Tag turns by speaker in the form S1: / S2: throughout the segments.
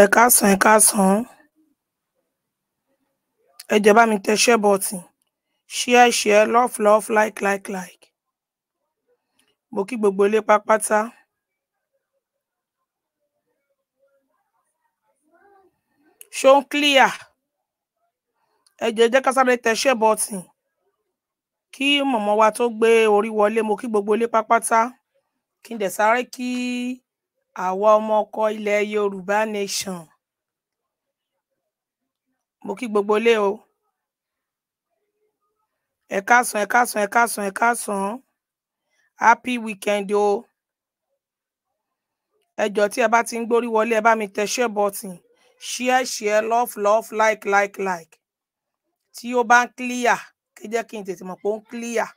S1: ẹ káàsán ẹ káàsán ẹ jẹ́ bá mi tẹ share button share share love love like like like mo kí gbogbo ilé pápátá. ṣó clear ẹ jẹ́ jẹ́ ká sáré tẹ share button kí mọ̀mọ́ wa tó gbé orí wọlé mo kí gbogbo ilé pápátá kí n dẹ̀ sáré kí àwa ọmọ ọkọ ilẹ̀ Yorùbá nation mo kí gbogbo ilé o ẹ káàsán ẹ káàsán ẹ káàsán ẹ káàsán happy weekend o ẹ jọ̀ọ́ tí ẹ bá ti ń gbórí wọlé ẹ bá mi tẹ share button share share love love like like like tí ó bá clear kí jẹ́ kí n tètè mọ̀ clear.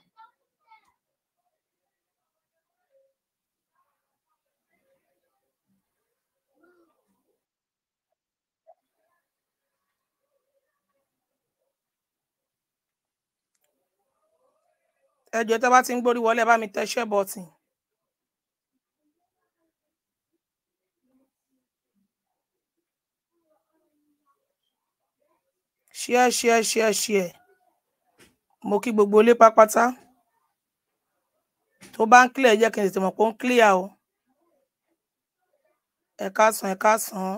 S1: ẹ jọ̀ọ́ tá a bá ti ń gbórí wọlé ẹ bá mi tẹ share button. ṣíẹ ṣíẹ ṣíẹ ṣíẹ mo kí gbogbo ilé pápátá tó bá ń clear jẹ́ kí n tètè mọ̀ pé ó ń clear o ẹ káàsán ẹ káàsán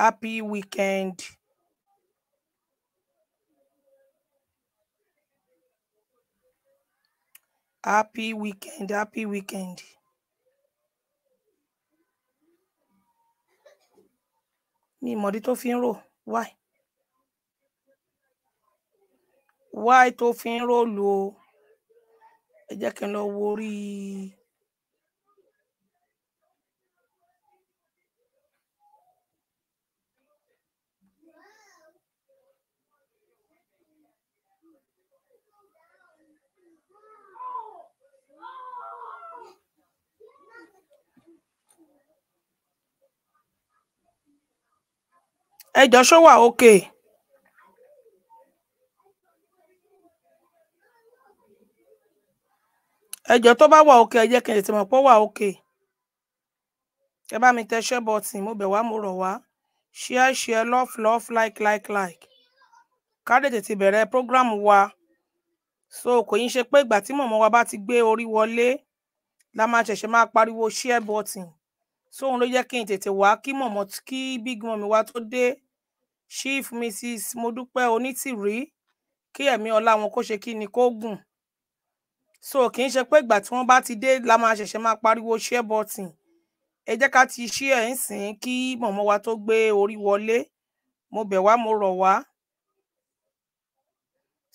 S1: happy weekend. happy weekend happy weekend. mi ìmọ̀dí tó fi ń rò why. wáì tó fi ń róòlù o ẹ jẹ́ kí n lọ wo orí ẹ jọ ṣó wà ókè. Okay. ẹjọ tó bá wà òkè ẹ jẹ́ kí n lè tẹmọ pọ wà òkè ẹ bá mi tẹ share button mo bẹ̀ wá mo rọ̀ wá share share love love like like like káde tètè bẹ̀rẹ̀ program wa so kò yín ṣe pé ìgbà tí mọ̀mọ́ wa bá ti gbé orí wọlé la máa ṣẹ̀ṣẹ̀ máa pariwo share button so òun ló jẹ́ kí n tètè wá kí mọ̀mọ́ kí big mọ̀mí wa tó dé chief mrs modúpẹ́ onítìrí kí ẹ̀mí ọlá wọn kó ṣe kí ni kó gùn so kì í ṣe pé ìgbà tí wọ́n bá ti dé la máa ṣẹ̀ṣẹ̀ máa pariwo share button ẹ jẹ́ ká ti share ń sìn kí mọ̀mọ́ wa tó gbé orí wọlé mo bẹ̀ wá mo rọ̀ wá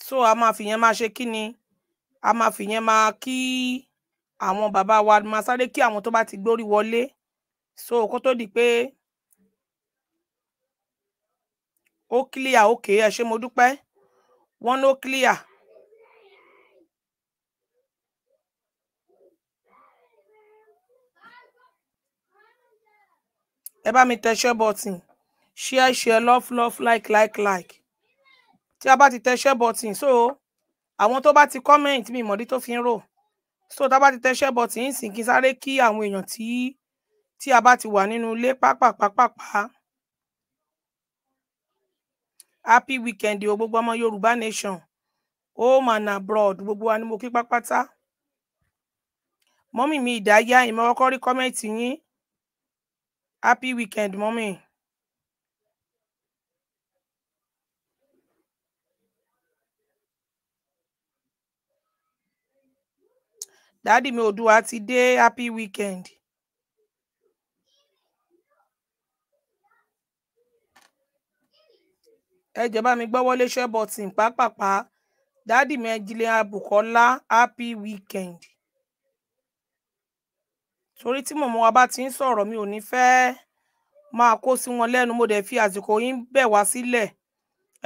S1: so a máa fìyẹn máa ṣe kí ni a máa fìyẹn máa kí àwọn bàbá wa máa sáré kí àwọn tó bá ti gbórí wọlé so kó tó di pé ó clear okay ẹ ṣé mo dúpẹ́ wọ́n ló clear ẹ bá mi tẹ share button share share love love like like like tí a bá ti tẹ share button so àwọn tó bá ti comment mi ìmọ̀dí tó fi ń rò so tá a bá ti tẹ share button yìí sì kí n sáré kí àwọn èèyàn tí tí a bá ti wà nínú ilé pápápápápá happy weekend o gbogbo ọmọ Yorùbá nation home and abroad gbogbo wa ni mo kí pápátá mọ́mì mi ìdáyà ìmọ̀ ọkọ rí kọ́mẹ́ǹtì yín happy weekend mommy. Daddy, mi òdùwà ti dé happy weekend. ẹ jẹ́ bá mi gbọ́wọ́ lé share button pápápá dáàdì mi ẹjílẹ àbùkọ́lá happy weekend torí tí mọ̀mọ́ wa bá ti ń sọ̀rọ̀ mi ò ní fẹ́ máa kó sí wọn lẹ́nu mo dẹ̀ fi àsìkò yín bẹ̀ wá sílẹ̀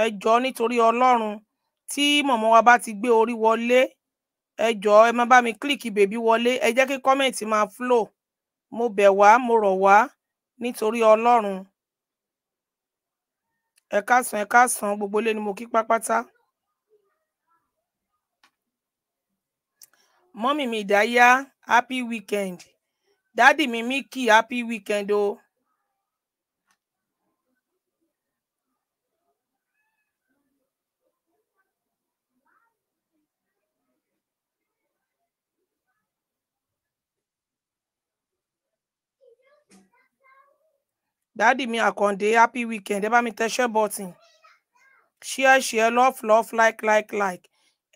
S1: ẹ jọ̀ọ́ nítorí ọlọ́run tí mọ̀mọ́ wa bá ti gbé orí wọlé ẹ jọ̀ọ́ ẹ má bá mi kílìkì bèbí wọlé ẹ jẹ́ kí kọ́mẹ̀ntì máa flow mo bẹ̀ wá mo rọ̀ wá nítorí ọlọ́run ẹ káàsán ẹ káàsán gbogbo ilé ni mo kí pápátá. mọ́mì mi ìdáyà happy weekend. Daddy, mi Mickey happy weekend o. dádì mi àkàndé happy weekend ẹ bá mi tẹ share button share share love love like like like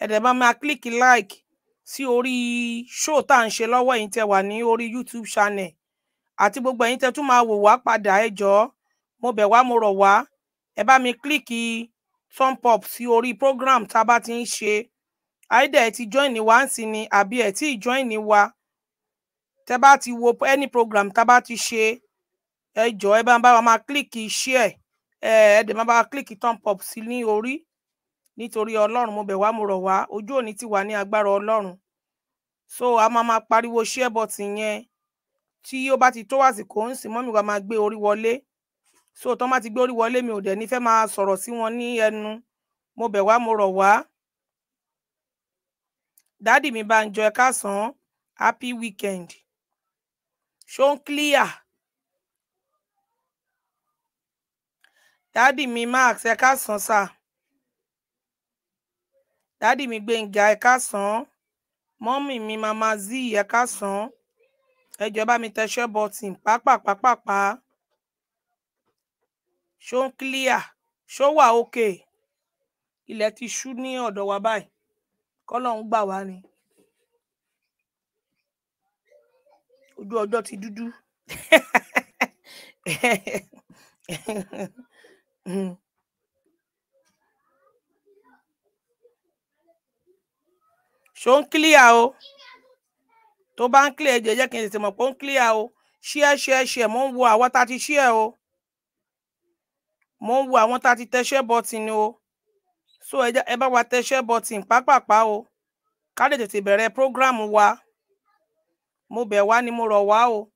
S1: ẹ dẹ̀ bá máa click like sí orí show tá à ń ṣe lọ́wọ́ yìí tẹ́ wà ní orí YouTube channel àti gbogbo ẹ̀yin tẹ́ tún máa wò wá padà ẹ jọ̀ọ́ mo bẹ̀ wá mo rọ̀ wá ẹ bá mi kílíkì thumb up sí orí program tá a bá ti ń ṣe àìdá ẹ ti join wa ń sin ni àbí ẹ tí ì join wa tẹ́ bá ti wo any program tá a bá ti ṣe ẹ jọ̀ọ́ ẹ bá ń bá wa máa kílíkì share ẹ ẹ dẹ̀ máa bá wa kílíkì thumb up sí ní orí nítorí ọlọ́run mo bẹ̀ wá mo rọ̀ wá ojú òní ti wà ní agbára ọlọ́run so a máa ma pariwo share button yẹn tí ó bá ti tó àsìkò ń sìn mọ́mí wa máa gbé orí wọlé so tán bá ti gbé orí wọlé mi ò dẹ̀ ní fẹ́ máa sọ̀rọ̀ sí wọn ní ẹnu mo bẹ̀ wá mo rọ̀ wá dádì mi bá ń jọ ẹ káàsán happy weekend ṣó ń clear dádì mi max ẹ káàsán sáà dádì mi gbẹ̀ngà ẹ káàsán mọ́mì mi mama z ẹ káàsán ẹ jọ̀ọ́ bá mi tẹṣẹ́ bọ́tìn pápápápápá ṣó ń clear ṣó wà òkè ilẹ̀ ti ṣú ní ọ̀dọ̀ wa báyìí kọ́lọ́hún gbà wá ni ojú ọjọ́ ti dúdú. mm. ṣó ń clear o tó bá ń clear ẹjẹ jẹ́ kí n tètè mọ̀ pé ó ń clear o share share share mo ń wo àwọn tá a ti share o mo ń wo àwọn tá a ti tẹ share button o so ẹ bá wa tẹ share button pápápá o ká lè tètè bẹ̀rẹ̀ program wa mo bẹ̀ wá ni mo rọ̀ wá o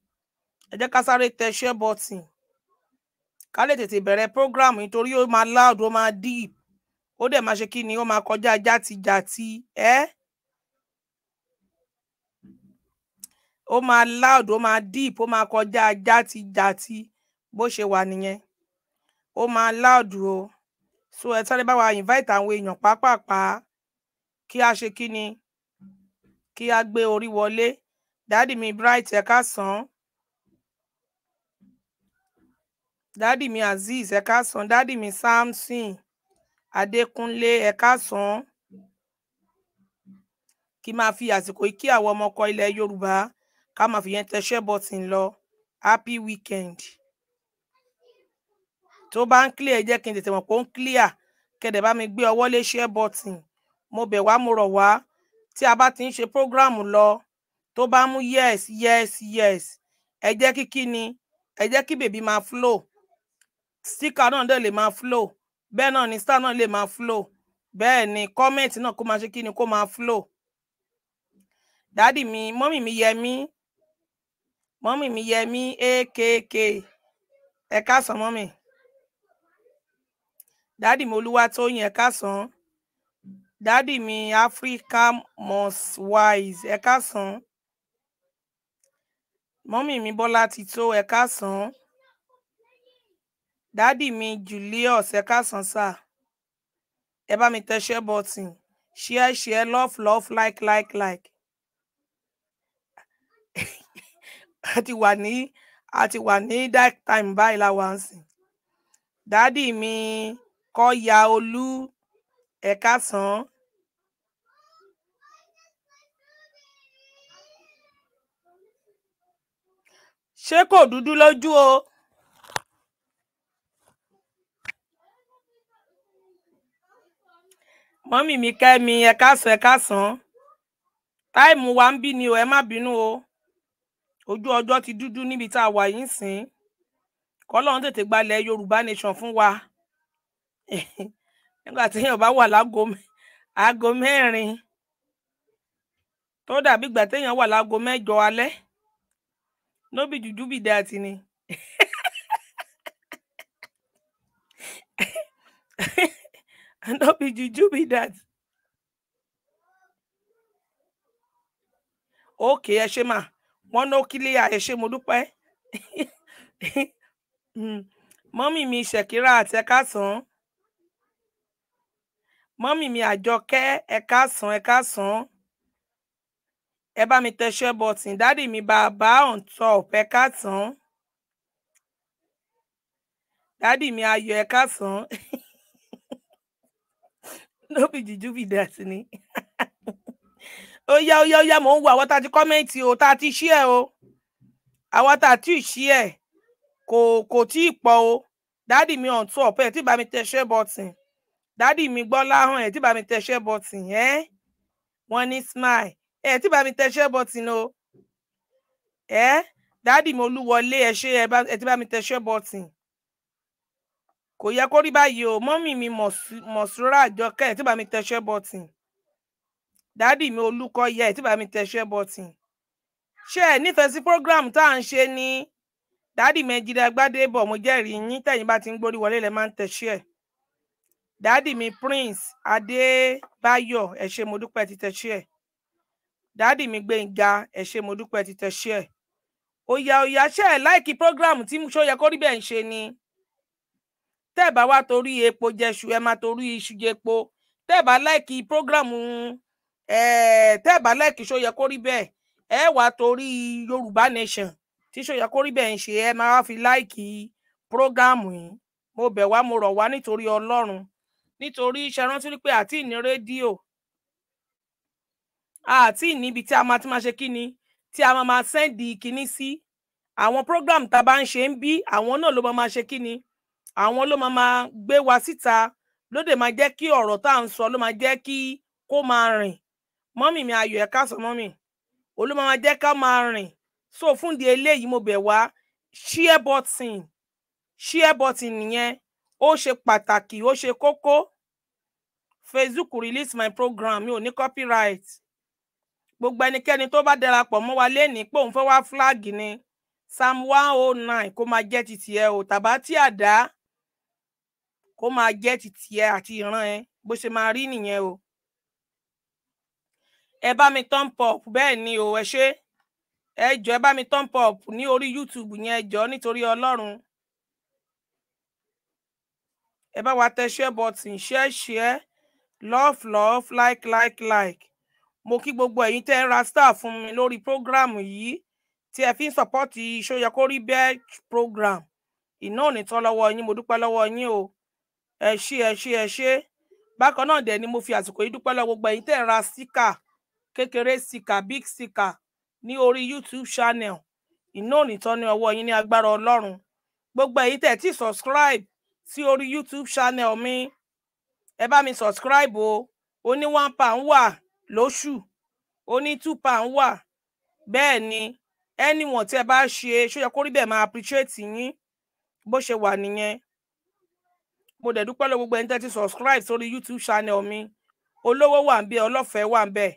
S1: ẹ jẹ́ ká sáré tẹ share button ká lè tètè bẹ̀rẹ̀ program nítorí ó máa loud ó máa deep ó dẹ̀ máa ṣe kí ni ó máa kọjá játijáti ẹ́ eh? ó máa loud ó máa deep ó máa kọjá játijàti bó ṣe wà nìyẹn ó máa loud o so ẹ sáré bá wa invite àwọn èèyàn pápápá kí a ṣe kíni kí a gbé orí wọlé dáàdì mi bright ẹ káàsán dáàdì mi aziz ẹ káàsán dáàdì mi samson adékúnlé ẹ káàsán kí máa fi àsìkò kí àwọn ọmọkọ ilẹ̀ yorùbá ká máa fi yẹn tẹṣẹ́ bọ́tìn lọ happy weekend tó bá ń clear jẹ́ kí n tètè mọ̀ pé ó ń clear kẹ̀dẹ̀ bá mi gbé ọwọ́ lé share button mo bẹ̀ wá mo rọ̀ wá tí a bá ti ń ṣe program lọ tó bá mú yes yes yes ẹ jẹ́ kí kí ni ẹ jẹ́ kí bèbí máa flow sticker náà dẹ̀ lè máa flow bẹ́ẹ̀ náà ni star náà lè máa flow bẹ́ẹ̀ ni comment náà kó máa ṣe kí ni kó máa flow dádì mi mọ́mì mi yẹmí mọ́mì mi yẹmí akk ẹ káàsán mọ́mì dádì mi olúwatóyìn ẹ káàsán dádì mi africa most wise ẹ káàsán mọ́mì mi bọ́lá ti tó ẹ káàsán dádì mi julius ẹ káàsán sáà ẹ bá mi tẹ share button share share love love like like like. a ti wà ní a wà ní dark time báyìí láwáǹsì dádì mi kọ́ ya olú ẹ̀ka sàn án. ṣé kò dúdú lójú o. mọ́mì mi kẹ́ mi ẹ̀ka sàn ẹ̀ka sàn táìmù wa ń bí ni o ẹ má bínú o ojú ọjọ́ ti dúdú níbi tá a wà yìí sìn kọ́lọ́run tètè gbalẹ̀ yorùbá nation fún wa nígbà téèyàn bá wà láago mẹ́rin tó dàbí ìgbà téèyàn wà láago mẹ́jọ alẹ́ nóbì jùjú bìdá àti ni. nóbì jùjú bìdá àti. ókè ẹ ṣe máa wọn ná kílíà ẹ ṣé mo dúpẹ́ hmm. mọ́mì mi ṣèkírà àti ẹ̀ka sàn mọ́mì mi àjọkẹ́ ẹ̀ka sàn ẹ̀ka sàn ẹ bá mi tẹṣẹ bọtìn dádì mi bàbá on top ẹ̀ka sàn dádì mi ayọ̀ ẹ̀ka sàn no be juju be ni. ó yá ó yá mò ń wo àwọn tá a ti kọ́mẹ́ǹtì o tá a ti ṣí ẹ̀ o àwọn tá a ti ṣí ẹ̀ kò kò tí ì pọ̀ o dáàdì mi on top ẹ̀ tí bá mi tẹ share button dáàdì mi gbọ́ láhàn ẹ̀ tí bá mi tẹ share button ẹ̀ wọ́n ní smile ẹ̀ tí bá mi tẹ share button o ẹ̀ dáàdì mi olúwọlé ẹ̀ ṣe ẹ̀ tí bá mi tẹ share button kò yẹ kó rí báyìí o mọ́mì mi mọ̀ṣúra àjọkẹ́ ẹ̀ tí bá mi tẹ share dádì mi Olúkọ̀yà ẹ̀ tí bá mi tẹ share button ṣé ẹ nífẹ̀ẹ́ sí program tá à ń ṣe ní dádì mi Jídé Gbádébọ̀ mo jẹ́rìí yín tẹ̀yìn bá ti ń gbórí wọlé lẹ́ máa ń tẹ share dádì mi Prince Adébáyọ̀ ẹ ṣé mo dúpẹ́ ti tẹ share dádì mi Gbénga ẹ ṣé mo dúpẹ́ ti tẹ share òyà òyà ṣe ẹ láìkí program tí mo ṣọyẹ kó rí bẹ́ẹ̀ ń ṣe ni tẹ́ ẹ bá wá torí epo jẹṣu ẹ máa torí iṣu jẹpo tẹ́ ẹ bá láìkí program Eh, tẹ́ ẹ̀ bá láìkí ṣó yẹ kó rí bẹ́ẹ̀ ẹ wà torí Yorùbá Nation tí ṣó yẹ kó rí bẹ́ẹ̀ ń ṣe ẹ máa fi láìkí prógáàmù yìí mo bẹ̀ wá mo rọ̀ wá nítorí Ọlọ́run nítorí ṣe rántí pé àti ní rédíò àti níbi tí a máa ti máa ṣe kíni tí a máa máa sẹ́ndì kíní sí àwọn program tá a bá ń ṣe ń bí àwọn náà ló máa máa ṣe kíni àwọn ló máa máa gbé wa síta ló máa jẹ́ kí ọ̀rọ̀ tá à ń sọ ló máa jẹ́ kí kó máa rìn mọ́mì mi ayọ̀ ẹ̀ káàsán mọ́mì olúmọ máa jẹ́ ká máa rìn so fúndi eléyìí mo bẹ̀ wá share button share button nìyẹn ó ṣe pàtàkì ó ṣe kókó facebook release my program mi ò ní copyright gbogbo ẹnikẹ́ni tó bá darapọ̀ mọ́ wa lẹ́nìí pé òun fẹ́ wá flag ni psalm one oh nine kó máa jẹ́ titi ẹ o tàbá tí àdá kó máa jẹ́ titi ẹ àti ìran ẹ bó ṣe máa rí nìyẹn o ẹ bá mi thumb up bẹ́ẹ̀ ni o ẹ ṣe ẹ jọ ẹ bá mi thumb up ní orí YouTube yẹn ẹ jọ nítorí Ọlọ́run ẹ bá wa tẹ share button share share love love like like like mo kí gbogbo ẹ̀yin tẹ́ ń ra star fún mi lórí program yìí tí ẹ fi ń sọpọ́tì ṣóyọkórí bẹ́ẹ̀ program iná ò ní tán lọ́wọ́ yín mo dúpẹ́ lọ́wọ́ yín o ẹ ṣé ẹ ṣé ẹ ṣé bákan náà dẹ̀ ni mo fi àsìkò yìí dúpẹ́ lọ́wọ́ gbogbo ẹ̀yin ra síkà kékeré sika big sika ní orí youtube channel iná ònìtàn ní ọwọ́ yín ní agbára ọlọ́run gbogbo èyí tẹ̀ tí subscribe sí orí youtube channel mi ẹ bá mi subscribe o ó ní one pound wà lóṣù ó ní two pound wà bẹ́ẹ̀ ni anyone tí ẹ bá ṣe ṣó yẹ kó rí bẹ́ẹ̀ máa appreciate yín bó ṣe wà nìyẹn mo dẹ̀ dúpẹ́ lọ gbogbo ẹni tẹ́ ti subscribe sórí youtube channel mi olówó wà ń bẹ ọlọ́fẹ̀ẹ́ wà ń bẹ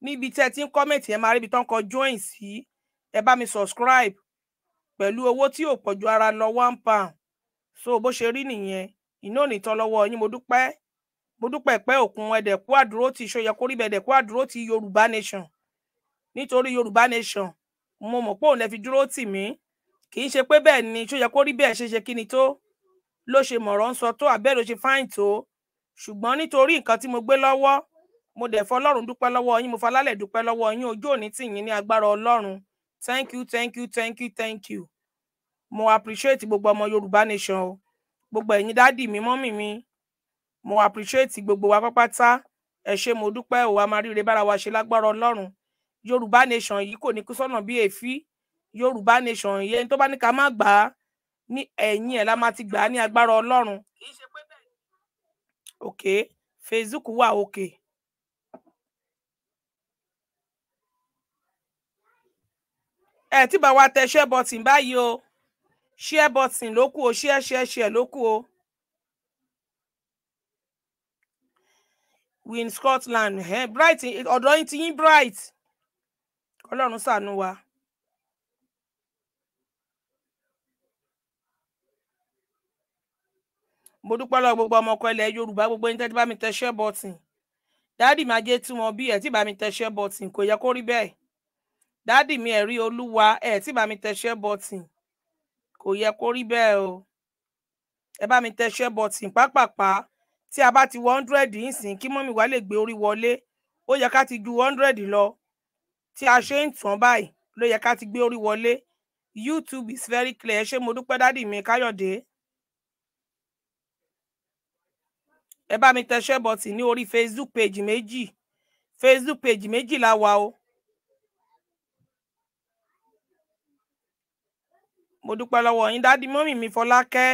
S1: níbi tí ẹ ti ń kọ́mẹ̀tì ẹ máa ríbi tán kọ join sí ẹ bá mi subscribe pẹ̀lú owó tí ò pọ̀jù ara lọ one pound so bó ṣe rí nìyẹn iná ònìtàn lọ́wọ́ yín mo dúpẹ́ mo dúpẹ́ pẹ́ òkun ẹ̀dẹ̀kú àdúró ti ṣòyẹ kórí ẹ̀dẹ̀kú àdúró ti Yorùbá nation nítorí Yorùbá nation mo mọ̀ pé òun lè fi dúró tì mí kì í ṣe pé bẹ́ẹ̀ ni ṣòyẹ kórí bẹ́ẹ̀ ṣe ṣe kí ni tó ló ṣe mọ̀rọ̀ ń sọ tó àbẹ́ ló ṣe fáìn tó ṣùgbọ́n nítorí nǹkan tí mo gbé lọ́wọ́ mo dẹ̀ fọ ọlọ́run dúpẹ́ lọ́wọ́ yín mo falálẹ̀ dúpẹ́ lọ́wọ́ yín ọjọ́ òní tì yín ní agbára ọlọ́run thank you thank you thank you thank you mo appreciate gbogbo ọmọ yorùbá nation o gbogbo ẹ̀yin dádì mi mọ́mì mi mo appreciate gbogbo wa pápátá ẹ ṣé mo dúpẹ́ o amáríire bára wa ṣe lágbára ọlọ́run yorùbá nation yìí kò ní kú sọ́nà bí èéfí yorùbá nation yìí ẹni tó bá ní ká má gbà á ní ẹ̀yìn ẹ̀ la máa ti gbà á ní agbára ọlọ́run ok facebook wà òkè. Okay. ẹ tí bá wa tẹ share button báyìí o share button ló kù o share share share ló kù o. win Scotland eh? bright ọ̀dọ̀ yín ti yín bright Ọlọ́run ṣàánú wa. mo dúpẹ́ lọ́wọ́ gbogbo ọmọ ọkọ ilẹ̀ Yorùbá gbogbo yín tẹ́tí bá mi tẹ share button dáàdì máa jẹ́ tí wọ́n bí ẹ̀ tí bá mi tẹ share button kò yẹ kó rí bẹ́ẹ̀ dádì mi ẹ̀rí olúwa ẹ̀ tí bá mi tẹ̀ṣẹ́ bọ́tìn kò yẹ kó rí bẹ́ẹ̀ o ẹ bá mi tẹ̀ṣẹ́ bọ́tìn pápápá tí a bá ti wọ hundred yìí sìn kí mọ́mì wá lè gbé orí wọlé ó yẹ ká ti ju hundred lọ tí a ṣe ń tàn báyìí ló yẹ ká ti gbé orí wọlé YouTube is very clear ṣé mo dúpẹ́ dádì mi káyọ̀dé ẹ bá mi tẹ̀ṣẹ́ bọ́tìn ní orí Facebook page méjì Facebook page méjì la wà o mo dúpẹ́ lọ́wọ́ yín dádì mọ́mì mi fọlákẹ́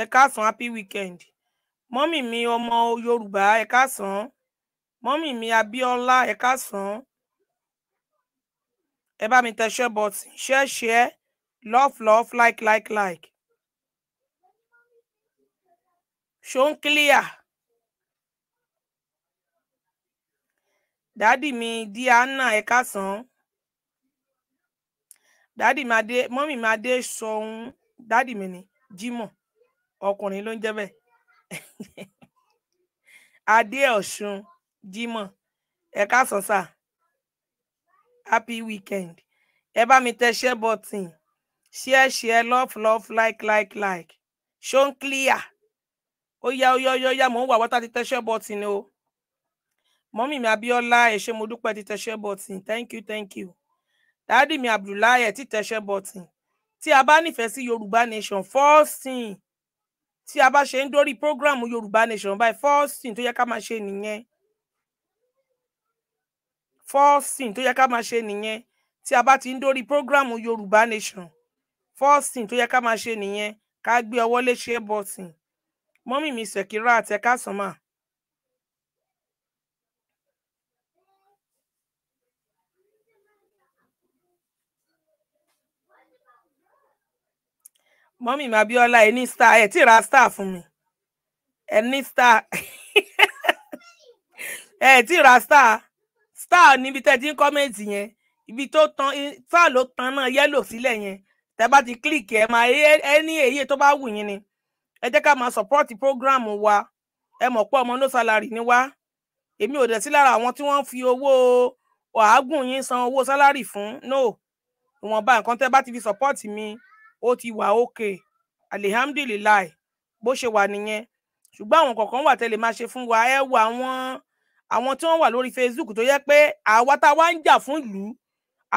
S1: ẹ káàsán happy weekend mọ́mì mi ọmọ yorùbá ẹ káàsán mọ́mì mi abíọ́lá ẹ káàsán ẹ bá mi tẹ share button share share love love like like like ṣó clear dádì mi diana ẹ káàsán dádì máa dé mọ́mì máa dé sọhun dádì mi ni Jimoh ọkùnrin ló ń jẹ́ bẹ́ẹ̀ adé ọ̀ṣun Jimoh ẹ káàsán happy weekend ẹ bá mi tẹ share button share share love love like like like ṣó clear ó yá ó yá ó yá mò ń wà wọ́tá ti tẹ share button o mọ́mì mi abiola ẹ ṣé mo dúpẹ́ ti tẹ share button thank you thank you dáàdì mi abdullahi ti tẹṣẹ bọtìn tí a bá nífẹ̀ẹ́ sí yorùbá nation fọ́ọ̀sìn tí a bá ṣe ń dórí prógráàmù yorùbá nation báyìí fọ́ọ̀sìn tó yẹ ká máa ṣe nìyẹn fọ́ọ̀sìn tó yẹ ká máa ṣe nìyẹn tí a bá ti ń dórí prógráàmù yorùbá nation fọ́ọ̀sìn tó yẹ ká máa ṣe nìyẹn ká gbé ọwọ́ léṣe bọ̀sìn mọ́mì mi ṣèkírà àtẹkásánmà mọ́mì mi Abíọ́lá ẹ ní star ẹ ti ra star fún mi ẹ ní star ẹ ti ra star star níbi tẹ́ ti ń kọ́mẹ̀ntì yẹn ibi tó tan star ló tan náà yẹ́lò sílẹ̀ yẹn tẹ́ bá ti kílìkì ẹ máa ẹ ní èyí tó bá wù yín ni ẹ jẹ́ ká máa support program wa ẹ mọ̀ pé ọmọ no salary ni wá èmi ò dẹ̀ sí lára àwọn tí wọ́n ń fi owó ọ̀hágùn yín san owó sálárì fún no ìwọ̀nba nǹkan tẹ́ bá ti fi support mi ó ti wà ókè alihamdulilayi bó ṣe wà nìyẹn ṣùgbọ́n àwọn kọ̀ọ̀kan wà tẹ́lẹ̀ máa ṣe fún wa ẹ wo àwọn àwọn tí wọ́n wà lórí Facebook tó yẹ pé àwa tá a wá ń jà fún ìlú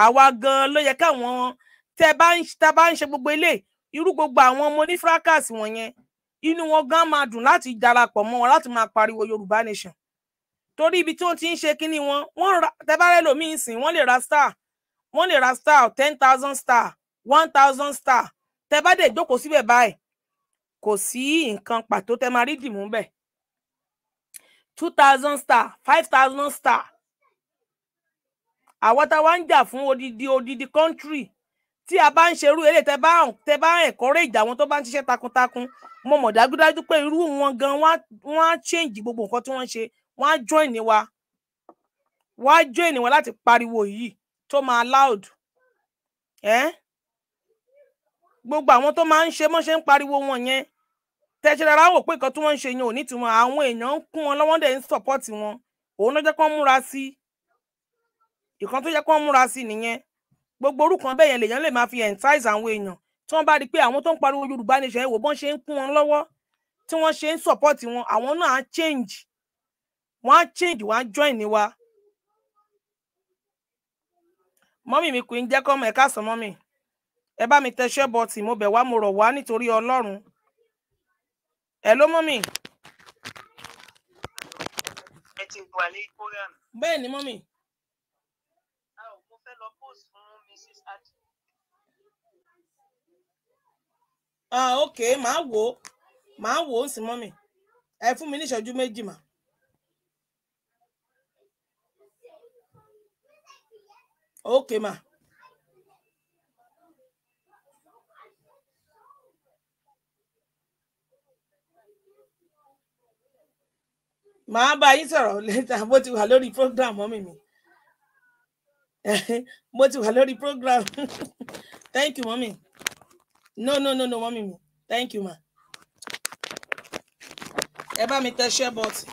S1: àwa gan-an ló yẹ káwọn tẹ́ bá ń tá bá ń ṣe gbogbo ilé irú gbogbo àwọn ọmọ onífrákàs wọ̀nyẹn inú wọn gan máa dùn láti darapọ̀ mọ́ wọn láti máa pariwo Yorùbá nation torí ibi tí wọ́n ti ń ṣe kínní wọn wọ́n tẹ́ bá rẹ́ lòmíì sìn wọ́n lè ra star wọ́n lè ra star ten thousand star one thousand star tẹ bá dé jókòó síbẹ̀ báyìí kò sí nǹkan pàtó tẹ máa rí dìmú bẹ̀ two thousand star five thousand star àwọn táwa ń jà fún odidi odidi country tí a bá ń ṣerú eré tẹ bá tẹ bá encourage àwọn tó bá ń ṣiṣẹ́ takuntakun mo mọ̀ dájúdájú pé irú wọn gan wọn á change gbogbo nǹkan tí wọ́n ṣe wọ́n á join ni wa wọ́n á join ni wa láti pariwo yìí tó máa loud. Eh? gbogbo àwọn tó máa ń ṣe mọ́ṣẹ́ ń pariwo wọn yẹn tẹ̀síra ara wò pé nǹkan tí wọ́n ń ṣe yẹn ò ní tiwọn àwọn èèyàn ń kún wọn lọ́wọ́ dẹ̀ ń sọ̀pọ́ọ̀tì wọn òun ló jẹ́ kó múra sí ìkan tó jẹ́ kó múra sí nìyẹn gbogbo orúkọ bẹ́ẹ̀ yẹn lèèyàn lè máa fi entice àwọn èèyàn tí wọ́n bá rí i pé àwọn tó ń pariwo Yorùbá nation wò bọ́n ṣe ń kún wọn lọ́wọ́ tí wọ́n ṣe ń sọ̀pọ́ọ̀tì wọn àwọn náà á change wọ́n á change wọ́n á join ni wa mọ́mì mi kò ń jẹ́ kọ́ ọmọ ẹ̀ka sọ mọ́mì ẹ bá mi tẹṣẹ́ bọ́tì mo bẹ̀ wá mo rọ̀ wá nítorí ọlọ́run ẹ ló mọ́ mi.
S2: ẹ ti wà ní program. bẹ́ẹ̀ ni mọ́ mo fẹ́ lọ post fún mrs adi.
S1: ah ok màá wò ó màá wò ó sí mọ́ mi ẹ fún mi ní ìṣẹ́jú méjì mà. ok ma. màá bá yín sọ̀rọ̀ lẹ́tà bó ti wà lórí program mọ́mì mi bó ti wà lórí program thank you mọ́mì no no no no mọ́mì mi thank you ma ẹ bá mi tẹ share button.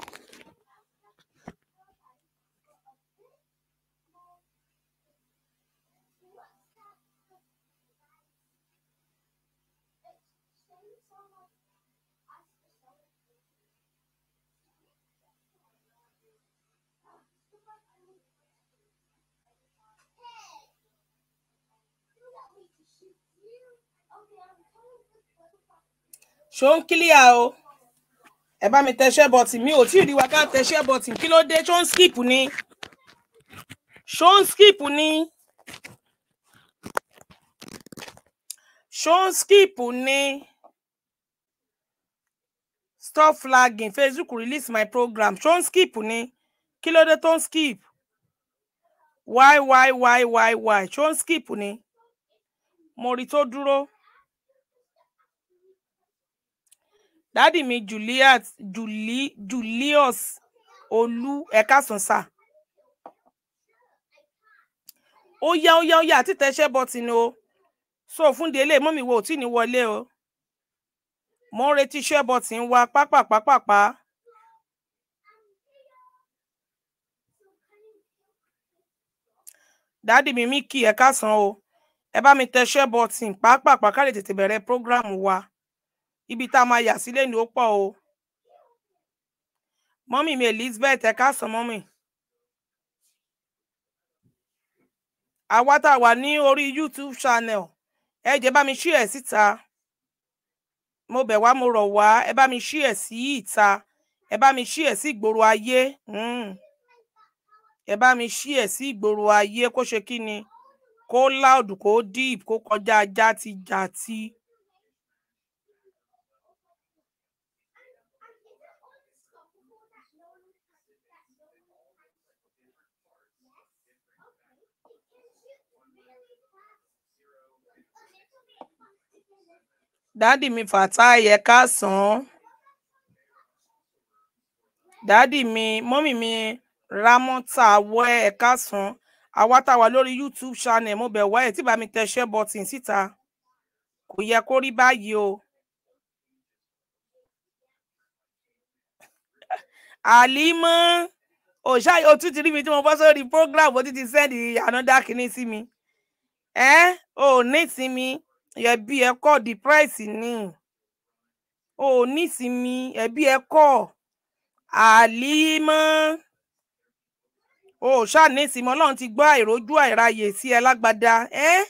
S1: ṣó kílíà o ẹ bá mi tẹṣẹ bọtì mi ò tí ì rí wa ká tẹṣẹ bọtì kí ló dé ṣó skip ni ṣó skip ni ṣó skip ni stop flagging facebook release my program ṣó skip ni kí ló dé tó ń skip why why why why why ṣó skip ni mo rí tó dúró. dádì mi juliet Juli, julius olú ẹ̀ka sànsà ó yá ó yá ó yá àti tẹṣẹ bọtìnì o so fún délé mú mi wo òtí ní wọlé o mo ń retí ṣẹ bọtìn wa pápápápápá. dádì mi mi kí ẹ káàsán o ẹ bá mi tẹ ṣẹ bọtìn pápápá ká lè tètè bẹ̀rẹ̀ program wa ibi tá a máa yà sílé ni ó pọ̀ o mọ́mì mi Elizabeth ẹ káàsán mọ́mì àwa tá wà ní orí YouTube channel ẹ jẹ́ bá mi ṣí ẹ̀ síta mo bẹ̀ wá mo rọ̀ wá ẹ bá mi ṣí ẹ̀ sí ìta ẹ bá mi ṣí ẹ̀ sí ìgboro ayé hmm. ẹ bá mi ṣí ẹ̀ sí ìgboro ayé kó ṣe kí ni kó láòdù kó deep kó kọjá ajá ti jà ti. dádì mi fatai ẹ káàsán dádì mi mọ́mì mi ramọ́ta wọ́ ẹ káàsán àwa táwa lórí youtube channel mo bẹ̀ wá ẹ̀ tí bá mi tẹ share button síta kò yẹ kó rí báyìí o. àlímọ́ òṣà òtún ti rí mi tí mo bọ́ sórí program ó ti ti sẹ́ẹ̀dì ànádá kínní sí mi ẹ́ ò ní sí ẹbí ẹ kọ the price ni o ò nísìmí ẹbí ẹ kọ àlímọ o ò ṣànísìmọ Ọlọ́run ti gbọ́ àìrójú àìráyè sí ẹ lágbada ẹ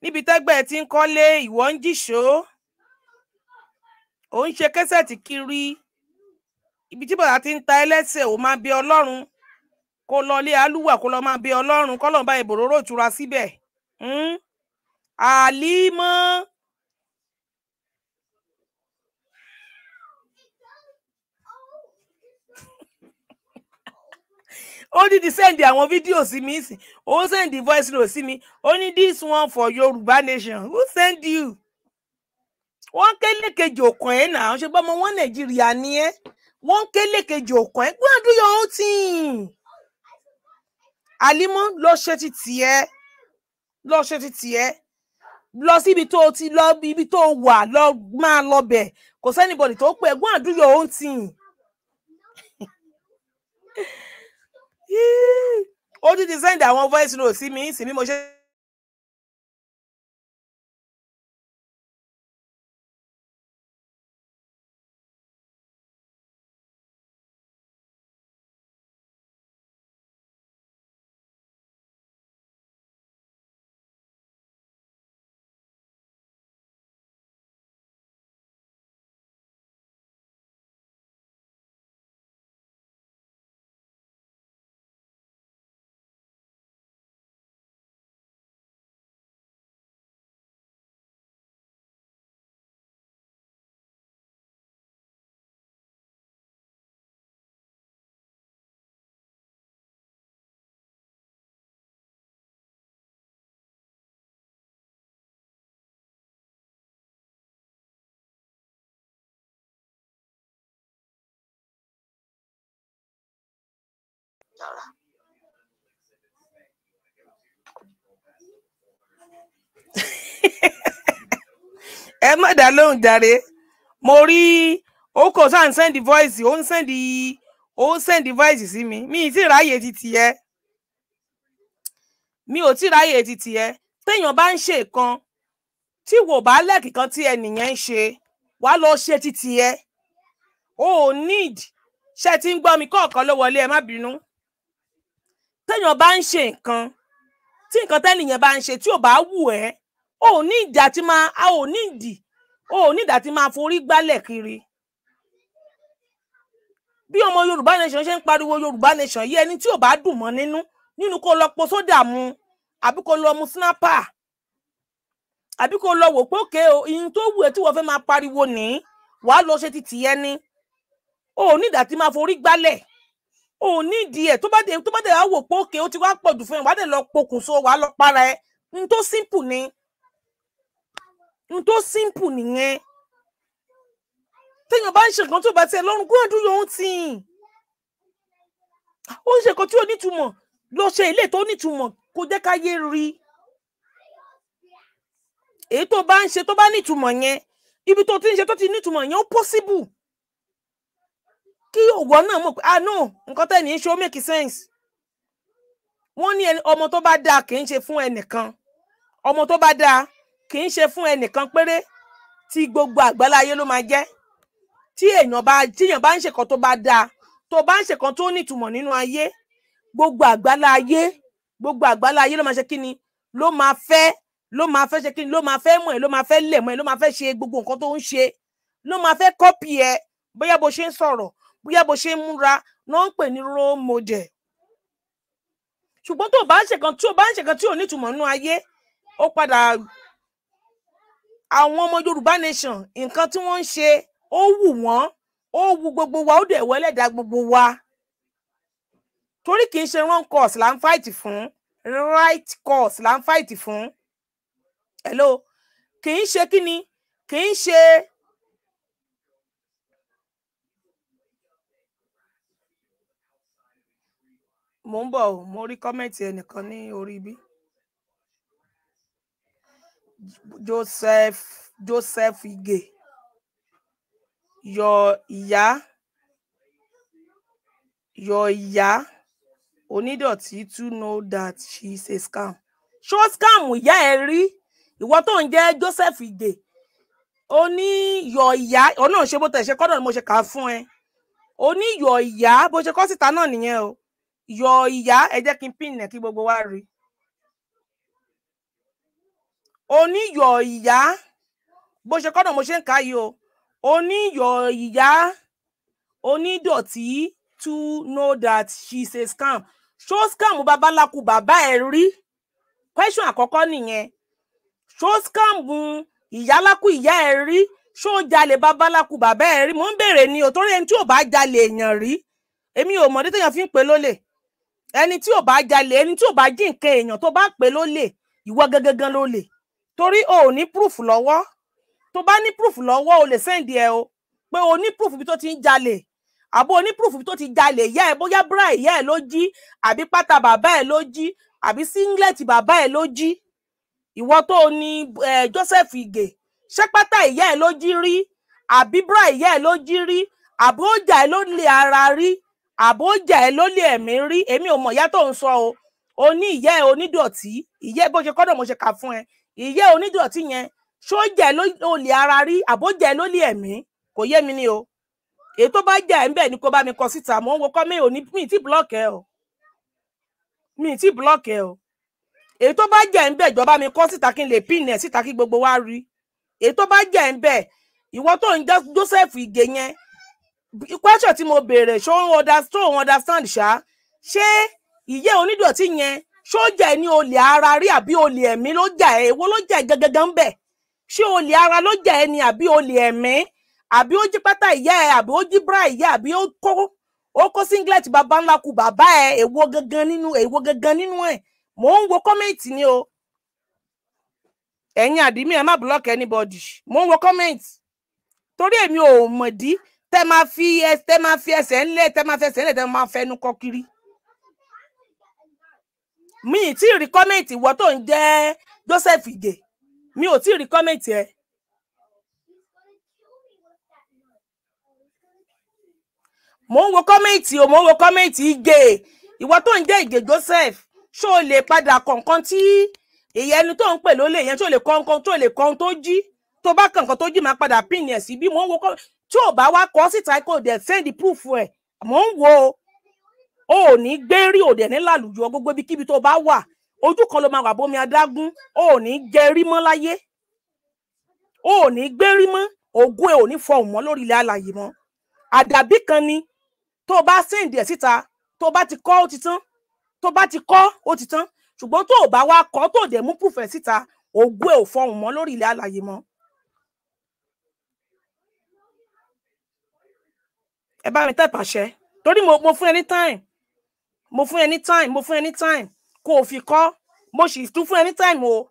S1: níbi tẹgbẹ ti ń kọ́lé ìwọ ń jìṣó ò ń ṣe kẹsẹtì kiri ibi tí bàbá ti ń ta ẹlẹ́sẹ̀ ò máa bẹ Ọlọ́run kó lọ alúwà kó lọ máa bẹ Ọlọ́run kọlọmọba ìbòròrò ìtura síbẹ̀. Mm? àlímọ́. ó ní ti send àwọn fídíò sí mi sí ó sẹ́ndì voice note sí mi ó ní this one for Yorùbá nation who send you wọ́n kélékejì òkàn ẹ̀ náà ṣe bọ́mọ wọn Nàìjíríà ni ẹ́ wọ́n kélékejì òkàn ẹ̀ gbọ́dọ̀ yọ ohun tí àlímọ́ lọ́ọ́ ṣe ti tiẹ̀ lọ́ọ́ ṣe ti tiẹ̀ lọ síbi tó ti lọ ibi tó wà lọ máa lọ bẹ̀ kò sẹ́nibọ̀dì tó pé ẹ̀gbọ́n àdúyọ̀ ó ń tì
S3: ó ti ti sẹ́ndì àwọn voice note sí mi sí mi mo ṣe
S1: ẹ má dá lóhùn jàre mo rí ó kò sáà ń sẹ́ndì voice ó ń sẹ́ndì ó ń sẹ́ndì voice sí mi mi ì tí ráyè ti tiẹ̀ mi ò tí ráyè ti tiẹ̀ téèyàn bá ń ṣe nǹkan tí wò bá lẹ́ẹ̀kì kan tí ẹnìyẹn ń ṣe wá lọ ṣe ti tiẹ̀ o need ṣe ti ń gbọ́ mi kọ̀ọ̀kan ló wọlé ẹ má bínú téèyàn bá ń ṣe nǹkan tí nǹkan tẹ́nìyàn bá ń ṣe tí ò bá wù ẹ́ ò ní ìdá tí máa a ò ní ìdí ò ní ìdá tí máa forí gbálẹ̀ kiri bí ọmọ yorùbá nation ṣe ń pariwo yorùbá nation yìí ẹni tí ò bá dùn mọ́ nínú nínú kó lọ po sódà mu àbí kó lọ mu snapper àbí kó lọ wò pé òkè o ìyìn tó wù ẹ́ tí wọ́n fẹ́ máa pariwo nìyí wàá lọ ṣe ti tìyẹ ni ò ní ìdá tí máa forí gbálẹ̀ ò nídìí ẹ̀ tó bá dé tó bá dé wá wò pé òkè ó ti wá pọ̀ jù fún ẹ wàá dẹ̀ lọ pokùnso wàá lọ para ẹ n tó simple ni n tó simple nìyẹn téèyàn bá ń ṣe nǹkan tó bá tiẹ̀ lọ́rùn kó àdúyọ ohun tì í ó ń ṣe nǹkan tí ò nítumọ̀ lọ ṣe ilé tó nítumọ̀ kó jẹ́ ká yé rí èyí tó bá ń ṣe tó bá nítumọ̀ yẹn ibi tó ti ń ṣe tó ti nítumọ̀ yẹn ó possible kí òwò náà mọ̀ pé ah no nǹkan tẹ̀ ní í ṣe ó make sense wọ́n ní ọmọ tó bá dáa kì í ṣe fún ẹnìkan ọmọ tó bá dáa kì í ṣe fún ẹnìkan péré tí gbogbo àgbáláyé ló máa jẹ́ tí èèyàn bá tíyàn bá ń ṣe kan tó bá dáa tó bá ń ṣe kan tó nítumọ̀ nínú ayé gbogbo àgbáláyé gbogbo àgbáláyé ló máa ṣe kí ni ló máa fẹ́ ló máa fẹ́ ṣe kí ni ló máa fẹ́ mọ̀ ẹ́ ló máa fẹ́ lẹ̀ mọ́ ẹ́ ló máa fẹ́ ṣe gbogbo nǹkan tó ń ṣe ló máa fẹ́ kọ́pì ẹ bóyá bó ṣe ń sọ̀rọ̀ bóyá bó ṣe ń múra ló ń pè ní role model ṣùgbọ́n tó bá ń ṣèkan tí ó bá ń ṣèkan tí ò nítumọ̀ nínú ayé ó padà àwọn ọmọ Yorùbá nation nǹkan tí wọ́n ń ṣe ó wù wọ́n ó wu gbogbo wa ó dẹ̀ wọ́lẹ̀dá gbogbo wa torí kì í ṣe wrong course là ń fight fún right course là ń fight fún hello kì í ṣe kí ni kì í ṣe mo ń bọ̀ o mo rí kọ́mẹ̀ntì ẹnìkan ní orí bí Joseph Joseph Ige yọ ìyá yọ ìyá onídọ̀tí too know that she is a scam ṣó scam ìyá ẹ rí ìwọ tó ń jẹ́ Joseph Ige ó ní yọ ìyá ọ náà ṣe bó tẹ ṣe kọ́dọ̀ ni mo ṣe kà á fún ẹ ó ní yọ ìyá bó ṣe kọ́ síta náà nìyẹn o yọ ìyá ẹ jẹ́ kí n pín ìnẹ kí gbogbo wa rí oníyọ ìyá bó ṣe kọ́nà mo ṣe ń kà yìí o oníyọ ìyá onídọ̀tí to know that she's a scam ṣó scam babaláku bàbá ẹ rí question àkọ́kọ́ nìyẹn ṣó scam ìyáláku ìyá ẹ rí ṣó jalè babaláku bàbá ẹ rí mò ń bèrè ni ò torí ẹni tí ò bá jalè èèyàn rí èmi ò mọ̀ dé téèyàn fi ń pè lólè ẹni tí ò bá jalè ẹni tí ò bá jí nǹkan èèyàn tó bá pè ló lè ìwọ gangan ló lè torí o ò ní proof lọ́wọ́ tó bá ní proof lọ́wọ́ o lè sẹ́ǹdì ẹ o pé o ní proof bí tó ti ń jalè àbó o ní proof bí tó ti jalè ìyá ẹ bóyá bra ìyá ẹ ló jí àbí pátá bàbá ẹ ló jí àbí singlet bàbá ẹ ló jí ìwọ tó o ní eh, Joseph Ige ṣé pátá ìyá ẹ ló jí rí àbí bra ìyá ẹ ló jí rí àbí ó ẹ ló lè ara rí àbójà ẹ ló lé ẹmí rí èmi ò mọ ìyá tó ń sọ o o ní ìyá ẹ onídọ̀tí ìyá ẹ bó ṣe kọ́dọ̀ mo ṣe kà fún ẹ ìyá ẹ onídọ̀tí yẹn sójà ẹ ló lè ara rí àbójà ẹ ló lé ẹmí kò yé mi ni o èyí tó bá jà ẹ ń ni kó bá mi kọ síta mò ń wo kọ́mí ò ní mi ti blọọkì ẹ o mi ti blọọkì ẹ o èyí tó bá jà ẹ ń bẹ ìjọba mi kọ síta kí n lè pín ẹ síta kí gbogbo wa rí èyí tó bá jà ẹ ń ìwọ tó ń jẹ Joseph Ige yẹn question tí mo béèrè ṣó ń understand understand ṣá ṣé ìyẹ́ onídọ̀tí yẹn ṣó jà ẹ́ ní olè ara rí àbí olè ẹ̀mí ló jà ẹ́ èwo ló jà ẹ́ gangan bẹ̀ ṣé olè ara ló jà ẹ́ ní àbí olè ẹ̀mí àbí ó jí pátá ìyá ẹ̀ àbí ó jí bra ìyá àbí ó kó ó kó singlet bàbá ńlá ku bàbá ẹ̀ èwo gangan nínú èwo gangan nínú ẹ̀ mò ń wo kọ́mẹ̀ntì ni o ẹ̀yin àdìmí ẹ̀ má block anybody mò ń wo kọ́mẹ̀ntì torí èmi ò mọ̀dí tẹ ma fi tẹ ma fi ẹsẹ̀ ńlẹ̀ tẹ ma fi ẹsẹ̀ ńlẹ̀ tẹ máa fẹnu kọ kiri mi ì tí ì rí kọ́mẹ̀ntì ìwọ tó ń jẹ́ Joseph Ige mi ò tí ì rí kọ́mẹ̀ntì ẹ. mò ń wo kọ́mẹ̀ntì o mò ń wo kọ́mẹ̀ntì Ige ìwọ tó ń jẹ́ Ige Joseph ṣó o lè padà kọ̀ọ̀kan tí ìyẹnu tó ń pè lólè yẹn ṣó o lè kọ̀ọ̀kan tó lè kọ̀ọ̀kan tó jí tó bá kọ̀ọ̀kan tó jí máa padà pín yẹn sí bí mò ń wo kọ́mẹ̀ntì tí ò bá wá kọ síta kò dẹ̀ send proof ẹ̀ mò ń wo o ò ní gbérí ò ní làlùyọ gbogbo ibikíbi tó bá wà ojú kan ló máa wà bómi adágún o ò ní gẹrí mọ́ láyé o ò ní gbérí mọ́ ogún ẹ ò ní fọhùn mọ́ lórí ilẹ̀ alàyè mọ́ àdàbí kan ni tó bá send ẹ̀ síta tó bá ti kọ́ ó ti tán tó bá ti kọ́ ó ti tán ṣùgbọ́n tó bá wá kọ́ tó dẹ̀ mú proof ẹ̀ síta ogún ẹ ò fọhùn mọ́ lórí ilẹ̀ alàyè mọ́ ẹ bá mi type àṣẹ torí mo mo fún ẹ ní time mo fún ẹ ní time mo fún ẹ ní time kó o fi kọ́ mo sì tún fún ẹ ní time o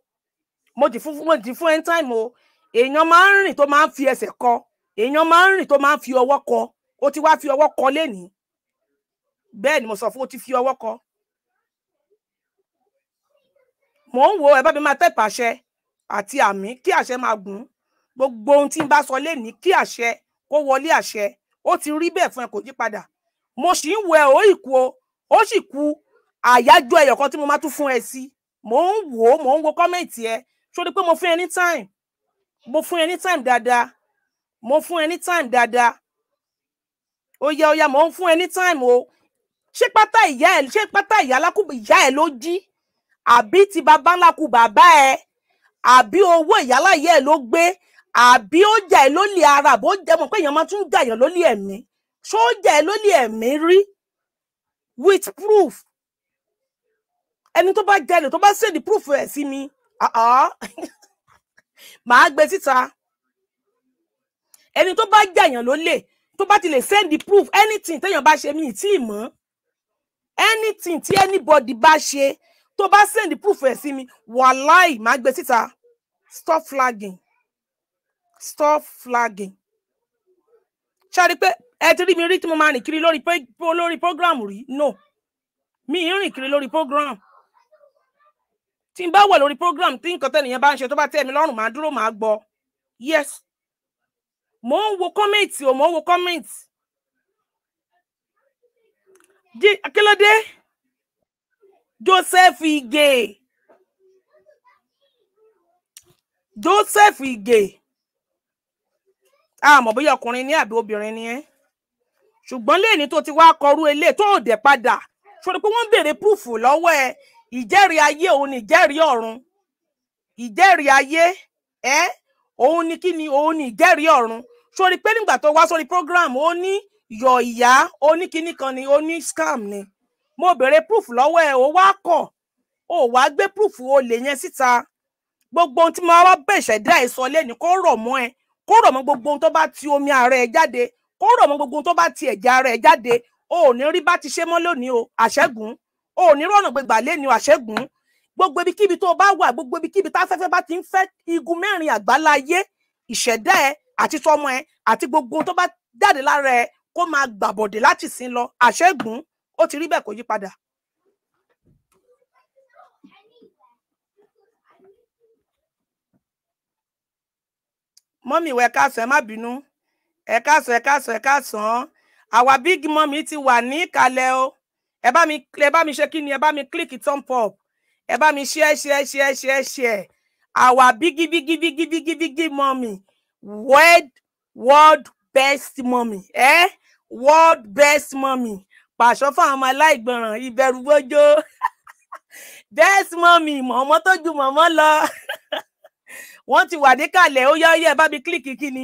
S1: mo ti fún mo ti fún ẹ ní time o èèyàn máa ń rìn tó máa ń fi ẹsẹ̀ kọ èèyàn máa ń rìn tó máa ń fi ọwọ́ kọ ó ti wá fi ọwọ́ kọ lénìí bẹ́ẹ̀ ni mo sọ fún ó ti fi ọwọ́ kọ mò ń wo ẹ bá mi máa type àṣẹ àti àmì kí àṣẹ máa gùn gbogbo ohun tí n bá sọ lénìí kí àṣẹ kó wọlé àṣẹ ó ti rí bẹ́ẹ̀ fún ẹ kò yí padà mo sì ń wẹ ó ìkú o ó sì ku àyájọ́ ẹyọ kan tí mo máa tún fún ẹ sí mò ń wò ó mò ń wo kọ́mẹ̀ntì ẹ sórí pé mo fún ẹ ní time mo fún ẹ ní time dáadáa mo fún ẹ ní time dáadáa ó yá ó yá mò ń fún ẹ ní time o ṣé pátá ìyá ẹ ṣé pátá ìyá alákùbà ìyá ẹ ló jí àbí ti bàbá ńlá kù bàbá ẹ àbí owó ìyálà ìyá ẹ ló gbé àbí ó jà ẹ lólè ara àbó jẹ mọ pé èèyàn máa tún jà èèyàn lólè ẹ̀mí ṣó jà ẹ lólè ẹ̀mí rí with proof ẹni tó bá jalè tó bá send proof ẹ sí mi màá gbé síta ẹni tó bá jà èèyàn lólè tó bá ti lè send the proof anything téèyàn bá ṣe mí tí ì mọ̀ anything tí anybody bá ṣe tó bá send the proof ẹ̀ sí mi wàláì má gbé síta stop flagging stop flagging ṣe rí i pé ẹ ti rí mi rí tí mo máa rìn kiri lórí lórí program rí no mi ì rìn kiri lórí program tí n bá wà lórí program tí nǹkan tẹ́nìyàn bá ń ṣe tó bá tẹ́ mi lọ́rùn máa dúró máa gbọ́ yes mò ń wo comment o mò ń wo comment akílódé Joseph Ige Joseph Ige àmọ́ bóyá ọkùnrin ní àbí obìnrin ni ẹ́ ṣùgbọ́n lẹ́ni tó ti wá kọrú ilé tó ò dẹ̀ padà ṣòro pé wọ́n ń béèrè púùfù lọ́wọ́ ẹ ìjẹ́rìí ayé òun ni ìjẹ́rìí ọ̀run ìjẹ́rìí ayé ẹ òun ni kí ni òun ni ìjẹ́rìí ọ̀run ṣòro pé nígbà tó wá sórí program ó ní yọ ìyá ó ní kíní kan ni ó ní scam ni mo béèrè púùfù lọ́wọ́ ẹ ó wá kọ̀ ó wá gbé púùfù olè yẹn síta gbogbo ohun tí mo wá bẹ̀ṣẹ̀ dá ẹ̀ sọ lẹ́nu kó rọ̀ mọ́ ẹ kó rọ̀ mọ́ gbogbo ohun tó bá ti omi ara ẹ̀ jáde kó rọ̀ mọ́ gbogbo ohun tó bá ti ẹ̀jẹ̀ ara ẹ̀ jáde o ò ní rí bá ti ṣe mọ́ lónìí o àṣẹ́gun o ò ní rọ̀nà gbégbà lẹ́ni o àṣẹ́gun gbogbo ibikíbi tó bá wà gbogbo ibikíbi táfẹ́fẹ́ bá ti ń fẹ́ igun mẹ́rin àgbáláyé ìṣẹ̀dá ẹ àti tọmọ ẹ àti gbogbo ohun tó bá jáde lára ẹ kó máa gbàbọ̀dé láti sin lọ àṣẹ́gun ó ti rí bẹ́ẹ̀ kó yí padà. mọ́mì ìwẹ̀ kásán ẹ má bínú ẹ kásán ẹ kásán ẹ kásán àwa big mọ́mì ti wà ní ìkàlẹ̀ o ẹ bá mi ẹ bá mi ṣe kí ni ẹ bá mi click thumb up ẹ bá mi share share share share share àwa bigi bigi bigi bigi bigi mọ́mì world world best mọ́mì ẹ eh? world best mọ́mì pàṣọ fún àwọn ọmọ aláìgbọràn ìbẹ̀rù gbójó best mọ́mì mọ̀ọ́mọ́ tó ju mọ̀ọ́mọ́ lọ. wọ́n ti wà níkàlẹ̀ ó yá ó yá ẹ bá mi kílìkì kíni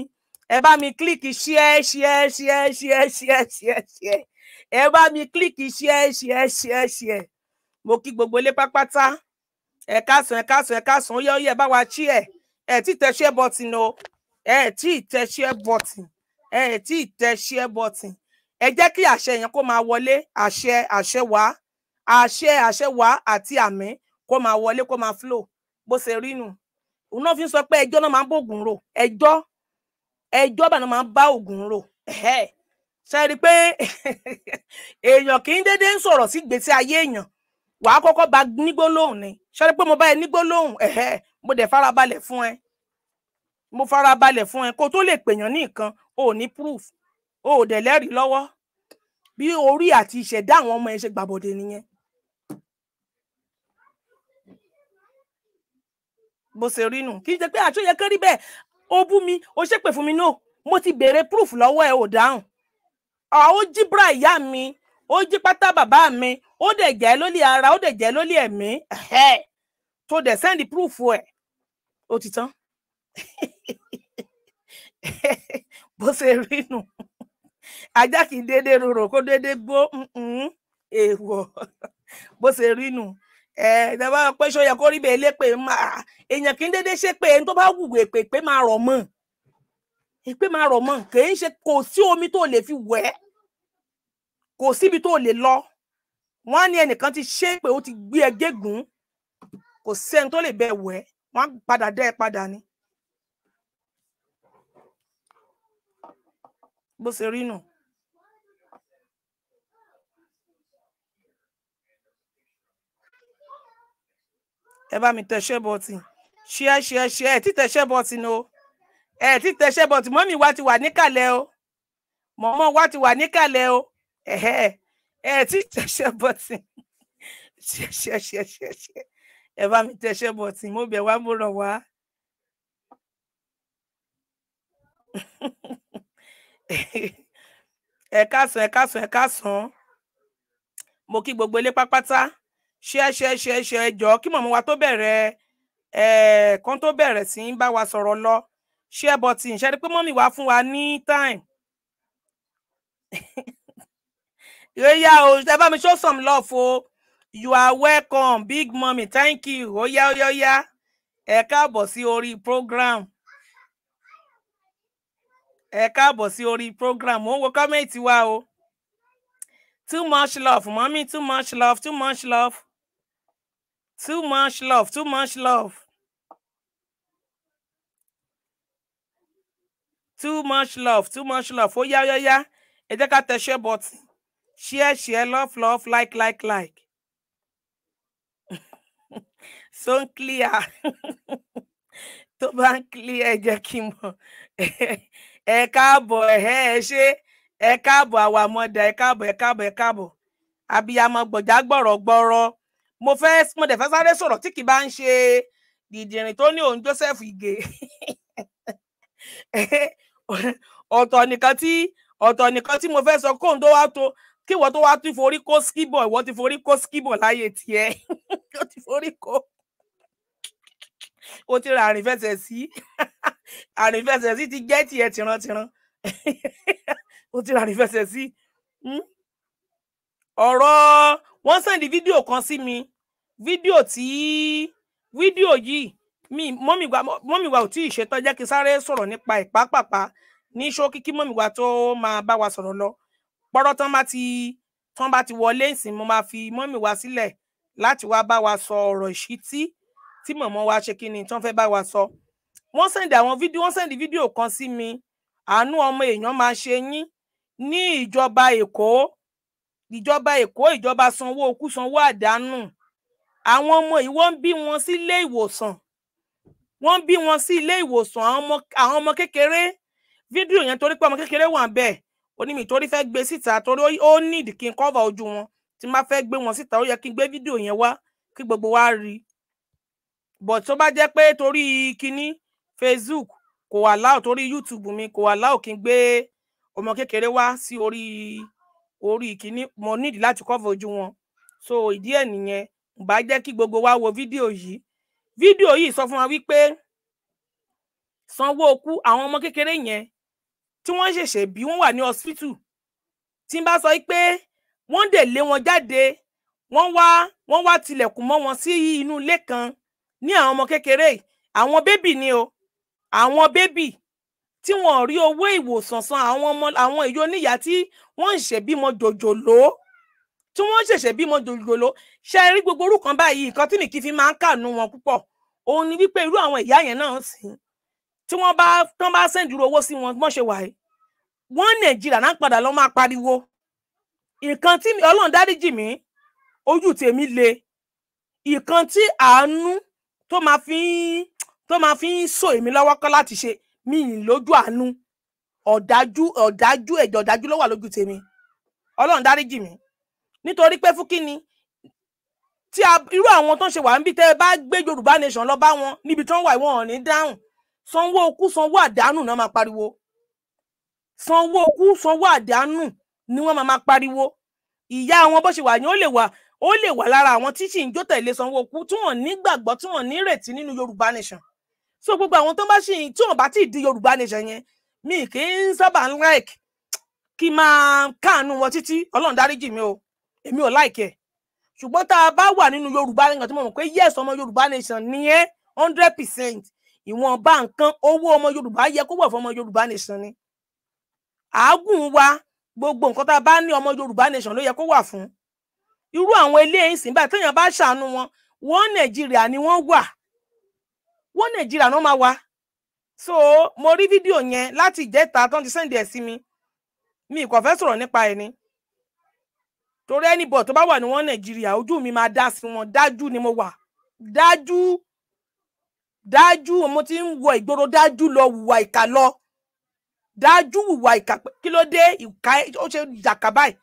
S1: ẹ bá mi kílìkì share share share share share share share ẹ bá mi kílìkì share share share share mo kí gbogbo ilé pápátá ẹ káàsán ẹ káàsán ẹ káàsán ó yá ó yá ẹ bá wa share ẹ tí tẹ share button o ẹ tí tẹ share button ẹ tí tẹ share button ẹ jẹ́ kí àṣẹ yẹn kó máa wọlé àṣẹ àṣẹ wá àṣẹ àṣẹ wá àti àmín kó máa wọlé kó máa flow bó ṣe rí nù òun náà fi sọ pé ẹjọ́ náà máa ń bá ògùn rò ẹjọ́ ẹjọ́ bàná máa ń bá ògùn rò ṣe rí i pé èèyàn kì í déédéé ń sọ̀rọ̀ sí ìgbésí ayé èèyàn wàá kọ́kọ́ bá nígbólóhùn ni ṣe pé mo bá ẹ nígbólóhùn mo dẹ̀ farabalẹ̀ fún ẹ mo farabalẹ̀ fún ẹ kó tó lè pèèyàn ní nǹkan o ní proof o ò dẹ̀ lẹ́rìí lọ́wọ́ bí orí àti ìṣẹ̀dá àwọn ọmọ ẹ ṣe gbàbọ̀dé nìyẹn bó ṣe rí nù kì í ṣe pé àtúnyẹ kẹrí bẹ́ẹ̀ ó bú mi ó ṣépè fún mi náà mo ti béèrè proof lọ́wọ́ ẹ ò dáhùn ó jí bra ìyá mi ó jí pátá bàbá mi ó dẹ̀ jẹ́ lólè ara ó dẹ̀ jẹ́ lólè ẹ̀mí tó dẹ̀ send proof ẹ̀ ó ti tán bó ṣe rí nù ajá kì í déédéé rorò kó déédéé gbó èèwọ̀ bó ṣe rí nù. ìdáwà eh, pé ṣó yẹ kó rí bẹ́ẹ̀ lépè máa èèyàn kì í dédé ṣe pé ẹni tó bá wù èpè pé máa rọ̀ mọ́ èpè ṣe kò sí omi tó lè fi wẹ̀ ẹ́ kò síbi tó lè lọ wọ́n á ní ẹnìkan ti ṣe pé ó ti gbé tó lè wẹ̀ ni. bó ẹ bá mi tẹṣẹ bọtì ṣíẹ ṣíẹ ṣíẹ ẹ ti tẹṣẹ bọtì ni o ẹ ti tẹṣẹ bọtì mọ́mì wa ti wà níkàlẹ̀ o mọmọ wa ti wà níkàlẹ̀ o ẹ ẹ ti tẹṣẹ bọtì ṣíẹ ṣíẹ ṣíẹ ṣíẹ ṣíẹ ẹ bá mi tẹṣẹ bọtì mo bẹ̀ wá mo rọ̀ wá. ẹ káàsán ẹ káàsán ẹ káàsán mo kí gbogbo ilé pápátá ṣẹ́ṣẹ́ṣẹ́ṣẹ́ jọ kí mọ̀mọ́ wa tó bẹ̀rẹ̀ ẹ̀ kan tó bẹ̀rẹ̀ sí ń bá wa sọ̀rọ̀ lọ ṣẹ́ bọ̀tì ṣẹ́ ni pé mọ́mì wá fún wa ní time. Oya o ṣe bá mi show some love o you are welcome big mommy thank you oya oya oya ẹ káàbọ̀ sí orí program ẹ káàbọ̀ sí orí program ó ń wo kọ́mẹ̀ntì wa o too much love mommy too much love too much love. Too much love, too much love. Too much love, too much love. Oh yeah, yeah, yeah! Ẹ jẹ́ ká share button. Share share love love like like like. So clear. Tó bá clear ẹ jẹ́ kí n mọ̀. Ẹ káàbọ̀ ẹ̀hẹ́ ẹ ṣe. Ẹ káàbọ̀ àwa mọ̀dà ẹ káàbọ̀ ẹ káàbọ̀ ẹ káàbọ̀ mo fẹ́ mo dẹ̀ fẹ́ sáré sọ̀rọ̀ tí kì bá ń ṣe dìdìrìn tó ní òun Joseph Ige ọ̀tọ̀ nìkan tí ọ̀tọ̀ nìkan tí mo fẹ́ sọ kóun tó wá tó kí ìwọ tó wá tún forí kó skibọ̀ ìwọ ti forí kó skibọ̀ láyé tiẹ̀ ó ti forí kó ó ti ra àrìnfẹsẹ̀ sí àrìnfẹsẹ̀ sí ti jẹ́ tiẹ̀ tìrantìran ó ti ra àrìnfẹsẹ̀ hmm? ọ̀rọ̀ wọ́n sẹ́ndí fídíò kan sí mi fídíò tí fídíò yìí mi mọ́mìwá ò tí ì ṣetán jẹ́ kí sáré sọ̀rọ̀ nípa ìpápàpá ní ṣókí kí mọ́mìwá tó máa bá wa sọ̀rọ̀ lọ pọ́rọ́ tán bá ti tán bá ti wọlé ìsìn mo máa fi mọ́mìwá sílẹ̀ láti wá bá wa sọ ọ̀rọ̀ ìṣítí tí mọ̀mọ́ wa ṣe kí ni tán fẹ́ bá wa sọ wọ́n sẹ́ndí àwọn fídíò wọ́n sẹ́ndí fídíò kan sí mi àánú ọmọ èèyàn máa ṣe yín ní ìjọba èkó ìjọba èkó ìjọba sanwó okú sanwó àdánù àwọn ọmọ yìí wọ́n ń bí wọn sí ilé ìwòsàn wọ́n ń bí wọn sí ilé ìwòsàn àwọn ọmọ kékeré fídíò yẹn torí pé ọmọ kékeré wà ń bẹ̀ onímì torí fẹ́ gbé síta torí ó nídìí kí n kọ́va ojú wọn tí n bá fẹ́ gbé wọn síta ó yẹ kí n gbé fídíò yẹn wá kí gbogbo wa rí i tó bá jẹ́ pé torí kinní facebook kò wà láò torí youtube mi kò wà láò kí n gbé ọmọ kékeré wá sí orí orí kìíní mo nídìí láti cover ojú wọn so ìdí ẹ̀ nìyẹn bá jẹ́ kí gbogbo wa wo fídíò yìí fídíò yìí sọ fún wa wípé Sanwó-Olú àwọn ọmọ kékeré yẹn tí wọ́n ṣẹ̀ṣẹ̀ bí wọ́n wà ní hospital tí n bá sọ pé wọ́n dẹ̀ lé wọn jáde wọ́n wá wọ́n wá tilẹ̀kùn mọ́ wọn sí inú ilé kan ní àwọn ọmọ kékeré àwọn bébì ni o àwọn bébì tí wọn rí owó ìwòsàn san àwọn ọmọ àwọn èyí oníyà tí wọn ń ṣèbímọ jòjòló tí wọn ń ṣẹ̀ṣẹ̀ bímọ jòjòló ṣe rí gbogbo orú báyìí nǹkan tí mi fi máa ń kànú wọn púpọ̀ òun ni wípé irú àwọn ìyá yẹn náà sì tí wọn bá tí wọn bá sẹ́ǹdì owó sí wọn mọ̀ṣẹ̀ wáyé wọn nàìjíríà náà padà lọ máa pariwo nǹkan tí ọlọ́run dáríjì mí ojú tèmi le nǹkan tí àánú tó máa fi ń tó máa fi ń so èmi lọ́wọ́ kọ́ láti ṣe mi ì lójú àánú ọ̀dájú ọ̀dájú ẹ̀jẹ̀ ọ̀dájú ló wà lójú tèmi ọlọ́run dáríjì mi nítorí pé fún kíni tí a irú àwọn tó ń ṣe wà ń bí tẹ́ ẹ bá gbé yorùbá nation lọ bá wọn níbi tí wọ́n wà wọn ò ní dáhùn sanwó okú sanwó àdánù náà máa pariwo sanwó okú sanwó àdánù ni wọ́n máa máa pariwo ìyá àwọn bó ṣe wà ní ó lè wà ó lè wà lára àwọn tí sì ń jó tẹ̀lé sanwó okú tí wọ́n nígbàgbọ́ tí wọ́n nírètí nínú yorùbá nation so gbogbo àwọn tó bá ṣì ń tí wọn bá ti di yorùbá nation yẹn mi kì í sábà ń like kí n máa káàánú wọn títí ọlọ́run dáríjì mi o èmi ò like ẹ̀ ṣùgbọ́n tá a bá wà nínú yorùbá nation tí mo mọ̀ pé yes ọmọ yorùbá nation nìyẹn hundred percent ìwọ̀nba nǹkan owó ọmọ yorùbá yẹ kó wà fún ọmọ yorùbá nation ni àágùn wa gbogbo nǹkan tá a bá ní ọmọ yorùbá nation ló yẹ kó wà fún irú àwọn eléyìí sìn báyìí téèyàn bá ṣàánú wọn wọn nàìjíríà ni wọn wà wọ́n nàìjíríà náà máa wá so mo rí fídíò yẹn láti ìjẹta tó ń ti sẹ́ǹdì ẹ̀ sí mi mi kò fẹ́ sọ̀rọ̀ nípa ẹ̀ ni torí anybody tó bá wà ní wọ́n nàìjíríà ojú mi máa dá sí wọn dájú ni mo wà dájú dájú mo ti ń wọ ìgboro dájú lọ wùwà ìkà lọ dájú wùwà ìkà kí ló dé ìka ó ṣe jàkà báyìí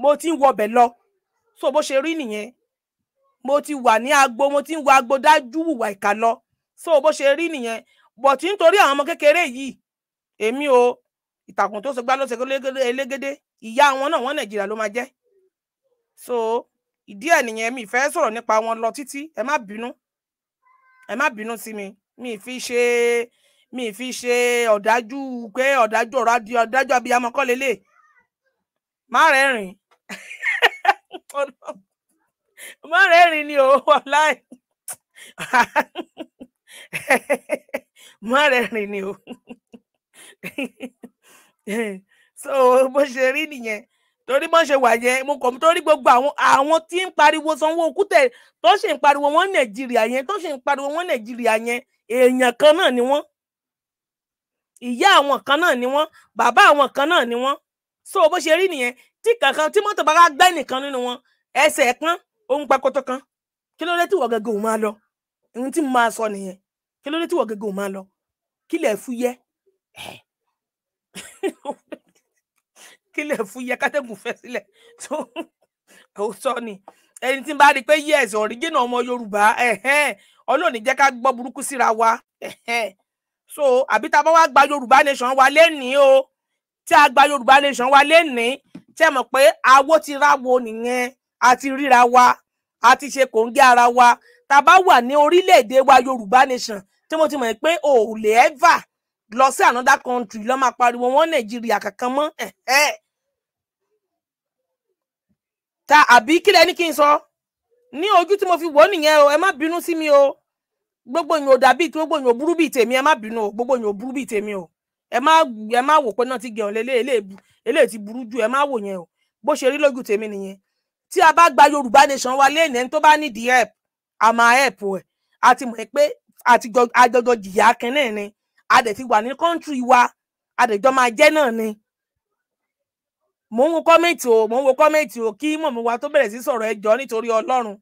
S1: mo ti ń wọ ọbẹ̀ lọ so bó ṣe rí nìyẹn mo ti wà ní agbo mo ti ń wọ agbo dájú wùwà ìkà lọ so bó ṣe rí nìyẹn but nítorí àwọn ọmọ kékeré yìí èmi o ìtàkùn tó sọgbà ló ṣe elégédé ìyá wọn náà wọn nàìjíríà ló máa jẹ so ìdí ẹ̀ nìyẹn mi ìfẹ́ sọ̀rọ̀ nípa wọn lọ títí ẹ má bínú ẹ má bínú sí mi mi fi ṣe mi fi ṣe ọ̀dájú pé ọ̀dájú ọ̀rọ̀ adi ọ̀dájú abiyamọ kọ́ lélẹ̀ má rẹ́rìn má rẹ́rìn ni o wàláì má rẹ́rìn ni o so bó ṣe rí nìyẹn torí bó ṣe wà yẹn mo kàn torí gbogbo àwọn àwọn tí ń pariwo sanwó òkúta tó ṣe ń pariwo wọn nàìjíríà yẹn tó ṣe ń pariwo wọn nàìjíríà yẹn èèyàn kan náà ni wọn ìyá àwọn kan náà ni wọn bàbá àwọn kan náà ni wọn so bó ṣe rí nìyẹn tí kankan tí mọ́tò bá wá gbẹ nìkan nínú wọn ẹsẹ̀ kan ohun pakoto kan kí ló dé tí wọ́n gẹ́gẹ́ òun máa lọ ohun tí mo máa sọ nìyẹn kí ló dé tí wọ́n gẹ́gẹ́ ò máa lọ kí lẹ̀ fú yẹ kí lẹ̀ fú yẹ kátẹ́gùn fẹ́ sílẹ̀ tó òótọ́ ni ẹni tí n bá rí i pé yes original ọmọ Yorùbá ọlọ́ọ̀ni jẹ́ ká gbọ́ burúkú síra wa so àbí tá a bá wá gba Yorùbá nation wa lẹ́nìí o tí a gba Yorùbá nation wa lẹ́nìí tí ẹ mọ̀ pé awó ti ra wo nìyẹn a ti ríra wa a ti ṣe kòńgẹ́ ara wa tá a bá wà ní orílẹ̀-èdè wa Yorùbá nation tí mo ti mọ̀ pé o ò lè ẹ́fà lọ sí another country lọ́ máa pariwo wọn nàìjíríà kankan mọ́ ta àbí kílẹ̀ ní kí n sọ ní ojú tí mo fi wò nìyẹn o ẹ má bínú sí mi o gbogbo yín ò dàbí tí gbogbo yín ò burú bíi tèmi ẹ má bínú o gbogbo yín ò burú bíi tèmi o ẹ má ẹ má wò pé náà ti gẹ̀ọ́n lélẹ́ eléyìí ti burú jù ẹ má wò yẹn o bó ṣe rí lójú tèmi nìyẹn tí a bá gba yorùbá nation wa lẹ́yìn ẹni tó bá nídìí help àmà help ẹ̀ àti mọ̀ pé àti àjọjọ jìyà kan náà ni a dẹ̀ ti wà ní kọ́ńtírì wa a dẹ̀ jọ máa jẹ́ náà ni. mò ń wo kọ́mẹ̀tì o mò ń wo kọ́mẹ̀tì o kí mọ̀mí wa tó bẹ̀rẹ̀ sí sọ̀rọ̀ ẹjọ́ nítorí ọlọ́run.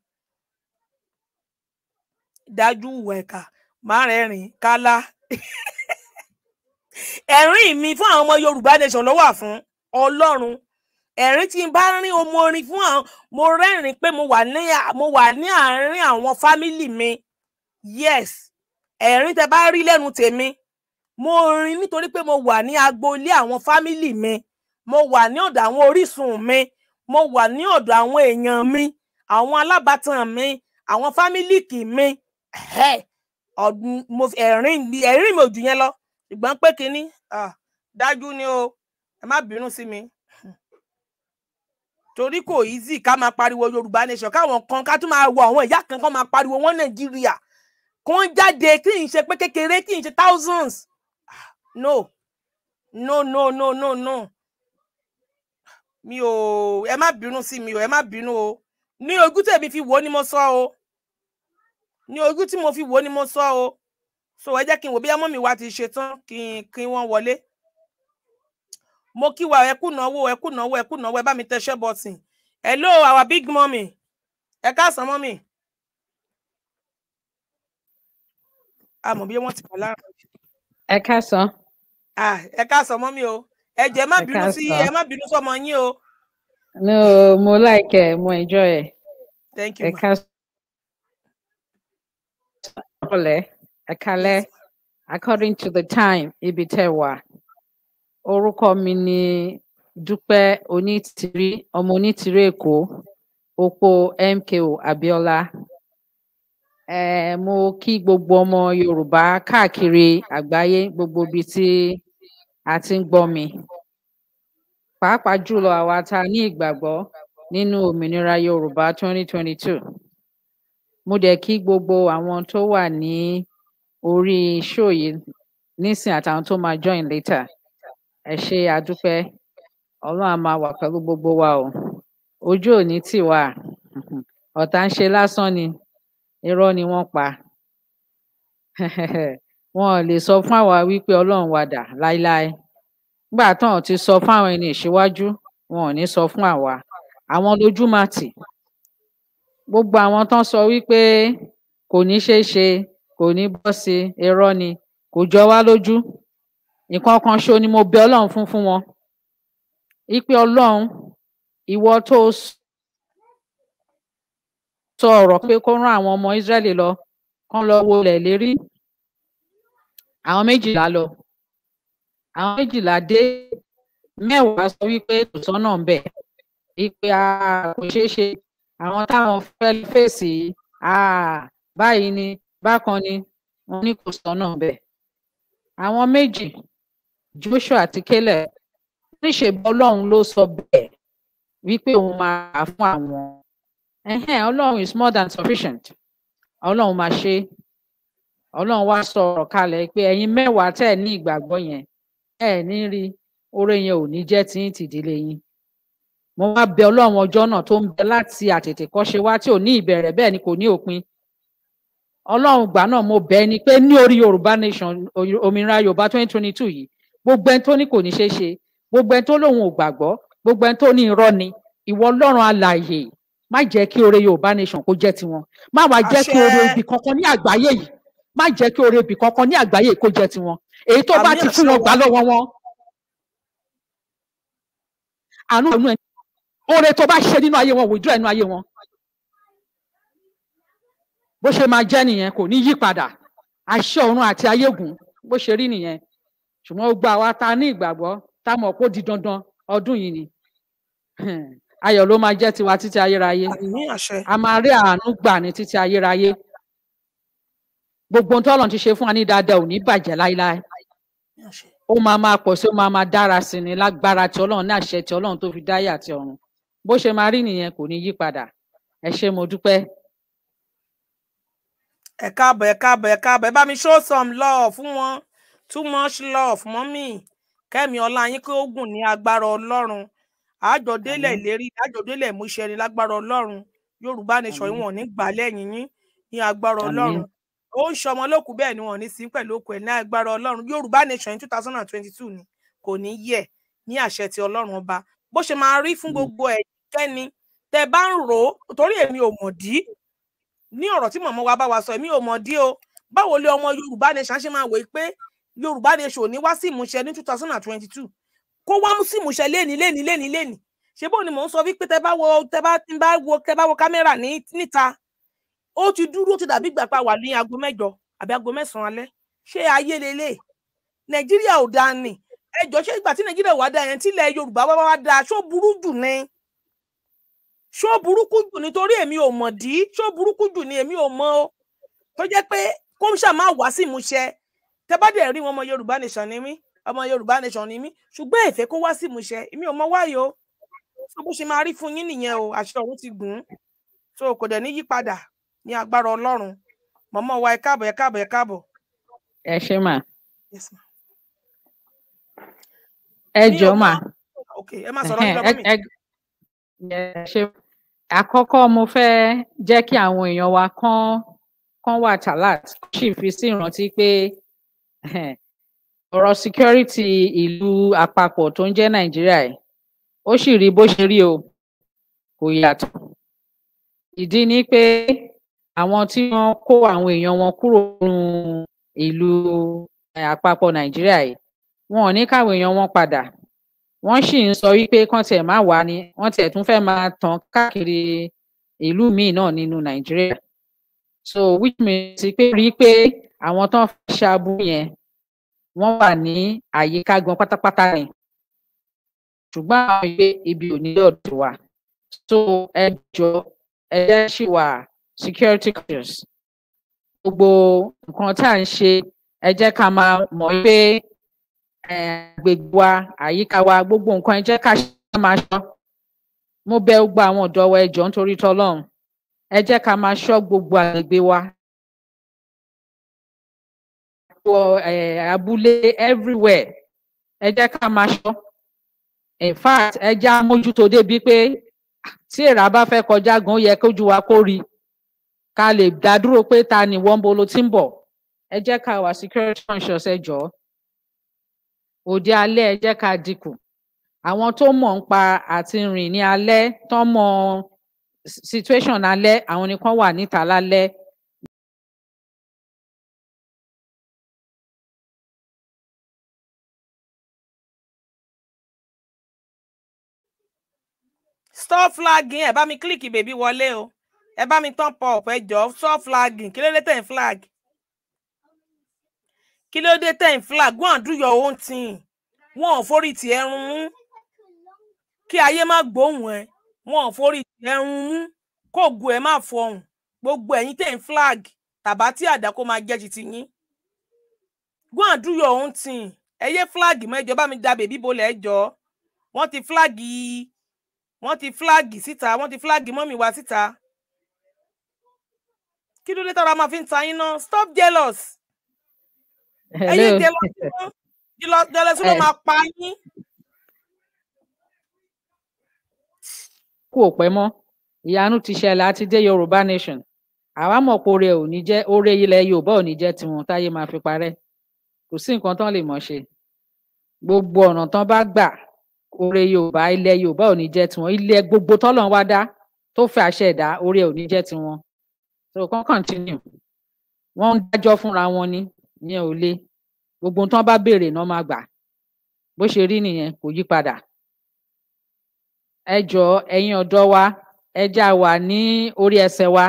S1: dájú wẹ̀ka márẹ̀ẹ̀rin kálá ẹ̀rín mi fún àwọn ọmọ yorùbá nation ló wà fún ọlọ́run ẹ̀rín tí n bá rín ọmọ orin fún àwọn mo rẹ́rìn pé mo wà ní àárín àwọn fámìlì mi yes ẹ̀rín tẹ bá rí lẹ́nu tèmi mo rin nítorí pé mo wà ní agboolé àwọn fámìlì mi mo wà ní ọ̀dọ̀ àwọn orísun mi mo wà ní ọ̀dọ̀ àwọn èèyàn mi àwọn alábàtàn mi àwọn fámìlìkì mi ẹ̀rín ẹ̀rín mi ò jù yẹn lọ ṣùgbọ́n pé kínní dájú ni o ẹ má bínú sí mi torí kò easy ká máa pariwo yorùbá nation káwọn kan ká tún máa wọ àwọn ìyá kan kan máa pariwo wọn nàìjíríà kó ń jáde kí n ṣe pé kékeré kí n ṣe thousands ah, no no no no no no mi ò ẹ má bínú sí mi ò ẹ má bínú o ní ojú tèmi fi wò ó ni mo sọ o ní ojú tí mo fi wò ó ni mo sọ o so ẹ jẹ́ kí n wò bí ọmọ mi wá ti ṣe tán kí n kí wọ́n wọlé mo kí wa ẹ náwó ẹ náwó ẹ náwó ẹ bá mi tẹṣẹ́ bọ́tìn hello our big mommy ẹ káàsán mọ́mì. I'm a wọ́n ti wà lára. ẹ káàsán. ẹ káàsán mọ́mí o ẹ jẹ́ má bínú sí ẹ má bínú sọmọ yín o.
S4: no more like it, more enjoy
S1: thank you ma. ẹ
S4: káàsán. according to the time it be wà orúkọ mi ni Dúpẹ́ Onítìrí ọmọ Onítìrí Èkó opó MKO Abíọ́lá Eh, mo kí gbogbo ọmọ Yorùbá káàkiri àgbáyé gbogbo ibi tí a ti ń gbọ́ mi pàápàá jùlọ àwa tá a ní ìgbàgbọ́ nínú òmìnira Yorùbá 2022 mo dẹ̀ kí gbogbo àwọn tó wà ní orí show yìí nísìn àtàwọn tó máa join later ẹ ṣe àdúpẹ́ Ọlọ́run a máa wà pẹ̀lú gbogbo wa o ojú ò ní tì wá ọ̀tá ń ṣe lásán ni irọ́ ni wọ́n pa wọn ò lè sọ fún àwa wípé Ọlọ́run wa dà láéláé nígbà táwọn ti sọ fún àwọn ẹni ìṣíwájú wọn ò ní sọ fún àwa àwọn lójú máa tì gbogbo àwọn tán sọ wípé kò ní ṣeé ṣe kò ní bọ́ sí irọ́ ni kò jọ wá lójú nǹkan kan ṣo ni mo bẹ̀ Ọlọ́run fún fún wọn wípé Ọlọ́run ìwọ tó sọ sọ ọ̀rọ̀ pé kó rán àwọn ọmọ Ísírẹ́lì lọ kán lọ wọlẹ̀ lérí àwọn méjìlá lọ àwọn méjìlá dé mẹ́wàá sọ wípé kò sọ́nà ń bẹ ìpè kò ṣeé ṣe àwọn táwọn fẹ́ fèsì báyìí ni bákan ni wọ́n ní kò sọ́nà ń bẹ àwọn méjì Joshua àti Caleb níṣe bọ Ọlọ́run ló sọ bẹ́ẹ̀ wípé òun máa fún àwọn ẹ̀hẹ́n ọlọ́run is more than sufficient ọlọ́run máa ṣe ọlọ́run wá sọ̀rọ̀ kalẹ̀ pé ẹ̀yin mẹ́wàá tẹ́ ẹ̀ ní ìgbàgbọ́ yẹn ẹ̀ ní rí oore yẹn ò ní jẹ́ tí ń tìdílé yín mo wá bẹ ọlọ́run ọjọ́ náà tó ń bẹ láti àtètèkọ́ṣe wá tí ò ní ìbẹ̀rẹ̀ bẹ́ẹ̀ ni kò ní òpin ọlọ́run gbà náà mo bẹ̀ ni pé ní orí yorùbá nation òmìnira yorùbá twenty twenty two yìí gbogbo ẹni tó ní kò ní ṣeé ṣe gbogbo ẹni tó lóun ò gbàgbọ́ gbogbo ẹni tó ní irọ́ ni ìwọ ọlọ́run alààyè má jẹ́ kí oore Yorùbá nation kó jẹ́ tiwọn má wá jẹ́ kí oore ibì kankan ní àgbáyé yìí má jẹ́ kí oore ibì kankan ní àgbáyé yìí kó jẹ́ tiwọn èyí tó bá ti fún wọn gbà lọ́wọ́ wọn àánú ẹnu ẹni oore tó bá ṣe nínú ayé wọn wòjú ẹnu ayé wọn bó ṣe máa jẹ́ nìyẹn kò ní yí padà àṣẹ ọ̀run àti ayégún bó ṣe rí nìyẹn ṣùgbọ́n ó gba wa ta ní ìgbàgbọ́ tá mọ̀ kó di dandan ọdún yìí ni ayọ̀ ló máa jẹ́ tiwa títí ayérayé a máa rí àánú gbà ní títí ayérayé gbogbo ntọ́lọ̀ ti ṣe fún wa ní dáadáa ò ní bàjẹ́ láéláé ó máa máa pọ̀ sí ó máa máa dára sí ni lágbára tí ọlọ́run ní àṣẹ tí ọlọ́run tó fi dáyé àti ọ̀run bó ṣe máa rí nìyẹn kò ní yí padà ẹ ṣé mo dúpẹ́.
S1: ẹ káàbọ̀ ẹ káàbọ̀ ẹ káàbọ̀ ẹ bá mi show some love fún wọn too much love mọ́mì kẹ́mi ọlá yín gùn ní agbára ọlọ́run àjọdélẹ̀ ìlérí àjọdélẹ̀ ìmúṣẹ ni lágbára Ọlọ́run Yorùbá nation wọn ní gbà lẹ́yìn yín ní agbára Ọlọ́run ó ń ṣọmọ lókù bẹ́ẹ̀ ni wọn ní sí pẹ̀lú òkú ẹ̀ ní agbára Ọlọ́run Yorùbá nation in two thousand and twenty two ni kò ní yẹ̀ ní àṣẹ ti Ọlọ́run ọba bó ṣe máa rí fún gbogbo ẹ̀ kẹ́ni tẹ bá ń rò ó torí èmi ò mọ̀ dí ní ọ̀rọ̀ tí màmá wa bá wa sọ èmi ò mọ̀ dí o báwo lé ọmọ Yorùbá nation ṣe máa wò pé Yorùbá nation ò ní wá sí ìmúṣẹ ní two thousand and twenty two kó wá sí ìmúṣẹ léni léni léni léni ṣé bó ni mò ń sọ wípé tẹ bá wo tẹ bá bá wo tẹ bá wo kámẹ́rà níta ó ti dúró ó ti dàbí ìgbà pa wà ní aago mẹ́jọ àbí aago mẹ́sàn-án ṣé ayé lélẹ̀ nàìjíríà ò dáa ni ẹjọ ṣé ìgbà tí nàìjíríà wà dáa yẹn tílẹ̀ yorùbá wá wá dáa ṣó burú jù ni ṣó burúkú jù nítorí èmi ò mọ̀ dí ṣó burúkú jù ni èmi ò mọ̀ o tó jẹ́ pé kó ń ṣàmà wá sí ìmúṣẹ tẹ bá dẹ̀ rí wọn ọmọ yorùbá nìṣàn ni mí ọmọ yorùbá nation ni mí ṣùgbọ́n ìfẹ́ kó wá sí ìmúṣẹ èmi ò mọ wáyé o bó ṣe máa rí fún yín nìyẹn o àṣẹ ọ̀run ti gùn so kò dẹ̀ ní yípadà ní agbára ọlọ́run mọ̀mọ́ wa ẹ káàbọ̀ ẹ káàbọ̀ ẹ káàbọ̀. ẹ
S4: ṣé mà. ẹ jọ mà.
S3: ẹ má sọ̀rọ̀ nípa mi. ẹ ṣé
S4: àkọ́kọ́ mo fẹ́ jẹ́ kí àwọn èèyàn wa kán kán wà talat sì fi sí ìrántí pé ọ̀rọ̀ security ìlú àpapọ̀ tó ń jẹ́ nàìjíríà yìí ó sì rí bó ṣe rí o kò yàtọ̀ ìdí ni pé àwọn tí wọ́n kó àwọn èèyàn wọn kúrò nínú ìlú àpapọ̀ nàìjíríà yìí wọn ò ní káwọn èèyàn wọn padà wọ́n sì ń sọ wípé kán tiẹ̀ má wá ni wọ́n tiẹ̀ tún fẹ́ máa tàn káàkiri ìlú míì náà nínú nàìjíríà so which means pé rí i pé àwọn tán ṣàbù yẹn wọ́n wà ní àyíká gan pátápátá ni ṣùgbọ́n àwọn ìgbé ibi ò ní ọ̀dọ̀ wa so ẹ jọ ẹ wà security conscious gbogbo nǹkan tá à ń ṣe ẹ jẹ́ ká máa mọ̀ pé agbègbè wa àyíká wa gbogbo nǹkan ẹ jẹ́ ká máa ṣọ́ mo bẹ̀ gbogbo àwọn ọ̀dọ́ wa ẹ nítorí tọ́lọ́run ẹ ká máa ṣọ́ gbogbo agbègbè wa wọ eh, abúlé everywhere ẹ jẹ́ ká máa ṣọ́ in fact ẹ jẹ́ àmójútó débi pé tí èèrà bá fẹ́ kọjá gan ó yẹ kójú wa kó rí ká lè dá dúró pé ta ni wọ́n bolo ti ń bọ̀ ẹ jẹ́ ká wà security conscious ẹ jọ̀ọ́ òde alẹ́ ẹ jẹ́ ká dínkù àwọn tó mọ̀ ń pa àti rìn ní alẹ́ tó mọ̀ situation alẹ́ àwọn
S3: nìkan wà níta lálẹ́ stop flagging ẹ bá mi kílìkì bèbí wọlé o ẹ bá
S1: mi tán pop ẹ jọ stop flagging kí ló dé tẹ̀ flag kí ló dé tẹ̀ flag go and do your own thing wọn ò forí tì ẹ run mú kí ayé má gbóhùn ẹ wọn ò forí tì ẹ mú kó gu ẹ má fọhùn gbogbo ẹ̀yin tẹ̀ flag tàbá tí àdá kó máa jẹ́ titi yín go and do your own thing ẹ yé flag mọ́ ẹjọ́ bá mi da bèbí bolẹ̀ ẹjọ́ wọ́n ti flag yìí wọ́n ti fúláàgì síta wọ́n ti fúláàgì mọ́mì wa síta kí ló dé tára máa fi ń ta yín náà stop jealous ẹ̀yin jealous jealous ló eh. máa pa yín.
S4: kú ò pẹ́ mọ́ ìyanu ti ṣẹlẹ̀ àti dé yorùbá nation àwa mọ̀ pé oore ò ní jẹ́ oore ilẹ̀ yorùbá ò ní jẹ́ tiwọn táyé máa fi parẹ́ kò sí nǹkan tán lè mọ̀ ṣe gbogbo ọ̀nà tán bá gbà oore yorùbá ilẹ̀ yorùbá ò ní jẹ́ tiwọn ilẹ̀ gbogbo tọ́lọ́run wá dá tó fẹ́ àṣẹ ẹ̀dá oore ò ní jẹ́ tiwọn so kan continue wọ́n ń dájọ́ fúnra wọn ni ìyẹn ò le gbogbo tán bá béèrè náà máa gbà bó ṣe rí nìyẹn kò yí padà ẹ jọ ẹ̀yin ọ̀dọ́ wa ẹ já wà ní orí ẹsẹ̀ wa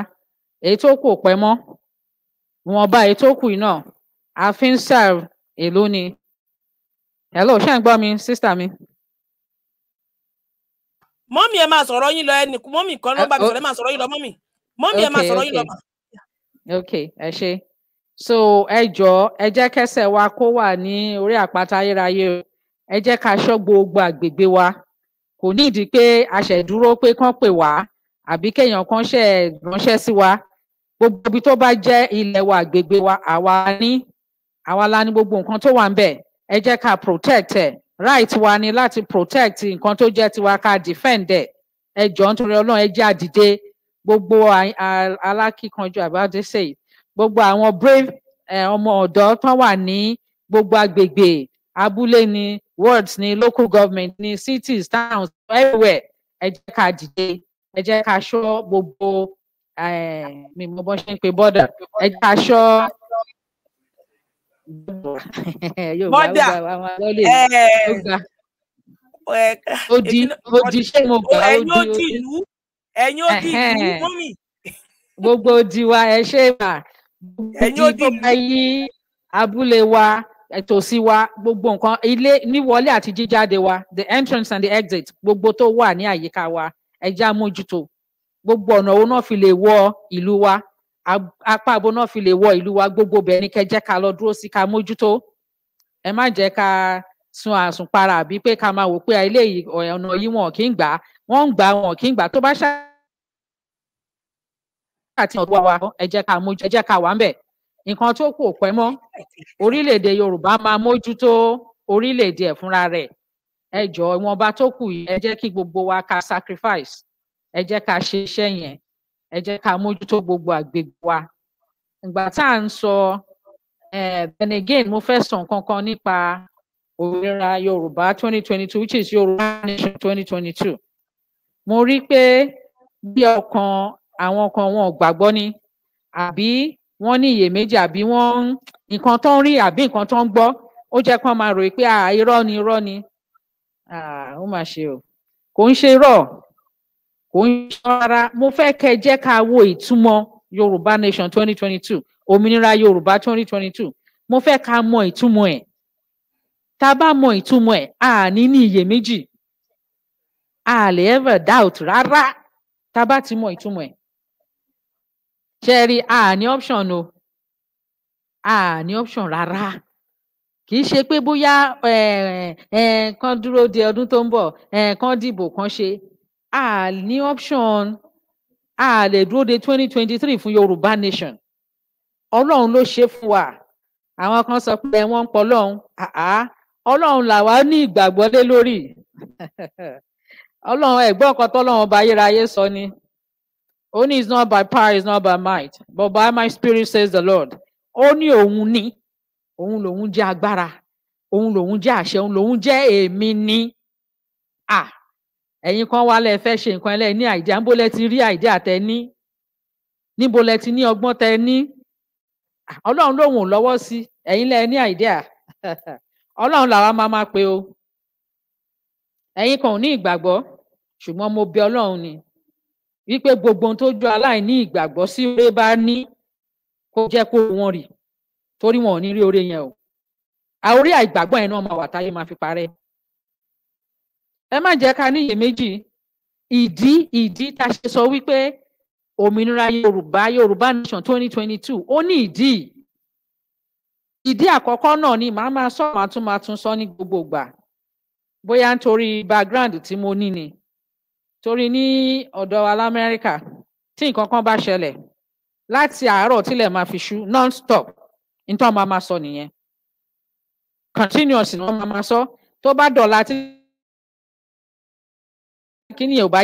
S4: èyí tó kù pẹ́ mọ́ ìwọ̀nba èyí tó kù náà àfin serve èló ni hello ṣé ń gbọ́ mi sister mi
S1: mọ́mì ẹ máa sọ̀rọ̀ yín lọ ẹnì mọ́mì kan ló uh, bá mi oh. sọ̀rọ̀ ẹ máa sọ̀rọ̀ yín lọ mọ́mì mọ́mì ẹ máa sọ̀rọ̀ yín lọ mà.
S4: ok ẹ ṣe so ẹ jọ ẹ jẹ́ kẹ́sẹ̀ wa kó wà ní orí àpáta ayérayé o ẹ jẹ́ ká ṣọ́ gbogbo àgbègbè wa kò ní ìdí pé aṣẹ̀dúró pé kán pè wá àbí kéèyàn kan ṣe ránṣẹ́ sí wa gbogbo ibi tó bá jẹ́ ilẹ̀ wa àgbègbè wa àwa ní àwa la ní gbogbo nǹkan tó wà ń bẹ̀ ẹ jẹ́ ká protect ẹ̀ right wa ni láti protect nǹkan tó jẹ́ tiwa ká defend ẹ̀ ẹ jọ̀ọ́ nítorí ọlọ́run ẹ jẹ́ àdìde gbogbo alákìkanjú àbáde say gbogbo àwọn brave ọmọ ọ̀dọ́ tó wà ní gbogbo agbègbè abúlé ni wards ni local government ni cities towns everywhere ẹ jẹ́ ká dìde ẹ jẹ́ ká ṣọ́ gbogbo mi mo bọ́ ṣe ń pe border ẹ jẹ́ ká ṣọ́
S1: mọ́dà odi odi ṣé mo gbà odi odi ẹ̀yin odi ìlú
S3: mọ́mì.
S4: gbogbo odi wa ẹ ṣe mà gbogbo odi tó bá yí abúlé wa tòsí wa gbogbo nǹkan ilé níwọlé àti jíjáde wa the entrance and the exit gbogbo tó wà ní àyíká wa ẹ já mójútó gbogbo ọ̀nà òun náà fi lè wọ ìlú wa apá abo náà fi lè wọ ìlú wa gbogbo bẹ́ẹ̀ ni kẹ́ jẹ́ ká lọ dúró sí ká mójútó ẹ má jẹ́ ká sun àsùnpara àbí pé ká máa wò pé ilé ọ̀nà yìí wọn kì í gbà wọ́n ń gbà wọn kì í gbà tó bá ṣá àti ọ̀dọ́ wa ẹ jẹ́ ká mójú ẹ jẹ́ ká wà ń nǹkan tó kù pẹ́ mọ́ orílẹ̀-èdè Yorùbá máa mójútó orílẹ̀-èdè ẹ̀ fúnra rẹ̀ ẹ jọ ìwọ̀nba tó kù yìí ẹ jẹ́ kí gbogbo wa ká sacrifice ẹ jẹ́ ká ṣe iṣẹ́ yẹn ẹ jẹ́ ká mójútó gbogbo àgbègbè wa ìgbà tá à ń sọ then again mo fẹ́ sọ nǹkan kan nípa òrera yorùbá twenty twenty two which is yorùbá nation twenty twenty two mo rí i pé bí ọkàn àwọn kan wọn ò gbàgbọ́ ni àbí wọ́n ní iyèméjì àbí wọ́n nǹkan tó ń rí àbí nǹkan tó ń gbọ́ ó jẹ́ kó máa ròyìn pé irọ́ ni irọ́ ni ó mà ṣe o kò ń ṣe irọ́ kò mo fẹ́ kẹ́ ẹ jẹ́ ká wo ìtumọ̀ yorùbá nation twenty twenty two òmìnira yorùbá twenty twenty two mo fẹ́ ká mọ ìtumọ̀ ẹ̀ tá a bá mọ ìtumọ̀ ẹ̀ a ní ní iyèméjì a lè ever doubt rárá tá a bá ti mọ ìtumọ̀ ẹ̀ ṣe rí a ní option o a ní option rárá kì í ṣe pé bóyá kan dúró de ọdún tó ń bọ̀ kan dìbò kan ṣe a ní option a lè dúró de twenty twenty three fún yorùbá nation ọlọ́run ló ṣe fún wa àwọn kan sọ pé wọ́n ń pọlọ́run àá ọlọ́run làwa ní ìgbàgbọ́ lé lórí ọlọ́run ẹ̀gbọ́n kan tọ́lọ́run ọba ayérayé sọ ni ó ní it's not by power it's not by might but by my spirit says the lord ó ní òun ní òun lòun jẹ́ agbára òun lòun jẹ́ àṣẹ òun lòun jẹ́ èmi ní à ẹ̀yin kan wá lẹ fẹ́ ṣe nǹkan ẹlẹ ní àìdíà níbo lẹ ti rí àìdíà tẹ ní níbo lẹ ti ní ọgbọ́n tẹ ní Ọlọ́run lòun ò lọ́wọ́ sí ẹ̀yin lẹ ní àìdíà Ọlọ́run làwa máa máa pe o ẹ̀yin kan ò ní ìgbàgbọ́ ṣùgbọ́n mo bẹ̀ Ọlọ́run ni wípé gbogbo ohun tó ju aláìní ìgbàgbọ́ sí oore bá ní kó jẹ́ kó wọn rì torí wọn ò ní rí oore yẹn o àórí àìgbàgbọ́ yẹn náà máa wà táyé máa fi parẹ́ ẹ má jẹ́ ká níyè méjì ìdí ìdí tá a ṣe sọ wípé òmìnira yorùbá yorùbá nation twenty twenty two ó ní ìdí ìdí àkọ́kọ́ náà ni màá máa sọ màá tún máa tún sọ ní gbogbo ìgbà bóyá nítorí background tí mo ní ni torí ní ọ̀dọ̀ wa lamẹ́ríkà tí nǹkan kan bá ṣẹlẹ̀ láti àárọ̀ tílẹ̀ máa fi ṣú non-stop nítorí wọn máa máa sọ nìyẹn continuous ni wọn máa máa sọ tó bá dọ̀la tí kí ò bá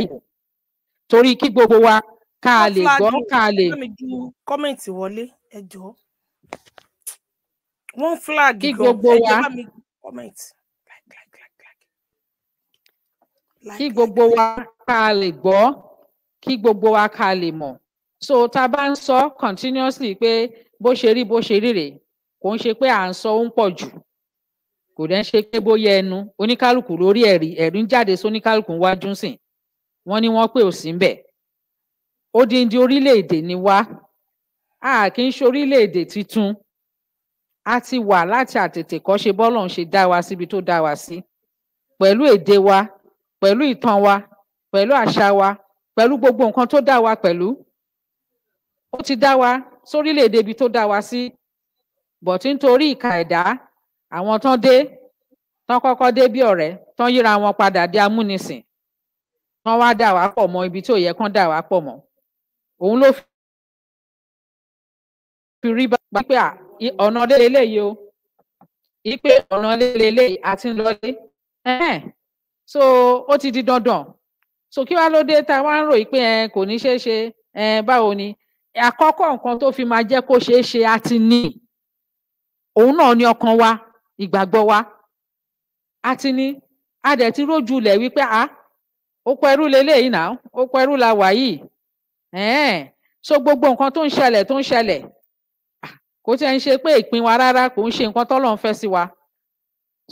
S4: torí kí gbogbo wa ká a lè gbọ́ ká a
S1: lè. kọ́mẹ̀ntì wọlé ẹ wọ́n flag kí gbogbo wa
S4: kí gbogbo wa ká a lè gbọ́ kí gbogbo wa ká a lè mọ̀ so tá bá ń sọ continuously pé bó ṣe rí bó ṣe rí rèé kò ń ṣe pé à ń sọ ó ń pọ̀ jù kò dẹ́ ṣe pé bóyá ẹnu oníkálukú lórí ẹ̀rí ẹ̀rí ń jáde sí wájú sìn wọ́n ní wọ́n pè ó sí ń odindi orílẹ̀-èdè ni wá a kì í ṣe orílẹ̀ tuntun a ti wà láti àtètè kọ́ ṣe bọ́lọ̀ ń ṣe dá wa síbi tó dá wa sí pẹ̀lú èdè wa pẹ̀lú ìtàn wa pẹ̀lú àṣà wa pẹ̀lú gbogbo nǹkan tó dá wa pẹ̀lú ó ti dá wa sórílẹ̀-èdè ibi tó dá wa sí bọ̀tí nítorí ìka ẹ̀dá àwọn tán dé tán kọ́kọ́ dé bí ọ̀rẹ́ tán yíra wọn padà dé amúnisìn wọ́n wá dà wá pọ̀ mọ́ ibi tó yẹ kán dà wá pọ̀ mọ́ òun ló fi rí bá pé ọ̀nà délé léyìí o yìí pé ọ̀nà délé léyìí àti ńlọlé so ó ti di dandan so kí wá ló dé tá a wá ń ròyìn pé kò ní ṣeé ṣe báwo ni àkọ́kọ́ nǹkan tó fi máa jẹ́ kó ṣeé ṣe á ti ní òun náà ni ọkàn wa ìgbàgbọ́ wa á ti ní a dẹ̀ ti rójú lẹ̀ wípé a. Ah, oko ẹrú leléyìí náà oko ẹrú la wà yìí ẹn so gbogbo nǹkan tó ń ṣẹlẹ̀ tó ń ṣẹlẹ̀ kò tiẹ̀ ń ṣe pé ìpín wa rárá kò ń ṣe nǹkan tọ́lọ́run fẹ́ sí wa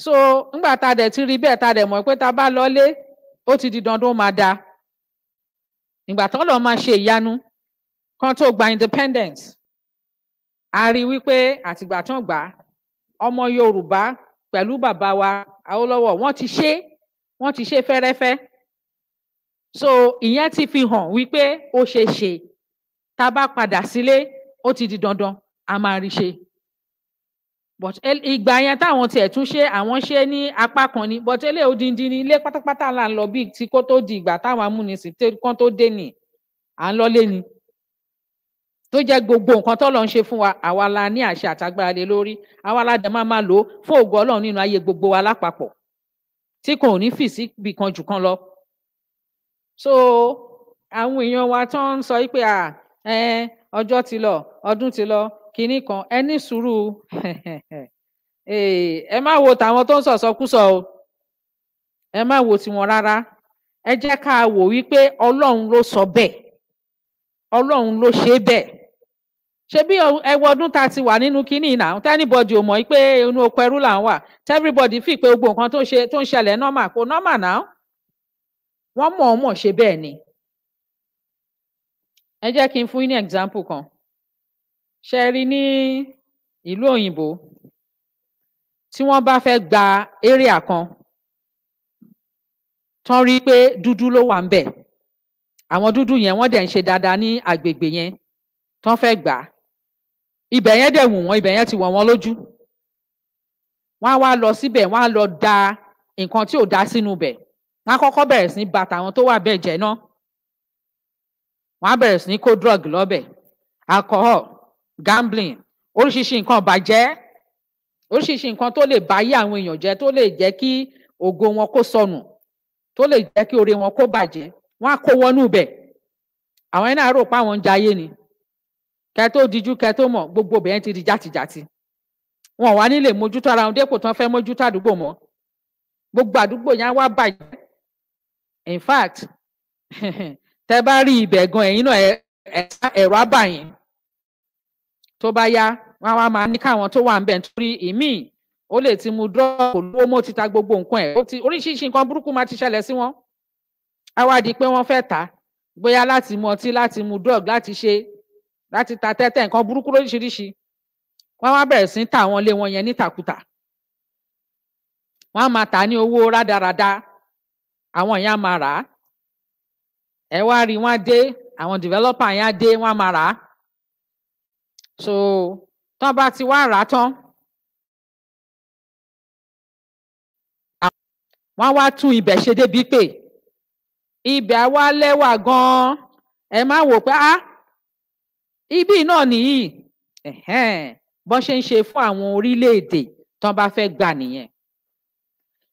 S4: so ńgbà tá a dẹ̀ ti rí bẹ́ẹ̀ tá a dẹ̀ mọ̀ pé tá a bá lọlé ó ti di dandan ó máa da ìgbà tọ́lọ́run máa ṣe ìyanu kan tó gba independence a rí wípé àtìgbà tán gbà ọmọ Yorùbá pẹ̀lú bàbá wa Awólọ́wọ̀ wọ́n ti ṣe wọ́n ti ṣe fẹ́rẹ́fẹ́ so ìyẹn ti fi hàn wípé ó ṣe ṣe tá a bá padà sílé ó ti di dandan a máa rí ṣe but ìgbà yẹn táwọn tiẹ̀ tún ṣe àwọn ṣe ní apá kan ni but eléyìí odindi ni ilé pátápátá là ń lọ bí ti kó tó di ìgbà táwọn amúnisìn kan tó dé ni à ń lọlé ni tó jẹ́ gbogbo nǹkan tó lọ ń ṣe fún wa àwa la ní àṣẹ àtagbára lé lórí àwa la dẹ̀ máa máa lò ó fún ògo Ọlọ́run nínú ayé gbogbo wa lápapọ̀ tí kò ní fì sí kan jù kan lọ so àwọn èèyàn wa tó ń sọ pé à ọjọ́ ti lọ ọdún ti lọ kinní kan ẹ ní sùúrù ẹ má wo tàwọn tó ń sọ̀sọkúsọ o ẹ má wo tiwọn rárá ẹ jẹ́ ká wò wípé ọlọ́run ló sọ bẹ́ẹ̀ ọlọ́run ló ṣe bẹ́ẹ̀ ṣebí ẹwọ ọdún tá a ti wà nínú kínní náà tẹ́nibọ́dì ò mọ̀ pé inú oko ẹrú là ń wà tẹ́nibọ́dì fi pé gbogbo nǹkan tó ń ṣẹlẹ̀ nọ́mà kò nọ́mà náà wọ́n mọ̀ọ́mọ̀ ṣe bẹ́ẹ̀ ni ẹ jẹ́ kí n fún yín ní example kan ṣe rí ní ìlú òyìnbó tí wọ́n bá fẹ́ gba area kan tán rí i pé dúdú ló wà ń bẹ̀ àwọn dúdú yẹn wọ́n dẹ̀ ń ṣe dáadáa ní agbègbè yẹn tán fẹ́ gbà á ibẹ̀ yẹn dẹ̀ wù wọ́n ibẹ̀ yẹn ti wọ̀ wọ́n lójú wọ́n á wá lọ síbẹ̀ wọ́n á lọ da nǹkan tí ò dá sínú bẹ̀ wọ́n á kọ́kọ́ bẹ̀rẹ̀ sí ba tàwọn tó wà bẹ́ẹ̀ jẹ́ náà wọ́n á sí kó drug lọ́bẹ̀ alcohol gambling oríṣiríṣi nǹkan bàjẹ́ oríṣiríṣi nǹkan tó lè báyé àwọn èèyàn jẹ́ tó lè jẹ́ kí ògo wọn kó sọnù tó lè jẹ́ kí oore wọn kó bàjẹ́ wọ́n kó wọnú bẹ̀ àwọn ẹni àárò pa àwọn ń jayé ni kẹ tó dijú kẹ tó mọ̀ gbogbo bẹ̀yẹn ti di játijàti wọn wà nílé mójútó ara wọn dépò tán fẹ́ mójútó àdúgbò mọ́ gbogbo àdúgbò yẹn wá bàjẹ́ in fact tẹ́ bá rí ibẹ̀ gan ẹ̀yin náà ẹ̀rọ abàyìn tó bá yá wọn wá máa ní káwọn tó wà ń bẹ̀ nítorí ìmíì ó lè ti mu drug olówó mọ́ ti ta gbogbo nǹkan ẹ̀ ó ti oríṣiríṣi nǹkan burúkú máa ti ṣẹlẹ̀ sí wọn á wá di pé wọ́n fẹ́ tà bóyá láti mu ọtí láti mu drug láti ṣe láti ta tẹ́tẹ́ nǹkan burúkú lóríṣiríṣi wọ́n wá bẹ̀rẹ̀ sí ta àwọn ilé wọn yẹn nítakùtà wọ́n á máa tà ní owó rádaràda àwọn èèyàn máa rà á ẹ wá rí wọn dé àwọn developer yẹn á dé wọn máa rà á so tán bá ti wá rà á tán wọn wá tún ibẹ̀ ṣe débi pé
S1: ibẹ̀ wá lẹ́wà gan-an ẹ má wò pé ah
S4: ibí náà nìyí bọ́n ṣe ń ṣe fún àwọn orílẹ̀-èdè tán bá fẹ́ gbà nìyẹn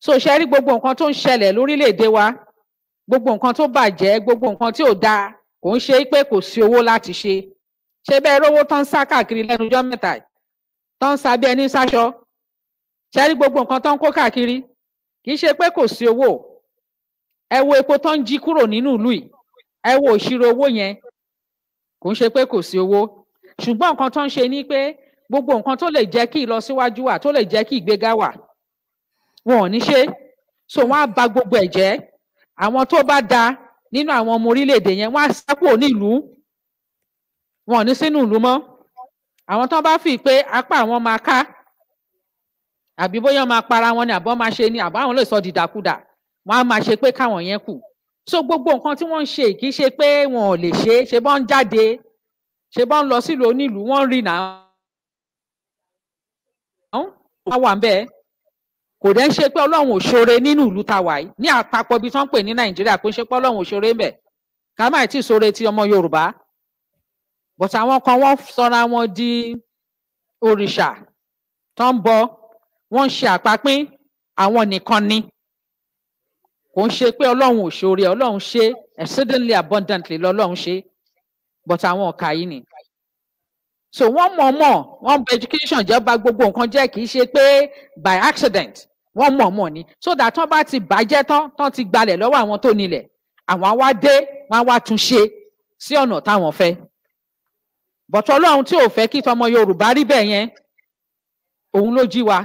S4: so ṣe rí gbogbo nǹkan tó ń ṣẹlẹ̀ lórílẹ̀‐èdè wa gbogbo nǹkan tó bàjẹ́ gbogbo nǹkan tí ò dáa kò ń ṣe pé kò sí owó láti ṣe ṣé bẹ́ẹ̀ rówó tán ń sá káàkiri lẹ́nu ọjọ́ mẹ́ta tán ń sa bí ẹni sáṣọ ṣe rí gbogbo nǹkan tán ń kó káàkiri kì í ṣe pé kò sí owó ẹ wo epo tán ń jí kúrò nínú ìlú yìí ẹ wo òṣìrò owó yẹn kò ń ṣe pé kò sí owó ṣùgbọ́n nǹkan tán ń ṣe ni pé gbogbo nǹkan tó lè jẹ́ kí ìlọsíwájú wà tó lè jẹ́ kí ìgbéga wà wọn ò ní ṣe so wọn á ba gbogbo ẹ̀ jẹ́ àwọn tó bá da nínú àwọn ọmọ orílẹ̀-èdè yẹn wọn á sá kúrò nílùú wọn ò ní sínú ìlú mọ́ àwọn tó bá fi pé apá àwọn máa ká àbí bóyá máa para wọn ni àbọ̀ máa ṣe ni àbọ̀ àwọn lè sọ dìdàkudà wọn á máa ṣe pé káwọn yẹn kù so gbogbo nǹkan tí wọ́n ń ṣe kì í ṣe pé wọn ò lè ṣe ṣe bọ́n jáde ṣe bọ́n lọ sílùú onílùú wọ́n ń rìnà wọ́n wà ń bẹ́ẹ̀ kò dẹ́ ṣe pé ọlọ́run ò ṣoore nínú ìlú ta wà yìí ní àpapọ̀ ibi tó ń pè ní nàìjíríà kò ṣe pé ọlọ́run ò ṣoore ń bẹ̀ ká má tí ì ṣoore ti ọmọ yorùbá but àwọn kan wọ́n sọra wọn di òrìṣà tó ń bọ wọ́n ń ṣe àpapín àwọn nìkan ni kò ń ṣe pé ọlọ́run ò ṣoore ọlọ́run ṣe exceedingly abundantly lọ́lọ́run ṣe but àwọn ọ̀ka yìí ni so wọ́n mọ̀ọ́mọ̀ wọ́n bà education jẹ́ bà gbogbo nǹkan jẹ́ kì í ṣe pé by accident wọ́n mọ̀ọ́mọ̀ ni so that tán bá ti bàjẹ́ tán tán ti gbalẹ̀ lọ́wọ́ àwọn tó nílẹ̀ àwọn wá dé wọ́n wá tún ṣe sí ọ̀nà táwọn fẹ́ bọ̀tọ̀ ọlọ́run tí ò fẹ́ kí tọmọ yorùbá rí bẹ́ẹ̀ yẹn òun ló jí wa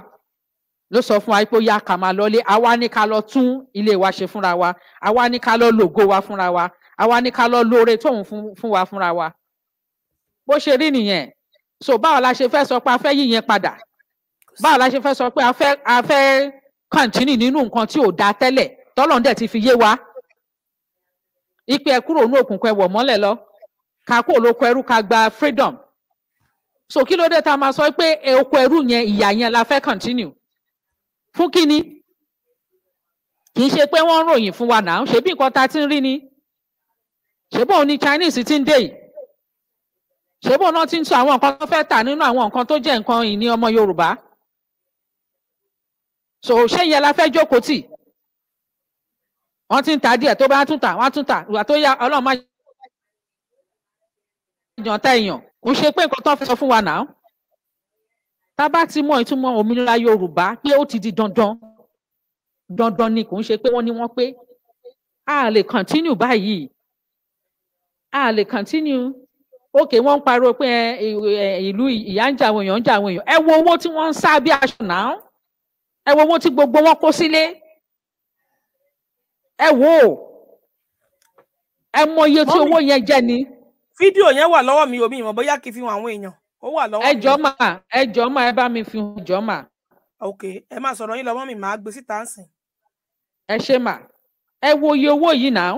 S4: ló sọ fún wa pé ó yá ká máa lọlé àwa ní ká lọ tún ilé wa ṣe fúnra wa àwa ní ká lọ lògo wa fúnra wa àwa ní ká lọ lóore tóun fún wa fúnra wa bó ṣe rí nìyẹn so báwo la ṣe fẹ́ sọ pé a fẹ́ yí yẹn padà báwo la ṣe fẹ́ sọ pé a fẹ́ a fẹ́ kàǹtínì nínú nǹkan tí ò dáa tẹ́lẹ̀ tọ́lọ́n dẹ̀ ti fi yé wa ipe ẹ kúrò ní òkùnkùn ẹ wọ̀ mọ́lẹ̀ lọ ká kó olóko ẹrú ká gba freedom so kí ló dé tá a máa sọ pé e, oko ẹrú yẹn ìyà yẹn la fẹ́ continue fún kíni kì í ṣe pé wọ́n ń ròyìn fún wa náà ṣebí nǹkan tá a ti ń rí ni ṣebí òun ni Chinese ti ń dé yìí ṣebí ọ̀nà ti ń sọ àwọn nǹkan tó fẹ́ tà nínú àwọn nǹkan tó jẹ́ nǹkan ìní ọmọ Yorùbá so ṣé yẹn la fẹ́ jókòó tì wọ́n ti ń ta díẹ̀ tó bá tún tà wọ́n tún tà ìwà tó yá Ọlọ́run má yàn tá èèyàn kò ṣe pé nǹkan tó fẹ́ sọ fún wa náà tá bá ti mọ ìtumọ̀ òmìnira Yorùbá pé ó ti di dandan dandan ni kò ń ṣe pé wọ́n ní wọ́n pé a lè continue báyìí a lè continue òkè wọ́n ń pariwo pé eh, eh, ìlú ìyá ń jà àwọn èèyàn ń jà àwọn èèyàn ẹ wo owó tí wọ́n ń sá bí aṣọ náà
S1: ẹ wo owó tí gbogbo wọn kó sílé ẹ wo ẹ mọ iye tí owó yẹn jẹ ni. fídíò yẹn wà lọ́wọ́ mi omi ìmọ̀ bóyá kí n fi hàn àwọn èèyàn ó wà lọ́wọ́ mi. ẹ jọ mà ẹ jọ mà ẹ bá mi fi hàn jọ mà. ok ẹ máa sọ̀rọ̀ yín lọ́wọ́ mi màá gbé síta ń sìn.
S4: ẹ ṣe mà ẹ wo iye owó yìí náà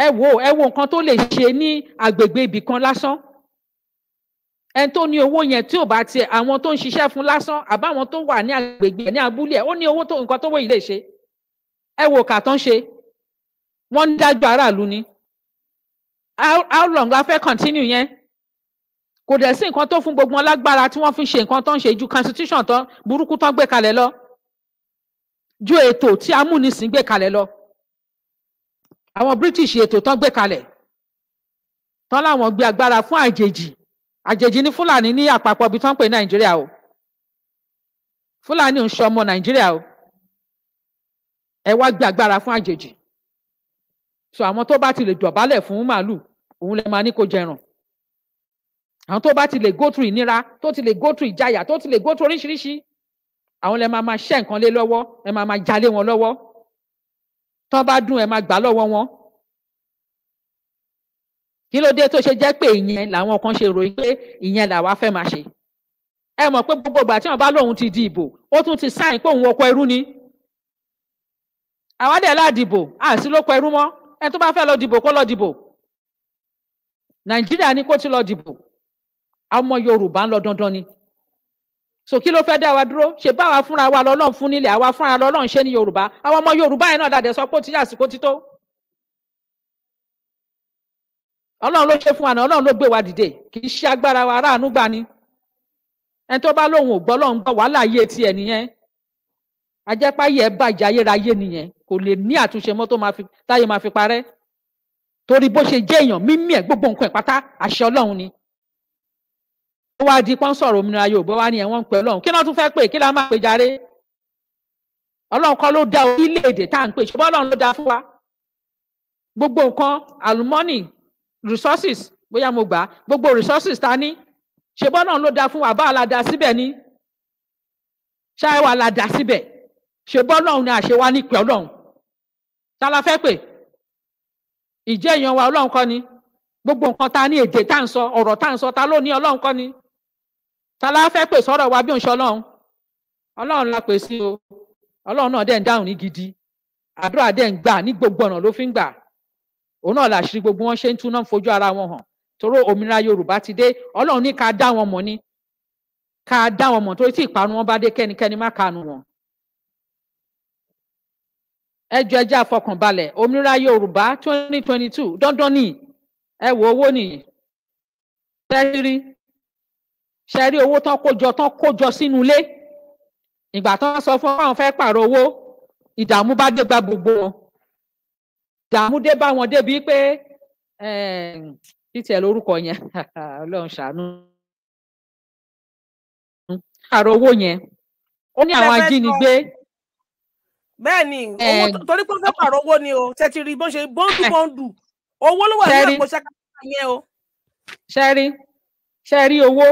S4: ẹ wo ẹ wo nǹkan tó lè ṣe ní agbègbè ibì kan lásán ẹni tó ní owó yẹn tí ò bá tiẹ̀ àwọn tó ń ṣiṣẹ́ fún lásán àbáwọn tó wà ní agbègbè ní abúlé ẹ̀ ó ní owó tó nǹkan tó wọ yìí lè ṣe ẹ wo kà ṣe wọ́n ń dájú aráàlú ni how, long la fẹ́ continue yẹn kò dẹ̀ sí nǹkan tó fún gbogbo wọn lágbára tí wọ́n fi ṣe nǹkan tó ń ṣe ju constitution tán burúkú tán gbé kalẹ̀ lọ ju ètò tí amúnisìn gbé kalẹ̀ lọ àwọn British ètò tán gbé kalẹ̀ tán láwọn gbé agbára fún àjèjì àjèjì ní Fúlàní ní àpapọ̀ ibi tán ń pè Nàìjíríà o Fúlàní ń ṣe ọmọ Nàìjíríà o ẹ wá gbé agbára fún àjèjì so àwọn tó bá ti lè dọ̀bálẹ̀ fún màálù òun lè máa ní kó jẹran àwọn tó bá ti lè go through ìnira tó ti lè go through ìjayà tó ti lè go through oríṣiríṣi àwọn lè máa máa ṣẹ́ nǹkan lé lọ́wọ́ ẹ máa máa jalé wọn lọ́wọ́ tán bá dùn ẹ máa gbà lọ́wọ́ wọn kí ló dé tó ṣe jẹ́ pé ìyẹn làwọn kan ṣe ròyìn pé ìyẹn làwa fẹ́ máa ṣe ẹ mọ̀ pé gbogbo ìgbà tí wọ́n bá lóun ti di ìbò ó tún ti sáìn pé òun ọkọ ẹrú ni àwa dẹ̀ láàdìbò àti lóko ẹrú mọ́ ẹ tó bá fẹ́ lọ dìbò kó lọ dìbò nàìjíríà ni kó ti lọ dìbò àwọn ọmọ yorùbá ń lọ dandan ni so kí ló fẹ́ dá wa dúró ṣe báwa fúnra wa lọ́lọ́run fún nílẹ̀ àwa fúnra lọ́lọ́run ṣe ní yorùbá àwọn ọmọ yorùbá yẹn náà dàdẹ sọ pé ó ti àsìkò ti tó ọlọ́run ló ṣe fún wa náà ọlọ́run ló gbé wa dìde kì í ṣe agbára wa aráàánú gbà ni ẹni tó bá lóun ò gbọ́ lọ́hùn gbọ́ wàhálà yé tiẹ̀ nìyẹn ajẹ́páyé ẹ̀ bàjẹ́ ayérayé nìyẹn kò lè ní àtúnṣe mọ́ táyé máa fi parẹ́ torí bó ṣe jẹ́ èèyàn mímí ẹ̀ gbogbo nǹkan ẹ̀ pátá àṣẹ ọlọ́run ni ó wá di pọ́n sọ̀rọ̀ òmìnira Yorùbá wá ní ẹ̀wọ̀n ń pẹ́ Ọlọ́run kí náà tún fẹ́ pè kí la máa pè jàre Ọlọ́run kọ́ ló dá orílẹ̀-èdè tá à ń pè ṣùgbọ́n Ọlọ́run ló dá fún wa gbogbo nǹkan àlùmọ́nì resources bóyá mo gbà gbogbo resources ta ní ṣùgbọ́n Ọlọ́run ló dá fún wa bá la dá síbẹ̀ ní ṣáà wà la dá síbẹ̀ ṣùgbọ́n Ọlọ́run ni àṣewá ní ìpè Ọlọ́run tá la fẹ́ pè ìjẹ́ èèyàn wa Ọlọ́run kọ́ ni gbogbo nǹkan ta ní èdè tá à ń sọ ọ̀rọ̀ tá à ń sọ ta ló ní Ọlọ́run kọ́ ni ta la fẹ́ pè sọ́rọ̀ wa bí òun ṣe ọlọ́run ọlọ́run la pè sí o ọlọ́run náà dẹ̀ ń dáhùn ní gidi àdúrà dẹ̀ ń gbà ní gbogbo ọ̀nà ló fi ń gbà òun náà làṣírí gbogbo wọn ṣe ń túná fojú ara wọn hàn toró òmìnira yorùbá ti dé ọlọ́run ní ká dá wọn mọ̀ ni ká dá wọn mọ̀ torí tí ìparun wọn bá dé kẹ́nikẹ́ni má kanu wọn. ẹ jọ ẹ jẹ́ àfọkànbalẹ̀ òmìnira yorùbá twenty twenty two dandan ni ẹ wo owó nìyí ṣe rí owó tán kó jọ tán kó jọ sínú ilé ìgbà tán sọ fún wọn fẹ́ pààrọ̀ owó ìdààmú bá dé gba gbogbo wọn ìdààmú dé bá wọn débi pé títí ẹ lórúkọ yẹn
S3: Ọlọ́run ṣàánú pààrọ̀ owó yẹn ó ní àwọn ajínigbé. bẹ́ẹ̀ ni owó torí pé ó fẹ́ pààrọ̀ owó ni
S1: o tẹ́tí rí bó ṣe bọ́ńdù bọ́ńdù owó ló wà ní àpò ṣàkàtà yẹn o.
S4: ṣẹ́rí ṣẹ́rí owó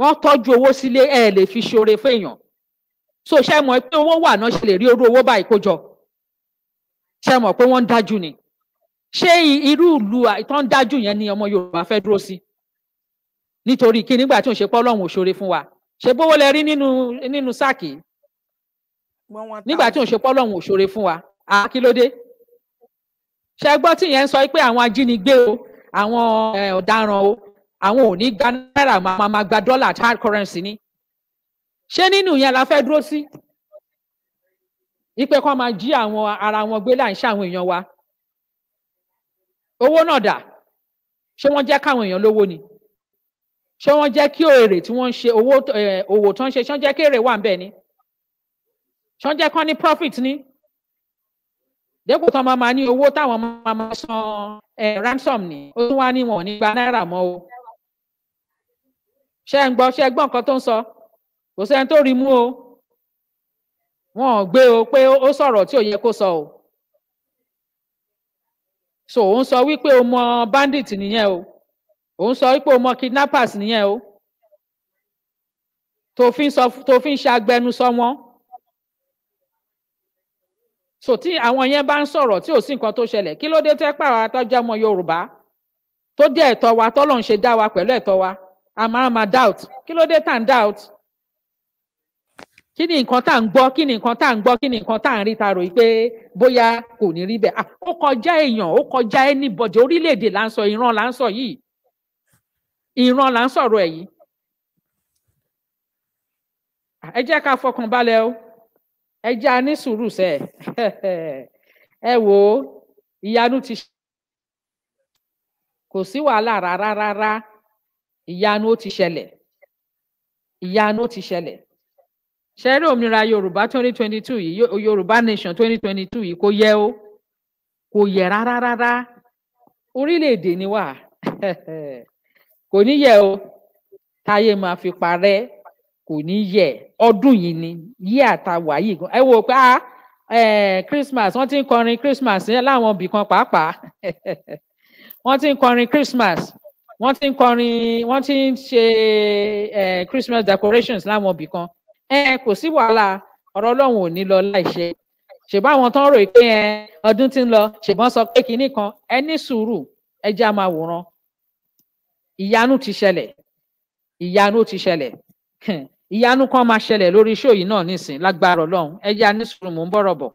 S4: wọ́n tọ́jú owó sílé ẹ lè fi ṣoore fèèyàn so ṣe mọ̀ pé owó wà náà ṣe lè rí orú owó báyìí kó jọ ṣe mọ̀ pé wọ́n ń dájú ni ṣé irú ìlú tó ń dájú yẹn ni ọmọ Yorùbá fẹ́ dúró sí nítorí kí nígbà tí òun ṣe pọ́ Ọlọ́run ò ṣoore fún wa ṣe bówó lẹ rí nínú nínú sáàkì nígbà tí òun ṣe pọ́ Ọlọ́run ò ṣoore fún wa àá kí ló dé ṣe gbọ́ tí yẹn ń sọ pé àwọn ajínigbé o àwọn ọ̀daràn o àwọn ò ní gba náírà máa máa gba dọ́là hard currency ni ṣé nínú yẹn la fẹ́ dúró sí ipe kan máa jí àwọn ara wọn gbé láì ṣe àwọn èèyàn wa owó náà dà ṣé wọ́n jẹ́ káwọn èèyàn lówó ni ṣé wọ́n jẹ́ kí èrè tí wọ́n ń ṣe owó òwò tó ń ṣe ṣé wọ́n jẹ́ kí èrè wà ń bẹ̀ ni ṣé wọ́n jẹ́ kán ní profit ni dépò tán máa ma ní owó táwọn máa ma san ransom ni ó tún wá ní wọn ò ní gba náírà mọ́ o ṣé ń gbọ́ ṣé gbọ́ nǹkan tó ń sọ kò sẹ́ni tó rí mú o wọn ò gbé o pé ó sọ̀rọ̀ tí ò yẹ kó sọ o so òun sọ wípé o mọ bandit nìyẹn o òun sọ wípé o mọ kidnappers nìyẹn o tó fi ń sọ tó fi ń ṣàgbẹnusọ wọn so tí àwọn yẹn bá ń sọ̀rọ̀ tí ò sí nǹkan tó ṣẹlẹ̀ kí ló dé tẹ́ pàrọ̀ àtọ́jú ọmọ Yorùbá tó jẹ́ ẹ̀tọ́ wa tọ́lọ́run ṣe dá wa pẹ̀lú ẹ̀tọ́ wa àmà àmà doubt kí ló dé tá ń doubt kí ni nǹkan tá à ń gbọ́ kí ni nǹkan tá à ń gbọ́ kí ni nǹkan tá à ń rí ta rò yìí pé bóyá kò ní rí bẹ́ẹ̀ ó kọjá èèyàn ó kọjá anybody orílẹ̀-èdè là ń sọ ìran là ń sọ yìí ìran là ń sọ̀rọ̀ ẹ̀ yìí ẹ jẹ́ ká fọkàn balẹ̀ o ẹ jẹ́ a ní sùúrù sẹ́ ẹ wò ó ìyanu ti kò sí wàhálà rárá rárá. ìyanu ó ti ṣẹlẹ̀ ìyanu ó ti ṣẹlẹ̀ ṣẹrí òmìnira yorùbá twenty twenty two yìí yorùbá nation twenty twenty two yìí kò yẹ o kò yẹ rárá rárá orílẹ̀-èdè ni wà kò ní yẹ o táyé máa fi parẹ́ kò ní yẹ ọdún yìí ni yí àtàwà yìí gan ẹ wò pé ah christmas wọ́n ti ń kọrin christmas láwọn ibì kan pàápàá wọ́n ti ń kọrin christmas wọ́n ti ń kọrin wọ́n ti ń ṣe Christmas decorations láwọn ibì kan ẹ kò sí wàhálà ọ̀rọ̀ Ọlọ́run ò ní lọ láìṣe ṣèbá àwọn tó ń rò pé ọdún ti ń lọ ṣèbọn sọ pé kinní kan ẹ ní sùúrù ẹ jẹ́ àmà wòran ìyanu ti ṣẹlẹ̀ ìyanu ti ṣẹlẹ̀ ìyanu kan máa ṣẹlẹ̀ lórí iṣẹ́ yìí náà nísìn lágbára Ọlọ́run ẹ jẹ́ àní sùúrù mò ń bọ̀rọ̀ bọ̀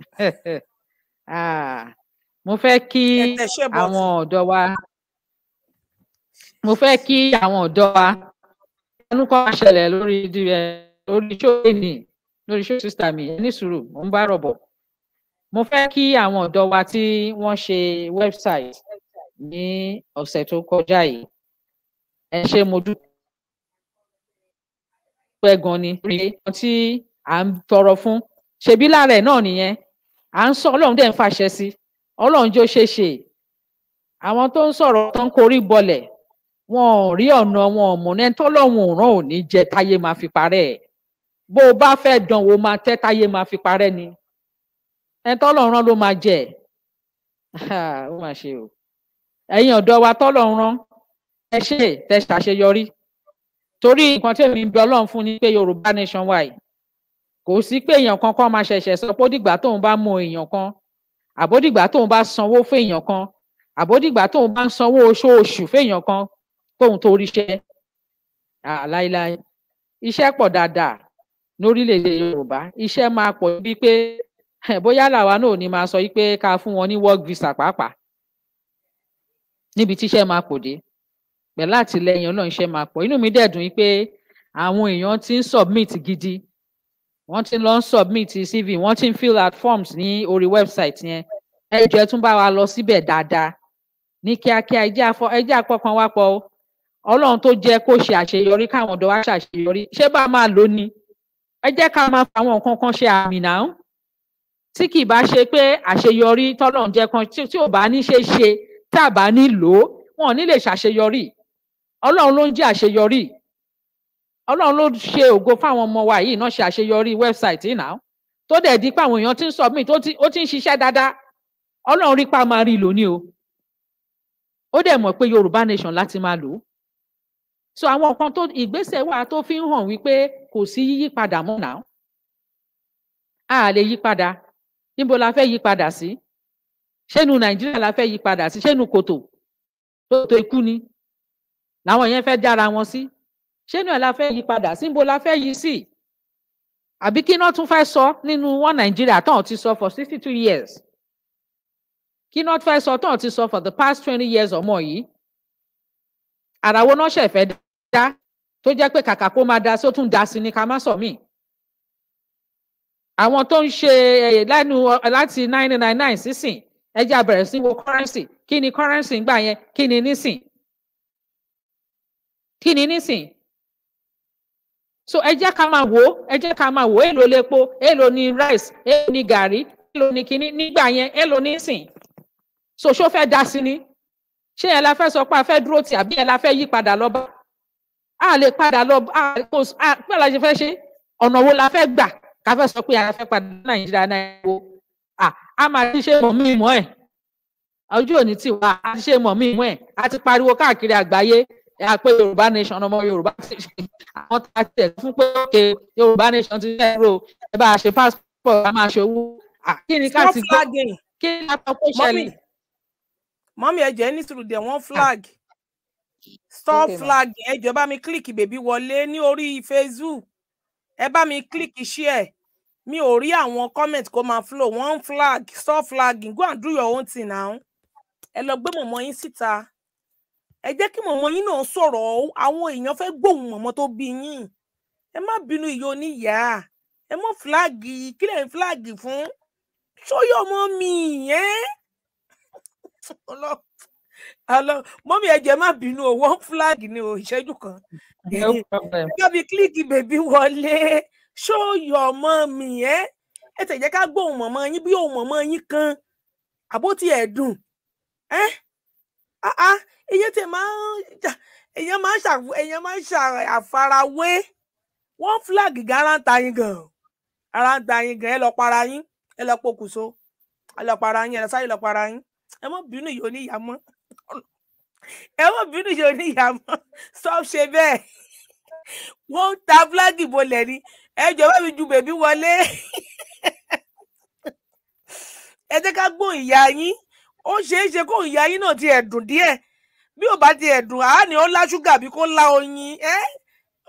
S4: ah, mo fẹ́ kí àwọn ọ̀dọ́ wa mo fẹ́ kí àwọn ọ̀dọ́ wa ẹnu kọ́ àṣẹlẹ̀ lórí lórí ṣóòlì mi lórí ṣóòlì sísítà mi ẹni sùúrù mo ń bá rọ̀bọ̀ mo fẹ́ kí àwọn ọ̀dọ́ wa tí wọ́n ṣe website ní ọ̀sẹ̀ tó kọjá yìí ẹ ṣe mo dúpẹ́ gan ni rí ohun tí à ń tọrọ fún ṣebí lára ẹ̀ náà nìyẹn à ń sọ ọlọ́run dẹ̀ ń fàṣẹ sí ọlọ́run jó ṣe ṣe àwọn tó ń sọ̀rọ̀ tó ń korí bọlẹ̀ wọn ò rí ọ̀nà wọn ò mọ̀nà ẹni tọ́lọ́run ò rán ò ní jẹ táyé máa fi parẹ́ ẹ̀ bó o bá fẹ́ dánwò máa tẹ́ táyé máa fi parẹ́ ni ẹni tọ́lọ́run ló máa jẹ ó máa ṣe o ẹ̀yin ọ̀dọ́ wa tọ́lọ́run ẹ ṣe tẹ ṣàṣeyọrí torí nǹkan tí èmi ń bi ọlọ́run fún ni pé yorùbá nation wide kò sí pé èèyàn kan kọ́ máa ṣẹ̀ṣẹ̀ sọ pé ó dìgbà tóun bá mọ èèyàn kan àbódìgbà tóun bá sanwó fún èèyàn kan àbódìgbà tóun bá ń sanwó oṣooṣù fún èèyàn kan kóun tó ríṣẹ́ láíláí iṣẹ́ pọ̀ dáadáa lórílẹ̀-èdè yorùbá iṣẹ́ máa pọ̀ bíi pé bóyá làwa náà ní máa sọ yìí pé ká fún wọn ní work visa pàápàá níbi tíṣẹ́ máa pọ̀ dé pẹ̀lú àtìlẹyìn ọlọ́run iṣẹ́ máa pọ̀ inú mi dẹ̀ dùn yìí pé àwọn èèyàn ti ń submit gidi wọ́n ti lọ ń submit cv wọ́n ti ń fill out forms ní orí website yẹn ẹ jẹ́ tún bá wa lọ síbẹ̀ dáadáa ní kíákíá ẹ jẹ́ àfọ àpọkàn wa pọ̀ o ọlọ́run tó jẹ́ kó ṣe àṣeyọrí káwọn ọ̀dọ́ wa ṣàṣeyọrí ṣé bá máa lò ní ẹ jẹ́ ká máa fa àwọn nǹkan kan ṣe àmì náà tí kì bá ṣe pé àṣeyọrí tọ́lọ́run jẹ́ kan tí ò bá ní ṣe ṣe tá a bá ní lò wọn ní lè ṣàṣeyọrí ọlọ́run ló ń jẹ́ àṣeyọrí ọlọ́run ló ṣe ògo fáwọn ọmọ wa yìí náà ṣe àṣeyọrí wẹ́bsáìtì náà tó dẹ̀ di pé èèyàn ti ń submit ó ti ń ṣiṣẹ́ dáadáa ọlọ́run rí pa máa rí lò ní o ó dẹ̀ mọ̀ pé Yorùbá nation láti máa lò ó so àwọn kan tó ìgbésẹ̀ wà tó fi ń hàn wípé kò sí yíyípadà mọ́ náà a lè yípadà níbo la fẹ́ yípadà sí ṣénu nàìjíríà la fẹ́ yípadà sí ṣénu kòtò kòtò ikú ni làwọn yẹn fẹ́ dára wọn sí ṣénu ẹ̀ la fẹ́ yípadà sí níbo la fẹ́ yí sí àbí kí iná tún fẹ́ sọ nínú wọn nàìjíríà tán ti sọ for sixty two years kí iná tún fẹ́ sọ tán ti sọ for the past twenty years or more yìí àràwọ̀ náà ṣẹ̀fẹ̀ dá dá tó jẹ́ pé kàkà kó máa da sí ó tún da sí ni ká má sọ míì àwọn tó ń ṣe lẹ́nu láti nine nine nine sísìn ẹjẹ́ abẹ̀rẹ̀ sí wo currency kí ni currency gbà yẹn kí ni nísìn kí ni nísìn so ẹ jẹ́ ká máa wò ó ẹ jẹ́ ká máa wò ó èlò lepo èlò ni rice èlò ni gàrí èlò ni kíní nígbà yẹn èlò nísìn so ṣó fẹ́ da sí ni ṣé ẹ la fẹ́ sọ pé a fẹ́ dúró tì àbí ẹ la fẹ́ yí padà lọ́ba a lè padà lọ pé la ṣe fẹ́ ṣe ọ̀nà wo la fẹ́ gbà ká fẹ́ sọ pé a fẹ́ padà nàìjíríà náà wo a máa ti ṣe mọ̀ mí mọ́ ẹ̀ ọjọ́ òní ti wá a ti ṣe mọ̀ mí mọ́ ẹ̀ a ti pariwo káàkiri àgbáyé a pé yorùbá nation ọmọ yorùbá nation àwọn tá a ti ẹ̀ fún pé òkè yorùbá
S1: nation ti ṣe ẹ̀rọ ẹ bá a ṣe passport a máa ṣe owó kí ni ká ti gbọ́ kí ni ká tọ́ pé ṣẹlẹ̀. mọ́mí ẹ̀jẹ̀ ní sùúrù dẹ̀ wọ́n flag. Ah stop okay, flag ẹ jọ̀ọ́ bá mi click bèbí wọlé ní orí facebook ẹ bá mi click share mi ò rí àwọn comment kó máa flow one flag stop flagging go and do your own thing now ẹ lọ gbé mọ̀mọ́ yín síta ẹ jẹ́ kí mọ̀mọ́ yín náà sọ̀rọ̀ àwọn èèyàn fẹ́ gbóhùn mọ̀mọ́ tó bí yín ẹ má bínú ìyá oníyà ẹ mọ fúláàgì kí lẹ́yìn fúláàgì fún ṣóyọ ọmọ mi yẹn hello mommy. I ẹ̀jẹ̀ má bínú know one flag in o ìṣẹ́jú kan. no problem. gábí kílíkì bèbí wọlé ṣó yọ ọmọ mi ẹ ẹ tẹ̀ jẹ́ ká gbóhùn mọ̀mọ́ yín bí òun mọ̀mọ́ yín kan àbótí ẹ̀ dùn ẹ́ áá iye tẹ̀ máa ń èèyàn máa ń ṣà èèyàn máa ń ṣà àfarawé one flag gan ara ń ta yín gan ara ń ta yín gan ẹ lọ para yín ẹ lọ pokùnso ẹ lọ para you ẹ lọ sáyé ẹ wọ́n bínú ṣe oníyàmọ́ stop ṣe bẹ́ẹ̀ wọ́n ń ta fúlágì bolẹ̀ ni ẹ jọ̀wọ́ mi ju bèbí wọlé ẹ jẹ́ ká gbọ́ ìyá yín ó ṣeé ṣe kó ìyá yín náà ti ẹ̀dùn díẹ̀ bí ò bá ti ẹ̀dùn àá ní ó lá ṣúgà bí kò lá oyin ẹ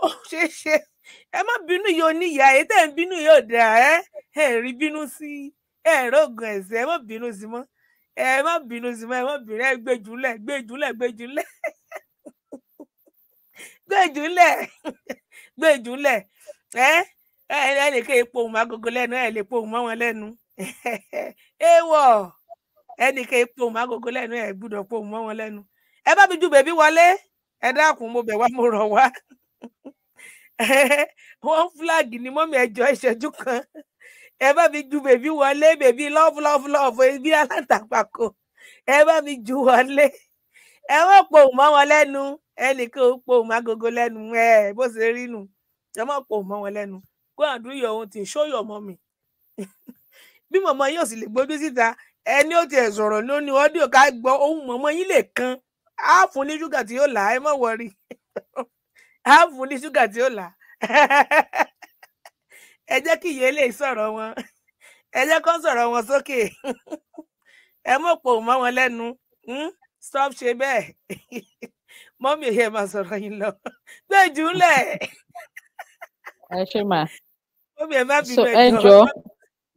S1: ó ṣeé ṣe ẹ má bínú yìí oníyà èyí tẹ̀ ń bínú yìí ò dáa ẹ ẹ rí bínú sí ẹ rògùn ẹ̀sẹ̀ ẹ má bínú sí mọ́ ẹ má bínú sí mọ́ ẹ má bínú ẹ gbẹjúlẹ̀ gbẹjúlẹ̀ gbẹjúlẹ̀ gbẹjúlẹ̀ gbẹjúlẹ̀ ẹ ẹ ẹ lè ké epo òun agogo lẹ́nu ẹ lè po òun mọ́ wọn lẹ́nu ewọ ẹnìkan epo òun agogo lẹ́nu ẹ gbúdọ̀ po òun mọ́ wọn lẹ́nu ẹ bá mi ju bèbí wọlé ẹ dákun mo bẹ̀ wá mo rọ̀ wá wọn fúláàgì ni mọ́mí ẹjọ́ ìṣẹ́jú kan ẹ bá mi ju bèbí wọlé bèbí lọ́ọ̀fù lọ́ọ̀fù lọ́ọ̀fù ibi aláǹtàpàkò ẹ bá mi ju wọlé ẹ wọ́n pohùn mọ́ wọn lẹ́nu ẹnìkan ò pohùn agogo lẹ́nu ẹ bó ṣe rí nù ẹ wọ́n pohùn mọ́ wọn lẹ́nu go and do your own thing show your mommy bí mọ̀mọ́ yóò sì lè gbójú síta ẹni ó tiẹ̀ sọ̀rọ̀ lónìí ọ́díò ká gbọ́ ohun mọ̀mọ́ yín lè kan á fún ní ṣúgà tí yóò là á ẹ má wọrí á fún ní ṣúgà tí yóò là á. ẹ jẹ́ kí ìyẹn lè sọ̀rọ̀ wọn ẹ jẹ́ kó sọ̀rọ̀ wọn sókè ẹ mọ̀ pò mọ́ wọn lẹ́nu hmm? stop ṣe bẹ́ẹ̀ mọ́mí èyí ẹ máa sọ̀rọ̀ yín lọ gbé jù ú lẹ̀. ẹ ṣe mà. mọ́mí ẹ má bínú ẹ jọ.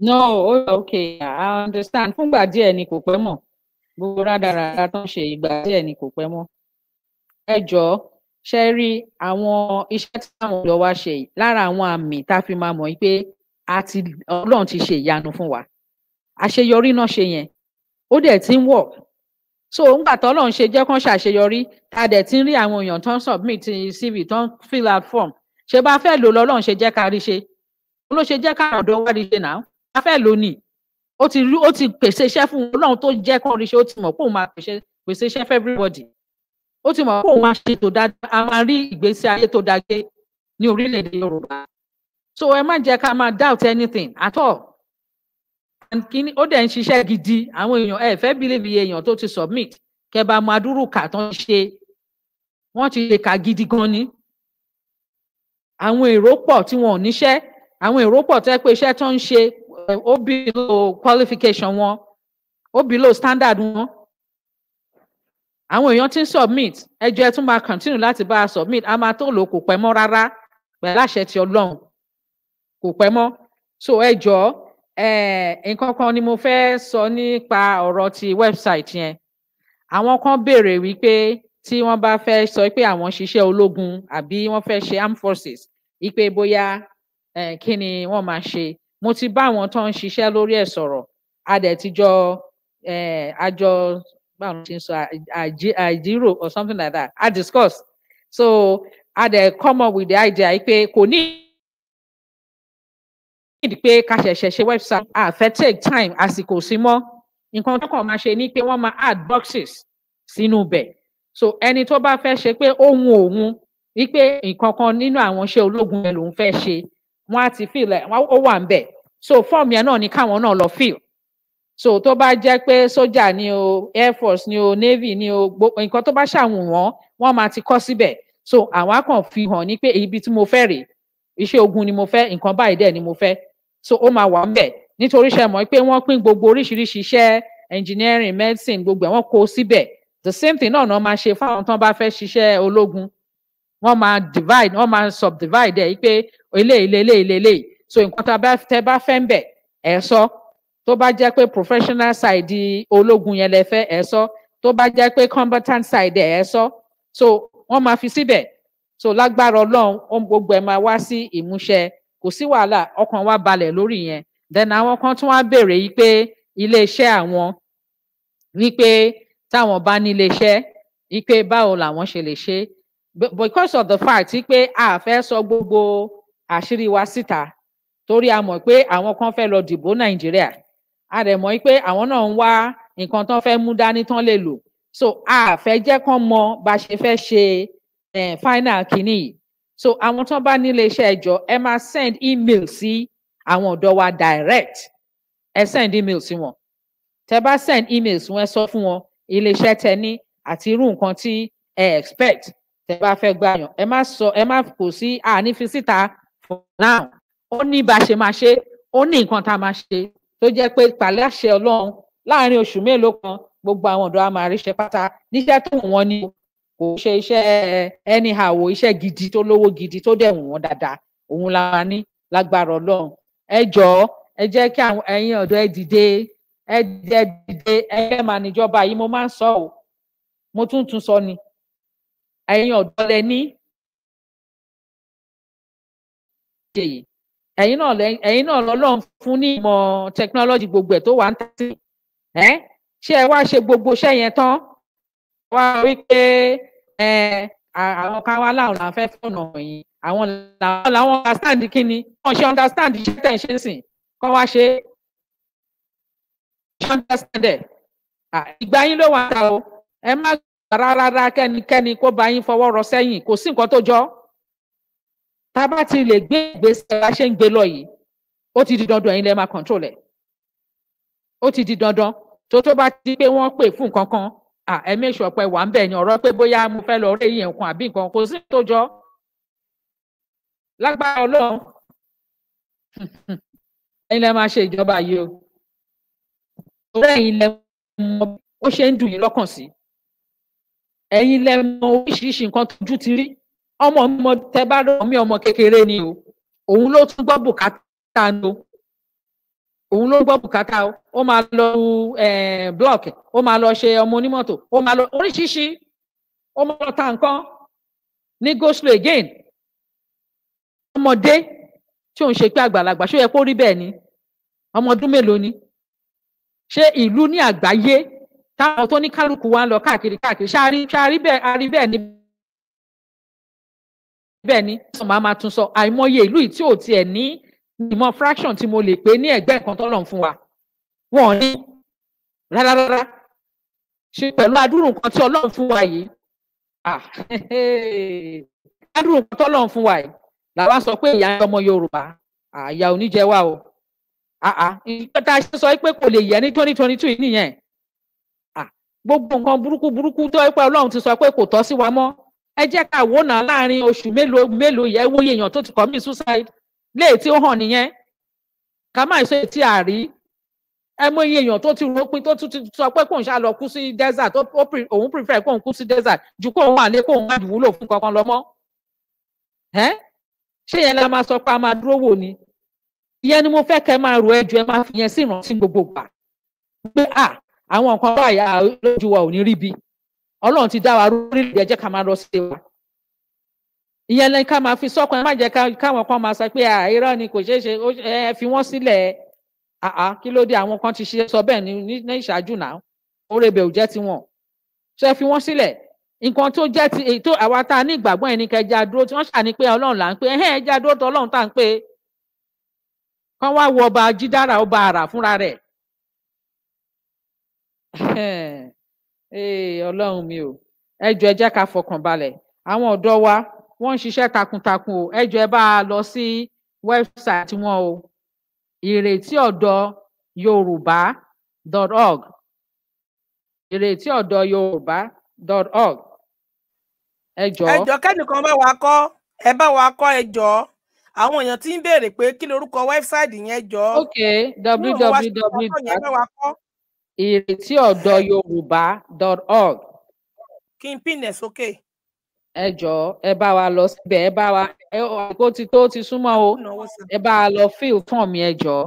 S4: no okay i understand fúngbà díẹ̀ ni kò pẹ́ mọ́ gbogbo rádaràda tó ń ṣe ìgbà díẹ̀ ni kò pẹ́ mọ́ ẹ jọ ṣe rí àwọn iṣẹ́ táwọn lọ wá ṣe lára àwọn àmì tá a fi máa mọ̀ pé àti Ọlọ́run ti ṣe ìyanu fún wa àṣeyọrí náà ṣe yẹn ó dẹ̀ ti ń wọ̀ so ńgbà tọ́lọ́run ṣe jẹ́ kán ṣàṣeyọrí tá a dẹ̀ ti ń rí àwọn èèyàn tó ń submit CV tó ń fill out form ṣe bá fẹ́ lò lọ́lọ́run ṣe jẹ́ ká rí ṣe ló ṣe jẹ́ káwọn ọ̀dọ́ wá rí ṣe náà a fẹ́ lò ní ó ti ó ti pèsè iṣẹ́ fún Ọlọ́run tó jẹ́ kán rí ṣe ó ti mọ̀ pé òun máa pèsè iṣẹ́ fún everybody ó ti mọ̀ pé òun máa ṣe tó dáadáa a máa rí ìgbésí ayé tó dáa ní orílẹ̀-èdè Yorùbá so ẹ má jẹ́ ká máa doubt anything at all kíní ó dẹ̀ ń ṣiṣẹ́ gidi àwọn èèyàn ẹ fẹ́ bílíbi èèyàn tó ti submit kẹba mọ adúrú kà tán ṣe wọ́n ti ṣe kà gidi gan ni àwọn èrò pọ̀ tí wọn ò níṣẹ́ àwọn èrò pọ̀ tẹ́ pé iṣẹ́ tó ń ṣe ó bí lo qualification wọn ó bí lo standard wọn àwọn èèyàn ti ń submit ẹjọ́ ẹ tún máa continue láti bá a submit a máa tó lò kò pẹ́ mọ́ rárá pẹ̀lú àṣẹ ti Ọlọ́run kò pẹ́ mọ́ so ẹjọ́ nǹkan kan ni mo fẹ́ sọ nípa ọ̀rọ̀ ti website yẹn àwọn kan béèrè wípé tí wọ́n bá fẹ́ sọ pé àwọn ṣiṣẹ́ ológun àbí wọ́n fẹ́ ṣe armed forces wípé bóyá kí ni wọ́n máa ṣe mo ti bá àwọn tó ń ṣiṣẹ́ lórí ẹ̀ sọ̀rọ̀ a dẹ̀ ti jọ àjọ báwo ló I I sọ àjírò or something like that I discuss so I dẹ̀ come up with the idea I pay kò I pay cash ká ṣẹ̀ṣẹ̀ website Ah, fẹ́ take time àsìkò sí mọ́ In contact with máa ṣe ni pé wọ́n máa add boxes sínú bẹ̀ so to tó bá fẹ́ ṣe pé ohun òun wípé nǹkan kan nínú àwọn iṣẹ́ ológun yẹn lòun fẹ́ ṣe wọ́n á ti feel like? ó one ń bẹ̀ so fọ́ọ̀mù yẹn náà ni káwọn náà lọ feel so tó bá jẹ́ pé sójà ni o air force ni o navy ni o gbogbo nǹkan tó bá ṣàwùn wọ́n wọ́n máa ti kọ́ síbẹ̀ so àwọn á kàn fi hàn ní pé ibi tí mo fẹ́ rèé iṣẹ́ ogun ni mo fẹ́ nǹkan báyìí dẹ̀ ni mo fẹ́ so ó máa wà ńbẹ̀ nítorí ṣe mọ̀ pé wọ́n pín gbogbo oríṣiríṣi iṣẹ́ engineering medicine gbogbo ẹ̀ wọ́n kó síbẹ̀ the same thing náà náà máa ṣe fáwọn tán bá fẹ́ ṣiṣẹ́ ológun wọ́n máa divide wọ́n máa subdivide ẹ̀ pé eléyìí eléyìí eléyìí so nǹkan tá a bá tẹ́ bá fẹ́ ń bẹ̀ ẹ̀ sọ tó bá jẹ́ pé professional side ológun yẹn lẹ fẹ́ ẹ sọ tó bá jẹ́ pé combatant side ẹ sọ so wọ́n máa fi síbẹ̀ so lágbára Ọlọ́run ohun gbogbo ẹ máa wá sí ìmúṣẹ kò sí wàhálà ọkàn wa balẹ̀ lórí yẹn then àwọn kan tún wá béèrè yìí pé iléeṣẹ́ àwọn wípé táwọn bá ní iléeṣẹ́ wípé báwo làwọn ṣe lè ṣe because of the fact wípé a fẹ́ sọ gbogbo àṣírí wa síta torí a mọ̀ pé àwọn kan fẹ́ lọ dìbò Nàìjíríà a dẹ̀ mọ̀ pé àwọn náà ń wá nǹkan tán fẹ́ mú dání tán lè lò so a fẹ́ jẹ́ kán mọ bá ṣe fẹ́ ṣe final kìíní yìí so àwọn tán bá nílé iṣẹ́ ẹjọ́ ẹ máa send email sí àwọn ọ̀dọ́ wa direct ẹ send email sí wọn tẹ bá send email sí wọn ẹ sọ fún wọn ilé iṣẹ́ tẹ ní àti irú nǹkan tí ẹ expect tẹ bá fẹ́ gbàyàn ẹ má sọ ẹ má kò sí àní fi síta for now ó ní bá ṣe máa ṣe ó ní nǹkan tá a máa ṣe tó jẹ́ pé pàláṣẹ Ọlọ́run láàrin oṣù mélòó kan gbogbo àwọn ọ̀dọ́ a máa ríṣẹ́ pátá níṣẹ́ tó wọ́n ní kò ṣe iṣẹ́ anyhow iṣẹ́ gidi tó lówó gidi tó dẹ̀ wọ́n dáadáa òun la máa ní lágbára Ọlọ́run ẹ jọ̀ọ́ ẹ jẹ́ kí àwọn ẹ̀yin ọ̀dọ́ ẹ dìde ẹ dìde ẹ fẹ́ máa níjọba yìí mo máa ń sọ ọ́ mo tún tún sọ ni ẹ̀yin ọ̀dọ́ lẹ ní ẹ̀yin náà ẹ̀yin náà lọ́lọ́run fún ní ìmọ̀ technology gbogbo ẹ̀ tó wà ń tà sí ẹ̀ ṣé ẹ wá ṣe gbogbo iṣẹ́ yẹn tán wá wí pé àwọn kan wá láwọn làwọn fẹ́ fọ̀nà yìí àwọn làwọn làwọn understand kí ni wọ́n ṣe understand iṣẹ́ tẹ̀ ń ṣe sìn kọ́ wá ṣe ṣe understand ẹ̀ ìgbà yín ló wà ń ta o ẹ má rárá rárá kẹ́nikẹ́ni kó bá yín fọwọ́ rọ sẹ́yìn kò sí nǹkan tó jọ tá a bá ti lè gbé ìgbésẹ̀ bá ṣe ń gbé lọ yìí ó ti di dandan ẹ̀yin lẹ máa control ẹ̀ ó ti di dandan tó tó bá ti pé wọ́n pè fún nǹkan kan ẹ make sure pé wà ń bẹ̀ ni ọ̀rọ̀ pé bóyá mo fẹ́ lọ rí èyàn kan àbí nǹkan kò sí tó jọ lágbára ọlọ́run ẹ̀yin lẹ máa ṣe ìjọba yìí o ọ̀rẹ́ ẹ̀yin lẹ mọ ó ṣe ń dùn yín lọ́kàn sí ẹ̀yin lẹ mọ oríṣiríṣi nǹkan tójú ti rí ọmọ ọmọ tẹ bá rọ mí ọmọ kékeré ni o òun ló tún gbọ́ bùkátà ni o òun ló gbọ́ bùkátà o ó máa lọ block ó máa lọ ṣe ọmọ onímọ́tò ó máa lọ oríṣiríṣi ó máa lọ ta nǹkan ní go slow again ọmọdé tí òun ṣe pé àgbàlagbà ṣó yẹ kó rí bẹ́ẹ̀ ni ọmọ ọdún mélòó ni ṣé ìlú ní àgbáyé táwọn tó ní kálukú wa ń lọ káàkiri káàkiri ṣáà rí bẹ́ẹ̀ ní bẹ́ẹ̀ ni sọ màá máa tún sọ àìmọye ìlú yìí tí ò tiẹ̀ ní ìmọ̀ fraction tí mo lè pè ní ẹgbẹ́ nǹkan tọ́lọ̀ ń fún wa wọn ò ní rárá rárá ṣe pẹ̀lú adúrú nǹkan tí ọlọ́run fún wa yìí adúrú nǹkan tí ọlọ́run fún wa yìí làwa sọ pé ìyá ọmọ Yorùbá àyà oníjẹ wa o nǹkan tá a ṣe sọ pé kò lè yẹ ní twenty twenty two yìí nìyẹn gbogbo nǹkan burúkú burúkú tó ẹ pé ọlọ́run ti sọ pé kò tọ́ sí wa mọ́ ẹ jẹ́ ká wò náà láàrin oṣù mélòó mélòó yẹ wòye èèyàn tó ti commit suicide léè tí ó hàn nìyẹn ká má ṣe tí a rí ẹ mọ iye èèyàn tó ti rò pin tó tún ti sọ pé kóun ṣá lọ kú sí desert òun prefer kóun kú sí desert ju kóun wà lé kóun má dùwúlò fún kankan lọ mọ́ ẹ ṣé yẹn la máa sọ pé a máa dúró wò ni ìyẹn ni mo fẹ́ kẹ́ máa rò ẹjọ́ ẹ máa fi yẹn sí ìrántí gbogbo gbà pé à àwọn nǹkan báyà lójú wa ò ní rí bi ọlọ́run ti dá wa lórílẹ̀ ẹ jẹ́ ká máa lọ sí wa ìyẹn lẹ́yìn ká máa fi sọ́kàn ẹ má jẹ́ káwọn kan máa sọ pé irọ́ ni kò ṣeé ṣe ẹ fi wọ́n sílẹ̀ àá kí ló dé àwọn kan ti ṣe sọ bẹ́ẹ̀ ní ní ìṣáájú náà orébẹ̀ ò jẹ́ tiwọn ṣe fi wọ́n sílẹ̀ nǹkan tó jẹ́ ti èyí tó àwa tá a ní ìgbàgbọ́ yẹn ní kẹjá dúró tí wọ́n ṣàní pé ọlọ́run là ń pè ẹ̀hẹ́n ẹja dúró tó ọlọ́run tá à ń pè kán wá wọ ọba jídára ọba àrà fúnra rẹ̀ ee ọlọ́run mi ò ẹ jọ̀ọ́ ẹ jẹ́ ká fọkàn balẹ̀ àwọn ọ̀dọ́ wa wọ́n ń ṣiṣẹ́ takuntakun o ẹ jọ̀ọ́ ẹ bá a lọ sí wẹ́bsáìtì wọn o ìrètí ọ̀dọ́ yorùbá dot org ìrètí ọ̀dọ́ yorùbá dot org ẹ jọ̀ọ́. ẹ jọ̀ọ́
S1: kẹ́nìkan bá wa kọ́ ẹ bá wa kọ́ ẹ jọ̀ọ́ àwọn èèyàn ti ń béèrè pé kí lorúkọ wẹ́bsáìtì yẹn jọ̀ọ́. ok www
S4: ìrètí ọ̀dọ́ yorùbá dot org.
S1: kí n pín ẹ̀ sókè.
S4: ẹ jọ̀ọ́ ẹ bá wa lọ síbẹ̀ ẹ bá wa ẹ kó ti tó ti súnmọ́ o ẹ bá wa lọ fíìl fún mi ẹ jọ̀ọ́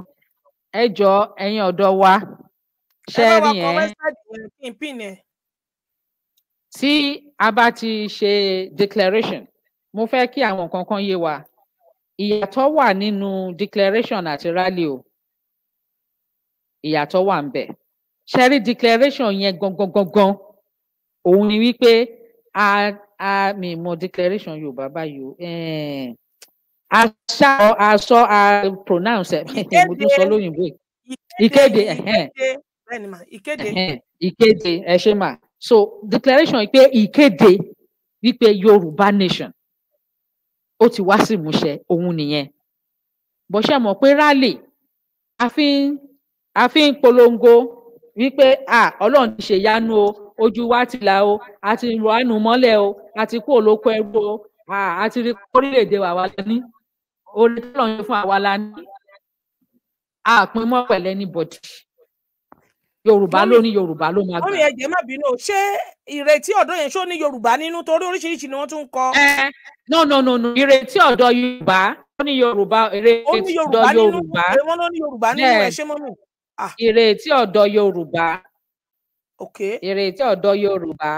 S4: ẹ jọ̀ọ́ ẹ̀yin ọ̀dọ́ wa ṣe rí
S1: yẹn.
S4: tí a bá ti ṣe declaration mo fẹ́ kí àwọn nǹkan yé wa ìyàtọ̀ wà nínú declaration àti rally o ìyàtọ̀ wà ń bẹ̀ ṣẹ́rí declaration yẹn gangan gangan òun ni wípé a a mi mọ declaration yorùbá báyìí o a ṣá a sọ a pronounce ẹ mo tún sọ lóyìnbó ìkéde ìkéde ẹ ṣe mà so declaration yìí pé ìkéde wípé yorùbá nation ó ti wá sí ìmúṣẹ òun nìyẹn bó mọ̀ pé rally a fi a fi ń polongo wípé à ọlọ́run ti ṣe yanu o ojú wa ti là o a ti rọ àánú mọ́lẹ̀ o a ti kú olóko ẹrú o a ti rí orílẹ̀-èdè wa wà lẹ́ni orí tọ́lọ́run ṣe fún àwa la ní àpín mọ́ pẹ̀lẹ́ ní bọ̀dì yorùbá ló ní yorùbá ló máa gbà. orin
S1: ẹ̀jẹ̀ má bínú ṣé ìrètí ọ̀dọ́ yẹn ṣó ní yorùbá nínú torí oríṣiríṣi ni wọ́n tún ń kọ. ẹ no no no no ìrètí ọ̀dọ́ yorùbá
S4: ó ní yorùbá ìrètí ọ̀dọ́ yorùbá ó ní yorùbá nínú ẹ ṣé mọ́nù. Ah. ìrètí ọ̀dọ́ yorùbá ìrètí ọ̀dọ́ yorùbá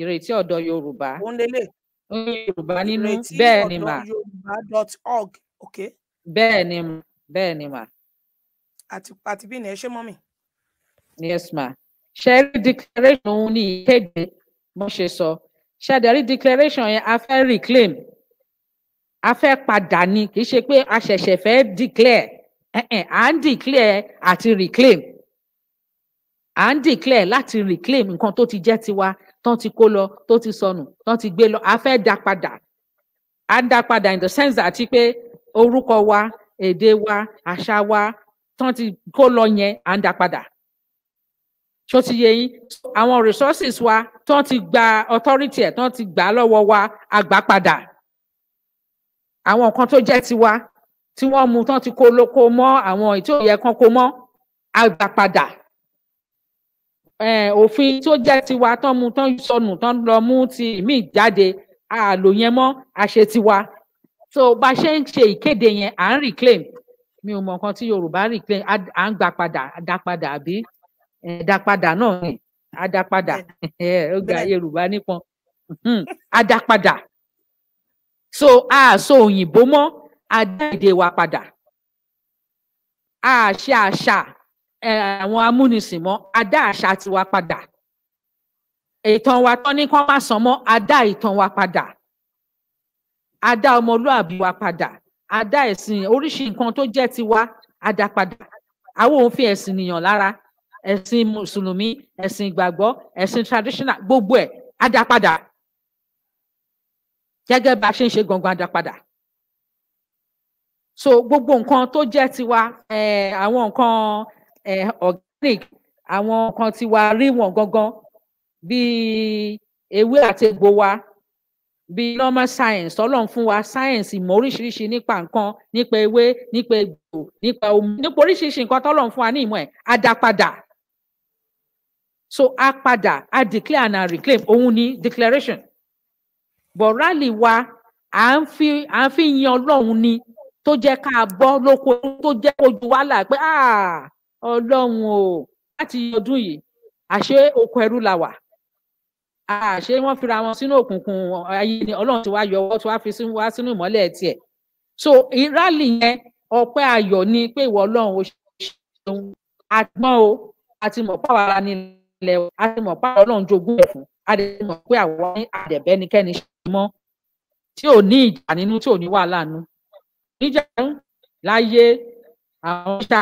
S4: ìrètí ọ̀dọ́ yorùbá yorùbá nínú bẹ́ẹ̀ ni mà bẹ́ẹ̀ ni bẹ́ẹ̀ ni mà. àti àti bí nìyẹn ṣe mọ́ mi. yes ma ṣe rí declaration òun ní ìkéde bó ṣe sọ ṣe àdẹ̀rí declaration yẹn a fẹ́ reclaim a fẹ́ padà ni kì í ṣe pé a ṣẹ̀ṣẹ̀ fẹ́ declare à ń declare àti reclaim à ń declare láti reclaim nǹkan tó ti jẹ́ tiwa tán ti kó lọ tó ti sọnù tán ti gbé lọ a fẹ́ dá padà a ń dá padà in the sense that àti pé orúkọ wa èdè wa àṣà wa tán ti kó lọ yẹn à ń dá padà ṣó yẹ yín àwọn resources wa tán ti gba authority ẹ̀ tán ti gbà lọ́wọ́ wa a padà àwọn nǹkan tó jẹ́ tiwa tí wọ́n mú tán ti kó ló kó mọ́ àwọn tí ò yẹ kán kó mọ́ àgbà padà òfin tó jẹ́ tiwa tán mú tán sọnù tán lọ mú ti míì jáde àlò yẹn mọ́ àṣẹ tiwa so bá a ṣe ń ṣe ìkéde yẹn à ń reclaim mi ò mọ nǹkan tí Yorùbá reclaim à ń gbà padà dá padà àbí dá padà náà ni a dá padà ó gba Yorùbá nípọn hmm. a dá so a so òyìnbó a dá èdè wa padà a ṣe àṣà àwọn amúnisìn mọ́ a dá àṣà tiwa padà ìtàn wa tán ní kán má sàn mọ́ a dá ìtàn wa padà a dá ọmọlúàbí wa padà a dá ẹ̀sìn oríṣi nǹkan tó jẹ́ tiwa a padà àwọn òun fi ẹ̀sìn nìyàn lára ẹ̀sìn mùsùlùmí ẹ̀sìn ìgbàgbọ́ ẹ̀sìn traditional gbogbo ẹ̀ a dá padà gẹ́gẹ́ bá a ṣe ń ṣe gangan a padà so gbogbo nǹkan tó jẹ́ tiwa àwọn nǹkan organic àwọn nǹkan tiwa rí wọn gangan bíi ewé àti egbò wa bíi normal science ọlọ́run fún wa science ìmọ̀ oríṣiríṣi nípa nǹkan nípa ewé nípa egbò nípa omi nípa oríṣiríṣi nǹkan tọ́lọ́run fún wa ní ìmọ̀ ẹ̀ á dá padà so a padà a declare and a reclaim òun ni declaration but rally wa à ń fi à ń fi yan ọlọ́run ni tó jẹ́ ká bọ́ lóko tó jẹ́ kojú wàhálà pé ah, ọlọ́run o láti ọdún yìí àṣé oko ẹrú la wà àṣé wọ́n fira wọn sínú òkùnkùn ayé ni ọlọ́run ti wá yọ ọwọ́ tí wàá fi wá sínú ìmọ́lẹ̀ tiẹ̀ so ìrálì yẹn ọpẹ́ ayọ̀ ni pé ìwọ ọlọ́run o ṣeun àgbọn o àti mọ̀ pàwọ́ ara ni ilẹ̀ àti mọ̀ pàwọ́ ọlọ́run jogún ẹ̀ fún àti mọ̀ pé àwa ní àdẹ̀bẹ́nikẹ́ni ṣe mọ́ tí ò ní ìjà nínú tí ò ní wàhálà nínú níjà láyé àwọn ìṣà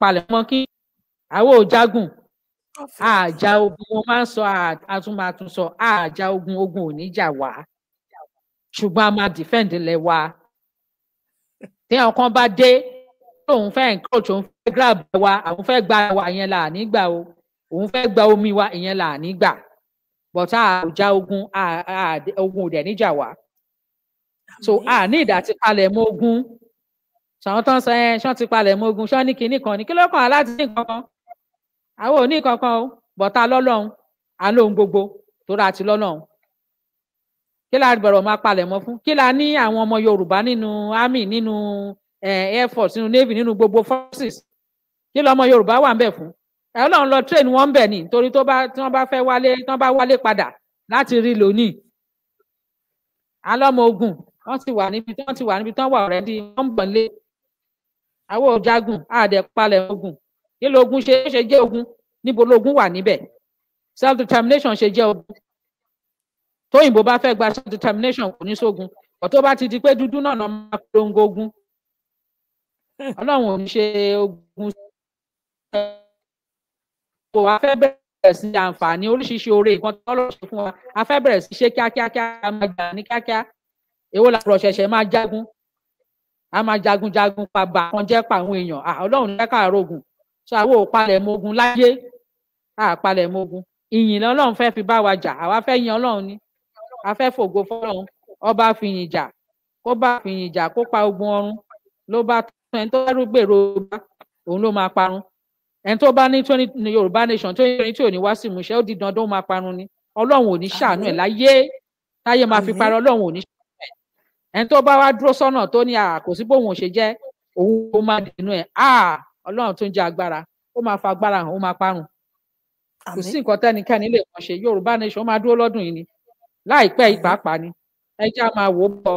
S4: palẹ̀mọ́ kí àwọn ò jagun àjà ogun wọn máa ń sọ àtúmọ̀túnsọ àjà ogun ogun ò ní jà wá ṣùgbọ́n a máa defend ilẹ̀ wa tí àwọn kan bá dé òun fẹ́ encroach òun fẹ́ grab wa àwọn fẹ́ gba wa ìyẹn là ní gbà o òun fẹ́ gba omi wa ìyẹn là ní gbà bọ̀tá àjà ogun ogun ò dẹ̀ níjà wá so a ní ìdàtí palẹ̀ mọ́ ogun ṣàwọn tó ń sọ ẹ ṣọ́n ti palẹ̀ mọ́ ogun ṣọ́n ní kinní kan ní kí ló kàn á láti ní kankan àwọn ò ní kankan o bọ̀tá lọ́lọ́run à ń lo ohun gbogbo tó ra ti lọ́lọ́run kí la bọ̀rọ̀ máa palẹ̀ mọ́ fún kí la ní àwọn ọmọ Yorùbá nínú army nínú air force nínú navy nínú gbogbo forces kí lọ́mọ Yorùbá wà ń bẹ̀ fún ẹ Ọlọ́run lọ train wọn ń bẹ̀ ni torí tó bá tí wọ́n bá fẹ́ wálé tí wọ́n bá wálé padà láti rí lónìí alọ́mọ ogun wọ́n ti wà níbi wọ́n ti wà níbi tán wà rẹ́dí wọ́n ń lé àwọn òjagun àdẹ ogun kí lóògùn ṣe ṣe jẹ́ ogun níbo lóògùn wà níbẹ̀ self determination ṣe jẹ́ ogun tóyìnbó bá fẹ́ gba self determination kò ní sógun ọ̀tó bá ti di pé dúdú náà lọ́ máa polongo ogun ọlọ́run ò ní ṣe ogun kò wá fẹ́ bẹ̀rẹ̀ sí àǹfààní oríṣiríṣi oore nǹkan tó lọ́ọ́ ṣe fún wa a fẹ́ bẹ̀rẹ̀ sí ṣe kíákíá kíá máa jà ní kíákíá èwo làbúrò ṣẹ̀ṣẹ̀ máa jagun a máa jagun jagun pa bà kan jẹ́ pa àwọn èèyàn ọlọ́run ní ká àrògùn so àwọn ò mogun láyé a palẹ̀ mogun ìyìn lọ́lọ́run fẹ́ fi bá wa jà àwa fẹ́ yin ọlọ́run ni a fẹ́ fògo fọlọ́run ọba fìyìn jà kó bá fìyìn jà kó pa ogun ọ̀run ló bá tún ẹni tó bá rúgbèrò bá òun ló máa parun ẹni tó bá ní twenty yorùbá nation twenty twenty tí ò wá sí ìmúṣẹ ó di dandan ó máa parun ni ọlọ́run ò ní ṣàánú ẹ̀ láyé táyé máa fi parọ́ ọlọ́run ò ní ṣàánú ẹni tó bá wá dúró sọ́nà tó ní à kò sí bóun ò ṣe jẹ́ òun ó máa dènú ẹ̀ à ọlọ́run tó ń jẹ́ agbára ó máa fa agbára hàn ó máa parun kò sí nǹkan tẹ́nikẹ́ni lè kàn ṣe yorùbá nation ó máa dúró lọ́dún yìí ni láìpẹ́ yìí pàápàá ni ẹ jẹ́ á máa wò ó bọ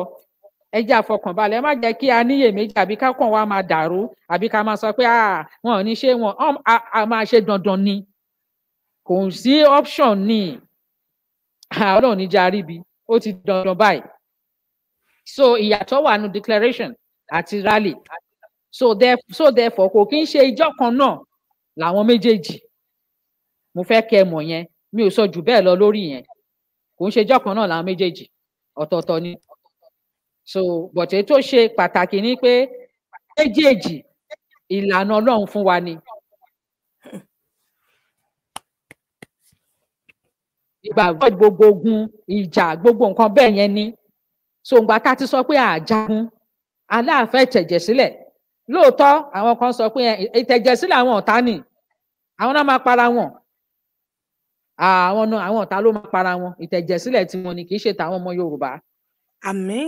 S4: ẹ jẹ́ àfọkànbalẹ̀ ẹ má jẹ́ kí a níyèméjì àbí ká kàn wá máa dàrú àbí ká máa sọ pé à wọn ò ní ṣe wọn a máa ṣe dandan ni kò sí option ni ọlọ́run ní jarí bi ó ti dandan báyìí so ìyàtọ̀ wà nù declaration àti rally so there so therefore kò kí ń ṣe ìjọ kan náà làwọn méjèèjì mo fẹ́ kẹ́ mọ̀ yẹn mi ò sọ jù bẹ́ẹ̀ lọ lórí yẹn kò ń ṣe ìjọ kan náà làwọn méjèèjì ọ̀tọ̀ọ̀tọ̀ ni so bọ̀tẹ́ tó ṣe pàtàkì ni pé méjèèjì ìlànà Ọlọ́run fún wa ni. ìgbàgbọ́ gbogbo ogun ìjà gbogbo nǹkan bẹ́ẹ̀ yẹn ni sòǹgbà ká ti sọ pé àjagun aláàfẹ́ tẹ̀jẹ̀ sílẹ̀ lóòótọ́ àwọn kan sọ pé ìtẹ̀jẹ̀ sílẹ̀ àwọn ọ̀tá nì àwọn náà máa para wọn àwọn náà àwọn ọ̀tá ló máa para wọn ìtẹ̀jẹ̀ sílẹ̀ tiwọn ni kì í ṣe tàwọn ọmọ Yorùbá. àmín.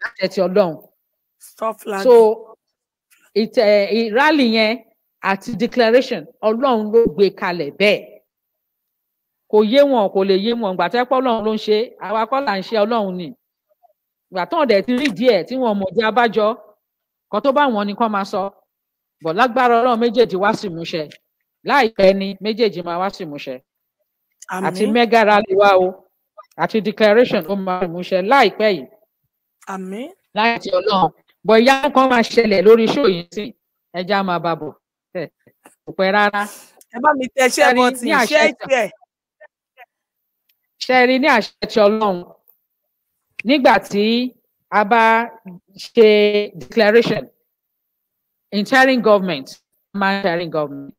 S4: láti ẹtì Ọlọ́run.
S1: stop flag. so
S4: ìtẹ̀ ìrálì yẹn àti declaration Ọlọ́run ló gbé kalẹ̀ bẹ́ẹ̀ kò yé wọn kò lè yé wọn gbàtẹ́pọ̀ Ọlọ́run ló ń ṣe àwa kọ́ là ń ṣe Ọlọ́run ni ìgbà tó ọdẹ ti rí díẹ̀ tí wọn mọ di abájọ kan tó bá wọn ni kán máa sọ bọ lágbára Ọlọ́run méjèèjì wá sí ìmúṣẹ láìpẹ́ ni méjèèjì máa wá sí ìmúṣẹ àti mega rally wa o àti declaration ó máa ìmúṣẹ láìpẹ́ yìí àmín láì ti Ọlọ́run bọ ìyá kan máa ṣẹlẹ̀ lórí show yìí sí ẹja máa bá bọ kò pẹ́ rárá.
S3: ẹ bá mi tẹ ṣẹ́ bọ́ọ̀tì ṣẹ́ ìṣẹ́
S4: ṣẹ́ẹ̀rí ní àṣẹ ti Ọlọ́run nígbà tí a bá ṣe declaration interim government managing government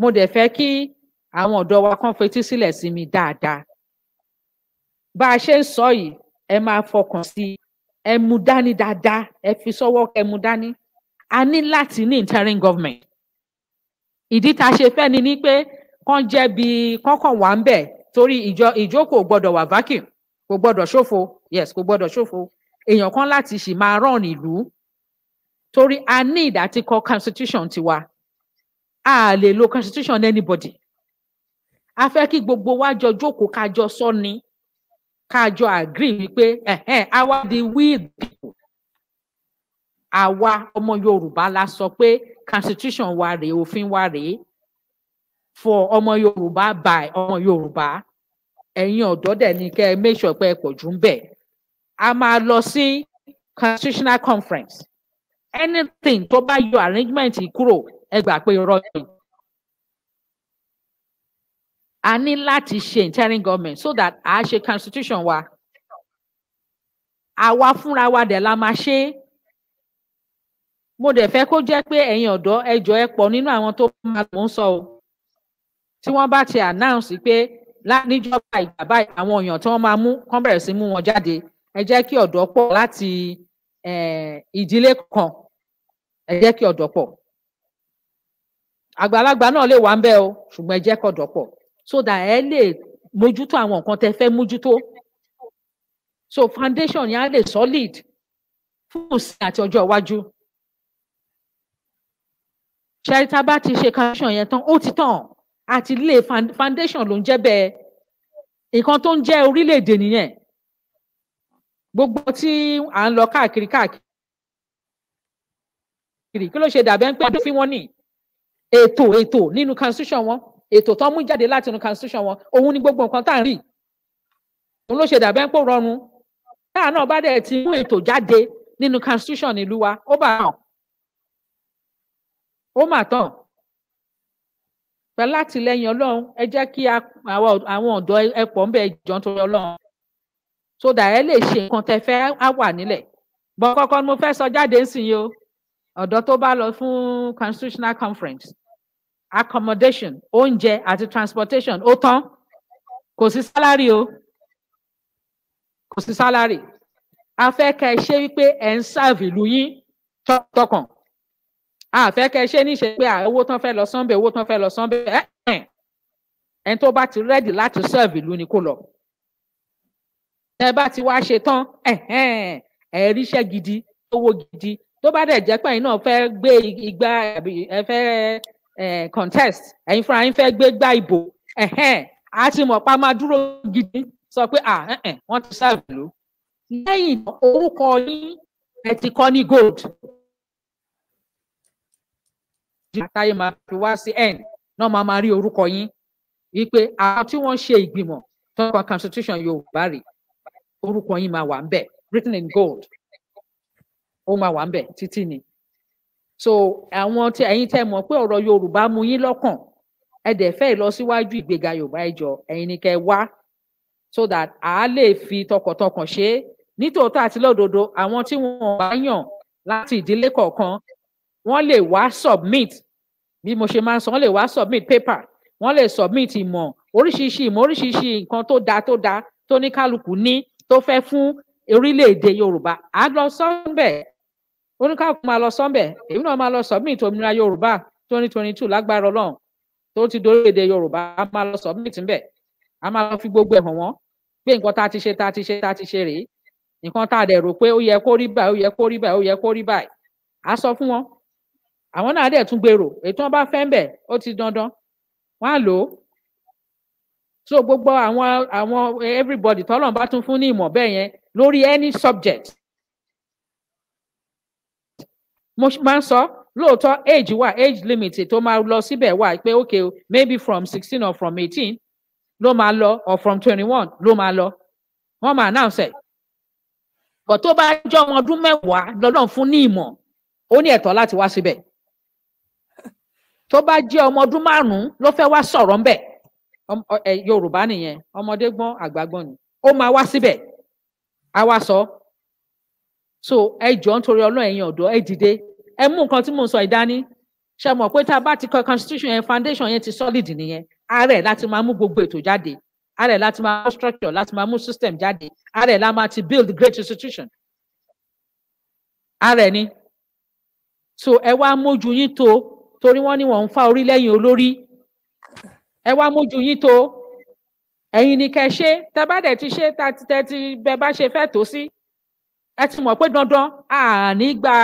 S4: mo dẹ̀ fẹ́ kí àwọn ọ̀dọ́ wa kan fetí sílẹ̀ sí mi dáadáa bá a ṣe ń sọ yìí ẹ máa fọkàn sí i ẹ mú dání dáadáa ẹ fi sọ́wọ́ ẹ mú dání a ní láti ní interim government ìdí tá a ṣe fẹ́ ni ni pé kán jẹ́ bí kán kàn wá ń bẹ̀ torí ìjọ ìjókòó gbọ́dọ̀ wà vacuum kò gbọ́dọ̀ ṣófo yes kò gbọ́dọ̀ ṣòfò èèyàn kan láti ṣì máa rán ìlú torí a need àti kọ constitution tiwa a lè lo constitution anybody a fẹ́ kí gbogbo wa jọ jókòó ká jọ sọ ni ká jọ agree wípé eh, àwa the we the people àwa ọmọ Yorùbá la sọ pé constitution wa rèé òfin wa rèé for ọmọ Yorùbá by ọmọ Yorùbá ẹ̀yin ọ̀dọ́ dẹ̀ ni kẹ́ ẹ make sure pé ẹ pọ̀ jù ń bẹ̀ a máa lọ sí constitutional conference anything tó bá yọ arrangement kúrò ẹ gbà pé irọ́ yìí a ní láti ṣe interim government so that a ṣe constitution wa àwa fúnra wa dẹ̀ la máa ṣe mo dẹ̀ fẹ́ kó jẹ́ pé ẹ̀yin ọ̀dọ́ ẹjọ́ ẹ pọ̀ nínú àwọn tó máa mọ̀ ń sọ o tí wọ́n bá ti announce pé níjọba ìgbà báyìí àwọn èèyàn tí wọ́n máa mú kán bẹ̀rẹ̀ sí mú wọn jáde ẹ jẹ́ kí ọ̀dọ́ pọ̀ láti ìdílé kan ẹ jẹ́ kí ọ̀dọ́ pọ̀ àgbàlagbà náà lè wà ń bẹ o ṣùgbọ́n ẹ jẹ́ kí ọ̀dọ́ pọ̀ so that ẹ lè mójútó àwọn nǹkan tẹ́ fẹ́ mójútó so foundation yẹn á lè solid fún òsín àti ọjọ́ iwájú ṣẹríta bá ti ṣe foundation yẹn tán ó ti tàn àti ilé foundation ló ń jẹ́ bẹ́ẹ̀ nǹkan tó ń jẹ́ orílẹ̀ nìyẹn gbogbo tí à ń lọ káàkiri káàkiri kí ló ṣe dàbẹ́ ń pẹ́ ọdún fún ní ètò ètò nínú constitution wọn ètò tó ń mú jáde láti inú constitution wọn òun ni gbogbo nǹkan tá à ń rí òun ló ṣe dàbẹ́ ń pò rọrùn táà náà bá dẹ̀ ti mú ètò jáde nínú constitution ìlú wa ó bá hàn ó mà tán pẹ̀lú àtìlẹ́yìn ọlọ́run ẹ jẹ́ kí àwọn ọ̀dọ́ ẹ̀pọ̀ ń bẹ jọ nítorí ọlọ́run so that ẹ lè ṣe nǹkan tẹ́ fẹ́ á wà nílẹ̀ bọ́ kọ́kọ́ ni mo fẹ́ sọ jáde ń sìn yìí o ọ̀dọ́ tó bá lọ fún constitutional conference accommodation oúnjẹ àti transportation ó tán kò sí sálárì o kò sí sálárì a fẹ́ kẹ́ ẹ ṣe wípé ẹ̀ ń ṣààbì ìlú yín tọkàn a fẹ́ kẹ́ ẹ ṣe níṣe pé owó tán fẹ́ lọ sọ́nbẹ̀ owó tán fẹ́ lọ sọ́nbẹ̀ ẹ̀ ẹ̀ ẹni tó bá ti rẹ́dì láti ṣààbì ìlú ni kó lọ tẹ́ bá ti wá ṣe tán ẹ ríṣẹ́ gidi owó gidi tó bá dẹ̀ jẹ́ pé ẹ̀yin náà fẹ́ gbé igba ẹ fẹ́ contest ẹ̀yin fúnra yín fẹ́ gbé gba ìbò a ti mọ̀ pa máa dúró gidi sọ pé wọ́n ti ṣàbẹ̀lú lẹ́yìn orúkọ yín ẹ ti kọ́ ní gold àtàyè máa fi wá sí end náà máa máa rí orúkọ yín wípé àwọn tí wọ́n ṣe ìgbìmọ̀ tó ń kọ constitution Yorùbá rèé orúkọ yín máa wà ń bẹ̀ written in gold ó máa wà ń bẹ̀ títí ni so àwọn tí ẹ̀yin tẹ́ mọ̀ pé ọ̀rọ̀ Yorùbá mú yín lọ́kàn ẹ dẹ̀ fẹ́ ìlọsíwájú ìgbéga Yorùbá ẹjọ ẹ̀yin ni kẹ́ wá so that a lè fi tọkàntọkàn ṣe é nítòótọ́ àti lódodo àwọn tí wọ́n bá yàn láti ìdílé kọ̀ọ̀kan wọ́n lè wá submit bí mo ṣe máa ń sọ wọ́n lè wá submit paper wọ́n lè submit ìmọ̀ oríṣiríṣi ìmọ̀ oríṣiríṣi nǹkan tó dáa tó dáa tó ní kálukú ní tó fẹ́ fún orílẹ̀-èdè yorùbá á lọ sọ́nbẹ̀ oníkàkùn máa lọ sọ́nbẹ̀ èmi náà máa lọ submit òmìnira yorùbá twenty twenty two lágbára ọlọ́run tó ti dórílẹ̀-èdè yorùbá á máa lọ submit ńbẹ̀ á máa lọ fi gbogbo ẹ̀ wọ́n pé nǹkan tá a ti ṣe tá a ti ṣe tá a ti ṣe rèé nǹkan tá a dẹ̀ rò pé ó yẹ kó rí báyìí ó yẹ kó rí báyìí ó yẹ kó rí báyìí á sọ fún wọn àwọn náà dẹ̀ tún gbèrò ètò wọn fẹ́ ń bẹ̀ ó ti dandan wọn á lò ó so gbogbo àwọn àwọn everybody tọ́lọ́run bá tún fún ní ìmọ̀ bẹ́ẹ̀ yẹn lórí any subject mo máa ń sọ lóòótọ́ age wà age limit tó máa lọ síbẹ̀ wà pé okay maybe from sixteen or from eighteen ló máa lọ or from twenty-one ló máa lọ wọ́n máa announce ẹ̀ but tó bá jẹ́ ọmọ ọdún mẹ́wàá lọ́lọ́run fún ní ìmọ̀ ó ní ẹ̀tọ́ láti wá síbẹ̀ tó bá jẹ́ ọmọ ọdún márùn-ún ló fẹ́ wá sọ̀rọ̀ ńbẹ̀ yorùbá nìyẹn ọmọdé gbọ́n àgbà gbọ́n ni ó máa wá síbẹ̀ á wá sọ so ẹ jọ nítorí ọlọ́run ẹ̀yin ọ̀dọ́ ẹ dìde ẹ mú nǹkan tí mò ń sọ ìdání ṣe mọ̀ pé tá a bá ti kọ constitution yẹn foundation yẹn ti solid nìyẹn ààrẹ láti máa mú gbogbo ètò jáde ààrẹ láti máa mú structure láti máa mú system jáde ààrẹ láti máa ti build great institution ààrẹ ni so ẹ wá mójú yín tó torí wọ́n ní wọ́n ń fa orí lẹ́yìn olórí ẹ wá mójú yín tó ẹ̀yin ni kẹ́ ṣe tẹ́ bá dẹ̀ ti ṣe tẹ́ ti bẹ bá ṣe fẹ́ tó sí ẹ ti mọ̀ pé dandan àní gba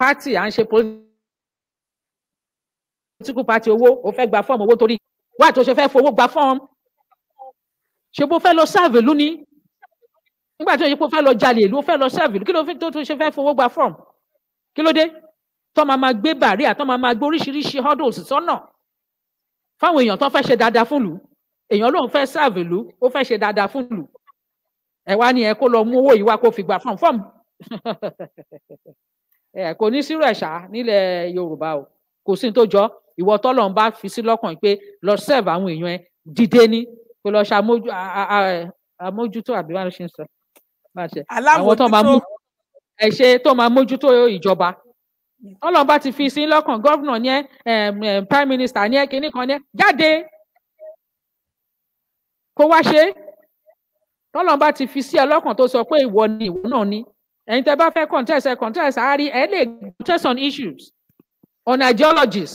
S4: pátì à ń ṣe political party owó o fẹ́ gba fọ́ọ̀mù owó torí wá àti o ṣe fẹ́ fowó gba fọ́ọ̀mù ṣe bó fẹ́ lọ sáàvì ìlú ni nígbà tí o yẹ kó fẹ́ lọ jalè ìlú o fẹ́ lọ sáàvì ìlú kí ló fi tó tún ṣe fẹ́ fowó gba fọ́ọ̀mù kí ló dé tọ́ ma ma gbé bàríà tọ́ ma ma gbé oríṣiríṣi hurdles sọ́nà. So no fáwọn èèyàn tó fẹ́ ṣe dáadáa fún lù èèyàn lòun fẹ́ sáàvì lù ó fẹ́ ṣe dáadáa fún lù ẹ wá ní ẹ kó lọ mú owó yìí wá kó fi gbà fọ́ọ̀mù fọ́ọ̀mù ẹ kò ní sírò ẹ̀ṣá nílẹ̀ Yorùbá o kò sí ní tó jọ ìwọ tọ́lọ̀ ń bá fi sí lọ́kàn pé lọ serve àwọn èèyàn ẹ dìde ni pé lọ ṣe àmójútó àbí wọn ṣe ń sọ. àwọn tó máa mú ẹ ṣe tó máa mójútó ìjọba Ọlọ́run bá ti fi sí lọ́kàn gọ́vnà ní ẹ prime minister ní ẹ kínní kan ní ẹ jáde kó wá ṣe tọ́lọ́run bá ti fi sí ẹ lọ́kàn tó sọ pé ìwọ ni ìwọ náà ni ẹ̀yin tẹ́ bá fẹ́ contest ẹ contest àárí ẹ lè contest on issues on ideologies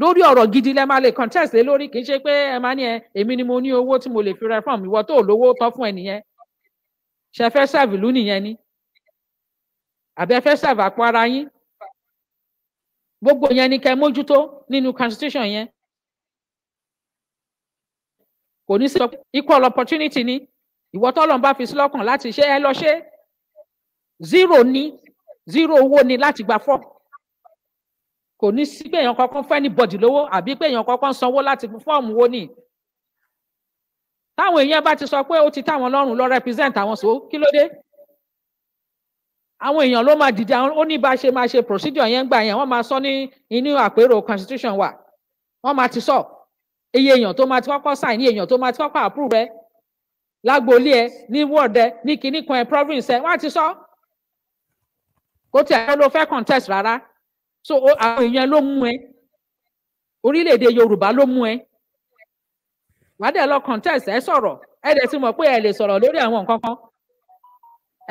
S4: lórí ọ̀rọ̀ gidi lẹ́ máa lè contest lé lórí kì í ṣe pé ẹ máa ní ẹ èmi ni mo ní owó tí mo lè fi reform ìwọ tó lówó tọ́ fún ẹ nìyẹn ṣe fẹ́ serve ìlú nìyẹn ni àbí serve àpò ara yín gbogbo yẹn ni kẹ́ mójútó nínú constitution yẹn kò ní sí equal opportunity ni ìwọ tọ́lọ́run bá fi sí lọ́kàn láti ṣe ẹ lọ ṣe zero ni zero owó ni láti gba form kò ní sí pé èèyàn kankan fún anybody lówó àbí pé èèyàn kankan sanwó láti fọ́ọ̀mù wo ni táwọn èèyàn bá ti sọ pé ó ti táwọn lọ́rùn lọ represent àwọn so kí ló dé àwọn èèyàn ló máa dìde àwọn ó ní bá ṣe máa ṣe procedure yẹn gbà yẹn wọ́n máa sọ ní inú àpérò constitution wa wọ́n máa ti sọ iye èèyàn tó máa ti kọ́kọ́ sign iye èèyàn tó máa ti kọ́kọ́ approve rẹ lágboolé ẹ ní ward ẹ ní kinní kan ẹ province ẹ wọ́n ti sọ kó tí àwọn ló fẹ́ contest rárá so àwọn èèyàn ló mú ẹ orílẹ̀-èdè Yorùbá ló mú ẹ wàá dẹ̀ lọ contest ẹ sọ̀rọ̀ ẹ dẹ̀ ti mọ̀ pé ẹ lè sọ̀rọ̀ lórí àwọn nǹkan kan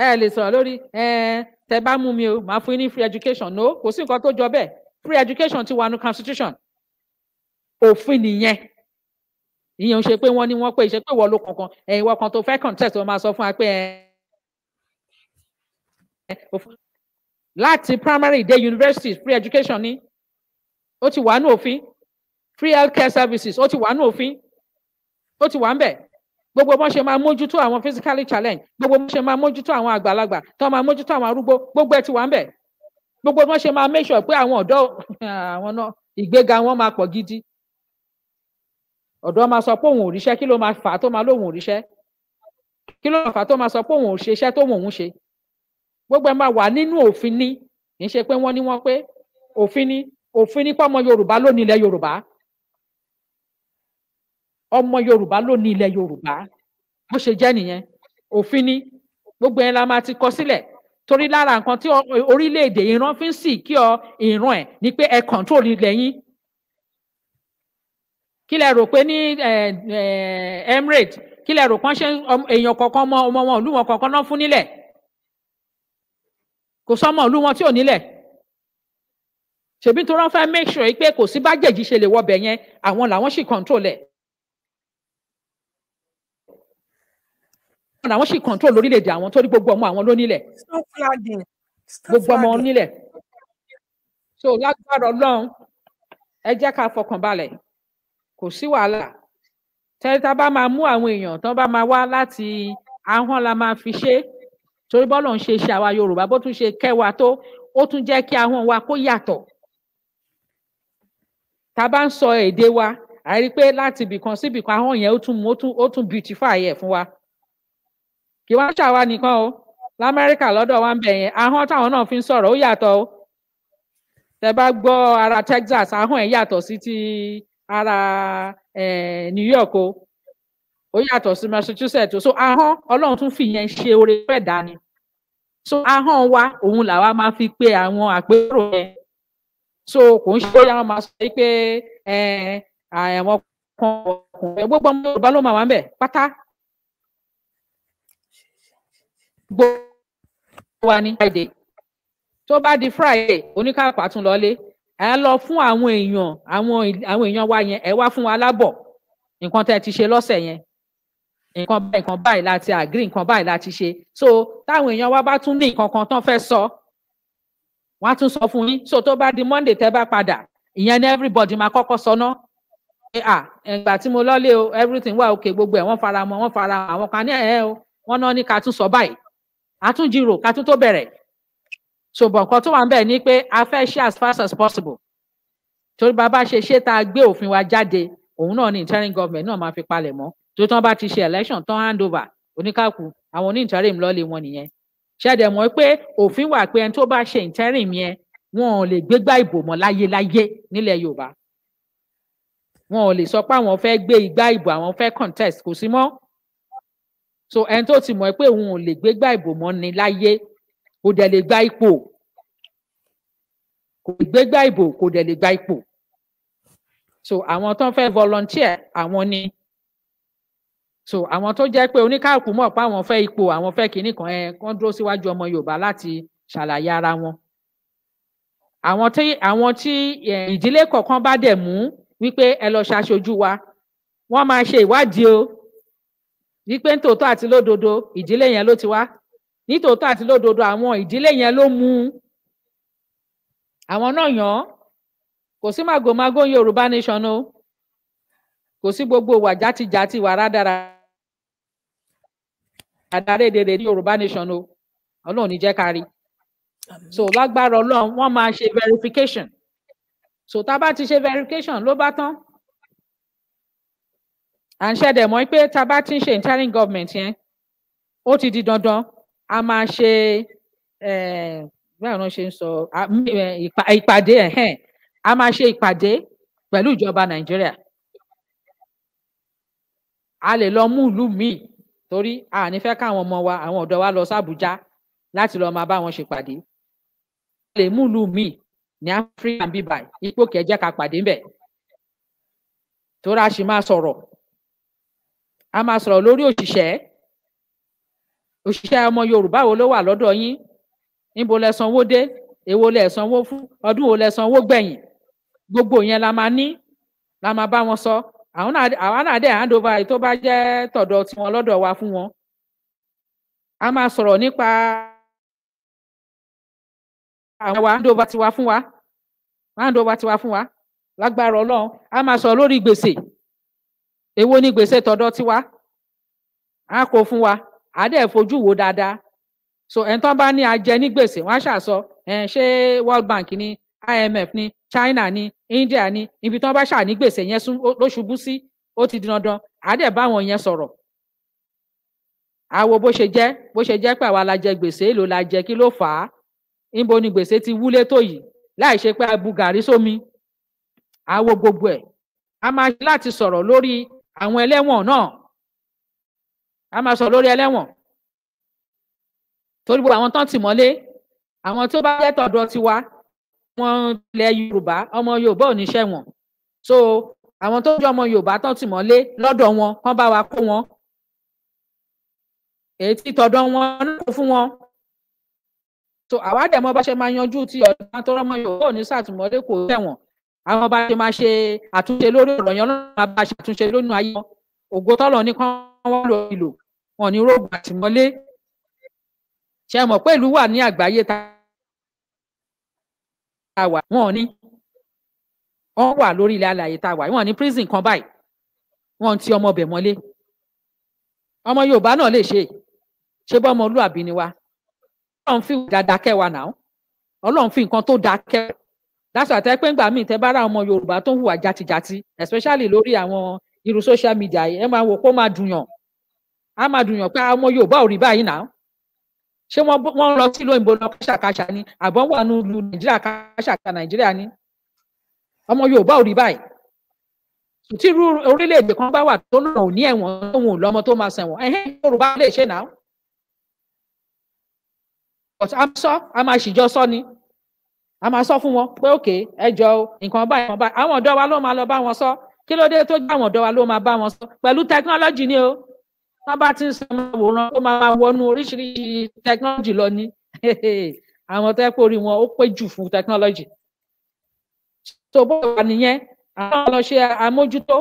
S4: ẹ lè sọ̀rọ̀ lórí ẹ tẹ bá mú mi o màá fún yín ní free education no kò sí nǹkan tó jọ bẹ́ẹ̀ free education ti wà ní constitution òfin nìyẹn ìyẹn ń ṣe pé wọ́n ní wọ́n pé ìṣe pé wọ́n ló kankan ẹ̀yin wọ́n kan tó fẹ́ contest wọ́n máa sọ fún wa pé ẹ láti primary dé university free education ni ó ti wà ní òfin free healthcare services ó ti wà ní òfin ó ti wà ń bẹ̀ gbogbo bọ́n ṣe máa mójútó àwọn physically challenge gbogbo bọ́n ṣe máa mójútó àwọn àgbàlagbà tó máa mójútó àwọn arúgbó gbogbo ẹ ti wà ń bẹ̀ gbogbo bọ́n ṣe máa make sure pé àwọn ọ̀dọ́ àwọn náà ìgbéga wọn máa pọ̀ gidi ọ̀dọ́ máa sọ pé òun ò ríṣẹ́ kí ló máa fà á tó máa lóun ò ríṣẹ́ kí ló máa fà á tó máa sọ pé òun ò ṣe iṣẹ́ tó òun ṣe gbogbo ẹ máa wà nínú òfin ní kì í ṣe pé wọ́n ní wọ́n pé òfin ní òfin ní pọ́mọ Yorùbá lónìí ilẹ̀ Yorùbá ọmọ yorùbá ló ní ilẹ̀ yorùbá bó ṣe jẹ́ nìyẹn òfin ni gbogbo yẹn la máa ti kọ sílẹ̀ torí lára nǹkan tí orílẹ̀-èdè ìran fi ń sì kí ọ ìran ẹ̀ ni pé ẹ kọ̀ǹtrol ilẹ̀ yín kí lẹ rò pé ní emirate kí lẹ rò pọ́n ṣe èèyàn kọ̀ọ̀kan ọmọ ọmọ wọn ìlú wọn kọ̀ọ̀kan náà fún nílẹ̀ kò sọmọ ìlú wọn tí ò nílẹ̀ ṣèbí tó rán fẹ́ make sure pé kò sí bájẹ̀jì ṣe lè wọbẹ̀ yẹn àwọn làwọn sì control ẹ̀ ọ̀nà àwọn sì control lórílẹ̀‐èdè àwọn torí gbogbo ọmọ àwọn ló gbogbo ọmọ nílẹ̀ so lágbára ọlọ́run ẹ jẹ́ ká fọkàn balẹ̀ kò sí wàhálà tẹ́tà bá máa mú àwọn èèyàn tán bá máa wá láti ahọ́n la máa fi ṣe torí bọ́lọ̀ ń ṣe ṣe àwa yorùbá bó tún ṣe kẹwàá tó ó tún jẹ́ kí ahọ́n wa kó yàtọ̀ tá a bá ń sọ èdè wa àìrí pé láti ibìkan síbìkan ahọ́n yẹn ó tún ó tún beautify ẹ̀ fún wa kí wọ́n ṣàwa nìkan o lamẹ́ríkà lọ́dọ̀ wa ń bẹ̀ yẹn ahọ́n táwọn náà fi ń sọ̀rọ̀ ó yàtọ̀ o tẹ́ bá gbọ́ ara Texas ahọ́n ẹ̀ yàtọ̀ sí ti ara New York o ó yàtọ̀ sí Massachusetts o so ahọ́n Ọlọ́run tún fìyẹn ṣe oore fẹ́ dání so ahọ́n wa òun làwa máa fi pe àwọn àpérò yẹn so kò ń ṣe bóyá máa sọ pé àwọn ọkùnrin gbogbo ọmọ Yorùbá ló máa wà ń bẹ̀ pátá gbogbo wa ní friday tó bá di friday oníkàpá tún lọlé ẹ lọ fún àwọn èèyàn àwọn àwọn èèyàn wa yẹn ẹ wá fún wa lábọ̀ nǹkan tẹ́ ti ṣe lọ́sẹ̀ yẹn nǹkan báyìí nǹkan báyìí láti agree nǹkan báyìí láti ṣe so táwọn èèyàn wa bá tún ní nǹkan kan tán fẹ́ sọ wọ́n á tún sọ fún yín so tó bá di monday tẹ́ bá padà ìyẹn ni everybody máa kọ́kọ́ sọ ná pé à ìgbà tí mo lọ́lé o everything wà òkè gbogbo ẹ̀ wọ́n fara mọ́ wọ́n fara mọ́ àwọn kan ní ẹ̀ ẹ́ o wọ́n náà ní ká tún sọ báyìí àtúnjírò ká tún tó bẹ̀rẹ̀ ṣùgbọ́n nǹkan tó wà ń bẹ̀ ni pé a fẹ́ ṣe as fast as possible torí bàbá ṣe ṣe tá a gbé òfin wa jáde òun náà ni interim government náà máa fi palẹ̀ mọ́ tó tán bá ti ṣe election tán handover. over oníkàkú àwọn oní interim lọ́ọ̀lì wọn nìyẹn ṣẹ̀dẹ̀ mọ́ pé òfin wà pé ẹni tó bá ṣe interim yẹn wọn ò lè gbégbá ìbò mọ́ láyéláyé nílẹ̀ Yorùbá wọn ò lè sọ pé àwọn fẹ́ gbé igbá ìbò àwọn fẹ́ contest kò sí mọ́ so ẹni tó ti mọ̀ pé òun ò lè gbégbá ìbò mọ́ ni láyé kò dẹ̀ lè gba ipò kò gbégbá ìbò kò dẹ̀ lè gba ipò so àwọn tó ń fẹ́ volunteer àwọn ni so àwọn tó jẹ́ pé oníkàkùn mọ̀ pé àwọn fẹ́ ipò àwọn fẹ́ kinní kan ẹ kán dúró síwájú ọmọ Yorùbá láti ṣàlàyé ara wọn àwọn tí àwọn tí ìdílé kọ̀ọ̀kan bá dẹ̀ mú wípé ẹ lọ ṣaṣojú wa wọ́n máa ṣe ìwádìí o wípé nítòótọ́ àti lódodo ìdílé yẹn ló ti wá nítòótọ́ àti lódodo àwọn ìdílé yẹn ló mú un àwọn náà yàn án kò sí màgòmágó yorùbá nation o kò sí gbogbo ìwà játijàti ìwà rádára àdárédèrè ní yorùbá nation o ọlọ́run ní jẹ́ ká so lágbára ọlọ́run wọ́n máa ṣe verification so tá a bá ti ṣe verification ló bá tán à ń ṣẹ̀dẹ̀ mọ́ pé tá bá ti ń ṣe interim government yẹn ó ti di dandan a máa ṣe báwo ni wọ́n ṣe ń sọ ìpàdé a máa ṣe ìpàdé pẹ̀lú ìjọba nàìjíríà a lè lọ mú ìlú míì torí a ní fẹ́ káwọn ọmọ wa àwọn ọ̀dọ́ wa lọ sàbújá láti lọ máa bá wọn ṣèpàdé a lè mú ìlú míì ní áfíríkà bíbá ipò kẹjẹ ká pàdé ńbẹ̀ tó rà sì máa sọ̀rọ̀ a máa sọ̀rọ̀ lórí òṣìṣẹ́ òṣìṣẹ́ ọmọ Yorùbá wo ló wà lọ́dọ̀ yín níbo lẹ sanwó dé èwo lẹ sanwó fún ọdún wo lẹ sanwó gbẹ̀yìn gbogbo yẹn la máa ní la máa bá wọn sọ àwọn náà àwa náà dẹ̀ hand over tó bá jẹ́ tọ̀dọ̀ tiwọn lọ́dọ̀ wa fún wọn a máa sọ̀rọ̀ nípa àwọn wa hand tiwa fún wa hand tiwa fún wa lágbára Ọlọ́run a máa sọ lórí gbèsè Ewo ni gbèsè tọ̀dọ̀ tiwa á kó fún wa á dẹ̀ fojú wo dáadáa so ẹni tó bá ní ajẹ ní gbèsè wọn á ṣàṣọ ṣé World Bank ni IMF ni China ni India ni ibi tó bá ṣà ní gbèsè yẹn ló ṣubú sí ó ti di dandan á dẹ̀ bá àwọn yẹn sọ̀rọ̀ á wo bó ṣe jẹ́ bó ṣe jẹ́ pé àwa la jẹ gbèsè èlò la jẹ kí ló fà á níbo ni gbèsè ti wúlé tó yìí láì ṣe pé a bu gàrí sómi á gbogbo ẹ̀ a máa ṣe láti sọ̀rọ̀ lórí àwọn ẹlẹ́wọ̀n náà a máa sọ lórí ẹlẹ́wọ̀n torí gbogbo àwọn tán tì mọ́lé àwọn tó bá jẹ́ tọ̀dọ̀ tiwa wọn ilẹ̀ Yorùbá ọmọ Yorùbá ò ní ṣẹ̀wọ̀n so àwọn tó jẹ́ ọmọ Yorùbá tán tì mọ́lé lọ́dọ̀ wọn kán bá wa kó wọn èyí tí tọ̀dọ̀ wọn náà fún wọn so àwa dẹ̀ mọ́ bá ṣe máa yanjú ti ọ̀dọ́ tó rọ́mọ Yorùbá ò ní sàtìmọ́lé kò ṣẹ̀wọ̀n àwọn bá ṣe máa ṣe àtúnṣe lórí ọ̀rọ̀ yẹn ọlọ́run máa bá ṣe àtúnṣe lónìí ayé wọn ògo tọ́lọ̀ ní kán wọ́n lò ìlò wọn ní rògbò àtìmọ́lé ṣe mọ̀ pé ìlú wà ní àgbáyé tá a wà wọn ní wọn wà lórí ilẹ̀ alàyè tá a wà wọn ní prison kan báyìí wọn ti ọmọ ọbẹ̀ mọ́lé ọmọ Yorùbá náà lè ṣe ṣe bọ́ ọmọlúàbí ni wa ọlọ́run fi dáadáa kẹ́ náà ọlọ́run fi nǹkan tó dáa kẹ́ that's why tẹ́pẹ́ ńgbà míì tẹ́ bá ra ọmọ yorùbá tó ń hùwà jatijati especially lórí àwọn irú social media yìí ẹ máa wò kó máa dùnyàn á máa dùnyàn pé ah, ọmọ yorùbá ò rí báyìí náà ṣé wọ́n lọ sílùú òyìnbó lọ káṣàkáṣà ni àbọ̀ wà nù lu nàìjíríà káṣàkà nàìjíríà ni ọmọ yorùbá ò rí báyìí tí irú orílẹ̀-èdè kan bá wà tó lọ́nà ò ní ẹ̀wọ̀n tóun ò lọ́mọ tó máa ṣẹ̀wọ̀n ẹ̀hẹ́n yorùbá lè ṣe náà but a sọ a máa ṣìjọ sọ ni a máa sọ fún wọn pé òkè ẹjọ o nǹkan báyìí nǹkan báyìí àwọn ọ̀dọ́ wa ló máa lọ bá wọn sọ kí ló dé tó gbé àwọn ọ̀dọ́ wa ló máa bá wọn sọ pẹ̀lú tẹkinọlọjì ni o wọn bá ti ń sọ máa ó máa wọnú oríṣiríṣi tẹkinọlọjì lọ ni àwọn tó yẹ kó rí wọn ó pé jù fún tẹkinọlọjì tó bó wà nìyẹn àwọn ọlọṣẹ àmójútó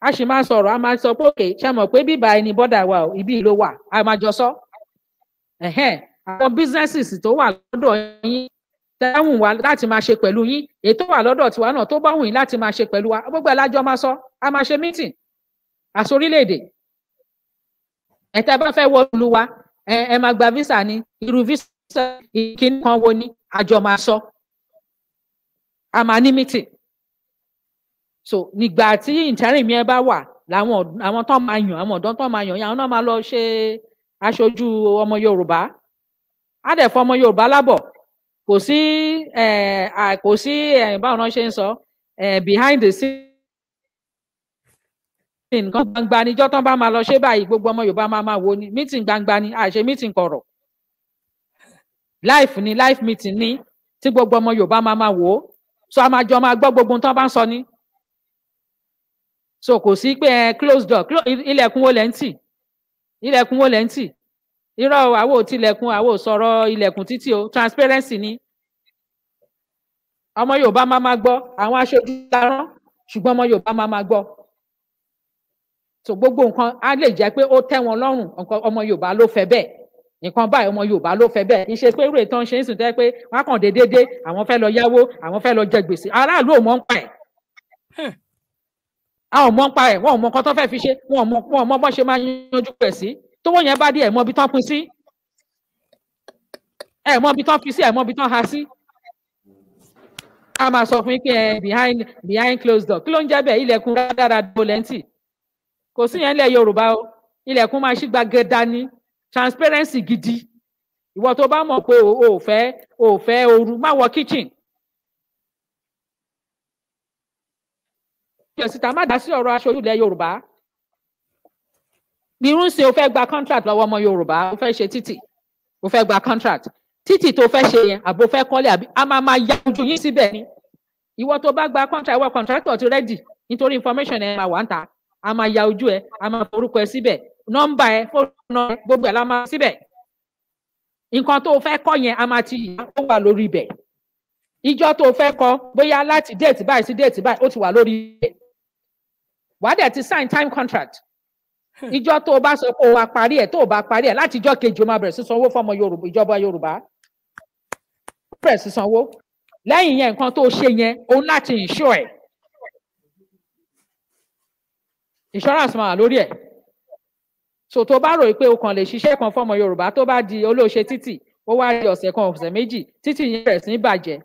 S4: a sì máa sọ̀rọ̀ a máa sọ pé òkè ṣe mọ̀ pé bíbá ẹni bọ́dà wa ò ibi ló wà a máa jọ sọ àwọn bísíǹsì tó wà lọ́dọ̀ yín tẹ́ wù wá láti máa ṣe pẹ̀lú yín ètò wà lọ́dọ̀ tiwa náà tó bá wù yín láti máa ṣe pẹ̀lú wa gbogbo alájọ máa sọ a máa ṣe mítìn àṣọ ẹ̀tẹ́ bá fẹ́ wọ ìlú wa ẹ máa gba visa ni irú visa ìkíní kan wo ni àjọ máa sọ a máa ní mítìn so nígbà tí ìtẹ́rìn mi ẹ bá wà làwọn àwọn tó máa yàn àwọn ọ̀dọ́ tó máa yàn yàn náà máa lọ ṣe aṣojú ọmọ Yorùbá á dẹ̀ fọ ọmọ Yorùbá lábọ̀ kò sí kò sí báwo náà ṣe ń sọ behind the scene nǹkan gbangba níjọ́ tán bá máa lọ ṣe báyìí gbogbo ọmọ Yorùbá máa máa wo ni meeting gbangba ni àṣẹ meeting kọ̀rọ̀ life ni life meeting ni tí gbogbo ọmọ Yorùbá máa máa wò ó so a máa jọ máa gbọ́ gbogbo tán bá ń sọ ni so kò sí pé close door ilẹ̀kùn wo lẹ́ ń tì ilẹ̀kùn wo lẹ́ irọ́ àwo tilẹ̀kùn àwo sọ̀rọ̀ ilẹ̀kùn títí o transparency ni ọmọ Yorùbá máa ma gbọ́ àwọn aṣojú larán ṣùgbọ́n ọmọ Yorùbá máa ma gbọ́ so gbogbo nǹkan á lè jẹ́ pé ó tẹ́ wọn lọ́rùn ọmọ Yorùbá ló fẹ́ bẹ́ẹ̀ nǹkan báyìí ọmọ Yorùbá ló fẹ́ bẹ́ẹ̀ ìṣe pé irú ètò ń ṣe ń sùn tẹ́ pé wọ́n á kàn dé déédéé àwọn fẹ́ lọ yáwó àwọn fẹ́ lọ jẹ gbèsè aráàlú ò mọ̀ ń pa ẹ̀ àwọn hmm. ò mọ̀ ń pa ẹ̀ wọn ò mọ̀ nǹkan tó fẹ́ fi ṣe wọn ò mọ̀ bọ́ ṣe máa yanjú pẹ̀ sí tówó yẹn bá dé ẹ mọ ibi tán pín sí ẹ mọ ibi tán fi sí ẹ mọ ibi tán ha sí a máa sọ fún yín pé ẹ behind behind closed door kí ló ń jẹ́ bẹ́ẹ̀ ilẹ̀kùn dáadáa dolẹǹtì kò sí yẹn ilẹ̀ Yorùbá o ilẹ̀kùn máa ṣí gbàgede ní transparency gidi ìwọ tó bá mọ̀ pé o ò fẹ́ o ò fẹ́ ooru má wọ kitchen. ìjọsìn tá a má dá sí ọ̀rọ̀ aṣojú ilẹ̀ Yorùbá irú ṣe o fẹ́ gba contract lọ́wọ́ ọmọ yorùbá o fẹ́ ṣe títì o fẹ́ gba contract títì tó fẹ́ ṣe yẹn àbò fẹ́ kọ́lé àbí a máa máa ya ojú yín síbẹ̀ ni ìwọ tó bá gba contract ìwọ contractor ti ready nítorí information ẹ máa wà ń ta a máa ya ojú ẹ a máa forúkọ ẹ síbẹ̀ nọ́mbà ẹ fóònù ẹ gbogbo ẹ la máa síbẹ̀ nǹkan tó fẹ́ kọ́ yẹn a máa ti yà ó wà lórí ibẹ̀ ìjọ tó fẹ́ kọ́ bóyá láti déètì báyìí sí déètì báyìí ó ti wà lórí ibẹ̀ wàá dẹ̀ ti sign time contract ìjọ tó o bá sọ pé o wá parí ẹ̀ tó o bá parí ẹ̀ láti ìjọ kejì o máa bẹ̀rẹ̀ sí sanwó fọmọ yorùbá ìjọba yorùbá bẹ̀rẹ̀ sí sanwó lẹ́yìn yẹn nǹkan tó o ṣe yẹn o ń láti ìṣó ẹ̀ insurance máa lórí ẹ̀ so tó bá rò pé o kàn lè ṣiṣẹ́ kan fọmọ yorùbá tó bá di olóòṣe títì ó wá rí ọ̀sẹ̀ kan ọ̀sẹ̀ méjì títì yẹn bẹ̀rẹ̀ sí bàjẹ́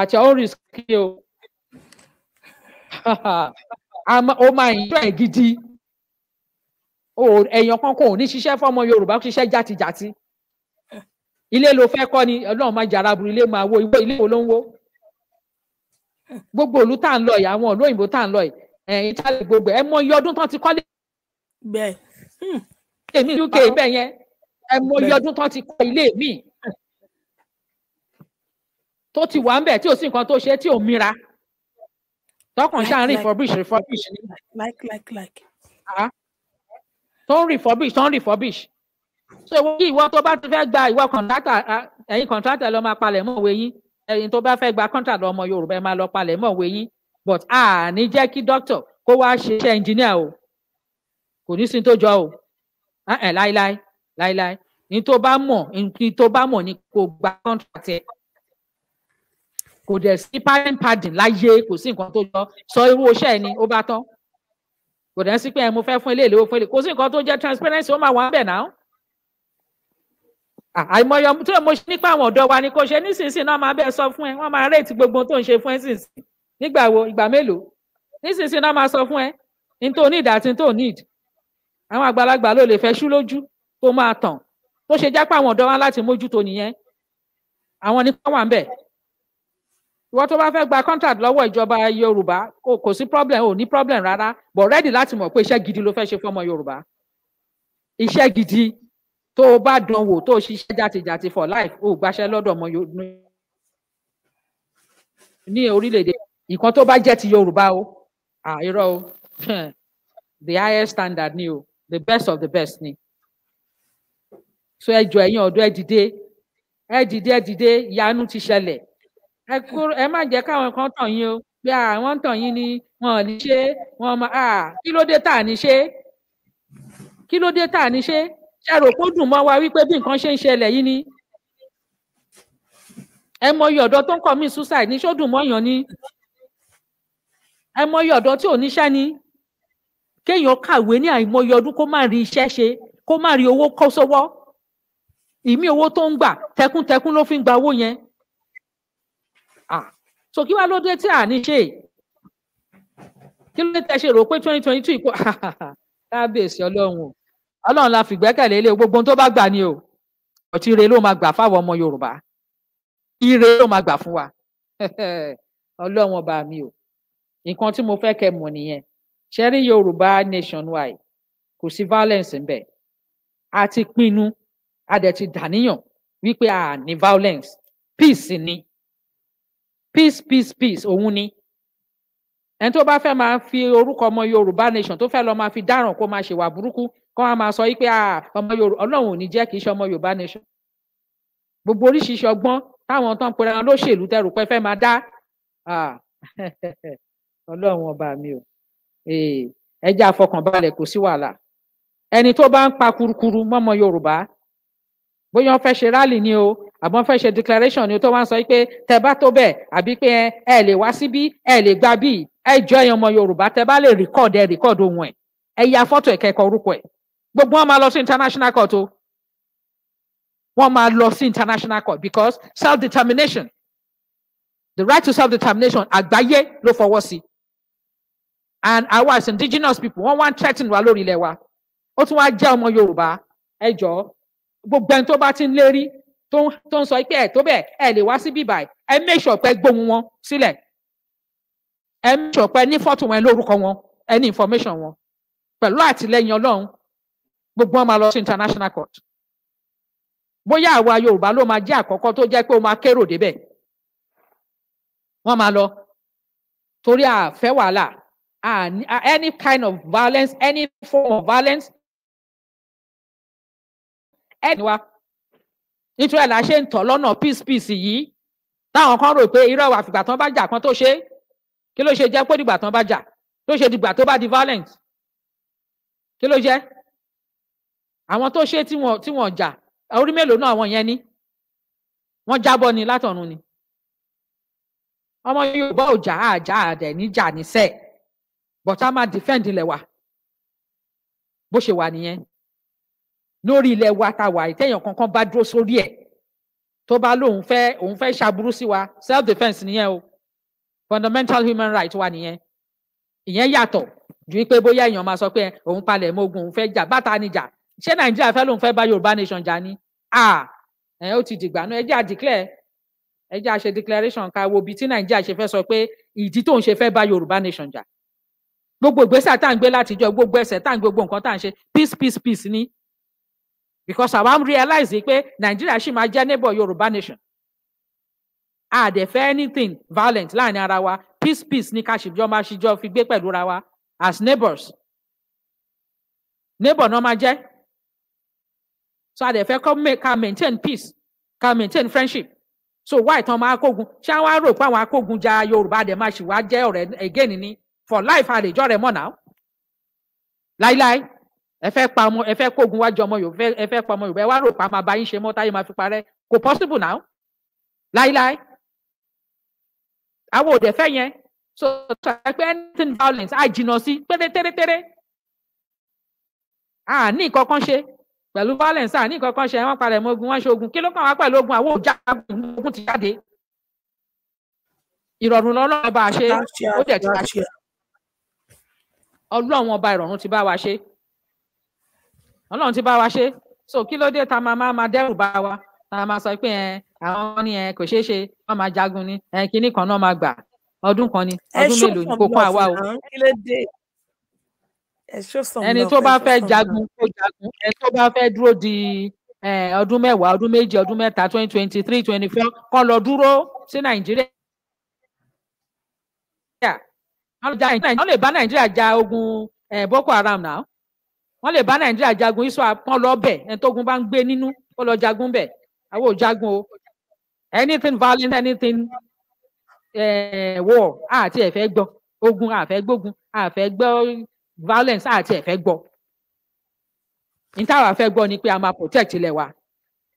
S4: àti àwọn risk ni o o máa ìjọ ẹ̀ gidi èèyàn kan kò ní ṣiṣẹ́ fọmọ yorùbá ṣiṣẹ́ játijàti ilé ló fẹ́ kọ́ ni ọlọ́run máa jàrà burú ilé máa wo ìwọ ilé wo ló ń wo gbogbo òlu tá à ń lọ yìí àwọn òlu òyìnbó tá à ń lọ yìí ẹ̀yìn tá lè gbogbo ẹ mọ iye ọdún tán ti kọ́lé. bẹ́ẹ̀ èmi hmm. uk bẹ́ẹ̀ yẹn ẹ mọ iye ọdún tán ti kọ́ ilé mi tó ti wà ń bẹ̀ tí ò sí nǹkan tó ṣe tí ò mira tọkàn ṣáà ń rìn fọbíṣ fọbíṣ ni.
S1: like like like.
S4: Ah tó ń refurbish tó ń refurbish so ìwọ yìí ìwọ tó bá ti fẹ́ gba ìwọ kọ̀ǹtátà ẹ̀yin kọ̀ǹtátà lọ́ọ́ máa palẹ̀ mọ́ òwe yín ẹ̀yin tó bá fẹ́ gba kọ́ńtà lọ́mọ Yorùbá ẹ̀ máa lọ palẹ̀ mọ́ òwe yín but àní jẹ́ kí dókítà kó wá ṣe iṣẹ́ ẹnjìníà o kò ní sin tó jọ o ẹ̀ láíláí láíláí ní tó bá mọ̀ ní tó bá mọ̀ ni kò gba contract ẹ̀ kò dẹ̀ sí parent pardon láyé kò sí nǹkan tó jọ sọ irú iṣẹ́ ẹ ó bá tán kò dẹ́ sí pé mo fẹ́ fún ilé ìléwó fún ilé kò sí nǹkan tó jẹ́ transparency ó máa wà bẹ̀ náà àìmọye ọmọ tí mo ṣe nípa àwọn ọ̀dọ́ wa ni kò ṣe nísinsìnyí náà máa bẹ́ẹ̀ sọ fún ẹ wọ́n máa rèétí gbogbo tó ń ṣe fún ẹ sínsìn nígbà wo ìgbà mélòó nísinsìnyí náà máa sọ fún ẹ n tó need àti n tó need àwọn àgbàlagbà ló lè fẹ́ ṣú lójú kó máa tàn tó ṣe jápá àwọn ọ̀dọ́ wa láti mójútó nìyẹn àwọn nìkan wà ń bẹ̀ ìwọ tó bá fẹ́ gba contract lọ́wọ́ ìjọba yorùbá kò sí problem ò ní problem rárá but ready láti mọ̀ pé iṣẹ́ gidi ló fẹ́ ṣe fọ́mọ yorùbá iṣẹ́ gidi tó o bá dán wò tó o ṣiṣẹ́ jàtijàti for life o gbaṣẹ́ lọ́dọ̀ ọmọ yorùbá ní orílẹ̀-èdè nǹkan tó bá jẹ́ ti yorùbá o ah irọ́ o the highest standard ni o the best of the best ni so ẹ jọ ẹ̀yin ọ̀dọ́ ẹ dìde ẹ dìde ẹ dìde ìyanu ti ṣẹlẹ̀ ẹ kúrò ẹ má jẹ́ káwọn kan tàn yín o pé àwọn ń tàn yín ni wọn ò ní ṣe wọn ma kí ló dé tá à ní ṣe kí ló dé tá à ní ṣe ṣe rò kó dùn mọ́ wa wípé bí nǹkan ṣe ń ṣẹlẹ̀ yìí ni ẹ mọyì ọ̀dọ́ tó ń kọ mí suicide ní ṣó dùn mọ́yàn ni ẹ mọyì ọ̀dọ́ tí ò níṣẹ́ ni kéèyàn kàwé ní àìmọye ọdún kó má rí iṣẹ́ ṣe kó má rí owó kọ́ sọ́wọ́ ìmí owó tó ń gbà tẹkùntẹkùn ló fi ń gba owó yẹn so kí wàá ló dé tí à ní ṣe kí ló dé tẹ ṣe rò pé twenty twenty two ìkó kábíyèsí ọlọ́run o ọlọ́run la fi gbẹ́kẹ̀lé ilé gbogbo ohun tó bá gbà ni o ọtí ire ló máa gbà fáwọn ọmọ yorùbá ire ló máa gbà fún wa ọlọ́run ọba mi o nǹkan tí mo fẹ́ kẹ́ mọ̀ nìyẹn ṣẹ́rí yorùbá nationwide kò sí violence ń bẹ̀ a ti pinnu a dẹ̀ ti dàníyàn wípé a ní violence peace ni peace peace peace òun ni ẹni tó bá fẹ́ máa fi orúkọ ọmọ yorùbá nation tó fẹ́ lọ máa fi dáràn kó máa ṣèwà burúkú kó wá máa sọ yí pé ọmọ yorùbá ọlọ́run ò ní jẹ́ kì í ṣe ọmọ yorùbá nation gbogbo oríṣiríṣi ọgbọ́n táwọn tó ń pera wọn lóṣèlú tẹrù pé fẹ́ máa dá ọlọ́run ọba mi o ẹ jẹ́ àfọkànbalẹ̀ kò sí wàhálà ẹni tó bá ń pa kurukuru mọ́mọ yorùbá bóyá wọ́n fẹ́ ṣe rálì ni o àmọ́ fẹ́ ṣe declaration ni tó wá ń sọ pé tẹ bá tó bẹ́ẹ̀ àbí pé ẹ lè wá síbí ẹ lè gbà bíi ẹ jọ ẹyàn ọmọ yorùbá tẹ bá lè record ẹ record ohun ẹ ẹ ya fọ́tò ẹ kẹ́kọ̀ọ́ orúkọ ẹ gbogbo wọn máa lọ sí international court o wọn máa lọ sí international court because self determination the right to self determination àgbáyé ló fọwọ́ sí and our as indigenous people wọ́n wá ń threaten wa lórí ilẹ̀ wa ó tún wá jẹ́ ọmọ yorùbá ẹ jọ gbogbo ẹni tó bá ti ń lérí tó ń tó ń sọ pé ẹ tó bẹ́ẹ̀ ẹ lè wá sí bíbà ẹ make sure pé gbóhùn wọn sílẹ̀ ẹ make sure pé ní fọ́tò wọn lórúkọ wọn ẹ ní information wọn pẹ̀lú àtìlẹ́yìn Ọlọ́run gbogbo wọn máa lọ sí international court bóyá àwa Yorùbá ló máa jẹ́ àkọ́kọ́ tó jẹ́ pé ó máa kérò débẹ̀ wọ́n máa lọ torí àfẹ́ wàhálà any kind of violence any form of violence ẹni wa nítorí àlá ṣe ń tọ̀ lọ́nà peace peace yìí táwọn kan rò pé irọ́ wà fìgbà tán bá jà kan tó ṣe kí ló ṣe jẹ́ pé dìgbà tán bá jà tó ṣe dìgbà tó bá di violent kí ló jẹ́ àwọn tó ṣe tí wọ́n tí wọ́n jà orí mélòó náà àwọn yẹn ni wọ́n jábọ́ ni látọ̀run ni ọmọ Yorùbá ò jà àjà àdẹ níjà níṣẹ́ but a máa defend ilẹ̀ wa bó ṣe wà nìyẹn lórí ilẹ̀ wa ta wà ìtẹ̀yàn kankan bá dúró sórí ẹ̀ tó bá lóun fẹ́ òun fẹ́ ṣàbúrú sí wa self defence nìyẹn o fundamental human right wa nìyẹn ìyẹn yàtọ̀ ju pé bóyá èèyàn máa sọ pé òun palẹ̀ mọ́gun òun fẹ́ jà bàtà ni jà ṣé nàìjíríà fẹ́ lòun fẹ́ bá yorùbá nation jà ni à ẹ̀ ó ti dìgbà náà ẹ jẹ́ à declare ẹ jẹ́ à ṣe declaration ká wo ibi tí nàìjíríà ṣe fẹ́ sọ pé ìdí tóun ṣe fẹ́ bá yorùbá nation jà gbogbo ìgbésẹ̀ tá à ń gbé látijọ́ gbogbo ẹsẹ̀ tá à ń gbé gbogbo nǹkan tá à ń ṣe peace peace peace ni because àwa ń realize pé Nigeria ṣì máa jẹ́ neighbor yorùbá nation a dẹ̀ fẹ́ anything violent láàrin ara wa peace peace ní ká ṣèjọ máa ṣèjọ fi gbé pẹ̀lú ra wa as neighbors neighbor náà máa jẹ́ so a dẹ̀ come kọ́ ká maintain peace ká maintain friendship so why ìtàn máa kógun ṣé àwọn arò pé àwọn akógun ja yorùbá dẹ̀ máa ṣì wá jẹ́ ọ̀rẹ́ again ni for life àlejò rẹ̀ mọ̀ náà láíláí ẹ fẹ́ pa ọmọ ẹ fẹ́ kógun wájú ọmọ yorùbá ẹ fẹ́ pa ọmọ yorùbá ẹ wá rò pa máa bá yín ṣe mọ́ táyé máa fi parẹ́ kò possible now láíláí àwọn òde fẹ́ yẹn so tọ́ka pé anything violence á jìnnà sí pérétérétéré à ní kankan ṣe pẹ̀lú violence à ní kankan ṣe wọ́n parẹ́ mọ́ ogun wọ́n ṣe ogun kí ló kàn wá pẹ̀lú ogun àwọn òjà ogun ti jáde ìrọ̀rùn lọ́nà ọba ṣe ó dẹ̀ ti bá ṣe ọlọ́run ọba ìrọ̀rùn ti bá wa ṣe. ọlọ́run ti bá wa ṣe so kí ló dé ta máa máa ma dẹrù bá wa ta máa sọ pé ẹ àwọn ni ẹ kò ṣeé ṣe wọ́n ma jagun ni ẹ kínní kan náà ma gbà ọdún kan ni ọdún mélòó ni kò kún àwa
S1: o ẹni tó bá fẹ́ jagun
S4: kó jagun ẹni tó bá fẹ́ dúró di ọdún mẹ́wàá ọdún méje ọdún mẹ́ta twenty twenty three twenty four kó lọ dúró sí nàìjíríà wọ́n lè bá nàìjíríà ja ogun boko haram náà wọ́n lè bá nàìjíríà jagun iṣu àpọn lọ́bẹ̀ ẹni tógun bá ń gbé nínú kó lọ jagun bẹ̀ àwọn ò jagun o anything violent anything eh, war àti ẹ̀fẹ́ gbọ́ ogun àfẹ́ gbógun àfẹ́ gbọ́ violence àti ẹ̀fẹ́ gbọ́ ní táwọn afẹ́ gbọ́ ni pé a máa protect ilẹ̀ wa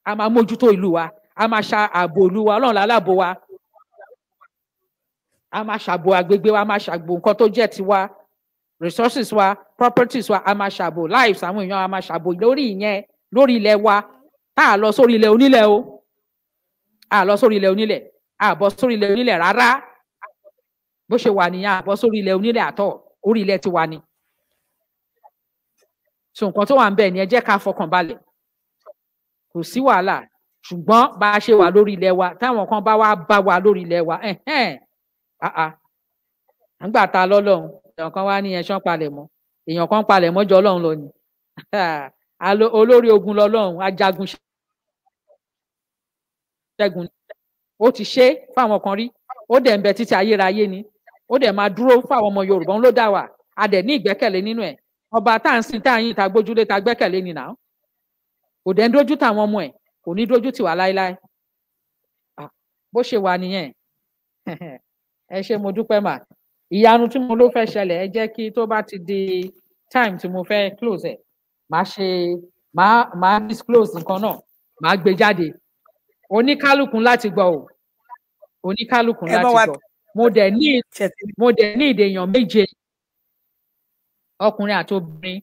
S4: a máa mójútó ìlú wa a máa ṣa ààbò ìlú wa ọlọ́run lálábò wa a máa ṣàbò agbègbè wa a máa ṣàbò nǹkan tó jẹ́ tiwa resources wa properties wa a máa ṣàbò lives àwọn èèyàn a máa ṣàbò lórí ìyẹn lórí ilẹ̀ wa tá a lọ sórí ilẹ̀ onílẹ̀ o a lọ sórí ilẹ̀ onílẹ̀ a bọ́ sórí ilẹ̀ onílẹ̀ rárá bó ṣe wà nìyẹn a bọ́ sórí ilẹ̀ onílẹ̀ àtọ̀ orí ilẹ̀ ti wà ni so nǹkan tó wà ń bẹ̀ ni ẹ jẹ́ ká fọkàn balẹ̀ kò sí wàhálà ṣùgbọ́n bá a ṣe wà lórí ilẹ̀ wa táwọn kan bá wá bá wa lórí ilẹ̀ wa ẹ̀hẹ́n àà nígbà lọ́lọ́run èèyàn kan wá ní ẹṣán palẹ̀ mọ́ èèyàn kan palẹ̀ mọ́ jọ Ọlọ́run lọ ni olórí ogun lọ́lọ́run ajagun ṣẹ́gun ó ti ṣe fáwọn kan rí ó dẹ̀ ń bẹ títí ayérayé ni ó dẹ̀ máa dúró fáwọn ọmọ Yorùbá ń ló dá wà a dẹ̀ ní ìgbẹ́kẹ̀lé nínú ẹ̀ ọba tá à ń sin tá à ń yìn tá a gbójúlé tá a gbẹ́kẹ̀lé nìyà kò dẹ̀ ń dójú táwọn ọmọ ẹ̀ kò ní dójú tì wá láéláé ah, bó ṣe wà nìyẹn ẹ ṣé mo dúpẹ́ mà ìyanu tí mo ló fẹ́ ṣẹlẹ̀ ẹ jẹ́ kí tó bá ti di time tí mo fẹ́ close ẹ̀ máa ṣe máa máa disclose nǹkan náà máa gbé jáde oníkálukú láti gbọ́ o oníkálukú láti gbọ́ mo dẹ̀ ní mo dẹ̀ ní ìdèyàn méje ọkùnrin àti obìnrin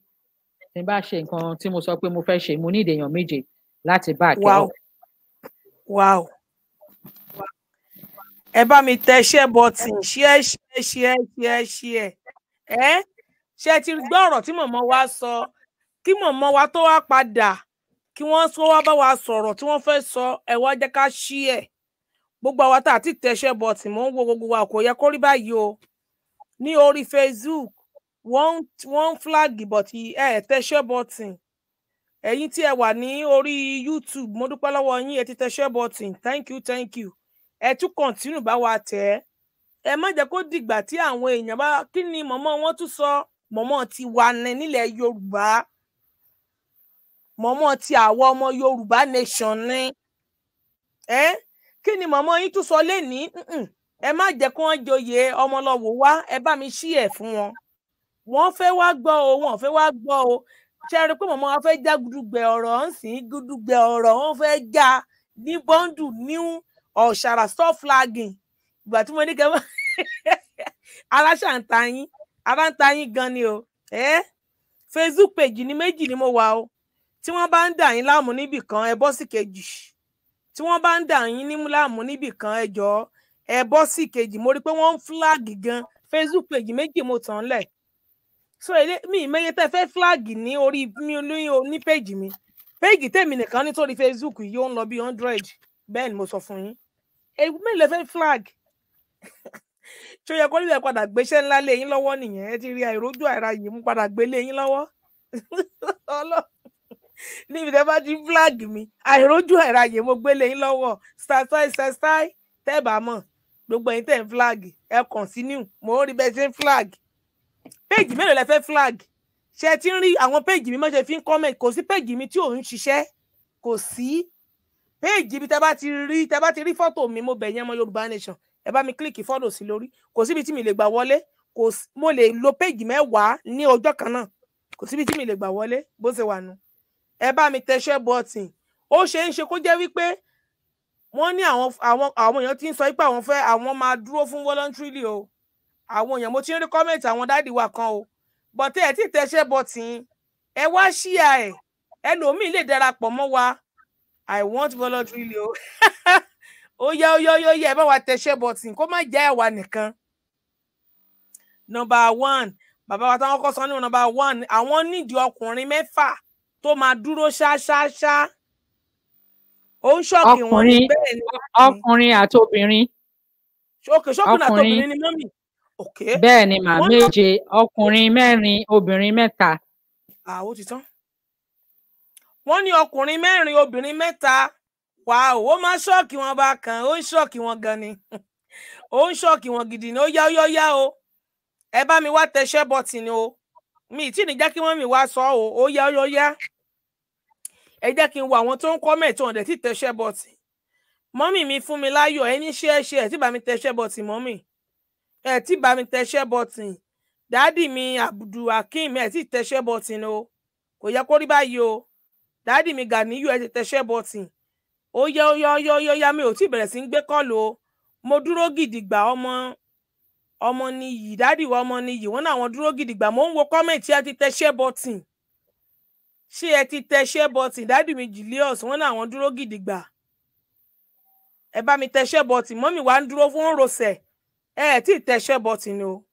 S4: tí n bá ṣe nǹkan tí mo sọ pé mo fẹ́ ṣe mo ní ìdèyàn méje
S1: láti bá àkẹ́wọ̀. wow wow ẹ bá mi tẹ ṣẹ́ bọ́tìn ṣẹ́ ṣẹ́ ṣẹ́ ṣẹ́ ṣẹ́ ẹ ṣe ti gbọ́ ọ̀rọ̀ tí mọ̀mọ́ wa sọ kí mọ̀mọ́ wa tó wá padà kí wọ́n tó wá bá wa sọ̀rọ̀ tí wọ́n fẹ́ sọ ẹ wá jẹ́ ká ṣí ẹ̀ gbogbo àwa tá àti tẹ ṣẹ́ bọ́tìn mò ń wo gbogbo wa kò yẹ kó rí báyìí o ní orí Facebook wọ́n flag bọ̀tì ẹ tẹ ṣẹ́ bọ́tìn ẹ̀yin tí ẹ wà ní orí YouTube mo dúpẹ́ lọ́wọ́ yín ẹ ti tẹ ṣẹ́ thank you thank you ẹ tún kọ̀ǹtínú bá wa tẹ̀ ẹ́ ẹ má jẹ́ kó dìgbà tí àwọn èèyàn bá kí ni mọ̀mọ́ wọn tún sọ mọ̀mọ́ ti wà ní nílẹ̀ Yorùbá mọ̀mọ́ ti àwọn ọmọ Yorùbá nation ni ẹ kí ni mọ̀mọ́ yín tún sọ lénìí ẹ má jẹ́ kó wọ́n joyè ọmọlọ́wọ́ wá ẹ bá mi ṣí ẹ̀ fún wọn wọ́n fẹ́ wá gbọ́ o wọ́n fẹ́ wá gbọ́ o ṣe rí i pé mọ̀mọ́ wọn fẹ́ já gudugbẹ̀ ọ̀rọ̀ ń sìn gudugbẹ̀ ọ̀rọ̀ wọn fẹ́ já ní bọ́ńdù níhùn ọ̀ṣàrà stop flagging ìgbà tí mo ní kẹ́ aláṣà ń ta yín ara ń ta yín gan ni o eh? facebook page ní méjì ni mo wà o tí wọ́n bá ń dà yín láàmú níbì kan ẹ bọ́ sí kejì tí wọ́n bá ń dà yín ní láàmú níbì kan ẹ jọ ẹ bọ́ sí kejì mo rí pé wọ́n ń flag gan facebook page méjì mo tàn lẹ̀ so èlé mi ìmẹyẹ tẹ fẹ́ flag ní orí mi ní page mi page tèmi nìkan nítorí facebook yìí ó ń lọ bí hundred bẹ́ẹ̀ ni mo sọ fún yín ewu mélòó fẹ́ flag tó yẹ kó lè padà gbéṣẹ́ ńlá lé yín lọ́wọ́ nìyẹn ẹ ti rí àìrójú àìra yìí mú padà gbé lé yín lọ́wọ́ níbi tẹ́ bá ti flag mi àìrójú àìra yìí mo gbé lé yín lọ́wọ́ sasai sasai tẹ́ bá mọ̀ gbogbo ẹ̀yin tẹ́ ń flag ẹ continue mo ń rí bẹ́ẹ̀ ṣe ń flag péèjì mélòó lẹ fẹ́ flag ṣe ti ń rí àwọn péèjì mi mọ́ ṣe fi ń comment kò sí péèjì mi tí ò ń ṣiṣẹ́ kò sí péèjì ibi tẹ bá ti rí tẹ bá ti rí fọ́tò mi mo bẹ̀yẹn ọmọ Yorùbá Nation ẹ bá mi kílìkì fọ́tò sí lórí kò síbi tí mi lè gbà wọlé kò mo lè lo péèjì mẹ́wàá ní ọjọ́ kan náà kò síbi tí mi lè gbà wọlé bó ṣe wà nù ẹ bá mi tẹṣẹ bọtìn ó ṣe ń ṣe kó jẹ́ wípé wọ́n ní àwọn àwọn àwọn èèyàn ti ń sọ pé àwọn fẹ́ àwọn máa dúró fún voluntarily o àwọn èèyàn mo ti ń rí kọ́mẹ̀ntì àwọn dáàdì wa kan o bọ̀tẹ́ ẹ̀ tí tẹṣẹ bọtìn ẹ wá ṣíà ẹ̀ ẹlòmíì lè darapọ̀ mọ́ wa i want voluntarily o ó yeah, yeah, yeah. ó yá ó yá ẹ bá wa tẹṣẹ bọtìn kó má jẹ ẹwà nìkan one bàbá wa táwọn kọ sọ ní nọmba one àwọn nídìí ọkùnrin mẹ́fà tó máa dúró ṣáṣáṣá ó ń ṣọ́ọ̀kì wọn ní bẹ́ẹ̀ ni
S4: ọkùnrin àti obìnrin
S1: ṣọ́ọ̀kùnrin àti obìnrin ni mọ́mì bẹ́ẹ̀
S4: ni màá méje ọkùnrin mẹ́rin obìnrin
S1: mẹ́ta. àwọn ah, wọ́n ní ọkùnrin mẹ́rin obìnrin mẹ́ta wà ó má ṣọ́ọ̀kì wọn bá kan ó ń ṣọ́ọ̀kì wọn gan ni ó ń ṣọ́ọ̀kì wọn gidi ni ó yá ó yá o ẹ bá mi wá tẹṣẹ́ bọ̀tì ni o mi tí ní jẹ́ kí wọ́n mi wá sọ o ó yá ó yá ẹ jẹ́ kí n wo àwọn tó ń kọ́mẹ̀tì wọn dẹ̀ tí tẹṣẹ́ bọ̀tì mọ́mì mi fún mi láyọ̀ ẹni ṣe é ṣe ẹ̀ tí bá mi tẹṣẹ́ bọ̀tì mọ́mì ẹ̀ tí bá mi tẹṣẹ́ bọ̀tì dáàdì mi Abdulhakeem ẹ̀ tí tẹṣẹ́ bọ̀tì ni o kò yẹ kó rí báyìí o dáàdì mi Gàníyù ẹ ti tẹṣẹ́ bọ́tìn ó yá ó yá ó yá ó mi ò tí bẹ̀rẹ̀ sí ń gbé kọ́ọ̀lù o mo dúró gidigba ọmọ ọmọ nìyí dáàdì wa ọmọ nìyí wọn náà wọn dúró gidigba mo ń wo kọ́mẹ̀ntì ẹ ti tẹṣẹ́ bọ́tìn ṣé ẹ ti tẹṣẹ́ bọ́tìn dáàdì mi Julius wọn náà wọn dúró gidigba ẹ bá mi tẹṣẹ́ bọ́tìn mọ́mì wa ń dúró fún rọ̀ṣẹ̀ ẹ ẹ tí ì tẹṣẹ́ bọ́tìn o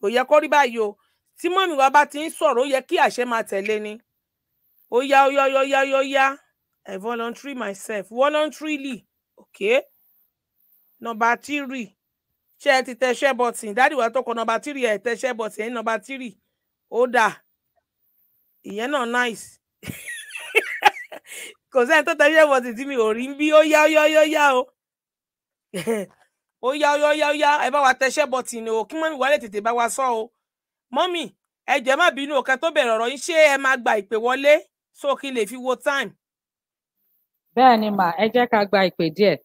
S1: kò yẹ kó rí báyìí o tí mọ́mì wa bá ti ń sọ̀rọ̀ ó yẹ kí àṣẹ máa tẹ̀lé ni ó yá ó yá ó yá ó i voluntary myself voluntarily okay nọmba tírì ṣé ẹ ti tẹ ṣẹ́ bọ̀tì dáàdì wa tó kọ nọmba tírì ẹ tẹ ṣẹ́ bọ̀tì ẹ̀yìn nọmba tírì ó dà ìyẹn náà nice kò sẹ́ni tó tẹ ṣẹ́ bọ̀tì tí mi ò rí bí ó yá ó yá ó yá o ó yá ó yá ó yá ẹ bá wa tẹ ṣẹ́ bọ̀tì ni o kí mọ́mí wálé tètè bá wa sọ o mọ́mí ẹ jẹ́ má bínú ọ̀kan tó bẹ̀rẹ̀ ọ̀rọ̀ yín ṣé ẹ máa gba ìpè wọlé so kí lè fi wo time.
S4: bẹ́ẹ̀ ni mà ẹ jẹ́ ká gba ìpè díẹ̀.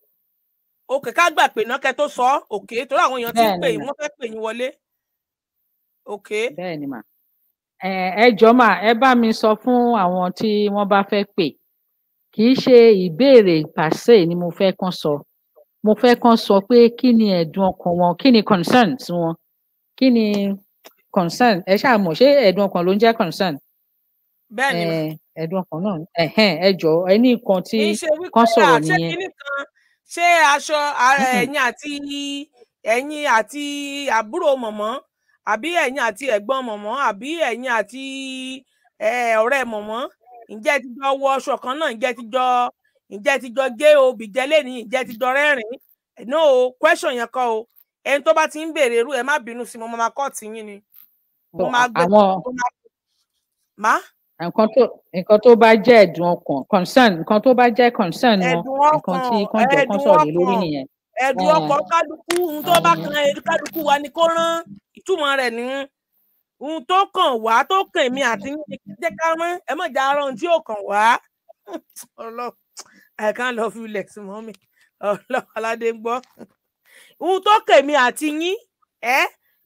S1: òkè ká gbà pé náà kẹ tó sọ òkè torí àwọn èèyàn ti ń pè yín wọ́n fẹ́ pè yín wọlé. òkè. bẹ́ẹ̀ ni mà
S4: ẹ jọ̀ọ́ mà ẹ bá mi sọ fún àwọn tí wọ́n bá fẹ́ pè kì í ṣe ìbéèrè pàṣẹ ni mo fẹ́ kàn sọ mo fẹ́ kàn sọ pé kí ni ẹ̀dùn ọkàn wọn kí ni concerns wọn kí ni concern ẹ ṣáà mọ̀ ṣé ẹ̀dùn ọkàn ló ń jẹ́ concern.
S1: bẹ́ẹ̀ni
S4: ẹ̀dùn ọkàn náà ẹ̀hẹ́n ẹ jọ ẹni kan tí kan sọ̀rọ̀ nìyẹn.
S1: ṣé aṣọ hmm. ẹ̀yin àti ẹ̀yin àti àbúrò mọ̀mọ́ àbí ẹ̀yin àti ẹ̀gbọ́n mọ̀mọ́ àbí ẹ̀yin àti ọ̀rẹ́ mọ̀mọ́ ǹjẹ́ ti jọ wọ aṣọ kan náà ǹjẹ́ ti jọ ǹjẹ́ ti jọ gé obì jẹ lẹ́ni ǹjẹ́ ti jọ rẹ́rìn no question yẹn kọ́ o ẹni tó bá ti ń béèrè irú ẹ má bínú sí mo máa kọ́ tì yín ni. mo máa gbé ma
S4: nǹkan tó nǹkan tó bá jẹ́ ẹ̀dùn ọkàn concern nǹkan tó bá jẹ́ concern wọn nǹkan tí kọńjọ kan sọ̀rọ̀ lórí nìyẹn.
S1: ẹ̀dùn ọkàn kálukú ohun tó bá kan kálukú wa ni kó rán ìtumọ̀ rẹ̀ ní ohun tó kàn wá tó kàn mí àti jẹ́ ká rán ẹ mọ̀ já ara ohun tí ò kàn wá. I can't love you less mọ́mi ọlọ́wọ́ aládé ń gbọ́. ohun tó kàn mí àti yín ẹ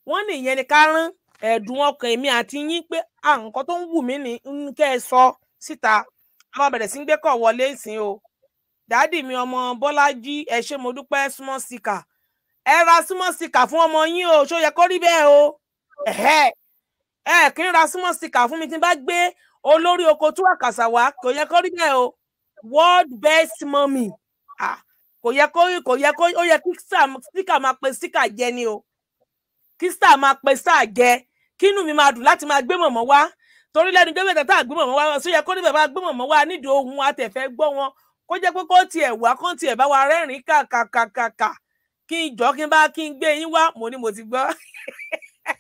S1: wọ́n nìyẹn ni ká rán ẹ̀dùn ọkàn èmi àti yín pé à nǹkan tó ń wù mí ní kẹ́ ẹ sọ síta a máa bẹ̀rẹ̀ sí ń gbé kọ̀ wọlé ìsìn o dáàdì mi ọmọ bọ́lájí ẹ ṣé mo dúpẹ́ súnmọ́ síkà ẹ ra súnmọ́ síkà fún ọmọ yín o ṣó yẹ kó rí bẹ́ẹ̀ o ẹ kí n ra súnmọ́ síkà fún mi tí n bá gbé olórí oko tú àkàsà wá kò yẹ kó rí bẹ́ẹ̀ o world best mummy kò yẹ kó kò yẹ kó ó yẹ kí síkà máa pe síkà jẹ ni o kí síkà máa pe sáà jẹ kínú mi máa dùn láti máa gbé mọ̀mọ́ wá torí lẹ́nu gbé mẹ́ta tá à gbé mọ̀mọ́ wá sọ yẹ kó níbẹ̀ bá gbé mọ̀mọ́ wá nídìí ohun àtẹ̀fẹ́ gbọ́ wọn kó jẹ́ pé kó tiẹ̀ wá kó tiẹ̀ bá wa rẹ́rìn-ín kàkàkàkà kí n jọ kí n bá kí n gbé yín wá mo ní mo ti gbọ́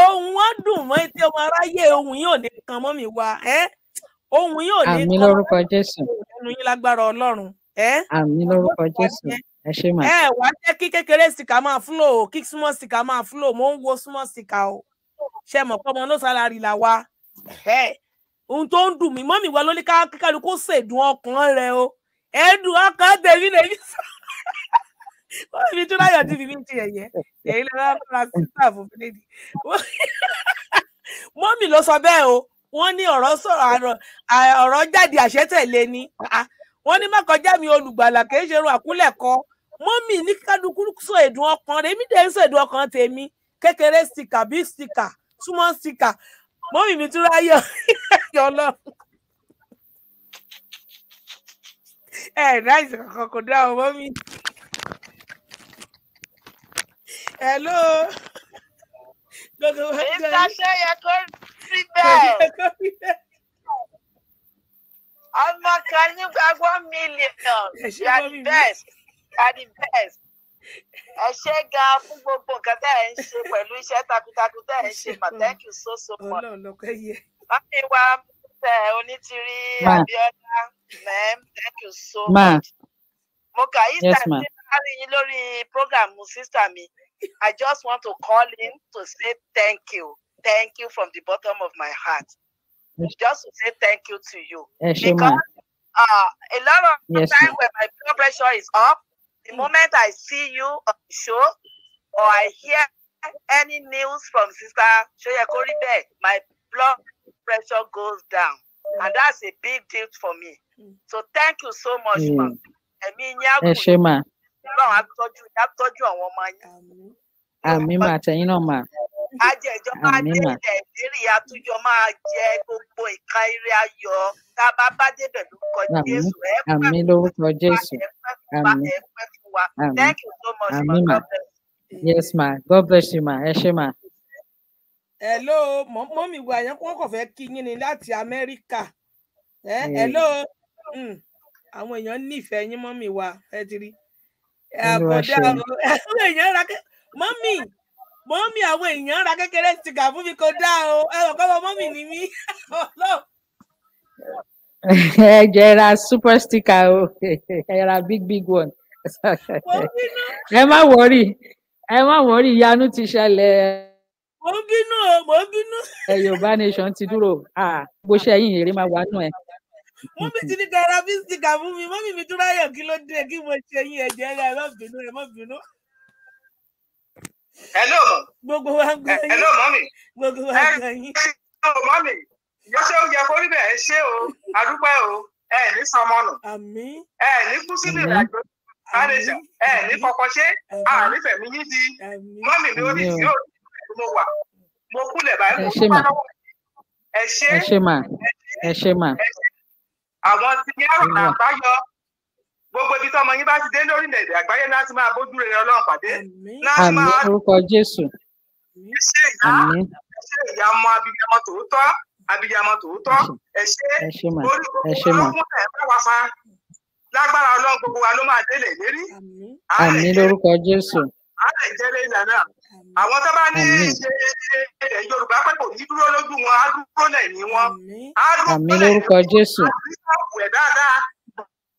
S1: ohun wọn dùn mọ́ etí ọmọ aráyé ohun yóò ní kan mọ́ mi wá ohun yóò ní kan mọ́ mi
S3: wá
S1: ẹnu yín lágbára Ọlọ́run àmì lórúkọ jésù ẹ ṣe máa. ẹ wá jẹ́ kí kékeré sìkà máa fúlò o kí súnmọ́ sìkà máa fúlò mò ń wo súnmọ́ sìkà o ṣe mọ̀ pé ọmọ náà sálárì là wá ohun tó ń dùn mí mọ́mì wá lórí kíkálukú ṣèdùn ọkàn rẹ o ẹ̀ẹ́dùn ọkàn tèmi lèmi sọ wọ́n fi tún láyọ̀ tí bíbí ti ẹ̀yẹ èyí ló máa ń fura sí sáàfù fúnẹ́dì mọ́mì ló sọ bẹ́ẹ̀ o wọ́n ní ọ̀rọ̀ sọ̀rọ̀ ọ̀rọ̀ jáde àṣẹ́tẹ̀lé ni ah, wọ́n ní má kọjá mi olùgbàlà kì í ṣe irun àkúlẹ̀ kan mọ́mì ní kádùkú sọ èdùn ọkàn rẹ̀ èmi dẹ̀ ń sọ èdùn ọkàn tèmi kékeré stika big stika small stika mọ́mì mi tún ráyọ yọ lọ. ẹ ráìsì kankan kò dá ọ mọ́mì. hello. gbogbo wọn jẹ́ ìṣàṣeyẹ kó rí bẹ́ẹ̀ ọmọ kan nígbà one million you are the best you are the best ẹ ṣé gan fún gbogbo nǹkan tẹ́ ẹ ń ṣe pẹ̀lú iṣẹ́ takuntakun tẹ́ ẹ ń ṣe ma thank you so so much mami wa
S2: tẹ onítìrí Abíọ́lá
S1: ma'am thank you so much mo kà í tàbí láàrin yín lórí program sista mi I just want to call in to say thank you thank you from the bottom of my heart just to say thank you to you.
S3: Yes, because uh,
S1: a lot of yes, time when my blood pressure is up, the hmm. moment I see you on the show or I hear any news from Sister Shoya Koribe, my blood pressure goes down.
S3: Hmm. And that's a big deal for me. Hmm. So thank you so much, mm. ma. Ẹ̀mí yín á kù yín.
S1: Ọlọ́run á tọ́jú àwọn ọmọ yín.
S2: Àmín mà àtẹ̀yìn náà mà
S1: ajẹjọ máa
S3: dé nàìjíríà
S2: àtúnjọ máa jẹ gbogbo ìka eré ayọ̀ tá a bá bá
S3: débẹ̀ lórúkọ jésù ẹ fún wa ẹ pẹ fún wa thank you so much ma yes ma god bless you ma ẹ ṣé ma.
S1: hello mọ́mí wa yẹn wọ́n kàn fẹ́ kí yín ni láti amẹ́ríkà hello hmm. àwọn èèyàn nífẹ̀ẹ́ yín mọ́mí wa ẹ ti rí. àkọ́dá ọ̀rọ̀ ẹ̀sùn èèyàn ra mọ́mí mọ́mí àwọn èèyàn ra kékeré sìgá fún mi kò dáa o ẹ̀rọ kọ́ mọ́mí ni mí
S4: ẹ jẹ́ ẹ ra super sticker o ẹ ra big big one ẹ má wọrí ẹ má wọrí ìyanu ti ṣẹlẹ̀. mo ń bínú o mo ń bínú. ẹ yorùbá nation ti dúró bó ṣe yín èrè máa wà nù ẹ. mọ́mí
S1: ti ní ká ra big sticker fún mi mọ́mí mi dúró ayọ̀ kí ló dé kí mo ṣe yín ẹ̀jẹ̀ rẹ̀ ẹ má bínú ẹ má bínú hello mọ. gbogbo wa gbọ́ yín hello mami, mi. gbogbo wa gbọ́ yín. hello mami. mi yọṣẹ́ oúnjẹ kó rí bẹ́ẹ̀ ṣé o àdúpẹ́ o ẹ ní sọmọnù ẹ ní kú síbi ìrìnàjò àrèjà ẹ ní kọkọ ṣe àrífẹ̀mí yín di Mami, mi ní orí tí yóò rí mo wà mo kúlẹ̀ báyìí mo dúpẹ́ lọ́wọ́ ẹ ṣé ẹ ṣé mà ẹ ṣé mà
S2: àwọn ti ní àrùn àbáyọ gbogbo ibi tọmọ yín bá ti dé lórílẹ̀-èdè àgbáyé láti máa bójú
S1: rere Ọlọ́run pàdé láti máa
S3: orúkọ Jésù ṣe ìyá
S1: ṣe ìyá ọmọ abiyamọ tòótọ́ abiyamọ tòótọ́ ẹ ṣe
S3: orí gbogbo wa wọn
S1: ẹ bá wa fa lágbára Ọlọ́run gbogbo wa ló máa délé lérí.
S3: àmín lórúkọ Jésù.
S1: a lè jẹrẹ ìlànà àwọn tó bá ní ṣe ilẹ̀ Yorùbá
S2: pé kò ní dúró lójú wọn á dúró lẹ́yìn wọn á dúró lẹ́yìn wọn á rí
S3: ọ̀pọ̀ ẹ̀ dáadáa gbogbo àwọn ọmọ tó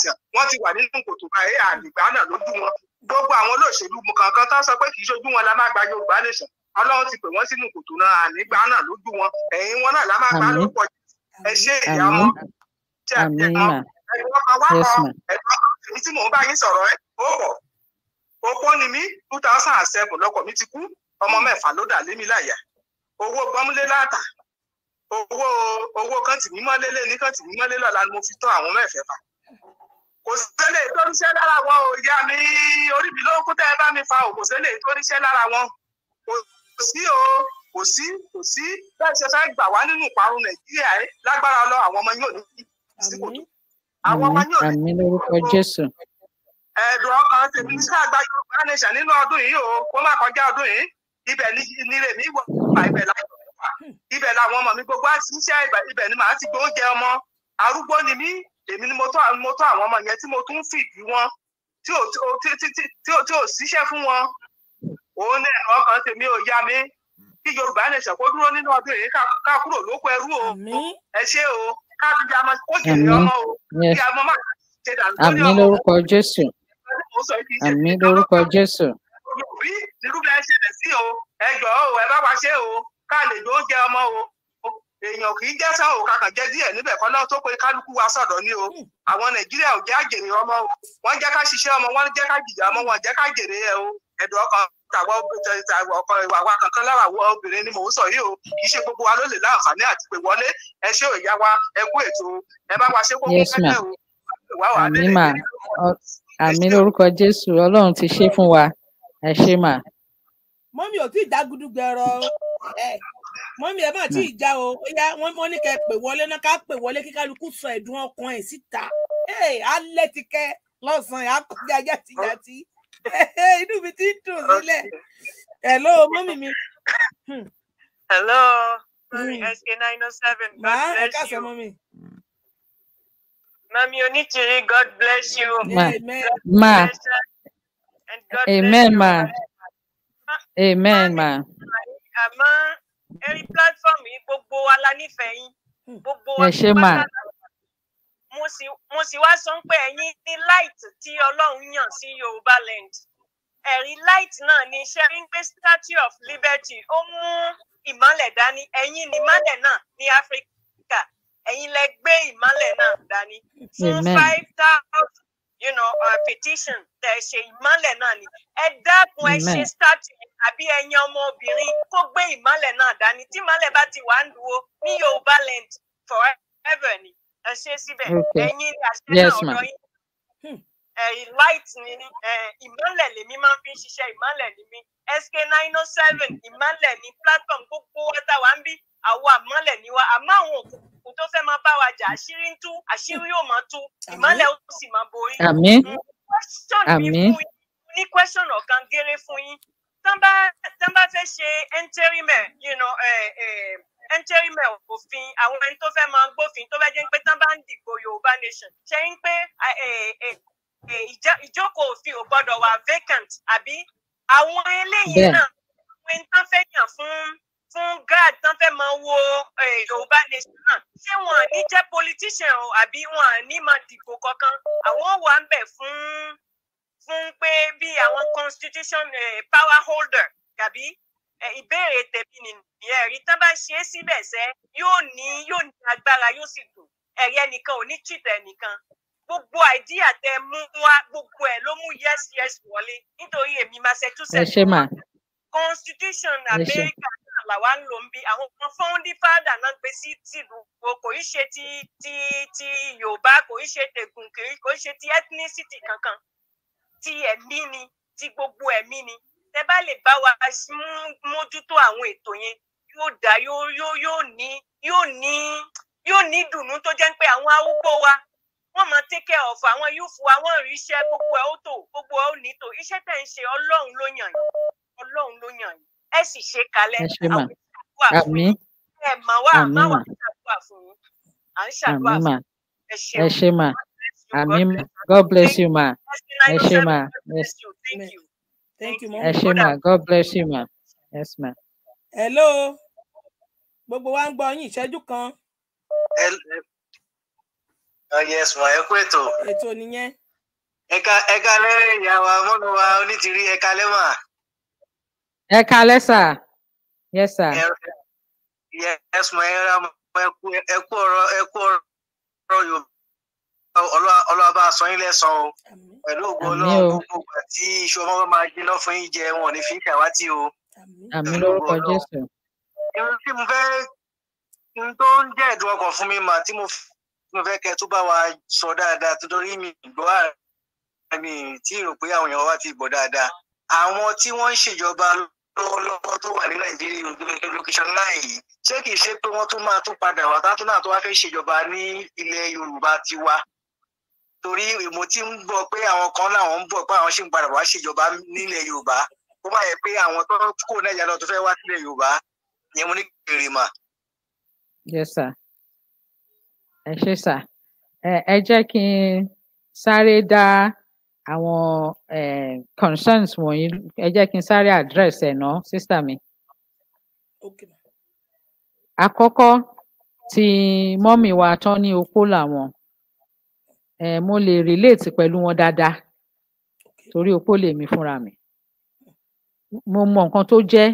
S2: sọ wọn ti wà nínú
S1: kòtò báyìí àgbègbè náà lójú wọn gbogbo àwọn olóṣèlú kankan tó sọ pé kì í ṣojú wọn la máa gba Yorùbá nation Ọlọ́run ti pè wọ́n sínú kòtò náà ànígbà náà lójú wọn ẹ̀yìn wọn náà la máa gbà lórúkọ
S2: ẹ ṣe ìyá tí a jẹ mọ ẹ̀rọ ọmọ wa kọ ẹ̀rọ ọmọ
S1: tí mò ń bá yín sọ̀rọ̀ ẹ ó bọ̀ opó ni mí two thousand and seven lọ́kọ mi ti kú ọmọ mẹ́fà ló dà lé mi láyà owó gbọ́múlé owó owó kan tì mí mọ́lé lé ní kan tì mí mọ́lé lọ́la ni mo fi tọ́ àwọn mẹ́fẹ̀ẹ́fà kò sẹ́lẹ̀ tó ríṣẹ́ lára wọn ò yá mi orí mi ló kú tẹ́ ẹ bá mi fa o kò sẹ́lẹ̀ tó ríṣẹ́ lára wọn kò sí o kò sí kò sí bẹ́ẹ̀ ṣe fẹ́ gbà wá nínú ìparun nàìjíríà ẹ lágbára lọ àwọn ọmọ yóò ní ìsìnkú
S3: àwọn ọmọ yóò ní. àmín lórúkọ jésù.
S1: ẹ̀dùn ọkàn tèmi ní àgbà yorùbá nation nínú ọdún yìí o kó má kọjá ọdún yìí ibẹ̀ ni ire mi wọ ibẹ̀ ibẹ̀ làwọn ọmọ mi gbogbo àti iṣẹ́
S2: ibẹ̀ ni màá ti gbé oúnjẹ ọmọ arúgbó ni mí èmi ni mo tọ́ àwọn ọmọ yẹn tí mo tún fìdí wọn tí ò ṣiṣẹ́ fún wọn òun náà ọkàn tèmi ò yá mi kí yorùbá nation kó dúró nínú ọdún yìí ká kúrò lóko ẹrú o ẹ ṣé o ká bí a máa
S3: kó jèrè ọmọ o kí a mọ máa ṣe dànù lórí ọmọ. àmín lórúkọ jésù àmín lórúkọ jésù. o
S2: ẹ jọ̀ọ́ o ẹ bá wa ṣe o ká lè
S1: jọ oúnjẹ ọmọ o èèyàn kì í jẹ́ sá òun kankan jẹ́ díẹ̀ níbẹ̀ náà tó pé kálukú wa sọ̀dọ̀ ni o hmm. àwọn nàìjíríà ò jẹ́ àjèrè ọmọ o wọ́n jẹ́ ká ṣiṣẹ́ ọmọ wọ́n jẹ́ ká jìyà ọmọ wọ́n jẹ́ ká jèrè ẹ o ẹ̀dùn ọkàn tàwọn ọkàn ìwà wa kankan lára àwọn obìnrin ni mò ń sọ yìí o kì í ṣe gbogbo wa ló lè
S3: láǹfààní àti pé wọlé ẹ ṣé ìyá wa ẹ kú ètò ẹ bá wa ṣe kó kó o
S4: ìwà lórúkọ jésù ọlọ́run ti ṣe fún wa ẹ ṣé mà
S1: mọ́mí ò tí ì já gúdúgbẹ̀rọ mọ́mí ẹ̀ má tí ì já o bóyá wọ́n ní kẹ́ pè wọlé náà ká pè wọlé kí kálukú sọ ẹ̀dùn ọkàn ẹ̀ síta alẹ́ ti kẹ́ lọ́sàn-án akọ́jà jàtìjàtì inú mi ti ń dùn sílẹ̀ hello mọ́mí mi. Hmm. hello hmm.
S3: sk nine oh seven god
S1: bless you. Mami Onitiri, God bless you. Ma, God ma. Bless and God Amen, bless ma
S3: amen ma.
S1: àmọ́ ẹ̀rí platform yìí gbogbo wa la nífẹ̀ẹ́ yín hmm.
S3: gbogbo wa ti wá sára mo sì wá sọ pé ẹ̀yin ní light tí ọlọ́run yàn sí yorùbá land ẹ̀rí light náà ni sharing the statue
S2: of liberty ó mú ìmọ́lẹ̀ dání ẹ̀yin ni ìmọ́lẹ̀ náà ní áfíríkà ẹ̀yin lẹ gbé
S3: ìmọ́lẹ̀ náà dání fún five thousand you know uh, petition That ṣe ìmọ́lẹ̀ náà ni ẹ dẹ́kun ẹ ṣe statue
S1: àbí ẹ̀yin ọmọbìnrin kó gbé ìmọ́lẹ̀ náà dání tí ìmọ́lẹ̀ bá ti wà ń dúró ní Yorùbá land forever
S3: ni ẹ ṣe síbẹ̀ ẹ̀yin ni àṣẹ náà ọ̀dọ́ yín. Hmm. Eh, light ni eh, ìmọ̀lẹ̀ lèmi
S1: máa fi ṣiṣẹ́ ìmọ̀lẹ̀ ni mi sk nine oh seven ìmọ̀lẹ̀ ni platform gbogbo wọ́tà wa ń bí àwọn àmọ́lẹ̀ ni wa àmọ́ àwọn òkùnkùn tó fẹ́ máa bá wa jà àṣírí ń tú àṣírí yóò máa tú ìmọ̀lẹ̀ ó sì máa borí. àmín àmín ní question ọ̀kan géré fún yín tán bá fẹ́ ṣe ẹntẹ́rìmẹ̀ ẹntẹ́rìmẹ̀ eh, òfin àwọn ẹni tó fẹ́ máa gbófin tó fẹ́ jẹ́ pé tán bá ń dìbò Yorùbá nation ṣe ń pé ìjókòó òfin ò gbọ́dọ̀ wà vacant àbí àwọn eléyìí náà àwọn ẹni tán fẹ́ yàn fún fún gad, tán fẹ́ máa wo yorùbá nation náà ṣé wọn ní jẹ́ politician o àbí wọn ní máa dìbò kankan àwọn wà ń bẹ̀ fún fún pé bí àwọn constitution power holder tàbí ìbéèrè tẹ̀mí nìyẹn rí tán bá ṣe é síbẹ̀ sẹ́ yóò ní yóò ní agbára yóò sì dùn ẹ̀rí ẹnìkan ò ní chìtẹ̀ ẹnìkan gbogbo àìdíyà tẹ mú wá gbogbo ẹ ló mú yes yes
S3: wọlé nítorí èmi massachusetts constitution america
S1: náà làwa ń lò ń bí àwọn founding father náà gbé sí tìlú kò í ṣe ti ti ti yorùbá kò í ṣe tègùn kiri kò í ṣe ti ethnicity
S2: kankan ti ẹ̀mí ni ti gbogbo ẹ̀mí ni tẹ bá lè bá wa
S1: mójútó àwọn ètò yẹn yóò dá yóò yóò yóò ní yóò ní yóò ní dùnú tó jẹ́ pé àwọn arúgbó wa wọ́n máa take care of àwọn yúfu àwọn ìríṣẹ́ gbogbo ẹ̀ ó tò gbogbo ẹ̀ ó ní tò iṣẹ́ tẹ̀ ń ṣe ọlọ́run
S3: ló yàn yín ọlọ́run ló yàn yín ẹ sì ṣe kalẹ̀ àwọn ìṣàdúrà fún yín ẹ mà wá má wá ṣàdúrà à ń ṣàdúrà fún ẹ ṣe ẹ ṣe mà God bless you ma ẹ ṣe ma ẹ ṣe ma God bless you ma oh yes ma.
S1: hello gbogbo wa ń gbọ́ yín ìṣẹ́jú kan. Ah, yes ma ẹ kú ètò. ètò nìyẹn.
S2: ẹ̀ka ẹ̀ka lẹ́rìn ìyá wa mọ́nà wa onítìrí ẹ̀ka lẹ́mà.
S4: ẹ̀ka
S3: lẹ́sà yes sir. yes
S2: ma ẹ ra ẹ kú ọ̀rọ̀ ẹ kú ọ̀rọ̀ yorùbá ọlọ́ọ̀bá sọ yín lẹ́sàn o pẹ̀lú
S3: ògùn ọlọ́ọ̀ gbogbo
S2: àti iṣu ọmọ máa jí lọ́fun yín jẹ wọn ò ní fi kàwátì o.
S3: àmín lórúkọ jésù.
S2: irun tí mo fẹ́ n tó ń jẹ́ ẹ̀dùn ọkàn fún mi mà tí mo fẹ́ mo fẹ́ kẹ́ tó bá wa sọ dáadáa tó torí mi gbọ́ àmì tí rò pé àwọn èèyàn wa ti gbọ́ dáadáa àwọn tí wọ́n ń ṣèjọba lọ́wọ́lọ́wọ́ tó wà ní nàìjíríà education line yìí ṣé kìí ṣe pé wọ́n tún máa tún padà wá tá tún náà tó wá fẹ́ ṣèjọba ní ilẹ̀ yorùbá tiwa torí èmo tí ń bọ̀ pé àwọn kan láwọn ń bọ̀ pé àwọn ṣì ń padà wá ṣèjọba nílẹ̀ yorùbá kó má yẹ pé àwọn tó kó nàìjíríà lọ tó fẹ́ wá sílẹ̀ yorùbá yẹn mo ní kèrè mà.
S3: yes sir
S4: ẹ ṣe sà ẹ jẹ́ kí n sáré dá àwọn concerns wọ̀nyí ẹ jẹ́ kí n sáré address ẹ̀ ná sísà mi. àkọ́kọ́ tí mọ́mì wa tán ní opó làwọn mo lè relate pẹ̀lú wọn dáadáa torí opó lèmi fúnra mi mo mọ nǹkan tó jẹ́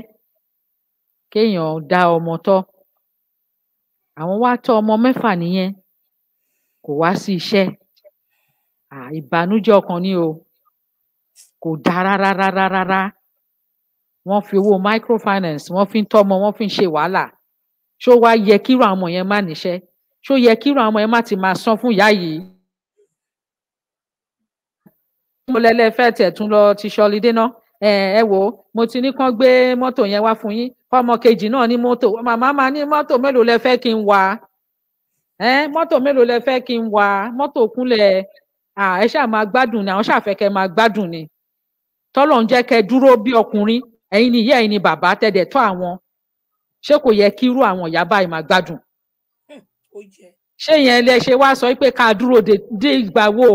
S4: kéèyàn dá ọmọ tọ́ àwọn wá tọ́ ọmọ mẹ́fà nìyẹn kò wá sí iṣẹ́ ìbànújẹ́ ọkàn ni o kò dáa rárá rárá rárá wọ́n fi owó microfinance wọ́n fi ń tọ́mọ wọ́n fi ń ṣe wàhálà ṣó wá yẹ kírò àwọn ọmọ yẹn má níṣẹ́ ṣó yẹ kírò àwọn ọmọ yẹn má ti máa san fún ìyá yìí. mo lẹ́lẹ́ fẹ́ tẹ̀ tún lọ ti ṣọlidé náà ẹ ẹ wò ó mo ti ní kán gbé mọ́tò yẹn wá fún yín ọmọ kejì náà ní mọ́tò màmá máa ní mọ́tò mélòó lẹ fẹ́ kí n wà ẹ mọ́tò mélòó lẹ fẹ́ kí n wá mọ́tò kúnlẹ̀ ẹ ṣáà máa gbádùn ni àwọn ṣàfẹ́ kẹ́ máa gbádùn ni tọ́lọ̀ ń jẹ́ kẹ́ dúró bí ọkùnrin ẹ̀yin ni ìyá ẹ̀yin ni bàbá tẹ̀dẹ̀ tọ́ àwọn ṣé kò yẹ kí irú àwọn ìyá báyìí máa gbádùn hmm, ṣé yẹn lẹ ṣe wá sọ pé ká dúró dé ìgbà wo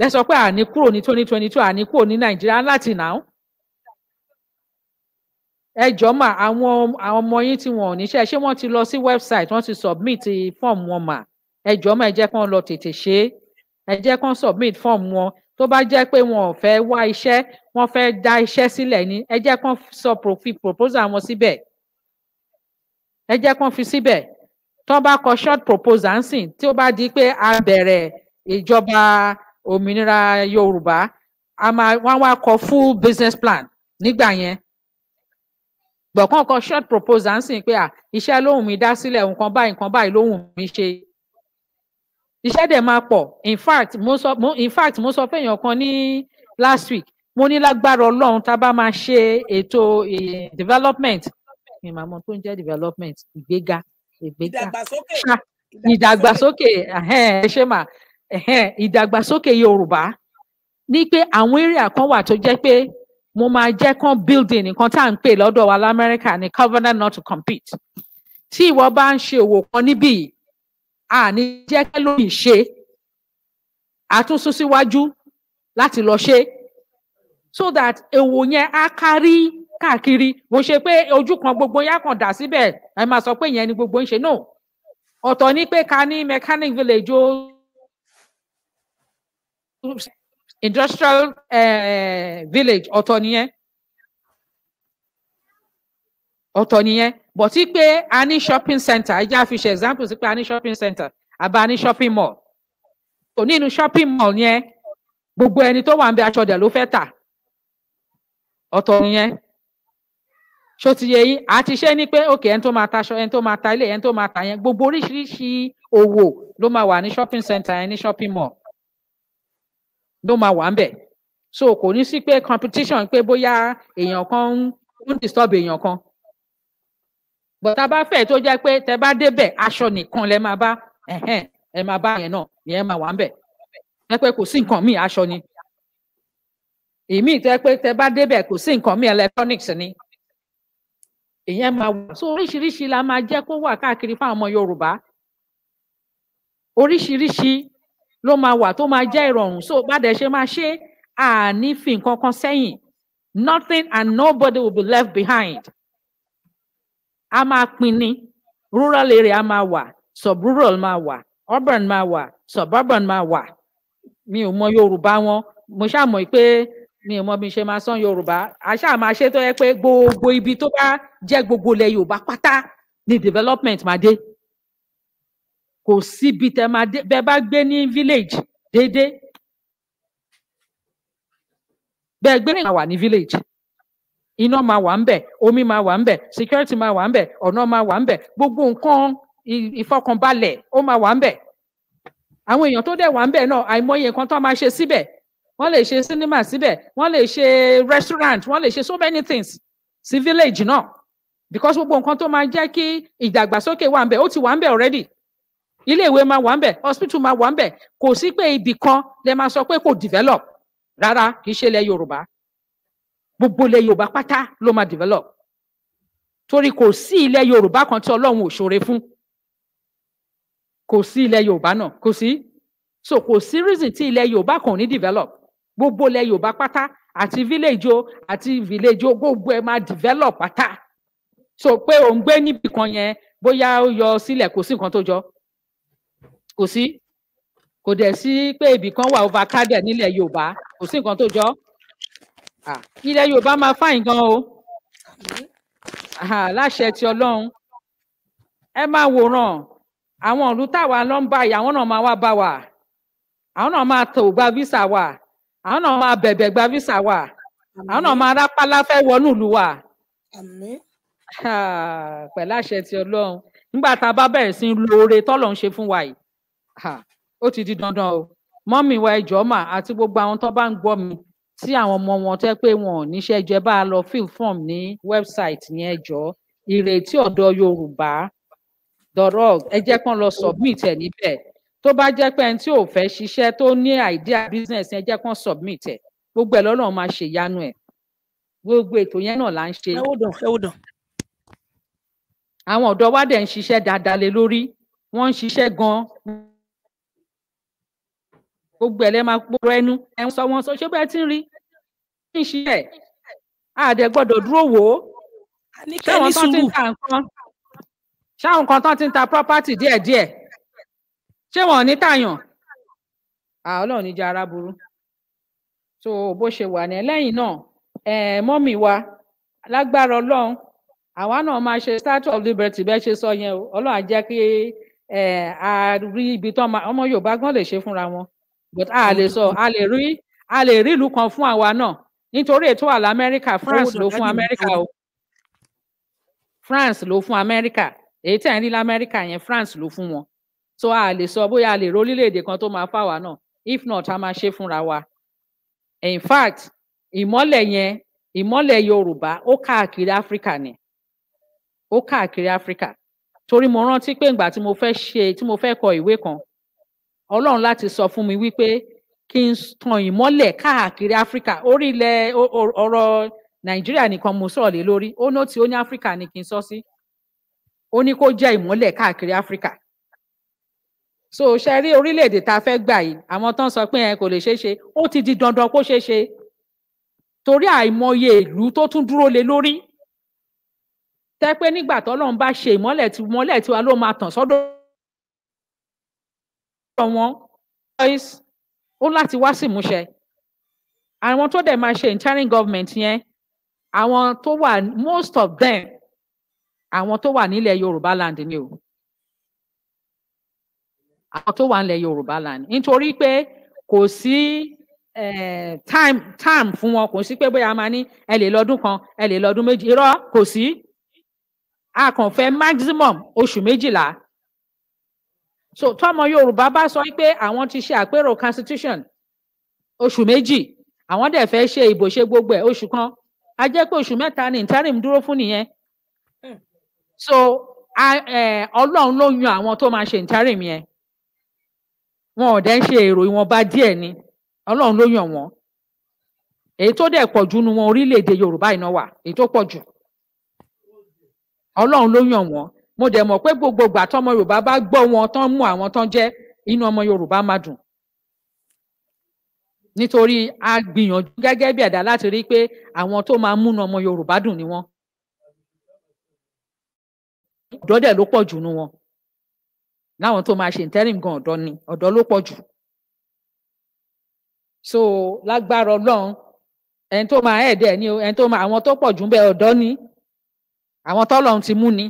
S4: lẹ sọ pé àní kúrò ní twenty twenty two àní kúrò ní nàìjíríà láti nà ẹ jọ̀ọ́ mà àwọn àwọn ọmọ yín tí wọn ò níṣẹ́ ṣé wọ́n ti lọ sí website wọ́n ti submit form wọn mà ẹ jọ̀ọ́ mà ẹ jẹ́ kán lọ tètè ṣe é ẹ jẹ́ kán submit form wọn tó bá jẹ́ pé wọn ò fẹ́ wá iṣẹ́ wọ́n fẹ́ dá iṣẹ́ sílẹ̀ ni ẹ jẹ́ kán sọ proposal wọn síbẹ̀ ẹ jẹ́ kán fi síbẹ̀ tó bá kọ short proposal ń sìn tí ó bá di pé a bẹ̀rẹ̀ ìjọba òmìnira Yorùbá a máa wọ́n wá kọ full business plan nígbà yẹn gbọ̀kàn kan short proposal ń sìn pé à iṣẹ́ lóhùn mi dá sílẹ̀ nǹkan báyìí nǹkan báyìí lóhùn mi ṣe iṣẹ́ dẹ̀ máa pọ̀ in fact mo sọ in fact mo sọ fẹ́yàn kan ní last week mo ní lágbára ọlọ́run tá a bá máa ṣe ètò e, development ìmàmọ́ tó ń jẹ́ development ìgbéga ìgbéga ìdàgbàsókè ẹ ṣe mà ìdàgbàsókè Yorùbá ní pé àwọn area kan wà tó jẹ́ pé mo máa jẹ́ kán building nǹkan tá à ń pè lọ́dọ̀ wa lamẹ́ríkà ní covenant not to compete tí ìwọ bá ń ṣe òwò kan níbí àní jẹ́ kẹ́ lómi ṣe àtúnṣe síwájú láti lọ ṣe so that èwo yẹn á kárí káàkiri mo ṣe pé ojú kan gbogbo yá kan dà síbẹ̀ ẹ máa sọ pé ìyẹn ni gbogbo ń ṣe no ọ̀tọ̀ ni pé ká ní mechanic village o industrial uh, village ọ̀tọ̀ nìyẹn ọ̀tọ̀ nìyẹn but tí pé a ní shopping center I jẹ́ àfi ṣe example sí pé a ní shopping center àbá a ní shopping mall kò ní shopping mall yẹn gbogbo ẹni tó wà ń bẹ aṣọ dẹ̀ ló fẹ́ tà ọ̀tọ̀ nìyẹn ṣó àti ṣe ni pé òkè ẹni tó máa taṣọ ẹni tó máa ta ilé ẹni tó máa ta yẹn gbogbo oríṣiríṣi òwò ló máa wà ní shopping center ẹni shopping mall ló máa wà ń bẹ̀ so kò ní sí pé competition pé bóyá èèyàn kan ń disturb èèyàn kan but tá a bá fẹ́ tó jẹ́ pé tẹ́ bá débẹ̀ aṣọ nìkan lẹ máa bá ẹ̀hẹ́n ẹ máa bá yẹn náà yẹn máa wà ń bẹ̀ ẹ pé kò sí nǹkan míì aṣọ ni èmi tẹ́ pé tẹ́ bá débẹ̀ kò sí nǹkan míì electronics ni ìyẹn máa wà so oríṣiríṣi la máa jẹ́ kó wà káàkiri fáwọn ọmọ Yorùbá oríṣiríṣi ló máa wà tó máa jẹ́ ìrọ̀rùn so bá dẹ̀ ṣe máa ṣe àní fi nǹkan kan sẹ́yìn nothing and nobody will be left behind a máa pín ni rural area a máa wà subrural máa wà urban máa wà suburban máa wà mi ò mọ Yorùbá wọn mo ṣáà mọ̀ pé mi ò mọ bí n ṣe máa sán Yorùbá a ṣáà máa ṣe tó yẹ pé gbogbo ibi tó bá jẹ́ gbogbo ilẹ̀ Yorùbá pátá ni development máa dé kò síbi tẹ máa dé bẹ bá gbé ní village déédéé bẹ gbé ní àwà ní village iná máa wà ń bẹ omi máa wà ń bẹ security máa wà ń bẹ ọ̀nà máa wà ń bẹ gbogbo nǹkan ìfọkànbalẹ̀ ó máa wà ń bẹ àwọn èèyàn tó dẹ̀ wà ń bẹ náà àìmọye nǹkan tó máa ṣe síbẹ̀ wọ́n lè ṣe cinema síbẹ̀ wọ́n lè ṣe restaurant wọ́n lè ṣe so many things sí village náà because gbogbo nǹkan tó máa jẹ́ kí ìdàgbàsókè wà ń bẹ ó ti wà ń bẹ already ilé ìwé máa wà ń bẹ hospital máa wà ń bẹ kò sí pé ibì kan lè máa sọ pé kò develop rárá kì í ṣe ilẹ̀ yorùbá gbogbo ilẹ̀ yorùbá pátá ló máa develop torí kò sí ilẹ̀ yorùbá kan tí ọlọ́run ò ṣoore fún kò sí ilẹ̀ yorùbá náà kò sí so kò sí reason tí ilẹ̀ yorùbá kan ò ní develop gbogbo ilẹ̀ yorùbá pátá àti village o àti village o gbogbo ẹ máa develop pátá so pé òun gbé níbì kan yẹn bóyá ó yọ sílẹ̀ kò sí nǹkan tó jọ kò sí kò dẹ̀ sí pé ibì kan wà overcrowded nílẹ̀ yorùbá kò sí nǹkan tó jọ ilẹ̀ yorùbá máa fáyìn gan o láṣẹ ti ọlọ́run ẹ máa wòran àwọn ìlú táwa lọ ń báyìí àwọn náà máa wá bá wa àwọn náà máa tò gba visa wa àwọn náà máa bẹ̀bẹ̀ gba visa wa àwọn náà máa rápálá fẹ́ wọnú ìlú wa pẹ̀lú àṣẹ ti ọlọ́run nígbà tá a bá bẹ̀rẹ̀ sí í lo oore ṣe fún wa yìí ó ti di dandan o mọ́mì wa ẹjọ́ mà àti gbogbo àwọn tó bá ń gbọ́ mi tí àwọn ọmọ wọn tẹ́ pé wọn ò níṣẹ́ jẹ bá a lọ fill form ní website yẹn ẹjọ́ ìrètí ọ̀dọ́ yorùbá dọ̀rọ̀ ẹ jẹ́ kán lọ submit ẹ̀ níbẹ̀ tó bá jẹ́ pé ẹni tí ò fẹ́ ṣiṣẹ́ tó ní idea business ẹ jẹ́ kán submit ẹ̀ gbogbo ẹ̀ lọ́nà máa ṣe ìyanu ẹ̀ gbogbo ètò yẹn náà là ń ṣe. àwọn ọ̀dọ́ wa ń ṣiṣẹ́ dáadáa lé lórí wọ́n ń ṣiṣẹ́ gan-an gbogbo ẹ lẹ máa pòrọ ẹnu ẹ ń sọ wọn sọ ṣé bẹ́ẹ̀ ti ń rí ní ìṣiṣẹ àdẹ gbọ́dọ̀ dúró wò ó
S1: ṣáwọn tán ti ń ta
S4: nǹkan ṣáwọn kan tán ti ń ta property díẹ̀díẹ̀ ṣé wọn ò ní tàyàn Ọlọ́run níjà ara burú so bó ṣe wà ní lẹ́yìn náà ẹ mọmì wa lágbára Ọlọ́run àwa náà máa ṣe statue of liberty bẹ́ẹ̀ ṣe sọ yẹn o Ọlọ́run á jẹ́ kí a rí ibi tán ọmọ Yorùbá gan lè ṣe fúnra wọn but a lè sọ a lè rí a lè rí ìlú kan fún àwa náà nítorí ètò àlà amẹ́ríkà France ló fún amẹ́ríkà o France ló fún amẹ́ríkà èyí tẹ̀ ń rí lamẹ́ríkà yẹn France ló fún wọn so a lè sọ bóyá a lè rí orílẹ̀-èdè kan tó máa fáwa náà if not a máa ṣe fúnra wa in fact ìmọ́lẹ̀ yẹn ìmọ́lẹ̀ yorùbá ó káàkiri áfíríkà ni ó káàkiri áfíríkà torí mo rántí pé ìgbà tí mo fẹ́ ṣe tí mo fẹ́ kọ ìwé kan ọlọ́run láti sọ fún mi wípé kí n tan ìmọ́lẹ̀ káàkiri áfíríkà orí ilẹ̀ ọ̀rọ̀ nàìjíríà nìkan mo sọ̀rọ̀ lé lórí ó nóòtì ó ní áfíríkà ni kí n sọ sí ó ní kó jẹ́ ìmọ́lẹ̀ káàkiri áfíríkà so ṣe rí orílẹ̀-èdè tá a fẹ́ gbà yìí àwọn tán sọ pé ẹ kò lè ṣeé ṣe ó ti di dandan kó ṣeé ṣe torí àìmọye ìlú tó tún dúró lé lórí tẹ́ pé nígbà tọ́lọ́run bá ṣe ìmọ́lẹ̀ tiwọn ló máa tàn sọ́dọ̀ wọn ó láti wá sí ìmúṣẹ àwọn tó dẹ̀ máa ṣe interim government yẹn àwọn tó wà most of them àwọn tó wà nílẹ̀ Yorùbá land ni o àwọn tó wà nílẹ̀ Yorùbá land nítorí pé kò sí eh, time time fún wọn kò sí pé bóyá a máa ní ẹ lè lọ́dún kan ẹ lè lọ́dún méjì irọ́ kò sí a kàn fẹ́ maximum oṣù méjìlá so tọmọ yorùbá bá sọ pé àwọn ti ṣe àpérò constitution oṣù méjì àwọn dẹ̀ fẹ́ ṣe ìbò ṣe gbogbo ẹ̀ oṣù kan a jẹ́ pé oṣù mẹ́ta ni interim dúró fún nìyẹn hmm. so ọlọ́run ló yan àwọn tó máa ṣe interim yẹn wọn ò dẹ̀ ń ṣe èrò ìwọ̀nba díẹ̀ ni ọlọ́run ló yàn wọ́n èyí tó dẹ̀ pọ̀ jù nu wọn orílẹ̀-èdè yorùbá iná wà èyí tó pọ̀ jù ọlọ́run ló yàn wọ́n mo dẹ̀ mọ̀ pé gbogbo ìgbà tọmọ yorùbá bá gbọ́ wọn tán mú àwọn tán jẹ́ inú ọmọ yorùbá máa dùn nítorí a gbìyànjú gẹ́gẹ́ bí ẹ̀dá láti rí pé àwọn tó máa múnú ọmọ yorùbá dùn ni wọ́n ọ̀dọ́ dẹ̀ ló pọ̀ jù nu wọn láwọn tó máa ṣe ìtẹ́rìm gan ọ̀dọ́ ni ọ̀dọ́ ló pọ̀ jù so lágbára ọlọ́run ẹni tó máa ẹ̀ẹ́dẹ̀ ni ẹni tó máa àwọn tó pọ̀ jù ń bẹ ọ̀dọ́ ni àwọn tọ́lọ́run ti mú ni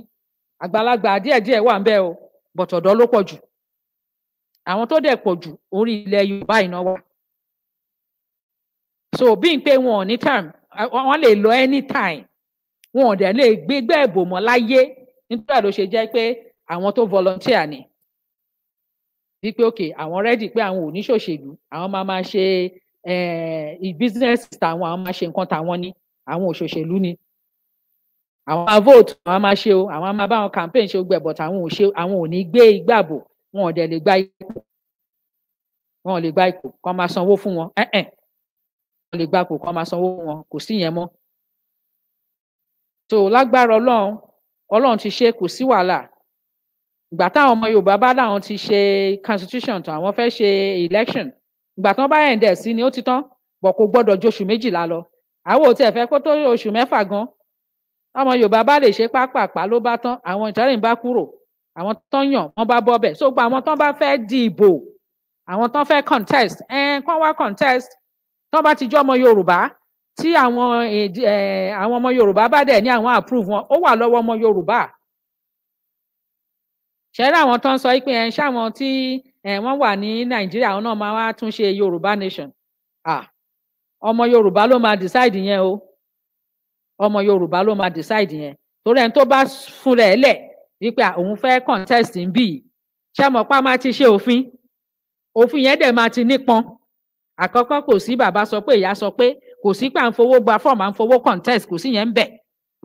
S4: àgbàlagbà díẹ̀díẹ̀ wà ń bẹ o bọ̀tọ̀ ọ̀dọ́ ló pọ̀ jù àwọn tó dẹ̀ pọ̀ jù orí ilẹ̀ Yorùbá ìnáwó so bí n pé wọn ò ní time wọn lè lọ anytime wọn ò dẹ̀ lè gbégbé ẹ̀bò mọ́ láyé nítorí àló ṣe jẹ́ pé àwọn tó volunteer ni wípé ok àwọn ready pé àwọn ò ní ṣòṣèlú àwọn máa máa ṣe eh, business tàwọn àwọn máa ṣe nǹkan tàwọn ni àwọn òṣòṣèlú ni àwọn máa vote àwọn máa ṣe o àwọn máa bá àwọn campaign ṣe gbẹ but àwọn ò ṣe àwọn ò ní gbé igbá bò wọn ò dẹ̀ lè gba ipò wọn ò lè gba ipò kọ́ máa sanwó fún wọn ẹ̀ẹ́n wọn ò lè gba ipò kọ́ máa sanwó fún wọn kò sí yẹn mọ́ so lágbára ọlọ́run ọlọ́run ti ṣe kò sí wàhálà ìgbà táwọn ọmọ yorùbá bá láwọn ti ṣe constitution tán àwọn fẹ́ ṣe election ìgbà tán bá yẹn dẹ̀ sí ni ó ti tán bọ̀ kò gbọ́dọ̀ ju oṣù méjìlá lọ àwọn ò tiẹ̀ fẹ́ kó tó oṣù mẹ́fà gan-an ọmọ yorùbá bá lè ṣe pápápá ló bá tán àwọn ìtẹ́rìn bá kúrò àwọn tán yàn wọ́n bá bọ́ bẹ̀ so gba àwọn tán bá fẹ́ dìbò àwọn tán fẹ́ contest ẹn kán wá contest tán bá ti jọ ọmọ yorùbá tí àwọn àwọn ọmọ yorùbá bá dẹ̀ ní àwọn approve wọn ó wà lọ́wọ́ ọmọ yorùbá ṣẹ́rí àwọn tán sọ pé ẹ̀ ń ṣáwọn tí wọ́n wà ní nàìjíríà àwọn náà máa wá tún ṣe yorùbá nation ọmọ yorùbá ló máa decide yẹn o ọmọ yorùbá ló máa decide yẹn torí ẹni tó bá fún rẹ̀ lẹ̀ wípé òun fẹ́ contest ń bì í máa ti ṣe òfin òfin yẹn dẹ̀ máa ti nípọn àkọ́kọ́ kò sí bàbá sọ pé ìyá sọ pé kò sí pà ń fowó gba fọ́ọ̀mù à ń fowó contest kò sí yẹn ń bẹ̀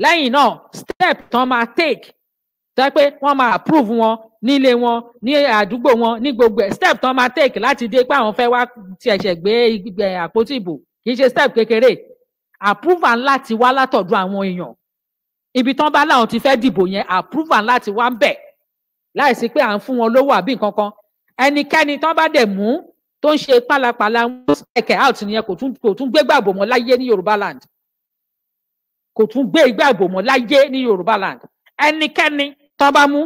S4: lẹ́yìn náà step tán máa take tẹ́ pé wọ́n máa approve wọn nílé wọn ní àdúgbò wọn ní gbogbo ẹ̀ step tán máa take láti dé pé àwọn fẹ́ wá tiẹ̀ṣẹ̀ gbé àpótí ìbò kì í ṣe step kékeré approval ńlá ti wá látọ̀dọ̀ àwọn èèyàn ibi tán bá láwọn ti fẹ́ dìbò yẹn approval ńlá ti wá ń bẹ̀ láìsí pé à ń fún wọn lówó àbí nǹkan kan ẹnikẹ́ni tán bá dẹ̀ mú tó ń ṣe pálapàla ẹ̀kẹ́ out nìyẹn kò tún kò tún gbé gbàgbọ́ mọ́ láyé ní Yorùbá land kò tún gbé gbàgbọ́ mọ́ láyé ní Yorùbá land ẹnikẹ́ni tán bá mú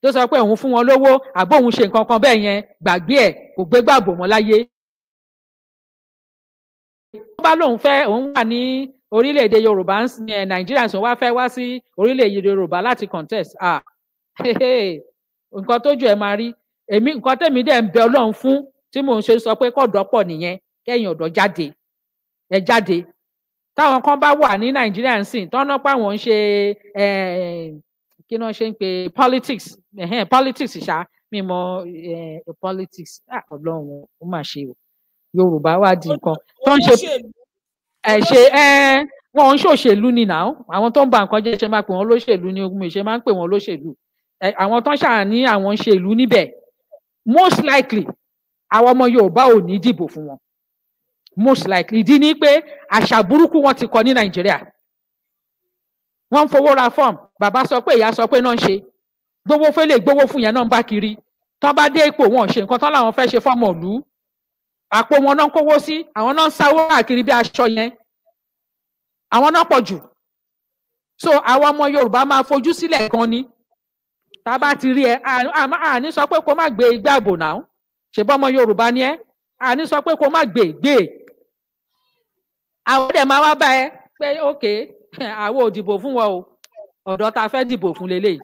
S4: tó sọ pé òun fún wọn lówó àbí òun ṣe nǹkan kan bẹ́ẹ̀ yẹn gbàgbé ẹ̀ kò gbé gbàgbọ́ mọ́ láyé tó bá lóun fẹ́ òun wà ní orílẹ̀-èdè yorùbá nàìjíríà sọ eh, wá fẹ́ wá sí orílẹ̀-èdè yorùbá láti contest ah nǹkan tójú ẹ̀ máa rí èmi nǹkan tèmi dẹ̀ ń bẹ ọlọ́run fún tí mò ń ṣe sọ pé kọ̀dọ̀ pọ̀ nìyẹn kẹ́yìn ọ̀dọ́ jáde ẹ jáde táwọn kan bá wà ní nàìjíríà ń sìn tọ́nà páwọn ń ṣe eh, kí wọ́n ṣe ń pe politics politics ṣá mímọ eh, politics ọlọ́run ó mà ṣe o yorùbá wá di nǹkan tó ń ṣe ẹ ṣe ẹ wọn ń ṣòṣèlú ni náà àwọn tó ń ba nǹkan jẹ́ ṣe máa pè wọn lóṣèlú ni ogun ìṣe máa ń pè wọn lóṣèlú àwọn tó ń ṣàní àwọn ń ṣe ìlú níbẹ̀ most likely àwọn ọmọ yorùbá ò ní dìbò fún wọn most likely ìdí ni pé àṣà burúkú wọn ti kọ ní nàìjíríà wọn ń fowó ra fọ́ọ̀mù bàbá sọ pé ìyá sọ pé náà ń ṣe gbowó fẹlẹ gbowó fún yẹn náà ń bá kiri tán bá dé ipò wọn ò ṣe nǹkan tán làwọn fẹ́ ṣe fọ́mọ ìlú àpò wọn náà ń kówó sí àwọn náà ń sáwó káàkiri bí aṣọ yẹn àwọn náà pọ̀ jù so àwọn ọmọ Yorùbá máa fojú sílẹ̀ gan ni tá a bá ti rí ẹ àní sọ pé kó má gbé igbá àbò náà ṣèbọ́ ọmọ Yorùbá ni ẹ àní sọ pé kó má gbé gbé àwọn dẹ̀ máa wá bá ẹ pé ókè àwọn ò dìbò fún wọn o ọ̀dọ́ ta fẹ́ dìbò fún lélẹ́yìí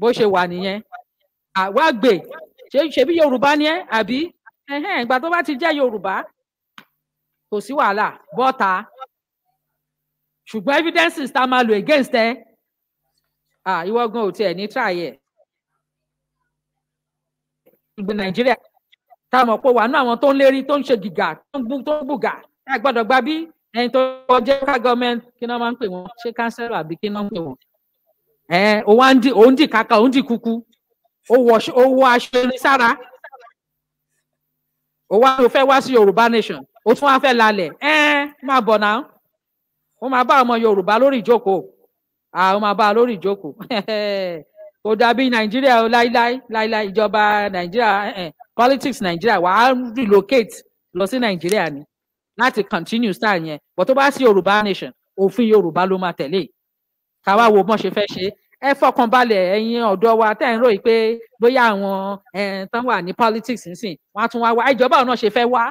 S4: bó ṣe wà nìyẹn àwa gbé ṣebí Yorùbá ni ẹ àbí ìgbà tó bá ti jẹ́ yorùbá kò sí wàhálà bọ́ta ṣùgbọ́n evidences tá a máa lò against ẹ ìwọ gan ò tiẹ̀ ní try ẹ̀ ìgbìn nàìjíríà tá a mọ̀ pé wà ní àwọn tó ń lérí tó ń ṣe gìgà tó ń bùgà tá a gbọ́dọ̀ gba bí ẹni tó jẹ́ ká gọ́ọ̀mẹ́ntì kí náà máa ń pè wọ́n ṣé kánsẹ́lọ̀ àbí kí náà ń pè wọ́n ẹ̀ òun dì kàkà òun dì kúkú ó wọ aṣọ ní sára ó wá ló fẹ́ wá sí yorùbá nation ó tún wá fẹ́ lálẹ́ ẹ́ẹ́n máa bọ̀ náà ó máa bá ọmọ yorùbá lórí ìjókòó àwọn máa bá a lórí ìjókòó kò dàbí nàìjíríà ó láíláí láíláí ìjọba nàìjíríà politics nàìjíríà wàá relocate lọ sí nàìjíríà ni láti continue style yẹn but tó bá sí yorùbá nation òfin yorùbá ló máa tẹ̀lé káwá wo bọ́n ṣe fẹ́ ṣe ẹ fọkàn balẹ̀ ẹ̀yin ọ̀dọ́ wa tẹ́ ń ròyìn pé bóyá àwọn tán wà ní politics nísìn wọn á tún wá wá ìjọba ọ̀nà ṣe fẹ́ wá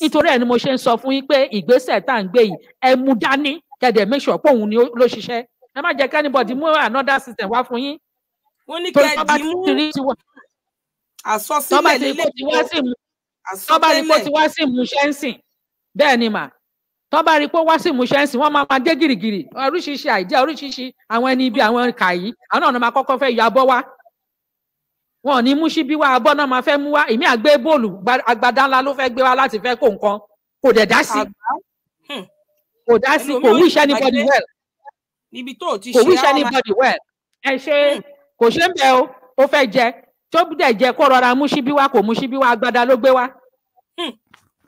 S4: nítorí ẹ̀ ni mo ṣe ń sọ fún yín pé ìgbésẹ̀ tá à ń gbé yìí ẹ mú dání kẹ̀dẹ̀ make sure póun ni ló ṣiṣẹ́ ẹ má jẹ́ kẹ́nìbọ̀dì mú another system wá fún yín. wọ́n ní kẹ́ẹ̀dì mú àsọsílẹ̀ lílẹ̀ tó àsọtẹ́lẹ̀ tó ti wá sí ìmúṣẹ́ǹsìn bẹ́ẹ̀ ni mà tó bá rí i pé wá sí ìmúṣẹ ń sìn wọn máa máa dé gìrìgìrì oríṣiríṣi àìdíà oríṣiríṣi àwọn ẹni ibi àwọn kàyí àwọn ọ̀nà máa kọ́kọ́ fẹ́ yọ abọ́ wá wọn ò ní mú síbí wá abọ́ náà máa fẹ́ mú wá èmi àgbé bọ́ọ̀lù agbada ńlá ló fẹ́ gbé wá láti fẹ́ kó nǹkan kò dẹ̀ dá sí hmm. kò dá sí kò wish anybody well
S1: kò wish anybody
S4: well ẹ ṣe hmm. kò ṣe ń bẹ o ó fẹ́ jẹ tó dẹ̀ jẹ kó rọra mú síbí wá kò mú síbí wá agbada ló gbé wá. Hmm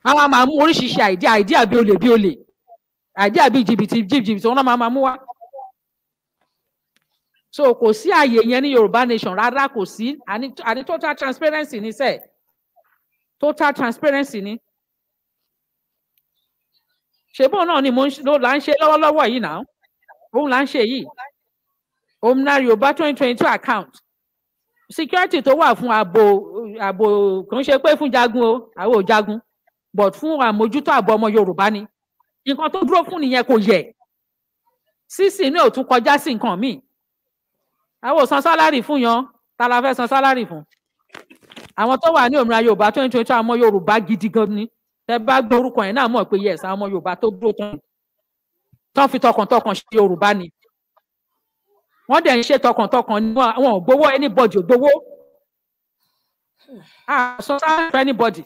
S4: àwọn a máa mú oríṣiríṣi àìdíà àìdíà bí olè bí olè àìdíà bí jìbìtì jìbìtì wọn náà máa mú wá so kò sí àyè yẹn ní Yorùbá nation rárá kò sí àní total transparency ní sẹ total transparency ní ṣebó náà ni mo là ń ṣe lọ́wọ́lọ́wọ́ yìí náà òun là ń ṣe yìí omna Yorùbá twenty twenty two account security tó wà fún ààbò ààbò kò ń ṣe pé fún jagun o àwọn ò jagun but fún àmójútó ààbò ọmọ yorùbá ni nǹkan tó dúró fún nìyẹn kò yẹ sísìn inú ẹ ò tún kọjá sí nǹkan míì àwọn ò san sálárì fún yan ta la fẹ́ san sálárì fún àwọn tó wà ní òmìnira yorùbá twenty twenty two àwọn yorùbá gidi gan ni tẹ bá gbórúkọ yẹn náà mọ̀ pé yes àwọn ọmọ yorùbá tó dúró tán tán fi tọkàntọkàn ṣe yorùbá ni wọ́n dẹ̀ ń ṣe tọkàntọkàn ni wọn ò gbowó anybody ò gbowó àṣọ sáré anybody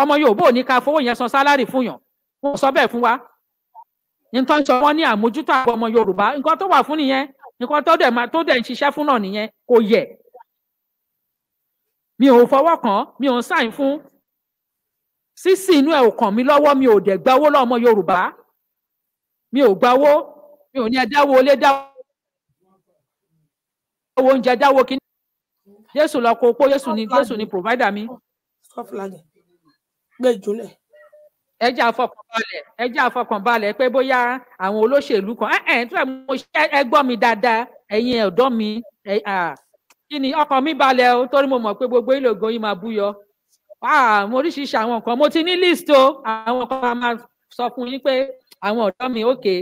S4: ọmọ Yorùbá ò ní ká fowó yẹn san sálárì fún yàn wọn sọ bẹ́ẹ̀ fún wa nǹkan sọ wọn ní àmójútó àwọn ọmọ Yorùbá nǹkan tó wà fún nìyẹn nǹkan tó dẹ̀ tó dẹ̀ ń ṣiṣẹ́ fún náà nìyẹn kò yẹ mi ò fọwọ́ kàn mi ò ń sáìn fún sísì inú ẹ̀ ò kàn mí lọ́wọ́ mi ò dẹ̀ gba owó Yorùbá mi ò gba mi ò ní ẹ dáwó olé dáwó oúnjẹ dáwó kíní Jésù lọ kó pó Jésù ni Jésù ni provider mi gbé ìjùlẹ̀. ẹ jẹ́ àfọkànbalẹ̀ ẹ jẹ́ àfọkànbalẹ̀ pé bóyá àwọn olóṣèlú kan ẹ̀ ẹ̀ tí mo ṣe ẹ gbọ́ mi dáadáa ẹ̀yin ọ̀dọ́ mi kí ni ọkàn mi balẹ̀ o torí mo mọ̀ pé gbogbo ìlògùn yìí máa búyọ mo oríṣiríṣi àwọn nǹkan mo ti ní list o àwọn nǹkan máa sọ fún yín pé àwọn ọ̀dọ́ mi òkè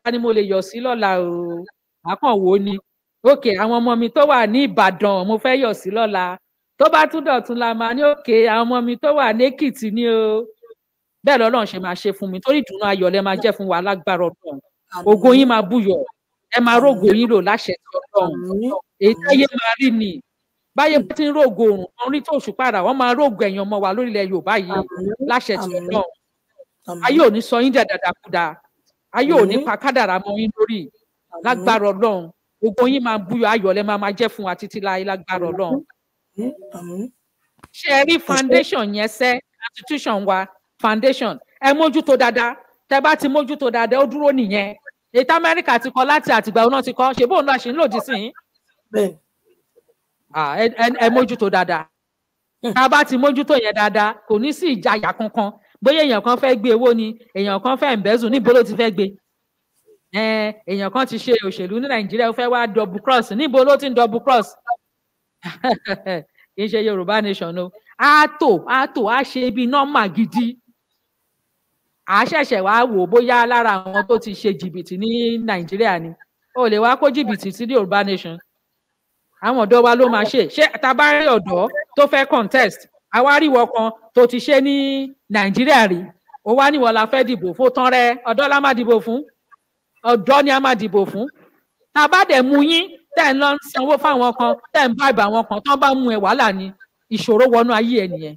S4: ta ni mo lè yọ̀ sí lọ́la o àkànwò ni òkè àwọn ọmọ mi tó wà ní Ìbàdàn mo fẹ́ yọ̀ sí lọ́la tó bá tún dọ̀tún la máa ní òkè àwọn ọmọ mi tó wà lẹ́kìtì ni o bẹ́ẹ̀ lọ́lọ́run ṣe máa ṣe fún mi torí ìdùnnú ayọ̀ lẹ máa jẹ́ fún wa lágbára ọdún ògo yín máa búyọ̀ ẹ máa rógo yín lò láṣẹ tí ọlọ́run èyí táyé máa rí ni báyé bá ti ń rógo òrùn wọn rí tó òṣùpá rà wọn máa rógo ẹ̀yàn ọmọ wa lórílẹ̀ yorùbá yìí láṣẹ tí ọlọ́run ayé ò sọ yín dàdàdàkúdà ayé ò pa kádàrà mọ́ yín lórí lágbára ọlọ́run ògo yín máa búyọ̀ ayọ̀ lẹ máa máa jẹ́ fún wa títí láyé lágbára ọlọ́run ṣe rí foundation yẹn sẹ́ constitution wa foundation ẹ mójútó dáadáa tẹ bá ti mójútó dáadáa ó dúró nìyẹn ètò amẹ́ríkà ti kọ́ láti àtìgbà òun náà ti kọ́ ṣe bóun náà ṣe ń lòdì sí i ẹ mójútó dáadáa hmm. tá a bá ti mójútó yẹn dáadáa kò ní sí ìjayà kankan bóyá èèyàn kan fẹ́ gbé owó ni èèyàn kan fẹ́ embezzle níbo ló ti fẹ́ gbé èèyàn kan ti ṣe òṣèlú ní nàìjíríà ó fẹ́ wá double cross níbo ló ti ń double cross kì í ṣe yorùbá nation o á tò á tò á ṣe ibi nọ́mà gidi à á ṣẹ̀ṣẹ̀ wá wò bóyá lára àwọn tó ti ṣe jìbìtì ní nàìjíríà ni o lè wá kó jìbìtì sí yorùbá nation àwọn ọ̀dọ́ wa ló máa ṣe ṣé tabari ọ̀dọ́ tó fẹ́ contest awáríwọ̀ kan tó ti ṣe ní nàìjíríà rí ó wá níwọ̀ la fẹ́ dìbò fún tán rẹ ọ̀dọ́ la máa dìbò fún ọ̀dọ́ ni a máa dìbò fún tá dẹ̀ mú yín tẹ́ ń lọ ń sanwó fáwọn kan tẹ́ ń àwọn kan tán bá mú ẹ wàhálà ni ìṣòro wọnú ayé nìyẹn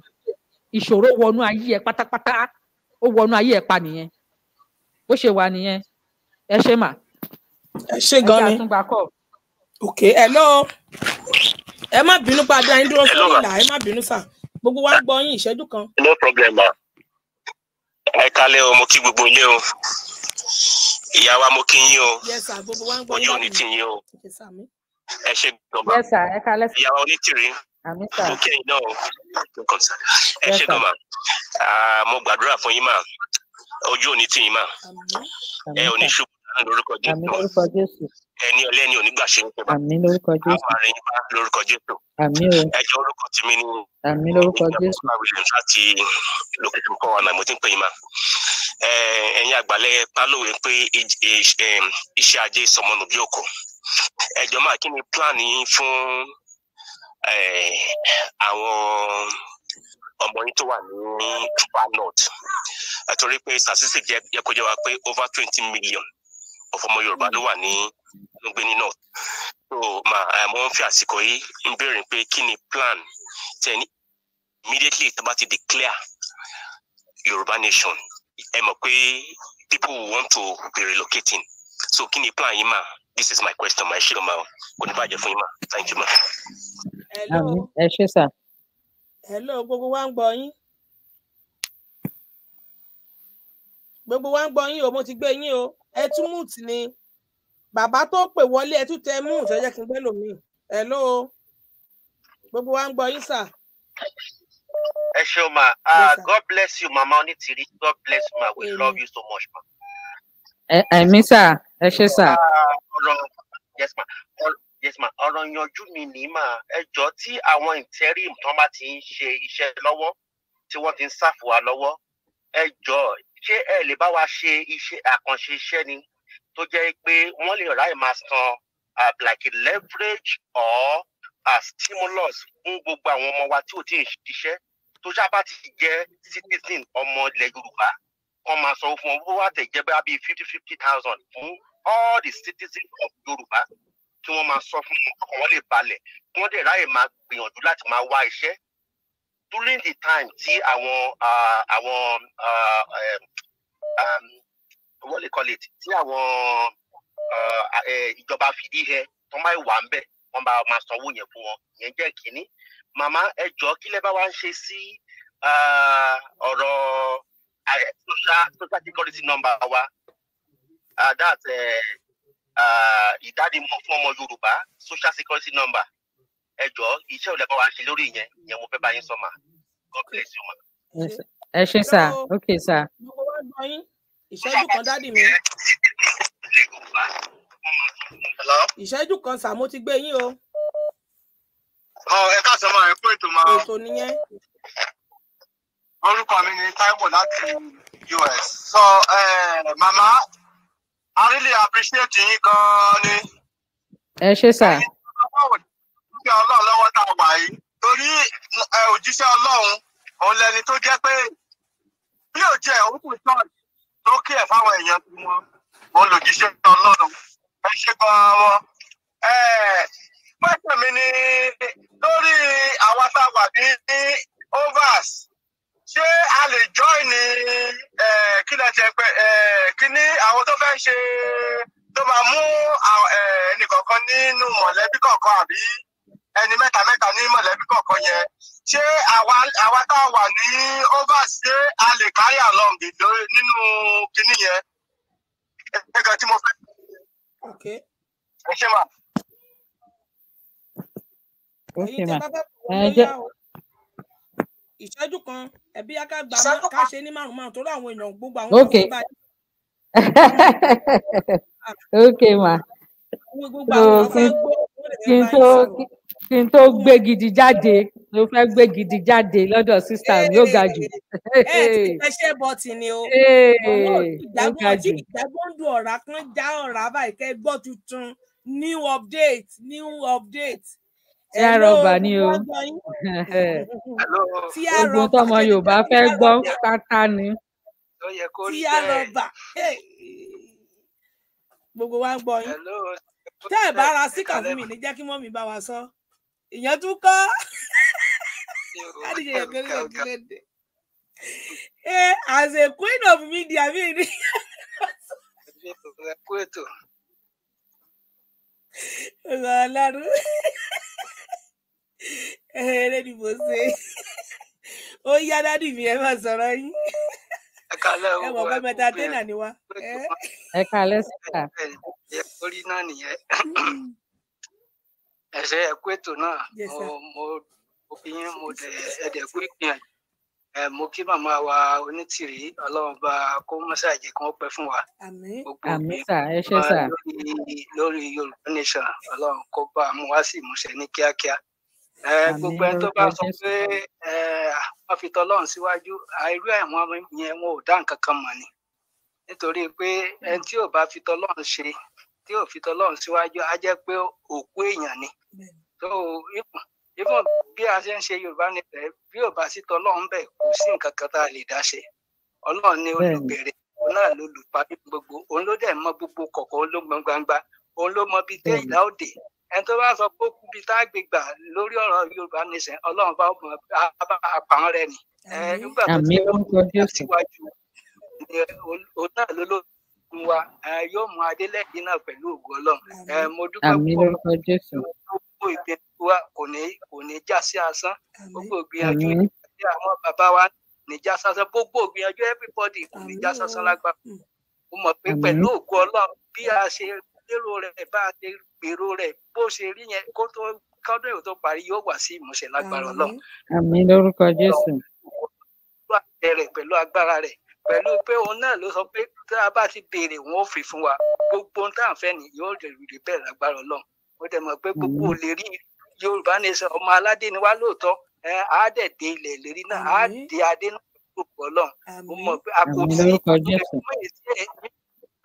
S4: ìṣòro wọnú ayé ẹ pátápátá ó wọnú ayé ẹ pa nìyẹn bó ṣe wà nìyẹn
S1: ẹ ṣe mà. ẹ ṣe gan ni ok hello ẹ má bínú padà ẹ dúró fún ìlà ẹ má bínú sà gbogbo wa
S5: ìyá wa mo kí yín o ojú ò ní tì yín o ẹ ṣe gbọmọ
S3: ìyá
S5: wa onítìrí mo kẹyìn náà ẹ ṣe gbọmọ mo gbàdúrà fún yín mà ojú ò ní tì yín mà ẹ ò ní ṣubú lórúkọ jésù ẹni ọlẹ́ni onígbà ṣe ń pẹ́ àmín lórúkọ jésù àwọn àárín bá lórúkọ jésù àmín o ẹjọ́ orúkọ tí mi ní
S3: àmín lórúkọ ìjọba
S5: williams láti lókèjì kọ́ mo ti ń pè yín mà ẹ̀yin àgbàlẹ̀ pálọ̀wé pé iṣẹ́ ajé sọmọnù bí òkò ẹjọ́ máa kí ni plan yín fún àwọn ọmọ yín tó wà ní far north torí pé statistics jẹ́ kó jẹ́ wa pé over twenty million ọ̀pọ̀ ọmọ yorùbá ló wà ní ló ń gbé ní so mà àmọ́ ń fi àsìkò yìí ń béèrè pé kí ni plan tẹni immediately tó bá ti declare yorùbá nation ẹ mọ̀ pé people want to be relocating so kí ni plan yìí mà this is my question ma ẹ ṣe lọ ma fún yín ma thank you ma.
S3: ẹ ṣe sà.
S1: hello gbogbo wa ń gbọ́ yín. gbogbo wa ń gbọ́ yín o mo ti gbé yín o ẹ tún mute ni bàbá tó pè wọlé ẹ tún tẹ mute ẹ jẹ́ kí n gbé lòmíì hello gbogbo wa ń gbọ́ yín sà. ẹ ṣeun ma ah, god bless you mama onítìrí god bless you ma we love you so much ma.
S3: ẹ̀mí sà ẹ ṣe sà. Ah, yes ma yes ma ọ̀rọ̀ yanjú mi ní ma ẹ
S5: jọ tí àwọn interim tán bá ti ń ṣe iṣẹ́ lọ́wọ́ tí wọ́n ti ń ṣàfùwà lọ́wọ́ ẹ ṣé ẹ lè bá wa ṣe iṣẹ́ àkànṣe iṣẹ́ ni
S6: tó jẹ́ pé wọ́n lè ráì máa san like leverage or a stimulus fún gbogbo àwọn ọmọ wa tí ò tí ì ṣiṣẹ́ tó ṣáàbà ti jẹ́ citizen ọmọ ilẹ̀ Yorùbá kan máa sanwó fún owó àtẹ̀jẹ́ bá bíi fifty fifty thousand fún all the citizens of Yorùbá kí wọ́n máa sọ fún wọn kọ́kọ́ wọn lè balẹ̀ kí wọ́n dẹ̀ ráì máa gbìyànjú láti máa wá iṣẹ́ during the time tí àwọn àwọn what they call it tí àwọn eh, ìjọba fìdí hẹ tó máa wà ń bẹ̀ wọ́n bá máa sanwó yẹn fún wọn ìyẹn jẹ́ kínní màmá ẹ jọ kí lẹ bá wá ń ṣe sí
S7: ọ̀rọ̀ social social security number wa uh, that eh, ìdánimọ̀ fún ọmọ Yorùbá social security number ẹ jọ iṣẹ́ ò lè bá wa ṣe lórí ìyẹn ìyẹn mo fẹ́ bá yín sọ mà god bless you ma.
S3: ẹ ṣe sá ok sá.
S1: gbogbo wa gbọ́ yín ìṣẹ́jú kan dádì mi. ìṣẹ́jú kan sá mo ti gbé yín o.
S2: Oh, ẹ káàsán máa ẹ kú
S1: ètò máa. ètò nìyẹn. orúkọ mi ni Táíwò láti US so
S3: uh, mama I really appreciate yín gan-an ni. ẹ ṣe sá
S2: òjíṣẹ́ ọlọ́run lọ́wọ́ tá a wà yìí torí òjíṣẹ́ ọlọ́run òun lẹni tó jẹ́ pé bí ò jẹ́ òkú náà tó kí ẹ̀ fáwọn èèyàn tí wọn òun lòjíṣẹ́ ọlọ́run ẹ ṣe gan-an wọn. pẹ́sẹ̀ mi ni lórí àwọn tá a wà ní overs ṣé a lè join kí ni kí ni àwọn tó fẹ́ ṣe tó máa mú ẹnìkọ̀ọ̀kan nínú mọ̀lẹ́bí kọ̀ọ̀kan àbí ẹni mẹ́ta mẹ́ta ní mọ̀lẹ́bí kọ̀ọ̀kan yẹn ṣé àwa tá a wà ní overs ṣé a lè carry along nínú kinní yẹn ẹgbẹ́ tí mo fẹ́.
S1: ẹ ṣe mà.
S3: ó ṣe mà ẹ jẹ́
S1: ìṣẹ́jú kan ẹ̀bí aká gbà ká ṣe ní márùn márùn torí àwọn èèyàn gbogbo àwọn tó bá yẹ.
S3: ok ma. gbogbo àwọn tó fẹ́ gbọ́
S4: kí n tó gbé gidi jáde ló fẹ́ gbé gidi jáde lọ́dọ̀ sísá mi ó ga jù. ẹ
S3: ti fẹ́
S1: ṣe bọ́tì ni o ìgbàgbọ́ ń dùn ọ̀rá kan já ọ̀rá báyìí kẹ́ gbọ́ tuntun new update new update.
S3: tí a rọ̀bà ni o ogun tọmọ Yorùbá fẹ́ gbọ́
S4: pátá ni
S3: tí a rọ̀bà
S1: gbogbo wa ń gbọ́ yín
S3: tẹ́ ẹ̀ bá ra síkà
S1: fún mi ní jẹ́ kí mọ́mí bá wa sọ ìyẹn tún kọ́ kádìjẹ yẹn kéré kéré dé eh as a queen of media mi ni. ọlọ́run ẹ̀ẹ́dẹ́gbọ̀nsẹ̀ ó yá dádì mi ẹ máa sọ̀rọ̀ yín ẹ kálẹ́ o ẹ wọ bá mẹ́ta dínà ni wa
S3: ẹ kálẹ́ síta.
S2: orí náà nìyẹn ẹsẹ hmm. ẹkú ètò náà mo fi yín mo dẹ ẹdẹ kú ìgbìyànjú ẹ mo kí màmá wa onítìrí Ọlọ́run bá kó mọṣá jẹ kí wọn pẹ́ fún wa gbogbo
S3: ìgbìyànjú
S2: lórí Yorùbá nation Ọlọ́run kó bá a mú wá sí ìmúṣẹ ní kíákíá. gbogbo ẹ tó bá sọ pé wọn fi tọlọ́run síwájú àìrí àwọn yẹn wọn ò dá nǹkan mọ̀ ni nítorí pé ẹni tí yóò bá fi tọlọ́run ṣe tí yóò fi tọlọ́run síwájú á jẹ́ pé òkú èèyàn ni tó ìpọn bí a ṣe ń ṣe yorùbá bí bá sí bẹ̀ kò sí nǹkan tá a lè dá ṣe ni ẹni tó bá sọ pé ó kúbi tá a gbé gbà lórí ọ̀rọ̀ Yorùbá nation Ọlọ́run bá ọmọ àpàwọn rẹ ni nígbà tó
S3: ti lọ síwájú
S2: òun náà ló ló ń wa yóò mú adélẹ́yìn náà pẹ̀lú ògùn Ọlọ́run mo dúpẹ́
S3: púpọ̀ gbogbo
S2: ìgbìyànjú wa kò ní kò ní já sí asán gbogbo ìgbìyànjú ìgbìyànjú àwọn bàbá wa ní já sásán gbogbo ìgbìyànjú everybody kò ní já sásán lágbára mo mọ̀ pé pẹ̀lú ògùn Ọlọ́run bí a ṣe lérò rẹ̀ bá a ṣe èrò rẹ̀ bó ṣe rí yẹn kó tó kọ́dún èwo tó parí yóò wá sí ìmúṣẹ lágbára Ọlọ́run.
S3: àmín lórúkọ Jésù.
S2: pẹ̀lú agbára rẹ̀ pẹ̀lú pé òun náà ló sọ pé tá a bá ti béèrè wọn ò fi fún wa gbogbo ohun tá à ń fẹ́ ni yóò lè rí bẹ́ẹ̀ lágbára Ọlọ́run ó dẹ̀ mọ̀ pé gbogbo ò lè rí Yorùbá ní sọ ọmọ aládé ni wá lóòótọ́ á dẹ̀ dé ilẹ̀ ìlérí náà á dé adé náà gbogbo Ọlọ́run ó mọ̀ pé a kò sí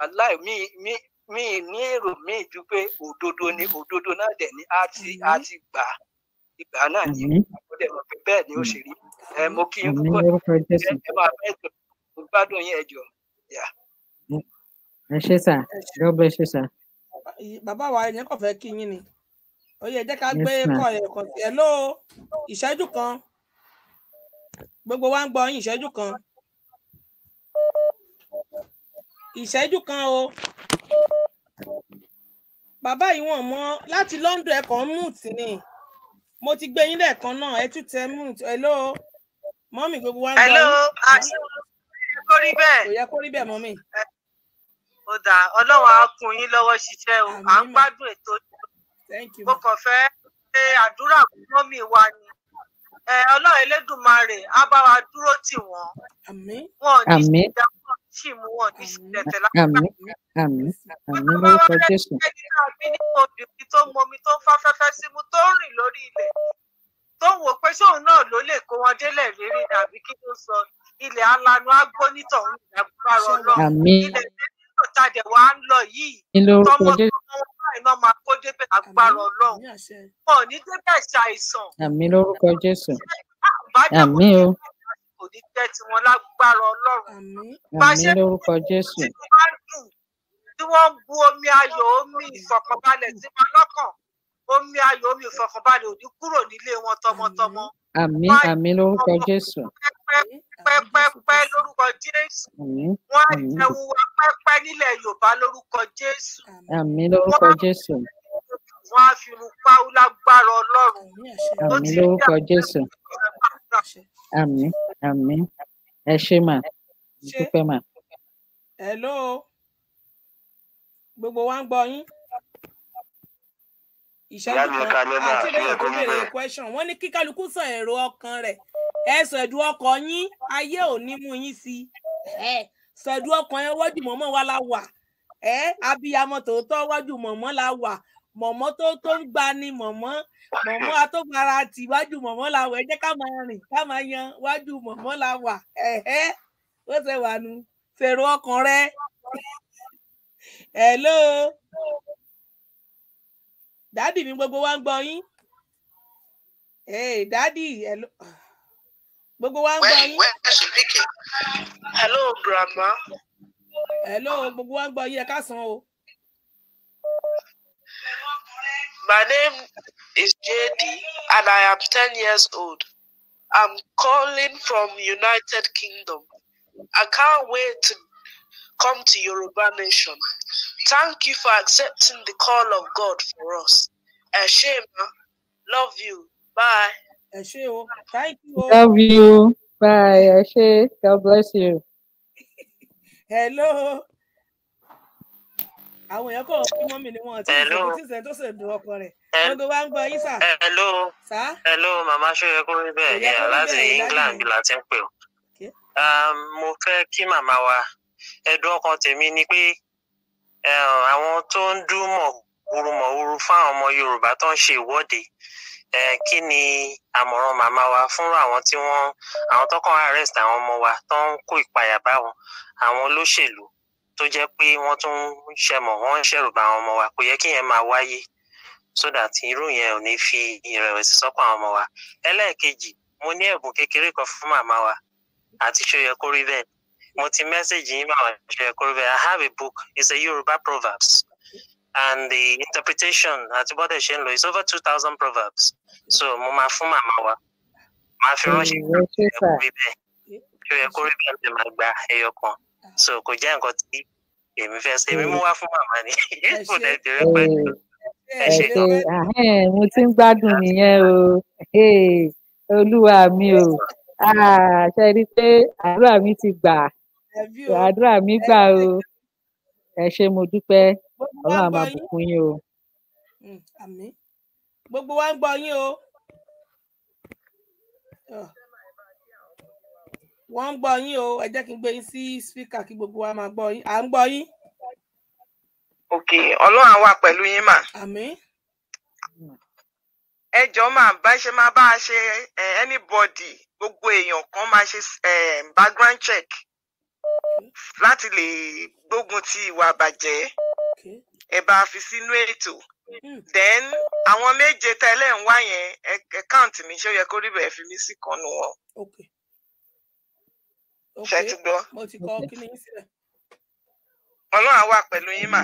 S2: aláì mí mi ní èrò mi ju pé òdodo ni mm-hmm. òdodo náà dẹ̀ ni a ti a mm-hmm. ti gbà ìgbà náà ni mm-hmm. ó dẹ̀ mọ̀ pé bẹ́ẹ̀ ni ó ṣe rí ẹ mo kí n púpọ̀ ẹ
S1: máa bẹ́ẹ̀ tó mo gbádùn yín ẹjọ́ yà.
S3: ẹ ṣe sà God bless you sà.
S1: bàbá wa ẹ̀yẹ́ kò fẹ́ kí yín ni ó yẹ jẹ́ ká gbé kọ́ ẹ̀ kàn sí ẹ ló ìṣẹ́jú kan gbogbo wa ń gbọ́ yín ìṣẹ́jú kan ìṣẹ́jú kan o bàbá yìí wọ́n mọ̀ láti London ẹkọ mute ni mo ti gbé yín lẹ́ẹ̀kan náà ẹ tún tẹ mute hello mọ́mì gbogbo wa ń gbọ́. hello àṣẹ kò rí bẹ́ẹ̀. kò yẹ kó rí bẹ́ẹ̀ mọ́mì.
S3: ó dà ọlọ́run
S1: á yín lọ́wọ́ ṣiṣẹ́ o à ń gbádùn ètò yìí mo kàn fẹ́ ṣe àdúrà fún mọ́mì wa ni ọlọ́run elédùnmarè á bá wa dúró tì wọ́n
S3: wọn ò ní í ṣe ìdáhùn tí mú wọn ní ìṣẹ̀tẹ̀ lápapọ̀. Bàbá wa wọlé ẹni náà bí ní obìnrin tó momi
S2: tó fá fẹ́fẹ́ símú tó ń rìn lórí ilẹ̀ tó ń wò pé sóun náà ló lè kó wọn délẹ̀ rírì àbí kí ló sọ ilẹ̀ alanu agbó nítọ̀hún ìdàgbàrọ̀ ọlọ́run ilẹ̀ tẹ́lifíṣàn tàdé wa ń lọ
S3: yìí tọmọ tó ń wá iná máa kó débẹ̀ àgbàrọ̀ ọlọ́run wọn ní débẹ̀ ṣàìsàn. àmín lórúkọ jésù àmín o kò
S2: ní tẹ́ tí wọ́n lágbára ọlọ́run bá
S3: ṣe lórúkọ jésù tí
S2: wọ́n ń dùn tí wọ́n ń bu omi ayọ̀ omi ìfọ̀kànbalẹ̀ sí wọn lọ́kàn omi ayọ̀ omi ìfọ̀kànbalẹ̀ ò ní kúrò nílé wọn tọmọtọmọ.
S3: àmín àmín lórúkọ jésù.
S2: pẹ́pẹ́pẹ́ lórúkọ
S3: jésù. wọ́n á jẹun wa pẹ́pẹ́ nílẹ̀ yorùbá lórúkọ jésù. àmín lórúkọ jésù.
S2: wọ́n á fi rúpa lágbára ọlọ́run.
S3: àmín lórúkọ jésù àmín àmín ẹ ṣé mà dúpẹ́
S1: hello gbogbo wa ń gbọ́ yín. ìṣẹ́jú kan àti lẹ́yìn tó béèrè question wọ́n ní kíkálukú sọ èrò ọkàn rẹ̀ ẹ sọ ẹ̀dùn ọkàn yín ayé ò ní mú yín sí ẹ sọ ẹ̀dùn ọkàn yẹn wájú mọ́mọ́ wa la wà ẹ abiyamọ tòótọ́ wájú mọ́mọ́ la wà mọ̀mọ́ tó tó ń gbani mọ̀mọ́ mọ̀mọ́ atógbara tì wájú mọ̀mọ́ la wà ẹ jẹ́ ká máa rìn ká máa yan wájú mọ̀mọ́ la wà ẹ̀hẹ́ ó ṣe wà nu fèrò ọkàn rẹ. hello dádì ni gbogbo wa ń gbọ́ yín dádì hello gbogbo wa ń gbọ́ yín. hello grandma. hello gbogbo wa ń gbọ́ yín ẹ ká san o. My name is JD and I am 10 years old. I'm calling from United Kingdom. I can't wait to come to Yoruba Nation. Thank you for accepting the call of God for us. Eshema, love you. Bye. Eshe, thank you. Love
S3: you. Bye. Eshe, God bless you.
S1: Hello. àwọn èèyàn kò kí mọ́mì ni wọ́n ti ṣe kí sísè tó sì dùn ọkọ rẹ̀ wọ́n tó ń gbọ́ yín sà. hello
S5: hello màmá ṣóyẹ kó rí bẹ́ẹ̀ ni láti England la ti ń pè ọ́ um, mo fẹ́ kí màmá wa ẹ̀dùn ọkàn tèmi ni pé um, àwọn tó ń dún mọ̀húrúmọ̀húrú fáwọn ọmọ Yorùbá tó ń ṣe ìwọ́de um, kí ni àmọ̀ràn màmá wa fún àwọn tí wọ́n àwọn tó kàn arrest àwọn ọmọ wa tó ń kó ìpayà bá wọn àwọn olóṣèlú tó jẹ́ pé wọ́n tún ṣẹmọ̀ wọ́n ń ṣẹ̀rù bá àwọn ọmọ wa kò yẹ kí yẹn máa wáyé so that irú yẹn ò ní fi ìrẹ̀wẹ̀sì sọ́kàn àwọn ọmọ wa ẹlẹ́ẹ̀kejì mo ní ẹ̀bùn kékeré kan fún màmá wa àti ṣó yẹ kó rí bẹ́ẹ̀ mo ti mẹ́sẹ̀gì yín báwa ṣó yẹ kó rí bẹ́ẹ̀ I have a book it's a Yoruba proverbs and the interpretation àti bọ́dẹ̀ ṣe ń lò is over two thousand proverbs so mo máa fún màmá wa máa fi ránṣẹ́ ṣó yẹ kó rí bẹ́ẹ̀ ṣó kó rí bẹ́ẹ̀ ṣe máa gba ẹyọ kan so kò jẹ́ nǹkan tí èmi fẹ́ ṣe èmi mú wá fún màmá
S8: ni kò dẹ̀ jẹ́rẹ́
S3: pẹ̀lú ẹ ṣe mo ti ń gbádùn nìyẹn o olúwa mi o ah, ṣe rí i pé àdúrà mi ti gbà àdúrà mi gbà o ẹ ṣe mo dúpẹ́ Ọlọ́run àmà bùkún yín o.
S1: Hmm, gbogbo wa ń gbọ́ yín o. Oh wọ́n ń gbọ́ yín o ẹ jẹ́ kí n gbé yín sí spíkà kí gbogbo wa máa gbọ́ yín à ń gbọ́ yín. òkè ọlọ́run á wà pẹ̀lú yín mà. àmín. ẹ jọ máa bá ṣe máa bá a ṣe anybody gbogbo èèyàn kan máa ṣe background check láti lè gbógun ti ìwà àbàjẹ́ ẹ bá a fi sínú ètò hmm. then àwọn méje tẹ́lẹ̀ ń wá yẹn ẹ count mi ṣé ó yẹ kó rí bẹ́ẹ̀ fi mí sí kan nù wọn.
S3: Okay ṣe ti gbọ́. mo ti kọ kí ni í sílẹ̀.
S1: ọlọ́run á wà pẹ̀lú yín mà.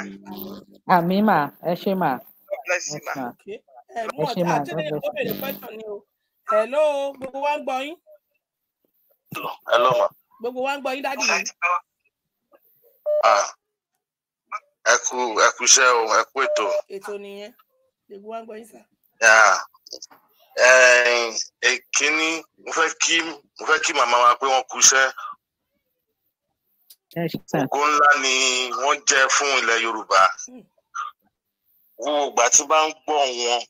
S4: àmín mà ẹ ṣé mà.
S1: ẹ mú ọ̀tá àtúndé tó béèrè pẹ́tàn ni o. hello gbogbo wa ń gbọ́ yín. hello mà. gbogbo wa ń gbọ́ yín dádì mi.
S6: ẹ kú ẹ kú iṣẹ́ o ẹ kú ètò.
S1: ètò nìyẹn gbogbo wa ń gbọ́ yín sà
S6: èkíní mo fẹ́ kí mo fẹ́ kí màmá wa pé wọ́n kú iṣẹ́
S3: ògo
S6: ńlá ni wọ́n jẹ́ fún ilẹ̀ Yorùbá gbogbo ìgbà tí bá ń gbọ́ wọn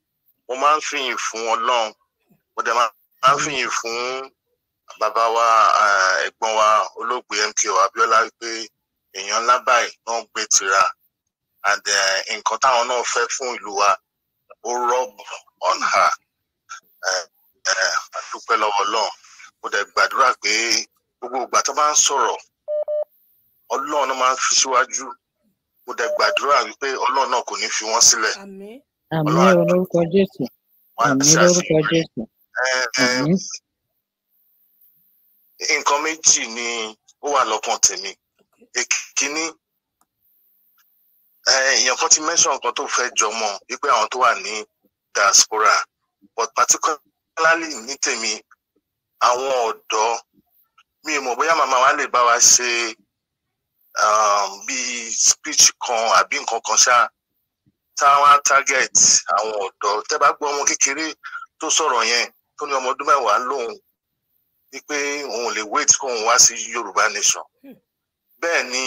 S6: mo máa ń fìyìn fún Ọlọ́run mo dẹ̀ máa ń fìyìn fún bàbá wa ẹ̀gbọ́n wa olóògbé MKO Abíọ́lá pé èèyàn ńlá báyìí náà gbé tira and nǹkan táwọn náà fẹ́ fún ìlú wa ó rub on her àdúpẹ́ lọ́wọ́ Ọlọ́run mo dẹ̀ gbàdúrà pé gbogbo ìgbà tó bá ń sọ̀rọ̀ ọlọ́run máa ń fi síwájú mo dẹ̀ gbàdúrà wípé ọlọ́run náà kò ní fi wọ́n sílẹ̀.
S3: àmín lórúkọ jésù àmín lórúkọ jésù àmín.
S6: nǹkan méjì ni ó wà lọ́kàn tèmi èkíní èèyàn kan ti mẹ́sàn nǹkan tó fẹ́ jọmọ wípé àwọn tó wà ní diaspora but particularly ní tèmi àwọn ọ̀dọ́ mi ò mọ̀ bóyá màmá wa lè bá wa ṣe. Se Um, bíi speech kan àbí nǹkan kan ṣáà táwọn target àwọn ọ̀dọ́ tẹ́ bá gbọ́ ọmọ kékeré tó sọ̀rọ̀ yẹn tó ní ọmọ ọdún mẹ́wàá lòun wípé òun lè wait kóun wá sí Yorùbá nation bẹ́ẹ̀ ni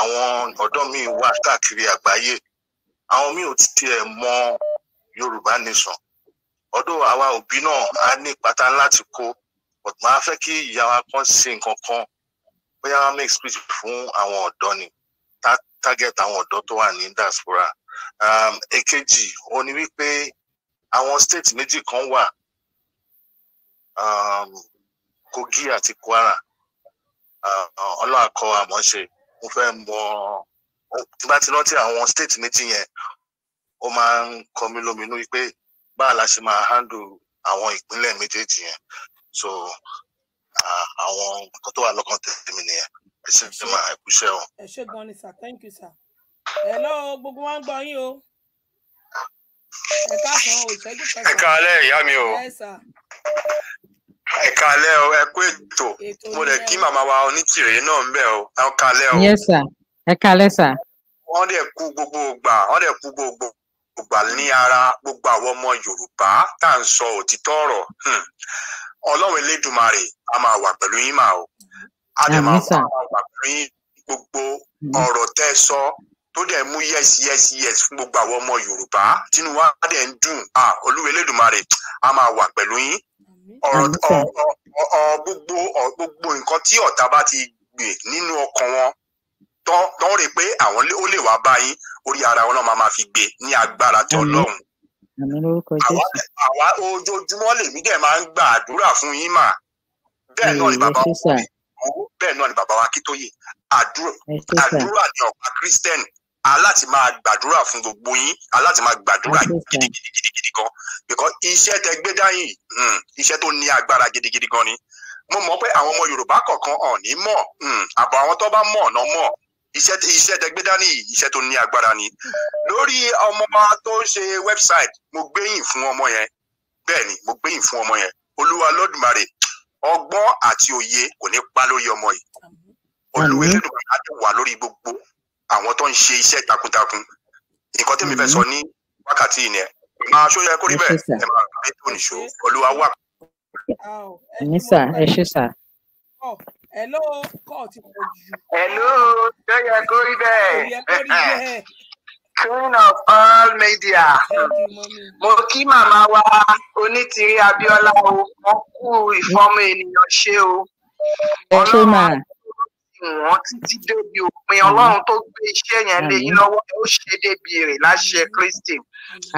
S6: àwọn ọ̀dọ́ míì wà káàkiri àgbáyé àwọn míì ò tiẹ̀ mọ Yorùbá nation ọ̀dọ̀ àwa òbí náà á ní ìpátá láti kó but máa fẹ́ kí ìyá wa kan ṣe nǹkan kan bóyá wọn make speech fún àwọn ọ̀dọ́ ni target àwọn ọ̀dọ́ tó wà ní diaspora um, èkejì ó ní wípé àwọn state méjì kan wà um, Kogi àti Kwara um, ọlọ́àkọ àmọ́ṣe mo fẹ́ mọ tí bá ti rántí àwọn state méjì yẹn ó máa ń kọ mí lóminú wípé báà la ṣe máa handle àwọn ìpínlẹ̀ méjèèjì yẹn so àwọn nǹkan tó wà lọ́kàn tèmi nìyẹn ẹ ṣe fi máa ẹkú iṣẹ́ o.
S1: ẹ ṣe gan gbogbo wa ń gbọ́ yín o. ẹ káàsán o ìṣẹ́jú kẹsàn-án. ẹ ìyá mi
S6: ètò mo kí màmá wa náà ń bẹ̀ o ẹ o. wọ́n kú gbogbo gbà wọ́n kú gbogbo gbà ní ara gbogbo àwọn ọmọ yorùbá tá à òtítọ́ ọ̀rọ̀ hmm. ọlọ́run elédùmarè a máa wà pẹ̀lú yín máa o
S3: a dẹ̀ máa wà pẹ̀lú yín gbogbo mm-hmm. ọ̀rọ̀ tẹ́ sọ tó dẹ̀ mú yes yes yes fún gbogbo àwọn ọmọ yorùbá tínú wa
S6: dẹ̀ ń dùn olúwa elédùmarè a máa wà pẹ̀lú yín ọ̀rọ̀ gbogbo nǹkan tí ọ̀tá bá ti gbìn nínú ọkàn wọn tọ́ tọ́ rè pé àwọn ó lè wá bá orí ara wọn náà máa fi gbé ní agbára tí ọlọ́run àwa ojoojúmọ́ lèmi dẹ̀ máa ń gba àdúrà fún yín mà bẹ́ẹ̀ náà ni bàbá wa bẹ́ẹ̀ náà ni bàbá wa kí tó yè àdúrà ni ọ̀pá Christian aláti máa gbàdúrà fún gbogbo yín aláti máa gbàdúrà gidigidi gidigidi gan because iṣẹ́ tẹ gbé dáyìn hmm, iṣẹ́ tó ní agbára gidigidi gan ni mo mọ̀ pé àwọn ọmọ Yorùbá kọ̀ọ̀kan ọ̀ ní mọ̀ hmm, àbọ̀ àwọn tó bá mọ̀ náà mọ̀ iṣẹ́ iṣẹ́ tẹ gbé dání yìí iṣẹ́ tó ní agbára ni lórí ọmọ tó ń ṣe website mo gbẹ̀yìn fún ọmọ yẹn bẹ́ẹ̀ ni mo gbẹ̀yìn fún ọmọ yẹn olúwa lọ́dùmarè ọgbọ́n àti òye kò ní pa lórí ọmọ yìí olùwẹ̀lẹ́dùn láti wà lórí gbogbo àwọn tó ń ṣe iṣẹ́ takuntakun nǹkan tẹ́mi fẹ́ sọ ní wákàtí yìí nìyẹn máa ṣó yẹ kó rí bẹ́ẹ̀ ẹ máa gbé tó nìṣó olúwa wà.
S3: ẹ ṣé sà
S1: hello kọ́ hello ṣé yẹ kó rí
S2: queen of all media mo kí màmá wa onítìrí abíọ́lá o wọ́n kú ìfọ́mọ ènìyàn ṣe o ọlọ́run wọn títí débi òpin ọlọ́run tó gbé iṣẹ́ yẹn lé yín lọ́wọ́ ó ṣe débi èrè láṣẹ kristi.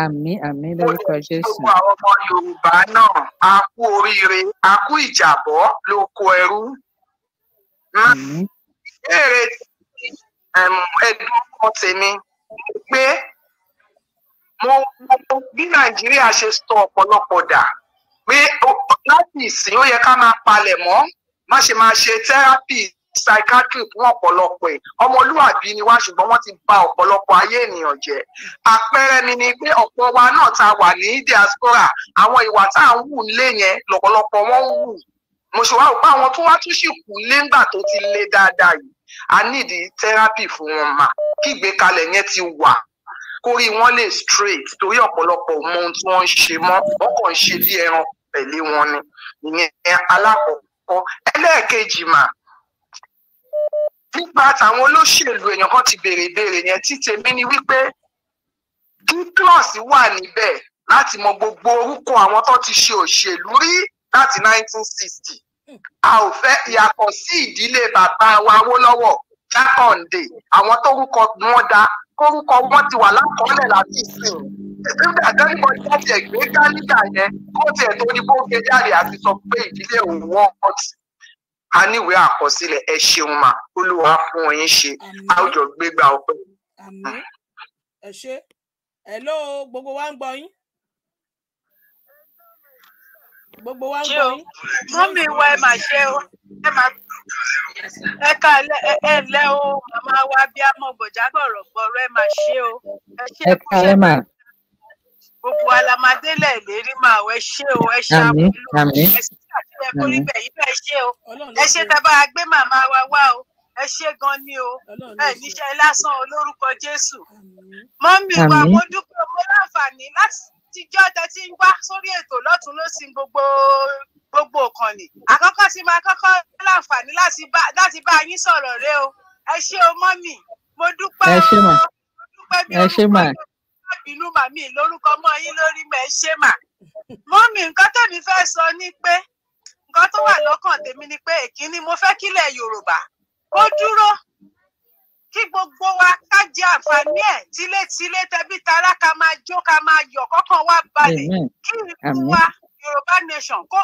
S3: àmín àmín lórúkọ jésù. gbogbo
S2: àwọn ọmọ yorùbá náà a kú oríire a kú ìjàbọ̀ lóko ẹrú Ah, mm-hmm. ìbéèrè ẹ̀dùn ọkàn tèmi pé mo wo bí nàìjíríà ṣe sọ ọ̀pọ̀lọpọ̀ dà pé láti ìsìn ó yẹ ká máa palẹ̀ mọ́ má ṣe máa ṣe therapy psychiatry fún ọ̀pọ̀lọpọ̀ ẹ̀ ọmọlúwàbí ni wá ṣùgbọ́n wọ́n ti bà ọ̀pọ̀lọpọ̀ ayé
S1: ènìyàn jẹ́ àpẹẹrẹ mi ni pé ọ̀pọ̀ wa náà ta wà ní diaspora àwọn ìwà tá à ń wù lé yẹn lọ́pọ̀lọpọ̀ wọ́n ń wù mo ṣe wá rò pé àwọn tó wá tún sì kú léńgbà tó ti lé dáadáa yìí a need therapy fún wọn mà kí ìgbékalẹ̀ yẹn ti wà
S2: kórí wọn lè straight torí ọ̀pọ̀lọpọ̀ mọ ohun tí wọ́n ń ṣe mọ́ wọ́n kàn ń ṣe bí ẹran pẹ̀lẹ́ wọn ni ìyẹn alákọ̀ọ́kọ́ ẹlẹ́ẹ̀kejì mà nípa tàwọn olóṣèlú èèyàn kan ti béèrè ìbéèrè yẹn tí tèmi ni wípé kí plus wà níbẹ̀ láti mọ gbogbo orúkọ àwọn tó ti
S1: ṣe òṣèlú rí láti 1960 hmm. a ò fẹ́ ìyàtọ̀ sí ìdílé bàbá wa Awólọ́wọ̀ jákàndé àwọn tórúkọ wọn dá kórúkọ wọn ti wà lákọọ́lẹ̀ láti ìsìn ìpínlẹ̀ àdánìkọ jáde ẹ̀gbẹ́ gálígà yẹn kó
S2: tiẹ̀ tó ní bó gbé jáde àti sọ pé ìdílé òun wọ́n ti a níwèé àkọsílẹ̀ ẹ ṣeun mà olúwa fún yín ṣe a ó jọ gbégbá ọpẹ́.
S1: ẹ ṣe hello gbogbo wa ń gbọ́ yín gbogbo wa ń gbọ́ yín. mọ́mí wa ẹ máa ṣe ó ẹ máa ẹ ká ẹ lẹ́ o màmá wa bí a mọ̀ gbọ̀já gbọ̀rọ̀ gbọ̀rọ̀ ẹ máa ṣe o ẹ ṣe é kó ṣe é gbogbo alamadélẹ̀ lérí máa wẹ ṣé
S3: o ẹ ṣe àmúlò ẹ ṣe àtúnyẹ kó rí bẹ́ẹ̀ yìí bẹ́ẹ̀ ṣe o ẹ ṣe tábà gbé màmá wa wá o ẹ ṣe gan ni o ẹ níṣẹ́ lásán olórúkọ Jésù mọ́mí wa mo dúpẹ́ mo láǹfààní láti àtijọ́ tẹ ti ń wá sórí ètò lọ́tún ló sin gbogbo
S1: gbogbo ìkànnì àkọ́kọ́ sí máa kọ́kọ́ láǹfààní láti bá yín sọ̀rọ̀ rẹ o ẹ ṣé o mọ́mì mo dúpẹ́ o mo dúpẹ́ bí orúkọ yín bínú màmí lórúkọ mọ́ yín lórí mẹ́ ẹ ṣé mà mọ́mì nǹkan tèmi fẹ́ sọ ni pé nǹkan tó wà lọ́kàn tèmi ni pé èkínní mo fẹ́ kílẹ̀ Yorùbá ó dúró kí gbogbo wa ká jẹ àǹfààní ẹ̀ tílétílé tẹbí tará ká máa jó ká máa yọ̀ kọ́kàn wa balẹ̀ kí ìlú wa Yorùbá nation kó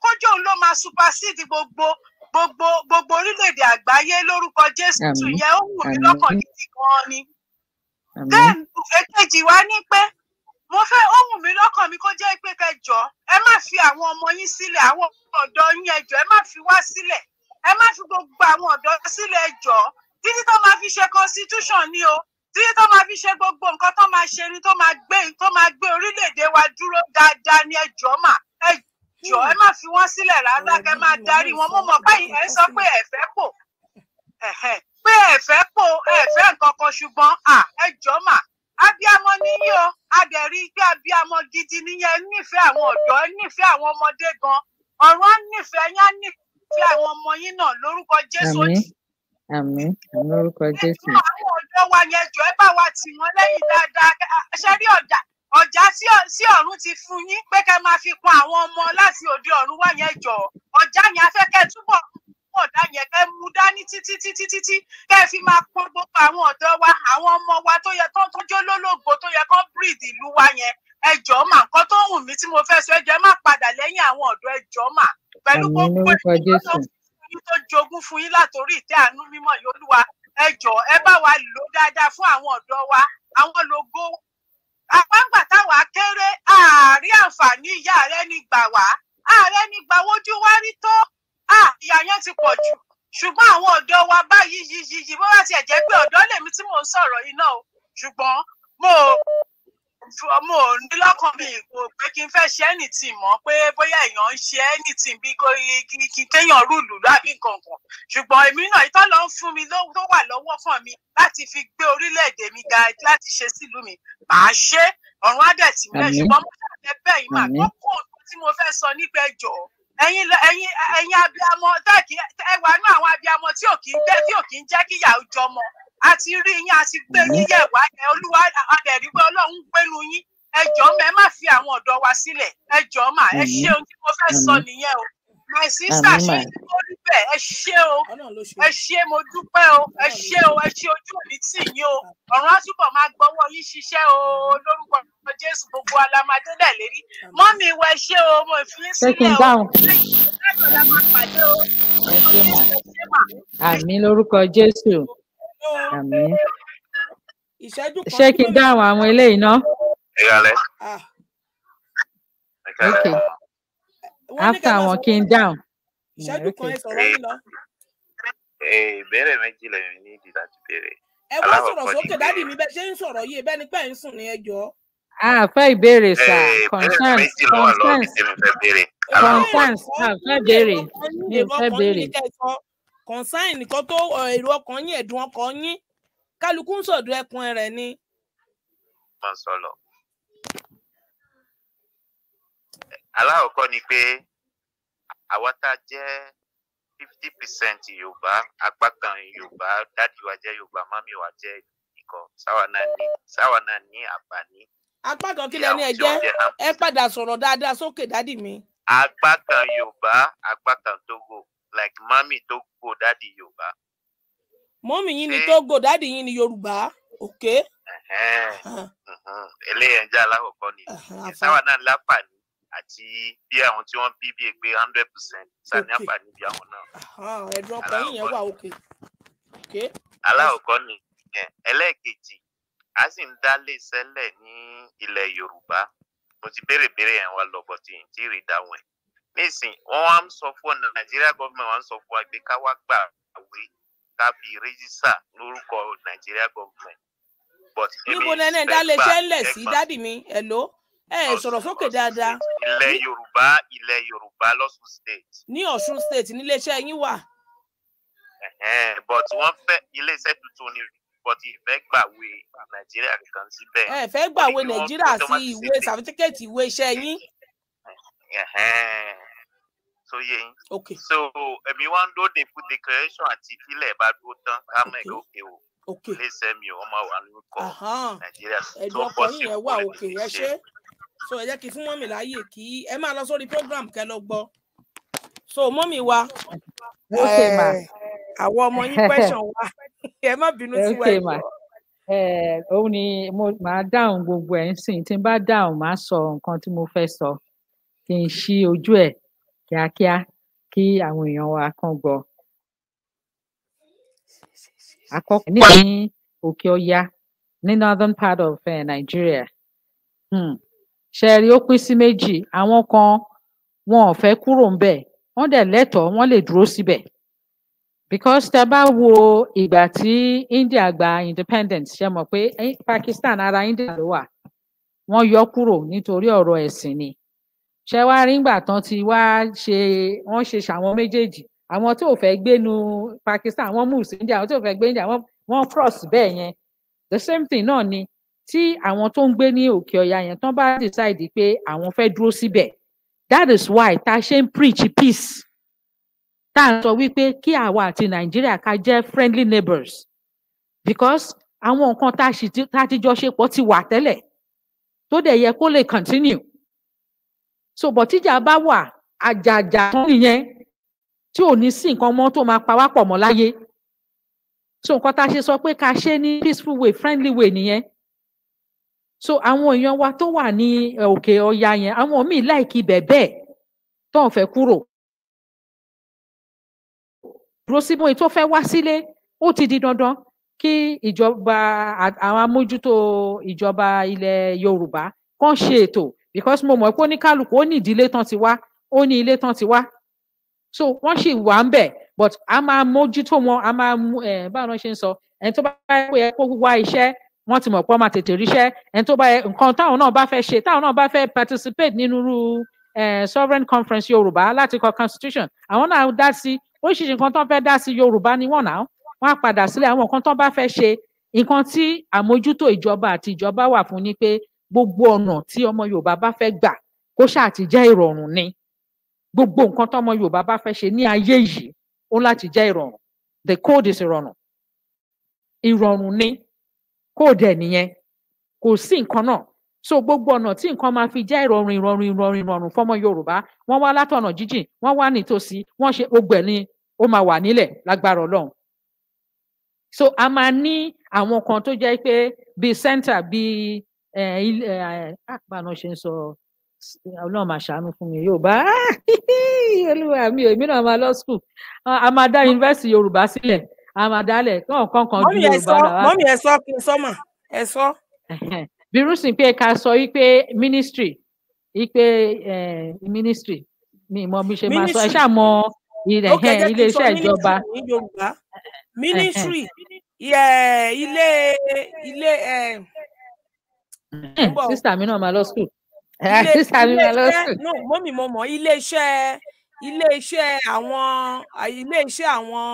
S1: kó ló máa supersede gbogbo gbogbo gbogbo orílẹ̀-èdè àgbáyé lórúkọ Jésù yẹn ó wù mí lọ́kàn gidi gan ni. then èkejì wa ní pé mo fẹ́ ó wù mí lọ́kàn mi kó jẹ́ pé kẹjọ ẹ má fi àwọn ọmọ yín sílẹ̀ àwọn ọ̀dọ́ yín ẹjọ́ ẹ má fi wá sílẹ̀ ẹ má fi gbogbo àwọn ọ̀dọ́ sílẹ̀ jọ títí tó máa fi ṣe constitution ni o títí tó máa fi ṣe gbogbo nǹkan tó máa ṣe ni tó máa gbé tó máa gbé orílẹ̀-èdè wa dúró dáadáa ni ẹ jọ mà ẹ jọ ẹ má fi wọ́n sílẹ̀ rárá kẹ́ máa darí wọn mo mọ̀ báyìí ẹ sọ pé ẹ fẹ́ pò pé ẹ fẹ́ pò ẹ fẹ́ nǹkan kan ṣùgbọ́n ẹ jọ mà abiamọ níyí o adẹ̀rí pé abiamọ gidi nìyẹn nífẹ̀ẹ́ àwọn ọ̀dọ́ nífẹ̀ẹ́ àwọn ọmọdé gan ọ̀rọ̀ nífẹ̀ẹ́ yẹn nífẹ̀ẹ́ tí àwọn ọmọ yín náà lórúkọ Jésù òdì.
S3: Àmín lórúkọ Jésù.
S1: àwọn ọ̀dọ́ wa jọ ẹ bá wa tì wọ́n lẹ́yìn dáadáa ṣe rí ọ̀dà ọ̀já sí ọ̀run ti fún yín pé kẹ́ máa fi kun àwọn ọmọ láti òde ọ̀run wá jọ ọ̀já yẹn afẹ́kẹ́ túbọ̀ ọ̀dà yẹn kẹ́ mú dání títí títí títí kẹ́ fi máa pọ́n gbogbo àwọn ọ̀dọ́ wa àwọn ọmọ wa tó yẹ kán tọ́jú olólògbò tó yẹ kán bírìdì ìlú wa ẹjọ́ mà nǹkan tó wù mí tí mo fẹ́ sọ ẹjọ́ ẹ má padà lẹ́yìn àwọn ọ̀dọ́ ẹjọ́ mà
S3: pẹ̀lú gbogbo ìdílé
S1: tó jogún fún yín látòrí ìtẹ́ àánú mímọ́ yìí olúwa ẹjọ́ ẹ bá wa lò dáadáa fún àwọn ọ̀dọ́ wa àwọn lógo àpáǹgbà táwa kéré àárín àǹfààní ìyá rẹ ní gbà wá ààrẹ ní gbà wojú wá rí tó ìyá yẹn ti pọ̀ jù ṣùgbọ́n àwọn ọ̀dọ́ wa báyìí yìí yìí bó bá tiẹ̀ jẹ́ pé ọ̀dọ́ lèmi tí mò ń sọ̀rọ̀ yìí náà o ṣùgbọ́n mo mo ní lọ́kàn mi kò pé kí n fẹ́ ṣe anything mọ́ pé bóyá èèyàn ń ṣe anything bí kí kéèyàn rúùlù lábí kankan ṣùgbọ́n èmi náà ìtọ́ ló ń fún mi tó wà lọ́wọ́ fún mi láti fi gbé orílẹ̀-èdè mi ga láti ṣe sílùú mi màá ṣe ọ̀run á dẹ̀ tì mí lẹ̀ ṣùgbọ́n mo ṣàfẹ́ bẹ́ẹ̀ yìí mà tó kó tí mo fẹ́ sọ nípa ẹjọ́ ẹ̀yin ẹ̀yin ẹ̀yin abiamọ ẹ wà nú àwọn abiamọ tí ò kì í jẹ́ kí ìyà ó jọmọ a ti rí yín a ti gbé yín yẹ̀ wá yẹn olúwa adẹ̀rí pé ọlọ́run gbénu yín ẹ jọ̀ọ́ mà ẹ má fi àwọn ọ̀dọ́ wa sílẹ̀
S3: ẹ jọ̀ọ́ mà ẹ ṣe ohun tí mo fẹ́ sọ nìyẹn o my sister ṣe ní kó rí bẹ́ẹ̀ ẹ ṣé o ẹ ṣé mo dúpẹ́ o ẹ ṣé o ẹ ṣé ojú òní tì yín o ọ̀run
S1: àtúbọ̀ máa gbọ́wọ́ yín ṣiṣẹ́ o lórúkọ jésù gbogbo alamadé dẹ̀ lérí mọ́mí ìwọ ẹ ṣé o mo fi ń sílẹ̀ o
S3: àmín lórúkọ jésù
S1: ìṣẹ́jú kan. ṣé kí
S4: n dáhùn àwọn eléyìí ná.
S1: ìrọ̀lẹ́. okay
S4: after àwọn kí n dáhùn.
S1: ìṣẹ́jú kan ẹ sọ̀rọ̀ yín lọ.
S7: ìbéèrè méjì lèmi ní ìdí láti béèrè.
S1: ẹ wá sọ̀rọ̀ sókè dádì mi bẹ́ẹ̀ ṣé ń sọ̀rọ̀ yìí bẹ́ẹ̀ ni pé ń sùn ní ẹjọ́.
S4: a ìbéèrè sà concern concern
S3: concern a fẹ́ béèrè mi
S1: ò consign nìkan tó èrò ọkàn yín ẹ̀dùn ọkàn yín kálukú ń sọ̀dọ̀ ẹkùn rẹ̀ ni.
S7: mo sọ̀rọ̀ alákọ̀ọ́kọ́ ni pé àwa tá a jẹ́ fifty percent yorùbá apá kan yorùbá dádì wa jẹ́ yorùbá mami wa jẹ́ ikọ̀ sáwa náà ní sáwa náà ní àǹfààní.
S1: apá kan kí lẹni ẹ jẹ́ ẹ padà sọ̀rọ̀ dáadáa sókè dádì mi.
S7: apá kan yorùbá apá kan like mami Togo dádì Yorùbá.
S1: mọ́mì yín ni Togo dádì yín ni Yorùbá ok.
S7: eléyẹn jẹ́ alákọ̀ọ́kọ́ ni ìsáwà náà láǹfààní àti bí àwọn tí wọ́n bí bí pé hundred percent sani àǹfààní bí àwọn náà.
S1: ẹ̀dùn ọkàn yìí yẹn wà ok.
S7: alákọ̀ọ́kọ́ ni ẹlẹ́ẹ̀kejì a sì ń dálé sẹ́lẹ̀ ní ilẹ̀ Yorùbá mo ti béèrè béèrè yẹn wá lọ bọ̀ tí n tí ì rí dáhùn ẹ̀ nísìn wọn wá ń sọ fún ọ̀nà nàìjíríà gọ́ọ̀mẹ̀ntì wọn ń sọ fún wa pé ká wá gbà wé ká fi rẹ́jísà lórúkọ nàìjíríà gọ́ọ̀mẹ̀ntì. níbo lẹ́nu ẹ̀dá lè ṣe ń lẹ̀ sí dádì
S1: mi hello ẹ sọ̀rọ̀ sókè dáadáa. ilẹ̀
S7: yorùbá ilẹ̀ yorùbá lọ́sùn state.
S1: ní ọ̀ṣun state ní iléeṣẹ́ yín wà.
S7: but wọ́n fẹ́ iléeṣẹ́ tuntun ni but ìfẹ́ gbàwé nàìjíríà kan síbẹ̀. ẹ fẹ́ gbàwé nàìjíríà
S1: sí ìwé sàfitíkẹ́ẹ̀tì ìwé iṣẹ́ yín
S7: so yé yín so èmi wá ń dóde fún declaration àti ìfilẹ̀ bá dúró tán ká mọ̀ ẹ̀ lókè o ilé iṣẹ́ mi ò máa wà lórúkọ
S1: nàìjíríà tó bọ́ sí ìwọ rẹ̀ so ẹ jẹ́ kí fún mọ́mì láàyè kí ẹ máa lọ sórí program kẹ́ lọ so mọ́mì wa
S3: àwọn ọmọ yín question
S1: wa ẹ má bínú sí wa
S3: ẹ
S4: òun ni màá dáhùn gbogbo ẹ̀ ń sìn tí n bá dáhùn màá sọ mo fẹ́ So kí n ṣí ojú ẹ kíákíá kí àwọn èèyàn wa kàn gbọ́. àkọ́kọ́ ní òkè ọya ní northern part of uh, Nigeria hmm. ṣẹẹri ó pín sí méjì àwọn kan wọn ò fẹ́ kúrò ńbẹ̀ wọ́n dẹ̀ lẹ́tọ̀ọ́ wọ́n lè dúró síbẹ̀ because tẹ́ bá wo ìgbà tí India gba independence ṣe mọ̀ pé eh, Pakistan ara India ló wà wọ́n yọ kúrò nítorí ọ̀rọ̀ ẹ̀sìn ni ṣe wá rí ngbà tán ti wá ṣe wọ́n ṣe ṣàwọn méjèèjì àwọn tó fẹ́ gbénu Pakistan àwọn mùsùlùmí India àwọn tó fẹ́ gbé India wọ́n cross bẹ́ẹ̀ yẹn the same thing náà ni tí àwọn tó ń gbé ní òkè ọ̀yà yẹn tán bá decide pé àwọn fẹ́ dúró síbẹ̀ that is why ta ṣe ń preach peace tá à ń sọ wípé kí àwa àti Nàìjíríà ká jẹ́ friendly neighbors because àwọn nǹkan tá a ti jọ ṣe pọ̀ ti wà tẹ́lẹ̀ tó dẹ̀ yẹ kó lè continue so bọ̀ tíjà bá wà àjàjà tó nìyẹn tí ò ní sí nǹkan mọ́ tó máa pa wá pọ̀ mọ́ láyé so nǹkan tá a ṣe sọ pé ká ṣe ní peaceful way friendly way nìyẹn so àwọn èèyàn wa tó wà ní òkè ọya yẹn àwọn míì láìkí ibẹ̀ bẹ́ẹ̀ tó ń fẹ́ kúrò dúró síbò yìí tó fẹ́ wá sílé ó ti di dandan kí ìjọba àwọn amójútó ìjọba ilẹ̀ Yorùbá kàn ṣe ètò because mo mọ̀ pé oníkálukú ó ní ìdílé tán ti wá ó ní ilé tán ti wá so wọ́n sì wà ń bẹ̀ but a máa mójútó wọn a máa mú ẹ báwọn ṣe ń sọ ẹni tó bá yẹ kó wá iṣẹ́ wọ́n ti mọ̀ pé wọ́n máa tètè ríṣẹ́ ẹni tó bá yẹ nǹkan táwọn náà bá fẹ́ ṣe táwọn náà bá fẹ́ participate nínú irú sovereign conference yorùbá láti kọ constitution àwọn náà dá sí oríṣiríṣi nǹkan tó ń fẹ́ dá sí yorùbá ni wọ́n náà wọ́n á padà sílẹ̀ àwọn nǹkan tó ń bá fẹ́ ṣe nǹkan tí àmójútó ìjọba àti ìjọba wà fún ni pé gbogbo ọ̀nà tí ọmọ yorùbá bá fẹ́ gbà kó ṣáà ti jẹ́ ìrọ̀rùn ni gbogbo nǹkan tọmọ yorùbá bá fẹ́ ṣe ní ayé yìí ó láti jẹ́ ìrọ̀rùn the code is ìrọ̀rùn ìrọ̀rùn ni code ẹ̀ nìyẹn kò sí nǹkan náà so gbogbo ọ̀nà tí nǹkan máa fi jẹ́ ìrọ̀rùn ìrọ̀rùn ìrọ̀rùn ìrọ̀rùn fọmọ yorùbá wọ́n wá látọ̀nà jíjìn wọ́n wá nítòsí wọ́n ṣe gbogbo ẹ̀ ni ó máa wà nílẹ̀ lágbára ọlọ́run so a máa ní àwọn kan tó jẹ́ pé bíi center bíi àpá náà ṣe ń sọ ọlọ́run máa ṣàánú fún mi yorùbá olúwa mi èmi náà máa lọ school a máa dá yunifásitì yorùbá sílẹ̀ a máa dálẹ̀ kàn kàn kàn ju yorùbá rà wá. mọ́mí
S1: ẹ kí n sọ mà ẹ sọ.
S4: birúsìn pé ká sọ wípé ministry wípé ministry mi mọ bí ṣe máa sọ ẹ ṣáà mọ ilé iṣẹ́ ìjọba.
S1: ministry ilé ilé
S4: sísà eh, mi náà máa lọ skul. Eh, sísà mi máa lọ skul.
S1: no mọ́mì mo mọ̀ iléeṣẹ́ iléeṣẹ́ àwọn iléeṣẹ́ àwọn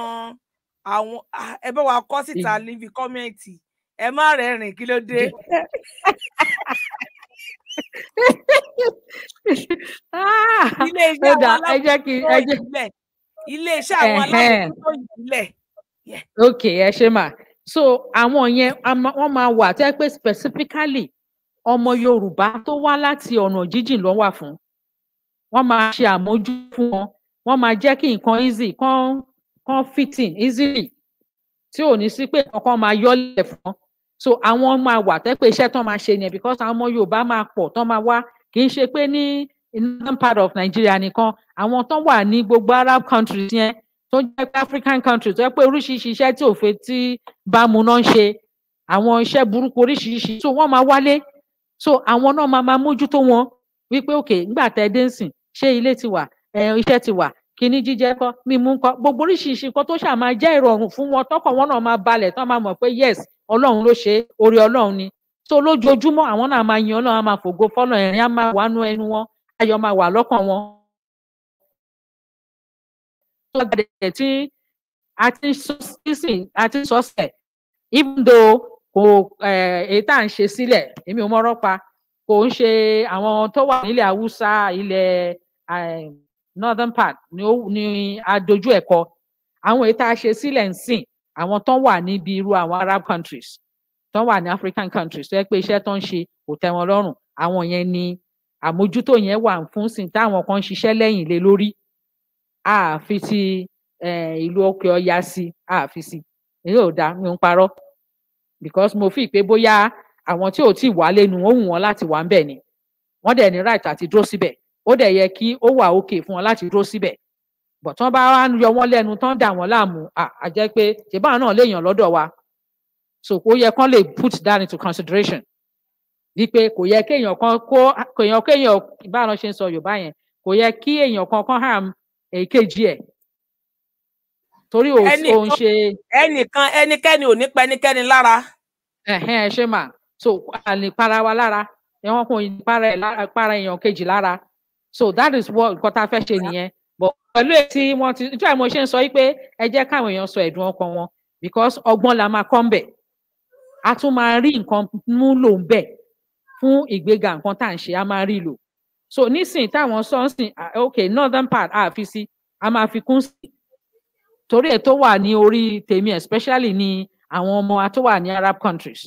S1: àwọn ẹ bá wa kọ́ síta níbi kọ́mẹ́ǹtì ẹ má rẹ́rìn kí ló dé.
S3: Ah, iléeṣẹ́ àwọn aláwọ̀ ìbílẹ̀ iléeṣẹ́ àwọn aláwọ̀ ìbílẹ̀.
S4: ok ẹ ṣe mà so àwọn yẹn wọn máa wà tẹ́ pé specifically ọmọ yorùbá tó wá láti ọ̀nà jíjìn ló wà fún wọ́n máa ṣe àmójú fún wọn wọ́n máa jẹ́ kí nǹkan easy kan kan fitting easily tí ò ní sí pé kankan máa yọlẹ̀ fún so àwọn máa wà tẹ́ pé iṣẹ́ tán máa ṣe yẹn because àwọn ọmọ yorùbá máa pọ̀ tán máa wá kì í ṣe pé ní northern part of nigeria nìkan àwọn tán wà ní gbogbo arab countries yẹn tó jẹ́ pé african countries tó jẹ́ pé oríṣiríṣi iṣẹ́ tí òfin tí bámu náà ń ṣe àwọn iṣẹ́ burúkú oríṣiríṣi so wọ́n máa wálé so àwọn náà máa máa mójútó wọn wípé òkè ńgbà tẹ dé ń sìn ṣé ilé ti wà iṣẹ́ ti wà kíní jíjẹ kọ mímú kọ gbogbo oríṣiríṣi nǹkan tó ṣáà máa jẹ́ ìrọ̀rùn fún wọn tọkàn wọn náà máa balẹ̀ tán máa mọ̀ pé yes Ọlọ́run ló ṣe orí Ọlọ́run ni so lójoojúmọ́ àwọn náà máa yan Ọlọ́run á máa fògo fọlọ ẹ̀rín á máa wánú ẹnu wọn ayọ̀ máa wà lọ́kàn wọn. a ti ń sọ sísìn a ti ń sọ sẹ̀ even though kò èyí tá à ń ṣe sílẹ̀ èmi ò mọ̀rọ̀ pa kò ń ṣe àwọn tó wà nílẹ̀ haúsá ilẹ̀ northern part ni ó ni adojú ẹ̀kọ́ àwọn èyí tá a ṣe sílẹ̀ ń sìn àwọn tó wà níbi irú àwọn arab countries tó wà ní african countries tó yẹ pé iṣẹ́ tó ń ṣe kò tẹ́ wọn lọ́rùn àwọn yẹn ni àmójútó yẹn wà fún sìn táwọn kan ń ṣiṣẹ́ lé lórí àfi ti ìlú òkè ọ̀yà sí àfi sí èyí ò dá mi ń parọ́ because mo fi pé bóyá àwọn tí ò tí wálé nu ó wù wọn láti wà ń bẹ̀ ni wọ́n dẹ̀ ní right àti dúró síbẹ̀ ó dẹ̀ yẹ kí ó wà okay fún wọn láti dúró síbẹ̀ bọ̀ tán bá wá yọ wọ́n lẹ́nu tán dà wọ́n láàmú à jẹ́ pé ṣèbáwọn náà léèyàn lọ́dọ̀ wa so kò yẹ kán lè put that into consideration wípé kò yẹ kéèyàn kan kó kéèyàn kéèyàn báwọn ṣe ń sọ Yorùbá yẹn kò yẹ kí èèyàn kan kan harm èkejì ẹ̀ torí ò ń ṣe.
S1: ẹnìkan ẹnikẹ́ni ò ní pa ẹnikẹ́ni lára.
S4: ẹ̀hẹ́n ṣé mà so àlè para wa lára ẹ̀wọ̀n kò ní para èèyàn kejì lára so that is what nǹkan tá a fẹ́ ṣe nìyẹn but pẹ̀lú èsì wọn ti tí àìmọ̀ ṣe ń sọ yìí pé ẹ jẹ́ káwọn èèyàn sọ ẹ̀dùn ọkàn wọn because ọgbọ́n la máa kọ́ ń bẹ̀ a tún máa rí nǹkan mú lò ń bẹ̀ fún ìgbéga nǹkan tá à ń ṣe a máa rí lò so nísìnyí táwọn sọ ń sìn ok northern part a fi sí a máa fi kún sí torí ẹ̀ tó wà ní orí tèmi especially ní àwọn ọmọ tó wà ní Arab countries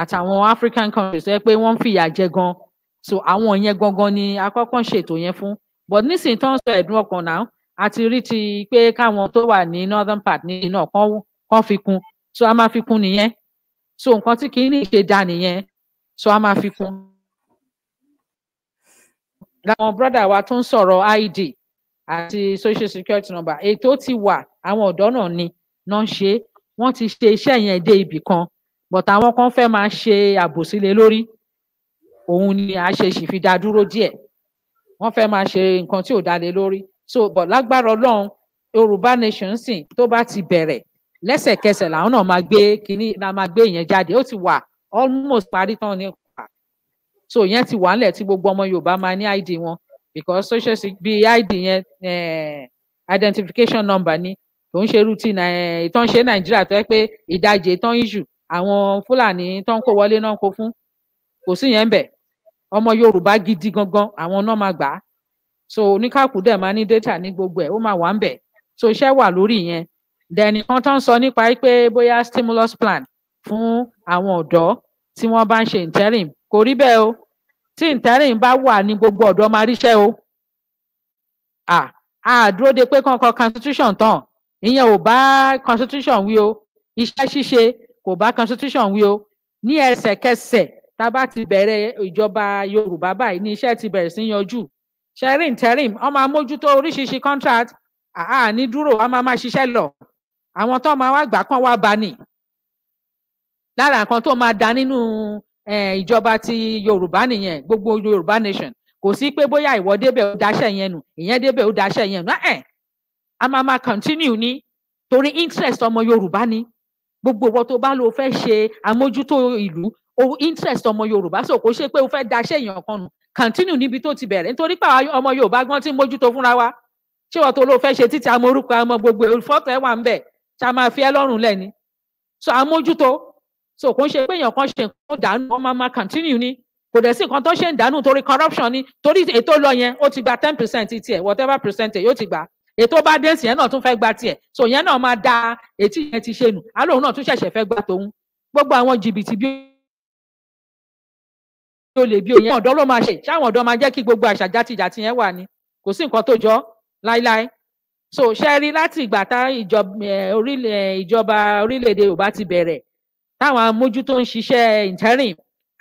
S4: àtàwọn African countries ẹ pé wọ́n ń fìyà jẹ gan so àwọn yẹn gangan ni akọ́kọ́ ń ṣètò yẹn fún but nísìnyí tó ń sọ ẹ̀dùn ọkàn náà a ti rí ti pé káwọn tó wà ní northern part ní iná kan kan fi kún so a máa fi kún nìyẹn so nǹkan tí kìíní ṣe dá nìyẹn so a máa fi kún. làwọn brọ́dà wa tó ń sọ̀rọ̀ IED àti social security number ètò ti wà àwọn ọ̀dọ́ náà ni náà ṣe wọ́n ti ṣe iṣẹ́ yẹn dé ibì kan but àwọn kan fẹ́ máa ṣe àbòsílẹ lórí òun ni a ṣe sì fi dá dúró díẹ̀ wọ́n fẹ́ máa ṣe nǹkan tí ò dá lórí so but lágbára Ọlọ́run Yorùbá nation sìn tó bá ti bẹ̀rẹ̀ lẹ́sẹ̀kẹsẹ̀ làwọn náà máa gbé kínní la máa gbé ìyẹn jáde ó ti wà almost parí tán nípa so ìyẹn ti wà ńlẹ̀ tí gbogbo ọmọ Yorùbá máa ní ID wọn because social security bí id yẹn eh, identification number ni tó ń ṣe routine eh, tó ń ṣe nàìjíríà tó yẹ pé ìdajì tó ń issue àwọn fúlàní tó ń kó wọlé náà kó fún kò sí yẹn ń bẹ ọmọ yorùbá gidi gangan àwọn náà máa gbà á so oníkàkú dẹ̀ máa ní data ní gbogbo ẹ̀ ó máa wà ń bẹ so iṣẹ́ wà lórí yẹn then nǹkan tó ń sọ nípa pé bóyá stimulus plan fún àwọn ọ̀dọ́ tí wọ́n bá ń ṣe interim kò rí bẹ́ẹ̀ o tí ìtẹ́rìn bá wà ní gbogbo ọ̀dọ́ máa ríṣẹ́ o àdúró de pé kankan constitution tán ìyẹn ò bá constitution wí o iṣẹ́ ṣíṣe kò bá constitution wí o ní ẹsẹ̀kẹsẹ̀ tá a bá ti bẹ̀rẹ̀ ìjọba Yorùbá báyìí ní iṣẹ́ ti bẹ̀rẹ̀ sí yanjú ṣẹ́rìn tẹ́rìn ọmọ amójútó oríṣiríṣi contract àní dúró a máa máa ṣiṣẹ́ lọ àwọn tó máa wá gbà kán wá bá ní lára nǹkan tó máa da nínú ìjọba ti yorùbá nìyẹn gbogbo yorùbá nation kò sí pé bóyá ìwọ débẹ̀ ó daṣẹ́ yẹn nù ìyẹn débẹ̀ ó daṣẹ́ yẹn nù ẹ̀ a máa máa continue ní torí interest ọmọ yorùbá ni gbogbo ìwọ tó bá lọ fẹ́ ṣe àmójútó ìlú interest ọmọ yorùbá sọ kò ṣe pé o fẹ́ daṣẹ́ èèyàn kan nù continue níbi tó ti bẹ̀rẹ̀ nítorí pé ọmọ yorùbá gan ti mójútó fúnra wa ṣé ìwọ tó lọ fẹ́ ṣe títí amórúkọ ọmọ gbogbo ìfọ́tọ̀ ẹ̀ wà ń bẹ̀ ṣá máa fi ẹ́ lọ́rùn lẹ́ni so àmójútó so kò ń ṣe pé èèyàn kan ṣe nǹkan dànù wọn máa máa continue ni kò dẹ̀ sí nǹkan tó ṣe ń dànù torí corruption ni torí ètò lọ yẹn ó ti gba ten percent tiẹ̀ whatever percent yóò ti gbà ètò bá dé sí yẹn náà tún fẹ́ gba tiẹ̀ so yẹn náà máa da ètí yẹn ti ṣe nù alóhùn náà tún ṣẹ̀ṣẹ̀ fẹ́ gba tòun gbogbo àwọn jìbìtì bí ó lè bí òyìn ọ̀dọ́ ló máa ṣe ṣáwọn ọ̀dọ́ máa jẹ́ kí gbogbo àṣà játijàti yẹn wà ni kò sí nǹkan tó jọ láíláí so ṣe rí láti ìgbà tá ìjọba orílẹ̀-èdè Yorùbá ti bẹ̀rẹ̀ táwọn amójútó ń ṣiṣẹ́ ìtẹ́rìn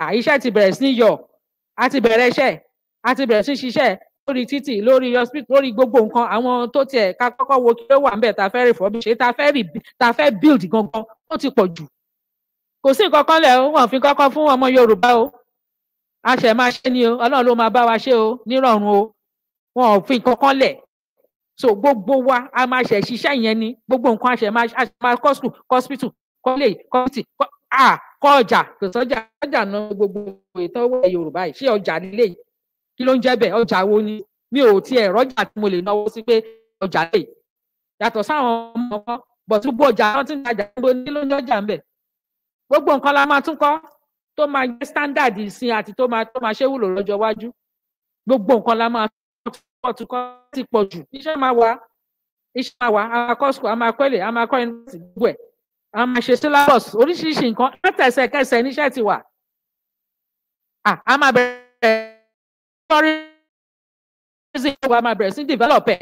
S4: àyíṣẹ́ ti bẹ̀rẹ̀ sí yọ a ti bẹ̀rẹ̀ iṣẹ́ a ti bẹ̀rẹ̀ sí ṣiṣẹ́ lórí títì lórí hospital lórí gbogbo nǹkan àwọn tó tiẹ̀ ká kọ́kọ́ wo kí ló wà ńbẹ̀ ta fẹ́ rìfọ́ bí ṣe ta fẹ́ rì ta fẹ́ build gangan ó ti pọ̀ jù kò sí nǹkan kan lẹ̀ wọ́n fi kọ́kọ́ fún ọmọ Yorùbá o a ṣẹ̀ máa ṣe ni o Ọlọ́run ló máa bá wa ṣe o nírọ̀rùn o wọn fi nǹkan kan lẹ̀ so gbogbo wa a máa ṣẹ̀ ṣiṣẹ́ yẹn ni gbogbo nǹkan a ṣẹ̀ máa kọ́ school hospital kọ́ lè kọ́ tì kọ́ à kọ́ ọjà kò sọ́jà ọjà náà gbogbo ètò owó Yorùbá yìí ṣé ọjà nílé yìí kí ló ń jẹ́ bẹ́ẹ̀ ọjà wo ni mi ò tiẹ̀ rọ́jà tí mo lè náwó sí pé ọjà lè yàtọ̀ sáwọn ọmọ kan bọ̀tú gbogbo ọjà wọn ti ń tajà gbogbo ní ló ń jọjà ń bẹ̀ gbogbo nǹkan la máa tún kọ́ tó máa jẹ́ standard ìsìn àti tó máa tó máa ṣe wúlò lọ́jọ́ iwájú gbogbo nǹkan la máa pọ̀ tún kọ́ ti pọ̀ jù iṣẹ́ máa wà iṣẹ́ máa wà a máa kọ́ sùkúl a máa kọ́ ilé a máa kọ́ yunifásitì gbogbo ẹ̀ a máa ṣe syllabus oríṣiríṣi nǹkan látẹ̀sẹ̀kẹsẹ̀ níṣẹ́ ti wà a máa bẹ̀rẹ̀ tourism wa máa bẹ̀rẹ̀ sí develop ẹ̀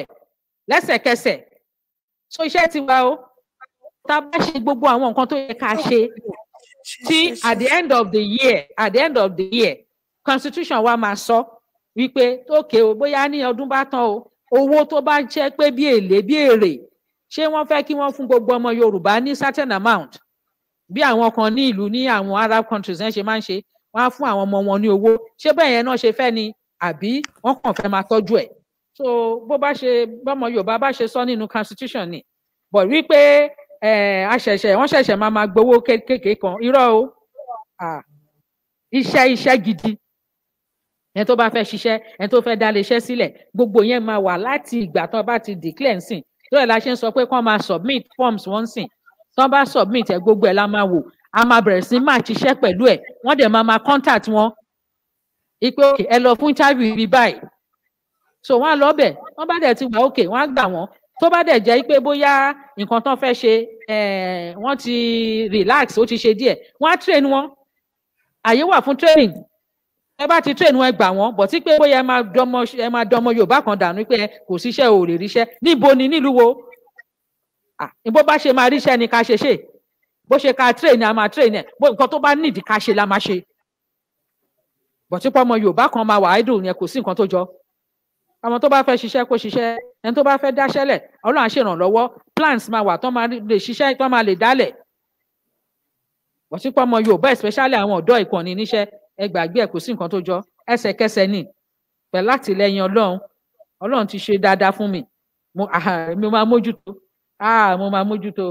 S4: lẹ́sẹ̀kẹsẹ̀ so iṣẹ́ ti wà o tá a bá ṣe gbogbo àwọn nǹkan tó yẹ ká ṣe tí at the end of the year at the end of the year constitution wa máa sọ wípé tókè o bóyá ní ọdún bá tán o owó tó bá ń jẹ́ pé bí èlé bí èrè ṣé wọ́n fẹ́ kí wọ́n fún gbogbo ọmọ Yorùbá ní certain amount bí àwọn kan ní ìlú ní àwọn Arab countries náà ṣe máa ń ṣe wọ́n á fún àwọn ọmọ wọn ní owó ṣé bẹ́ẹ̀ yẹn náà ṣe fẹ́ ni àbí wọ́n kàn fẹ́ máa tọ́jú ẹ̀ so bó bá ṣe bọ́mọ Yorùbá bá ṣe sọ nínú constitution ni bọ̀ rí pé àṣẹ̀ṣẹ̀ wọ́n ṣẹ̀ṣẹ̀ máa máa gbowó kéékèèké kan irọ́ o iṣẹ́ iṣẹ́ gidi ẹni tó bá fẹ́ ṣiṣẹ́ ẹni tó fẹ́ dá lè ṣẹ́ sílẹ̀ gbogbo yẹn máa wà láti ìgbà tán bá ti declare nsìn lóòrè la ṣe ń sọ pé kán máa submit forms wọ́n sìn tán bá submit ẹ̀ gbogbo ẹ̀ la máa wò a máa bẹ̀rẹ̀ sí máa ṣiṣẹ́ pẹ̀lú ẹ̀ wọ́n dẹ̀ máa máa contact wọn ipe òkè ẹ lọ fún interview ibi báyìí so wọ́n á lọ bẹ̀ wọ́n bá dẹ̀ ti gbà òkè wọ́n á gbà wọ́n tó bá dẹ̀ jẹ́ pé bóyá nǹkan tán fẹ́ ṣe eh, wọ́n ti relax ó ti ṣe díẹ̀ wọ́n á train wọn àyè wà fún training ẹ bá ti train wọn ẹ gbà wọn bọ̀ sí pé bóyá ẹ máa dọmọ ẹ máa dọmọ yorùbá kan dànù pé kò síṣẹ́ ò lè ríṣẹ́ níbo ni nílùú wo bó bá ṣe máa ríṣẹ́ ni ká ṣe ṣe bó ṣe ká train a máa train ẹ bó nǹkan tó bá nídìí ká ṣe la máa ṣe bọ̀ tí pọ́ ọmọ yorùbá kan máa wà idle yẹn kò sí nǹkan tó jọ ọmọ tó bá fẹ́ ṣiṣẹ́ kó ṣiṣẹ́ ẹni tó bá fẹ́ dáṣẹ́lẹ̀ ọlọ́run á ṣèrànlọ́wọ́ plans máa wà tán máa lè ṣiṣẹ́ tán máa lè dálẹ̀ bọ̀ tí pọ́ ọmọ yorùbá especially àwọn ọ̀dọ́ ìkànnì níṣẹ́ ẹ gbàgbé ẹ kò sí nǹkan tó jọ ẹsẹ̀kẹsẹ̀ ni pẹ̀lú àtìlẹ́yìn Ọlọ́run Ọlọ́run ti ṣe dáadáa fún mi mo máa mójútó mo máa mójútó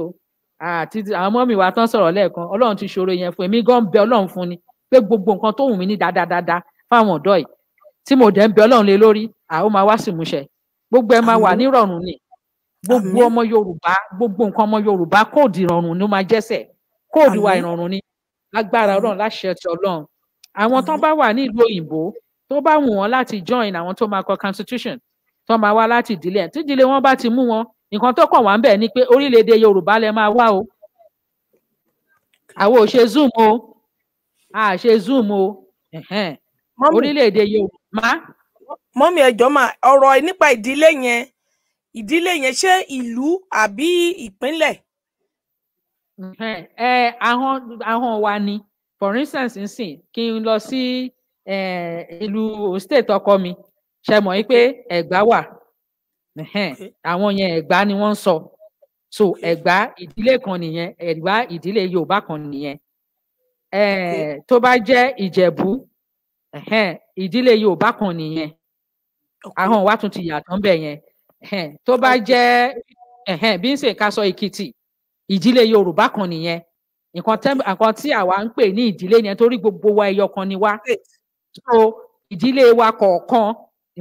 S4: àti àwọn ọmọ mi wà tán sọ̀rọ̀ lẹ́ẹ̀kan Ọlọ́run ti ṣòro yẹn fún èmi gan bẹ Ọlọ́run fún ni pé gbogbo nǹkan tó wù mí ní dáadáa fáwọn ọ̀dọ́ yìí tí mo dẹ̀ ń bẹ Ọlọ́run lé lórí àwọn máa wá sí ìmúṣẹ gbogbo ẹ máa wà nírọ̀rùn ni gbogbo ọmọ Yorùbá gbogbo nǹkan ọmọ Yorùbá kóòdù ìrọ̀rùn ni ó máa jẹ́sẹ̀ kóòdù wa ìrọ̀rùn ni lágbára Ọlọ́run láṣẹ ti Ọlọ́run àwọn tó bá wà ní ìlú òyìnbó tó bá wù wọn láti join àwọn tó máa kọ constitution tó máa wá láti ìdílé ẹ̀ tídìlé wọn bá ti mú wọn nǹkan tó kàn wá ń bẹ̀ ni pé orílẹ̀-èdè yorùbá lẹ máa wá o àwọn ò ṣe zoom o a ṣe zoom o orílẹ̀-èdè yorùbá.
S1: mọ́mí ẹ̀jọ́ máa ọ̀rọ̀ nípa ìdílé yẹn ìdílé yẹn ṣé ìlú àbí ìpínlẹ̀.
S4: ẹ ahọ́n ahọ́n wa ni for instance nsìn kí n lọ sí ìlú state ọkọ mi ṣe mọ̀ yí pé ẹ̀gbá wà àwọn yẹn ẹ̀gbá ni wọ́n ń sọ so ẹ̀gbá ìdílé kan nìyẹn ẹ̀gbá ìdílé yorùbá kan nìyẹn tó bá jẹ́ ìjẹ̀bú ìdílé yorùbá kan nìyẹn àwọn wa tún ti yàtọ̀ ń bẹ̀ yẹn tó bá jẹ́ bí ń ṣe ká sọ èkìtì ìdílé yorùbá kan nìyẹn nǹkan tí àwa ń pè ní ìdílé yẹn torí gbogbo wa ẹyọ kan ni wá so ìdílé wa kọ̀ọ̀kan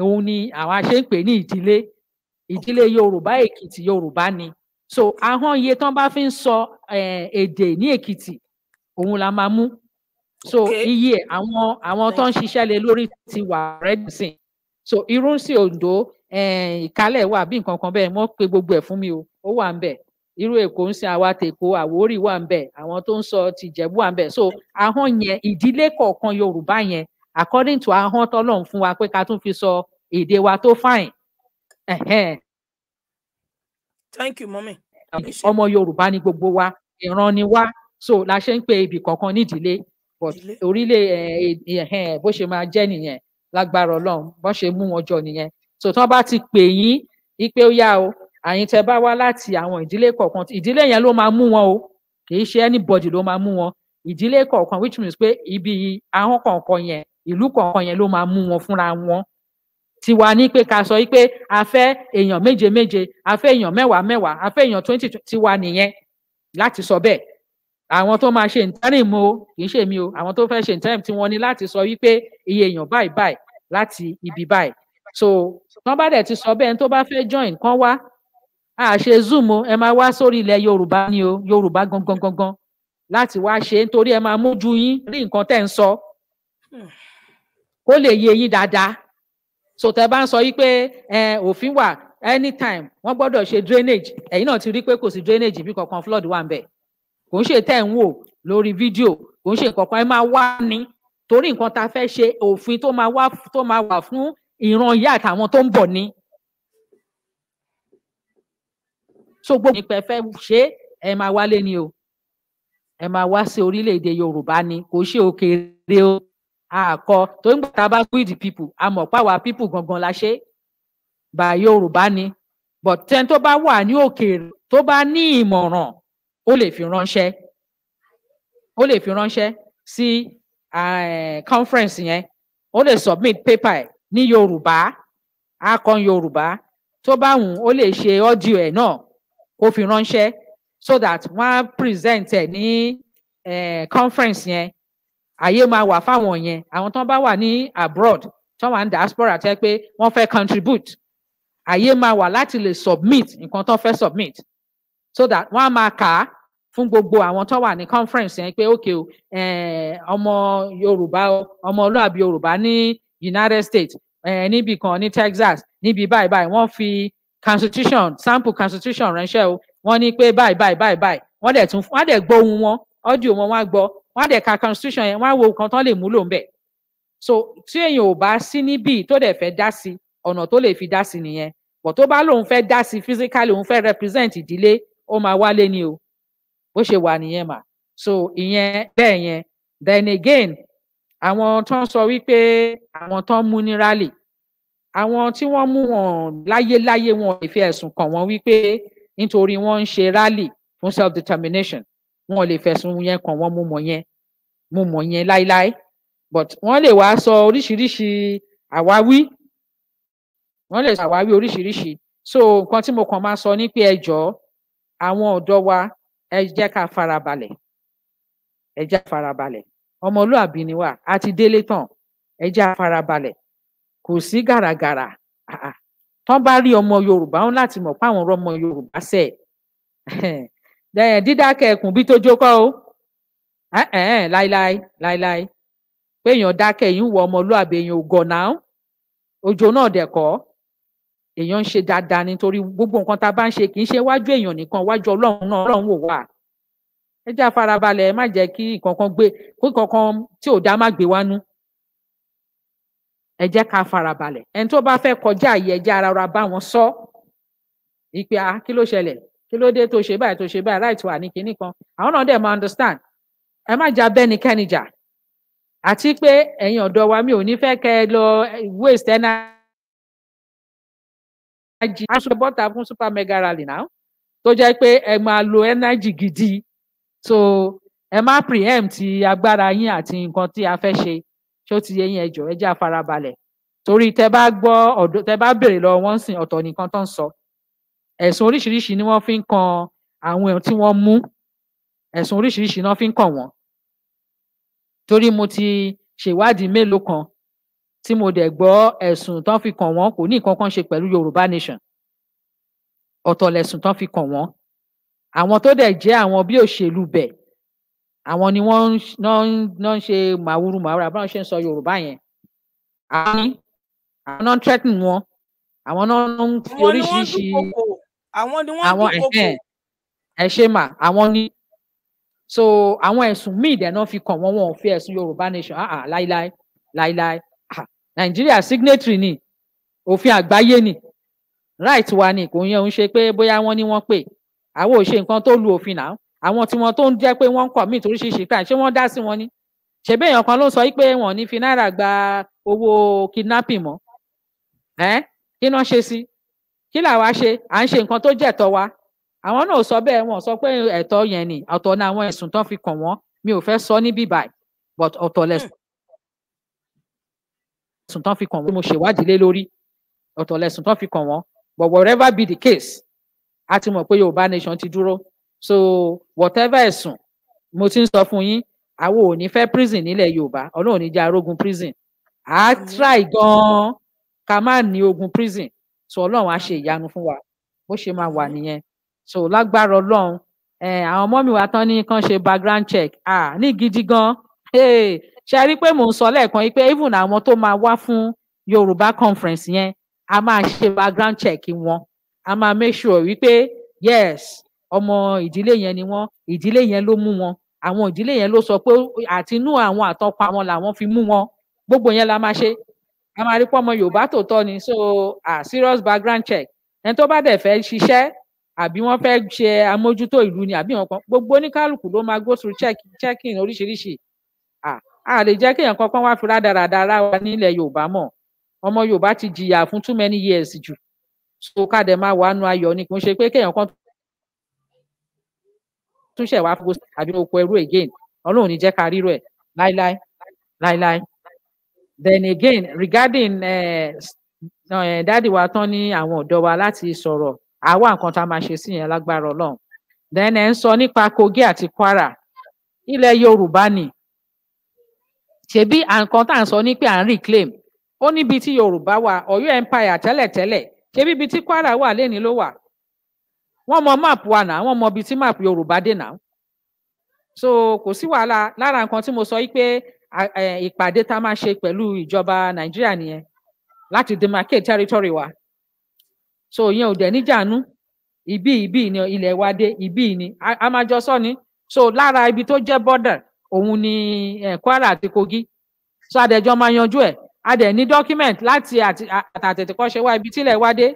S4: òun ni àwa ṣe ń pè ní ìdílé ìdílé Yorùbá Èkìtì Yorùbá ni so ahọ́n iye tán bá fi ń sọ èdè ní Èkìtì òun la máa mú so iye àwọn àwọn tó ń ṣiṣẹ́ lé lórí ti wà rẹ́dí so irúnsìn Oǹdó ìkálẹ̀ wà bí nǹkan kan bẹ́ẹ̀ mọ́ pé gbogbo ẹ̀ fún mi o ó wà ń bẹ̀ irú èkó ń sin àwa tèkó àwórì wà ń bẹ àwọn tó ń sọ tìjẹ̀bú wà ń bẹ so ahọ́n yẹn ìdílé kọ̀ọ̀kan yorùbá yẹn according to ahọ́n tọ́lọ̀ fún wa pé ká tún fi sọ èdè wa tó fine. thank you mọ́mí. ọmọ yorùbá ni gbogbo wa ìran ni wá so la ṣe ń pe ibì kọ̀ọ̀kan nídìílé but orílẹ̀ bó ṣe máa jẹ́ nìyẹn lágbára ọlọ́run bó ṣe mú wọn jọ nìyẹn so tí wọ́n bá ti pè yín ipe ó yá o àyìn tẹ bá wá láti àwọn ìdílé kọ̀ọ̀kan ìdílé yẹn ló máa mú wọn o kì í ṣe anybody ló máa mú wọn ìdílé kọ̀ọ̀kan which means pé ibi àwọn kọ̀ọ̀kan yẹn ìlú kọ̀ọ̀kan yẹn ló máa mú wọn fúnra wọn tiwa ní pé ká sọ pé a fẹ́ èèyàn méje méje a fẹ́ èèyàn mẹ́wàá mẹ́wàá a fẹ́ èèyàn twenty tiwa nìyẹn láti sọ bẹ́ẹ̀ àwọn tó máa ṣe ìtẹ́rìn mo kì í ṣe mi o àwọn tó fẹ́ ṣe ìtẹ́rìn tí wọ́n ní láti sọ wípé iye èèyàn báyìí báyìí láti ibi báyìí so tán bá dẹ̀ ti sọ bẹ́ẹ̀ tó bá fẹ́ join kán wá a ṣe zoom o ẹ máa wá sórí ilẹ̀ yorùbá ni o yorùbá gangan gangan láti wá ṣe nítorí ẹ máa mójú yín rí nǹkan tẹ́ ń sọ kó lè yé yín dáadáa so tẹ́ bá ń sọ yí pé òfin wà anytime wọ́n gbọ́dọ̀ ṣe drainage ẹ̀yin náà ti rí pé kò sí drainage bí kankan flood wà ń bẹ̀ kò ń ṣe tẹ́ ń wò lórí fídíò kò ń ṣe kankan ẹ máa wá ní torí nǹkan tá fẹ́ ṣe òfin tó máa wà fún ìran ìyá àtàwọn tó ń bọ̀ ni so gbogbo ìpẹ́ fẹ́ ṣe ẹ máa wálé ni o ẹ máa wá sí orílẹ̀-èdè yorùbá ni kò ṣe òkèèrè o àkọ tó ń gbàtà bá with people a mọ̀ pàwọ́ people gangan la ṣe bá yorùbá ni but ten tó bá wà ní òkèèrè tó bá ní ìmọ̀ràn ó lè fi ránṣẹ́ ó lè fi ránṣẹ́ sí eh, conference yẹn ó lè submit paper ẹ̀ ní yorùbá akọ yorùbá tó bá wù ú ó lè ṣe audio ẹ̀ náà ó fi so that wọ́n á present ẹ̀ ní conference yẹn àyè máa wà fáwọn yẹn àwọn tó bá wà ní abroad tó wà ní diaspora tẹ́ pé wọ́n fẹ́ contribute àyè máa wà láti lè submit nǹkan tó fẹ́ submit so that wọ́n á máa kà á fún gbogbo àwọn tó wà ní conference yẹn pé okay o ọmọ Yorùbá ọmọ olóàbí Yorùbá ní United States níbì kan ní Texas níbi báyìí báyìí wọ́n fi constitution sample constitution ránṣẹ́ o wọ́n ní pé báyìí báyìí báyìí báyìí wọ́n dẹ̀ tún wọ́n dẹ̀ gbóhùn wọn audio wọn wọ́n á gbọ́ wọ́n ka constitution yẹn wọ́n á wo nǹkan tán lè múlò ńbẹ̀ so tí èèyàn ò bá sí níbí tó dẹ̀ fẹ́ dá sí ọ̀nà tó lè fi dá sí nìyẹn but tó bá lóun fẹ́ dá sí physically òun fẹ́ represent ìdílé ó máa wálé ni o bó ṣe wà nìyẹn mà so ìyẹn bẹ́ẹ̀ yẹn then again àwọn tán sọ wípé àwọn tán mú ní rally àwọn tí wọ́n mú wọn láyéláyé wọn lè fi ẹ̀sùn kàn wọ́n wípé nítorí wọ́n ń ṣe rally fún self determination wọn lè fẹ̀sùn yẹn kàn wọ́n mú mọ̀ yẹn mú mọ̀ yẹn láéláé but wọ́n lè wá sọ oríṣiríṣi àwáwí wọ́n lè ṣàwáwí oríṣiríṣi so nǹkan tí mo kàn máa sọ ni pé ẹ jọ̀ọ́ àwọn ọ̀dọ́ wa ẹ jẹ́ ká farabalẹ̀ ẹ jẹ́ farabalẹ̀ ọmọlúàbí ni wá a ti délé tán ẹ jẹ́ farabalẹ̀ kò sí gàràgàrà tán bá rí ọmọ yorùbá ń láti mọ̀ páwọn ọmọ yorùbá ṣe dídákẹ́ ẹkùn bí tójó kọ́ o láíláí láíláí pé èèyàn dákẹ́ èyí ń wọ ọmọlúàbí èèyàn ò gọ̀nà òjò náà dẹ̀ kọ́ èèyàn ń ṣe dáadáa nítorí gbogbo nǹkan tá a bá ń ṣe kì í ṣe wájú èèyàn nìkan wájú ọlọ́run náà ọlọ́run wò wá ẹ jẹ́ àfarabalẹ̀ ẹ má jẹ́ kí nǹkan kan gbé kí nǹkan kan tí ò dá má gbé wánú ẹ jẹ́ ká farabalẹ̀ ẹni tó bá fẹ́ kọjá yìí ẹ jẹ́ ara ra bá wọn sọ ìpè à ah, kí ló ṣẹlẹ̀ kí ló dé tó ṣe báyìí tó ṣe báyìí láì tó wà ní kinní kan àwọn náà dẹ̀ máa understand ẹ má ja bẹ́nikẹ́ni jà àti pé ẹ̀yin ọ̀dọ́ wa mi ò ní fẹ́ kẹ́ ẹ lọ eh, waste energy aṣọ bọ́tà fún super mega rally náà tó jẹ́ pé ẹ máa lo energy gidi so ẹ má preempt agbára yín àti nǹkan tí a fẹ́ ṣe ṣé ó ti yẹ yín ẹjọ ẹ jẹ́ àfarabalẹ̀ torí tẹ bá gbọ́ ọ̀dọ̀ tẹ bá béèrè lọ wọ́n sìn ọ̀tọ̀ nìkan tó ń sọ ẹ̀sùn oríṣiríṣi ni wọ́n fi ń kan àwọn èèyàn tí wọ́n mú ẹ̀sùn oríṣiríṣi náà fi ń kàn wọ́n torí mo ti ṣèwádìí mélòó kan tí mo dẹ̀ gbọ́ ẹ̀sùn tán fi kàn wọ́n kò ní nǹkan kan ṣe pẹ̀lú Yorùbá Nation ọ̀tọ̀ lẹ̀sùn tán fi kàn wọ́n àwọn tó dẹ̀ jẹ́ àwọn bí òṣèlú bẹ̀ àwọn ni wọ́n ń ṣe màwúrú màwúrà báwọn ṣe ń sọ yorùbá yẹn àwọn ni àwọn náà ń threaten wọn àwọn náà ń fi oríṣiríṣi
S1: àwọn ni wọ́n ń dúnkokò
S4: ẹ ṣe mà àwọn ni so àwọn ẹ̀sùn míì dẹ̀nà fi kàn wọ́n wọn ò fi ẹ̀sùn yorùbá nation ah ah láíláí láíláí ah nàìjíríà signatory ni òfin àgbáyé ni right wa ni kò yẹn ń ṣe pé bóyá wọ́n ní wọ́n pè àwọn ò ṣe nǹkan tó lu òfin náà àwọn tiwọn tó ń jẹ́ pé wọ́n ń kọ̀ mí toríṣiríṣi crime ṣé wọ́n dá sí wọn ni ṣebí èèyàn kan ló sọ pé wọ́n ní fi náírà gba owó kidnapping mọ́ ẹ kí náà ṣe sí kí làwa ṣe à ń ṣe nǹkan tó jẹ́ ẹ̀tọ́ wa àwọn náà sọ bẹ́ẹ̀ wọ́n sọ pé ẹ̀tọ́ yẹn ni ọ̀tọ̀ ni àwọn ẹ̀sùn tán fi kàn wọ́n mi ò fẹ́ sọ ní bíbá but ọ̀tọ̀ lẹ̀sùn hmm. tán fi kàn wọ́n mo ṣèwádìí lé lórí ọ̀tọ̀ lẹ̀sùn tán fi kàn wọ́n but whatever be the case a ti mọ̀ pé Yorùbá nation ti dúró so whatever ẹ̀sùn mo ti ń sọ fún yín àwọn ò ní fẹ́ prison nílẹ̀ yorùbá ọlọ́run ní jẹ́ arógun prison à á try gan-an ká má ní ogun prison so ọlọ́run á ṣe ìyanu fún wa bó ṣe máa wà nìyẹn so lágbára ọlọ́run àwọn ọmọ mi wà tán ní kàn ṣe background check ah ní gidi gan ṣe rí i pé mò ń sọ lẹ́ẹ̀kan yìí pé even àwọn tó máa wá fún yorùbá conference yẹn a máa ṣe background check wọn a máa make sure wípé yes ọmọ ìdílé yẹn ni wọn ìdílé yẹn ló mú wọn àwọn ìdílé yẹn ló sọ pé àtinú àwọn àtọkọ àwọn làwọn fi mú wọn gbogbo yẹn la máa ṣe a máa rí pé ọmọ yorùbá tòótọ́ ni so a serious background check ẹni tó bá dẹ̀ fẹ́ ṣiṣẹ́ àbí wọ́n fẹ́ ṣe amójútó ìlú ni àbí wọn kan gbogbo oníkálukú ló máa go through check checking oríṣiríṣi a lè jẹ́ kéèyàn kankan wá fi rádaràda ara wa nílẹ̀ yorùbá mọ̀ ọmọ yorùbá ti jìyà fún too many years jù so ká dẹ̀ máa wà nù ayọ̀ ni kò ń ṣe pé kéèyàn kan túnṣe wàá fowó tàbí oko ẹrú again ọlọ́run ní jẹ́ ká rírọ̀ ẹ̀ láíláí láíláí then again regarding eh, eh, dáàdì wa tán ní àwọn ọ̀dọ́ wa láti sọ̀rọ̀ àwa nǹkan tá a máa ṣe sí yẹn lágbára ọlọ́run then ẹ̀ ń sọ nípa Kogi àti Kwara ilẹ̀ Yorùbá ni ṣebí nǹkan tá à ń sọ ní pé à ń reclaim ó níbi tí Yorùbá wà Ọ̀yọ́ empire tẹ́lẹ̀tẹ́lẹ̀ ṣebí ibi tí Kwara wà lẹ́ni ló wà wọ́n mọ máàpù wa náà wọ́n mọ ibi tí máàpù yorùbá dé so kò sí wàhálà lára nǹkan tí mo sọ yìí pé ìpàdé tá a máa ṣe pẹ̀lú ìjọba nàìjíríà nìyẹn láti demarcate territory wa so ìyẹn ò dẹ̀ níjànú ibi ibi ni ilẹ̀ wa dé ibi ni a máa jọ sọ ni so lára ibi tó jẹ́ border òun ni kwara àti kogi so adẹjọ máa yanjú ẹ̀ a dẹ̀ ní document láti àtàtètèkọ́ṣe wa ibi tílẹ̀ wa dé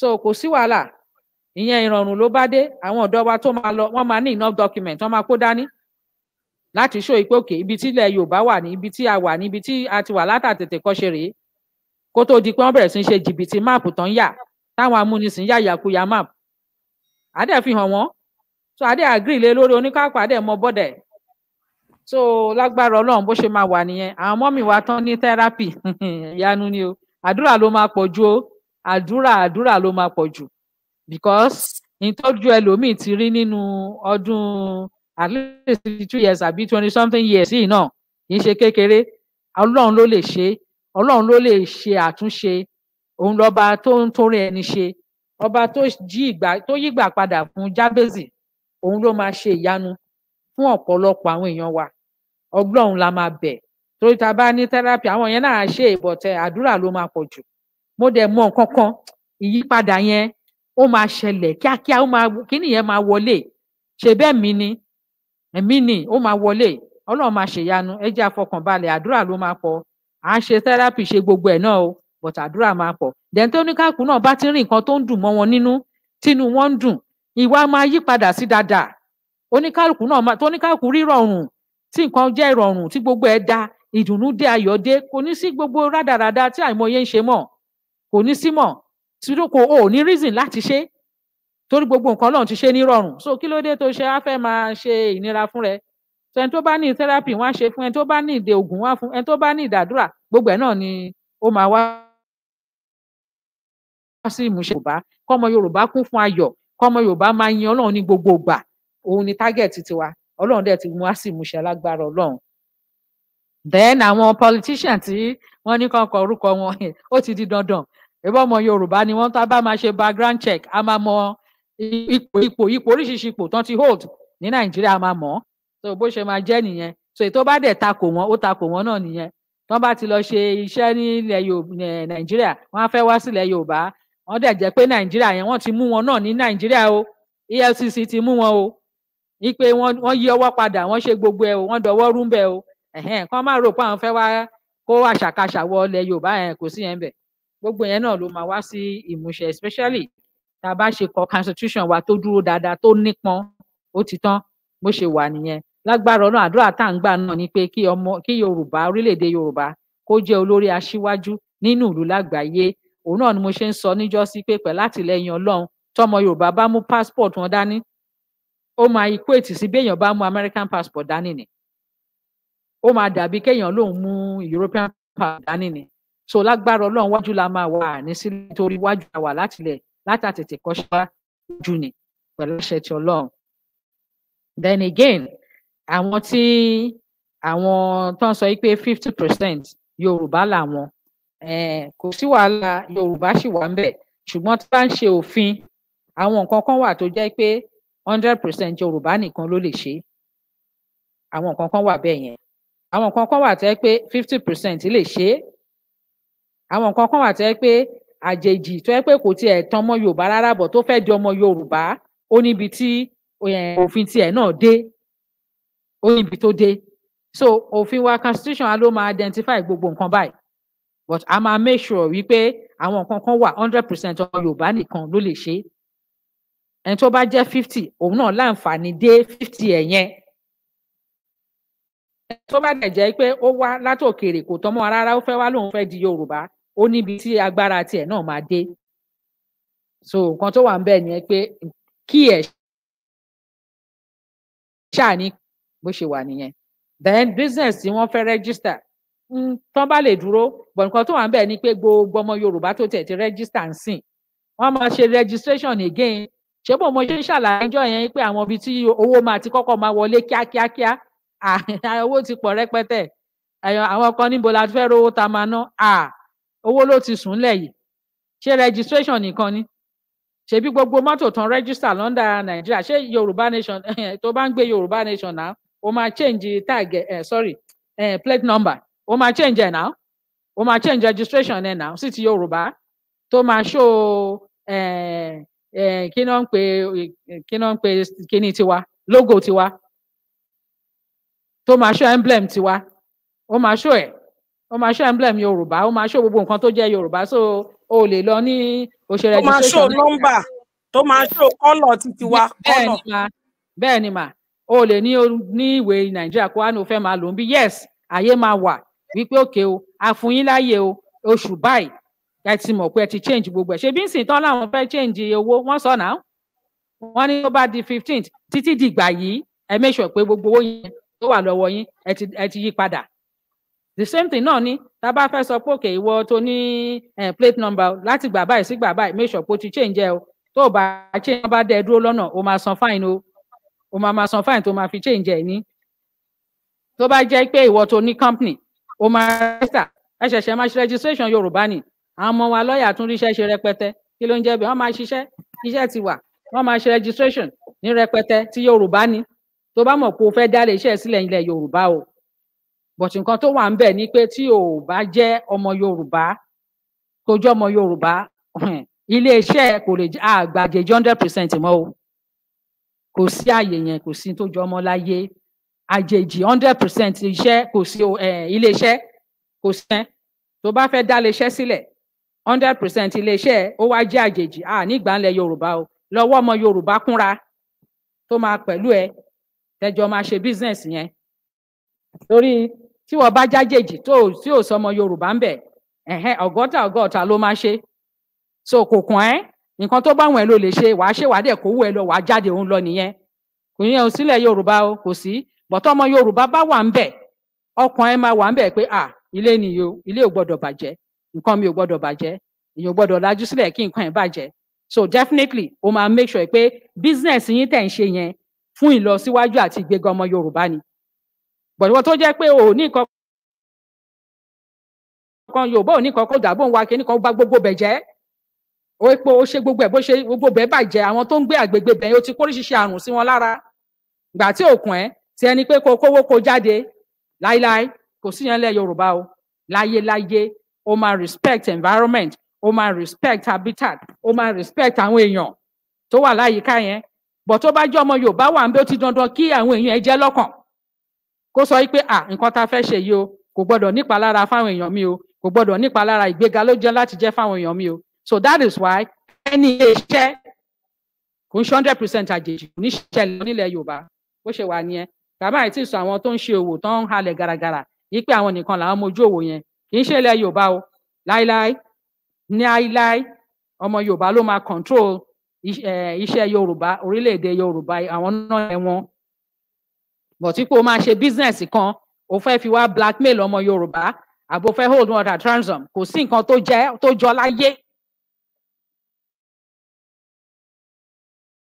S4: so kò sí wàhálà ìyẹn ìrọ̀rùn ló bá dé àwọn ọ̀dọ́ wa tó máa lọ wọ́n máa ní enough document wọ́n máa kó dání láti ṣó ìpè òkè ibi tí ilẹ̀ Yorùbá wà ní ibi tí a wà ní ibi tí a ti wà látàtètè kọ́ṣe rèé kó tó di pé wọ́n bẹ̀rẹ̀ sí í ṣe jìbìtì máàpù tán yà táwọn amúnisìn yà yàkuyà máàpù adé fi hàn wọ́n so adé agree lé lórí oníkàpọ̀ adé mọ bọ́dẹ̀ so lágbára Ọlọ́run bó ṣe máa wà nìyẹn àwọn ọmọ mi wá tán ní tẹ́rápì ìyanu ni o àdúrà ló máa pọ̀ ju o àdúrà àdúrà ló máa pọ̀ jù because ìtọ́jú ẹlòmíì ti rí nínú ọdún at least twenty two years àbí twenty something years yìí náà kì í ṣe kékeré ọlọ́run ló lè ṣe ọlọ́run ló lè ṣe àtúnṣe òun lọ́ba tó ń torí ẹni ṣe ọba tó jí ìgbà tó yígbà padà fún jábèzì òun ló máa ṣe ìyanu fún ọ̀pọ̀lọpọ̀ àwọn èèyàn wa ọlọ́run la máa bẹ̀ torí ta bá ní tẹ́rápì àwọn yẹn náà ṣe ìbọ̀tẹ́ eh, àdúrà ló máa pọ̀ jù mo dẹ̀ mọ nǹkan kan ìyípadà yẹn ó máa ṣẹlẹ̀ kíákíá ó máa kíní yẹn máa wọlé ṣe bẹ́ẹ̀ mí ni ẹ̀mí ni ó máa wọlé ọlọ́run máa ṣèyanu ẹ jẹ́ àfọkànbalẹ̀ àdúrà ló máa pọ̀ à ń ṣe tẹ́rápì ṣe gbogbo ẹ̀ náà o but àdúrà máa pọ̀ dẹ́n tó ní káàkùn náà bá ti rí nǹkan tó ń dùn mọ́ wọn nínú tínú wọn ń dùn ìwà máa yí padà sí dáadáa oníkálukú náà tó oníkálukú rírọ̀rùn tí nǹkan jẹ́ ìrọ̀rùn tí gbogbo ẹ̀ da ìdùnnú dé ayọ̀ dé kò ní sí gbogbo rádaràda tí àìmọye ń ṣe mọ́ kò ní sí mọ́ sídòkò o ní reason láti ṣe torí gbogbo nǹkan Ọlọ́run ti ṣe ní rọrùn so kí ló dé tó ṣe á fẹ́ máa ṣe ìnira fún rẹ so ẹni tó bá ní therapy wọn á ṣe fún ẹni tó bá ní ìdè ògùn wọn á fún ẹni tó bá ní ìdàdúrà gbogbo ẹ náà ni ó máa wá sí ìmúṣẹ yorùbá kọ́mọ yorùbá kún fún ayọ̀ kọ́mọ yorùbá máa yin Ọlọ́run ní gbogbo ìgbà òun ni target tiwa Ọlọ́run dẹ̀ ti mú wá sí ìmúṣẹ lágbára Ọlọ́run then àwọn politician tí wọ́n ní kàn kọ orúkọ wọn ó ti di dandan ìbọn ọmọ yorùbá ni wọ́n tá bá máa ṣe background check a máa mọ ipò ipò ipò oríṣiríṣi ipò tán ti hold ní nàìjíríà a máa mọ̀ so bó ṣe máa jẹ́ nìyẹn so ètò bá dẹ̀ takò wọ́n ó takò wọ́n náà nìyẹn tán bá ti lọ ṣe iṣẹ́ nílẹ̀ nàìjíríà wọ́n á fẹ́ wá sílẹ̀ yorùbá wọ́n dẹ̀ jẹ́ pé nàìjíríà yẹn wọ́n ti mú wọn náà ní nàìjíríà o efcc ti mú wọn o ní pé wọ́n yí ọwọ́ padà wọ́n ṣe gbogbo ẹ̀ o wọ́n dọwọ́ rú o ẹ̀hẹ́n kán má rò pé àwọn fẹ́ wá kó àṣàkáṣà wọ ilẹ̀ yorùbá yẹn kò sí yẹn bẹ̀ gbogbo yẹn náà ló máa wá sí ìmúṣẹ especially tá a bá ṣe kọ constitution wa tó dúró dáadáa tó nípọn ó ti tán bó ṣe wà nìyẹn lágbára ọ̀nà àdúrà tá à ń gbà náà ni pé kí ọmọ kí yorùbá orílẹ̀-èdè yorùbá kó jẹ́ olórí aṣíwájú nínú ìlú lágbàáyé òun náà ni mo ṣe ń sọ níjọ́sí pé pẹ̀ látìlẹ́yìn ọlọ́run tọmọ yorùbá bá mú passport wọn dání ó máa ikú ètì sí bí bá mú american passport dání ni ó máa dàbí kéèyàn lòun mú european passport dání ni so lágbára Ọlọ́run wájú la máa wà ní sílẹ̀ nítorí wájú la wà láti lẹ látàtètè kọṣẹ wá jù ní pẹ̀lú àṣẹ ti Ọlọ́run then again àwọn tí àwọn tó ń sọ yìí pé fifty percent Yorùbá làwọn eh, kò sí wàhálà Yorùbá sì wà ń bẹ ṣùgbọ́n tí bá ń ṣe òfin àwọn nǹkan kan wà tó jẹ́ pé hundred percent Yorùbá nìkan ló lè ṣe àwọn nǹkan kan wà bẹ́ẹ̀ yẹn àwọn nǹkan kan wà tó jẹ́ pé fifty percent lè ṣe àwọn nǹkan kan wà tó yẹ pé àjèjì tó yẹ pé kò tiẹ̀ tan ọmọ yorùbá rárá bọ̀ tó fẹ́ẹ́ di ọmọ yorùbá ó níbi tí òfin tiẹ̀ náà dé ó níbi tó dé so òfin wa constitution ló máa identify gbogbo nǹkan báyìí but a máa make sure wípé àwọn nǹkan kan wà hundred percent ọmọ yorùbá nìkan ló lè ṣe ẹni tó bá jẹ́ fifty òun náà láǹfààní dé fifty ẹ̀ yẹn tó bá dẹ̀ jẹ́ pé ó wá látòkèrè kò tọ́mọ́ rárá ó fẹ́ wá lóun fẹ́ di yorùbá ó níbi tí agbára tiẹ̀ náà máa dé so nǹkan tó wà ń bẹ nìyẹn pé kí ẹ ṣáà bó ṣe wà nìyẹn then business tí wọ́n fẹ́ register hmm, tán bá lè dúró bọ̀ nǹkan tó wà ń bẹ ni pé gbogbo ọmọ Yorùbá tó tẹ̀ ti register ń sìn wọ́n máa ṣe registration again ṣé bò mo ṣe ń ṣàlàyé ẹjọ́ yẹn pé àwọn ibi tí owó máa ti kọ́kọ́ máa wọlé kíákíákíá owó ti pọ̀ rẹpẹtẹ àwọn kan níbo la fẹ́ rówó ta máa ná owó ló ti sùn lẹ̀ yìí ṣé registration nìkan ni ṣebí gbogbo mọ́tò tán register lọ́ndà nàìjíríà ṣé yorùbá nation tó bá ń gbé yorùbá nation náà o máa change tag eh, sorry eh, plate number o máa change ẹ̀ náà o máa change registration ẹ̀ náà sí ti yorùbá tó máa show eh, eh, kí ń pè kí ń pè kíní tiwa logo tiwa tó máa show emblem tiwa ó máa show ẹ̀ ó máa ṣe emblem yorùbá ó máa ṣó gbogbo nǹkan tó jẹ́ yorùbá so o lè lọ ní oṣù registration. tó máa ṣó nọ́mbà
S1: tó máa ṣó kọ́lọ̀ títí wa kọ́lọ̀.
S4: bẹ́ẹ̀ ni mà o lè ní ní ìwé nàìjíríà kó wá ní o fẹ́ máa lò ń bí yes àyè máa wà wípé òkè o àfúnyín láàyè o oṣù báyìí ẹ ti mọ̀ pé ẹ ti change gbogbo ẹ̀ ṣe bí ń sìn tán láwọn fẹ́ change owó wọ́n sọ náà wọ́n ní tó bá di fifteenth títí dìgbà yìí ẹ make pé gbogbo owó yẹn tó wà lọ́wọ́ yín ẹ ti yí padà the same thing náà ni tá a bá fẹ́ sọ pé òkè ìwọ tó ní eh, plate number láti gbà báyìí sí gbà báyìí make sure pé o ti change ẹ o tó o bá change ẹ bá dẹ dúró lọ́nà o máa san fine o o máa máa san fine tó o máa fi change ẹ ní tó bá jẹ́ pé ìwọ tó ní company o máa register ẹ ṣẹ̀ṣẹ̀ máa ṣe registration Yorùbá ni àwọn ọmọ wa lọ́ọ̀yà tún ríṣẹ́ ṣe rẹpẹtẹ kí ló ń jẹ́ bẹ́ẹ̀ wọ́n máa ṣiṣẹ́ iṣẹ́ ti wà wọ́n máa ṣe registration ní rẹpẹtẹ ti Yorùbá ni tó bá mọ̀ pé o fẹ́ dá ilé iṣẹ́ sílẹ̀ ilẹ̀ Yorùbá o but nǹkan tó wà ń bẹ̀ ni pé tí o bá jẹ́ ọmọ yorùbá tó jẹ́ ọmọ yorùbá iléeṣẹ́ kò lè àgbàjẹjẹ hundred percent mọ́ o kò sí àyè yẹn kò sí tó jọ ọmọ láyé àjèjì hundred percent iṣẹ́ kò sí eh, iléeṣẹ́ kò sẹ́n tó bá fẹ́ dá iléeṣẹ́ sílẹ̀ hundred percent iléeṣẹ́ ó wá jẹ́ àjèjì à nígbà ńlẹ̀ yorùbá o lọ́wọ́ ọmọ yorùbá kúnra tó máa pẹ̀lú ẹ tẹjọ máa ṣe business yẹn torí tí wọ́n bá jájèjì tó tí ò sọmọ yorùbá ń bẹ ẹ̀hẹ́n ọgọ́ta ọgọ́ta ló máa ṣe so kò kàn ẹ́ nǹkan tó bá wọn ẹ ló lè ṣe wàá ṣe wàá dẹ̀ kó wù ẹ lọ wàá jáde òun lọ nìyẹn kò yẹn ò sílẹ̀ yorùbá o kò sí bọ̀tọ́ ọmọ yorùbá bá wà ń bẹ ọkàn ẹ máa wà ń bẹ pé à ilé nìyó ilé ò gbọdọ̀ bàjẹ́ nǹkan mi ò gbọdọ̀ bàjẹ́ èèyàn ò gbọdọ̀ lajú sílẹ̀ kí nǹkan ẹ̀ bàjẹ́ so definitely o máa make sure pé business yín tẹ̀ ń ṣe yẹn fún ìlọsíwájú àti ìgbéga ọmọ yorùbá ni bọ̀dúwọ́ tó jẹ́ pé o ò ní nǹkan kan yorùbá ò ní nǹkan kó dàbò ń wa kí nìkan bá gbogbo bẹ̀ jẹ́ o epo o ṣe gbogbo ẹ̀ bó ṣe gbogbo bẹ̀ bàjẹ́ àwọn tó ń gbé àgbègbè bẹ̀ yẹn o ti kóríṣiṣi àrùn sí wọn lára gbà tí òkun ẹ̀ ti ẹni pé kó kówó kó jáde láíláí kò sí yẹn lẹ̀ yorùbá o láyéláyé o máa respect environment o máa respect habitat o máa respect àwọn èèyàn tó wà láyìíká yẹn bọ̀ tó bá jẹ́ ọmọ yorùbá wà ń bẹ́ ó ti dandan kí àwọn èèyàn ẹ jẹ́ lọ́kàn kó sọ wípé à nǹkan tá a fẹ́ ṣe yìí o kò gbọ́dọ̀ nípalára fáwọn èèyàn mi o kò gbọ́dọ̀ nípalára ìgbéga ló jẹ́ láti jẹ́ fáwọn èèyàn mi o so that is why ẹni iléeṣẹ́ kò ń ṣe hundred percent àjèjì kò ní ṣẹlẹ̀ nílẹ̀ yorùbá bó ṣe wà nìyẹn bàbá àìtí sọ àwọn tó ń ṣe òwò tó ń halẹ̀ gàràgàrà yìí pé àwọn nìkan làwọn mojú òwò yẹn kì í ṣe ilẹ̀ yorùbá o láíláí ní láíláí ọmọ yorùbá ló máa control eh, iṣẹ́ yorùbá orílẹ̀-èdè yorùbá àwọn náà ẹ̀ wọn but ipò o máa ṣe business kan o fẹ́ fi wá blackmail ọmọ yorùbá àbò fẹ́ hold one at ransom kò sí nǹkan tó jẹ́ tó jọ láyé.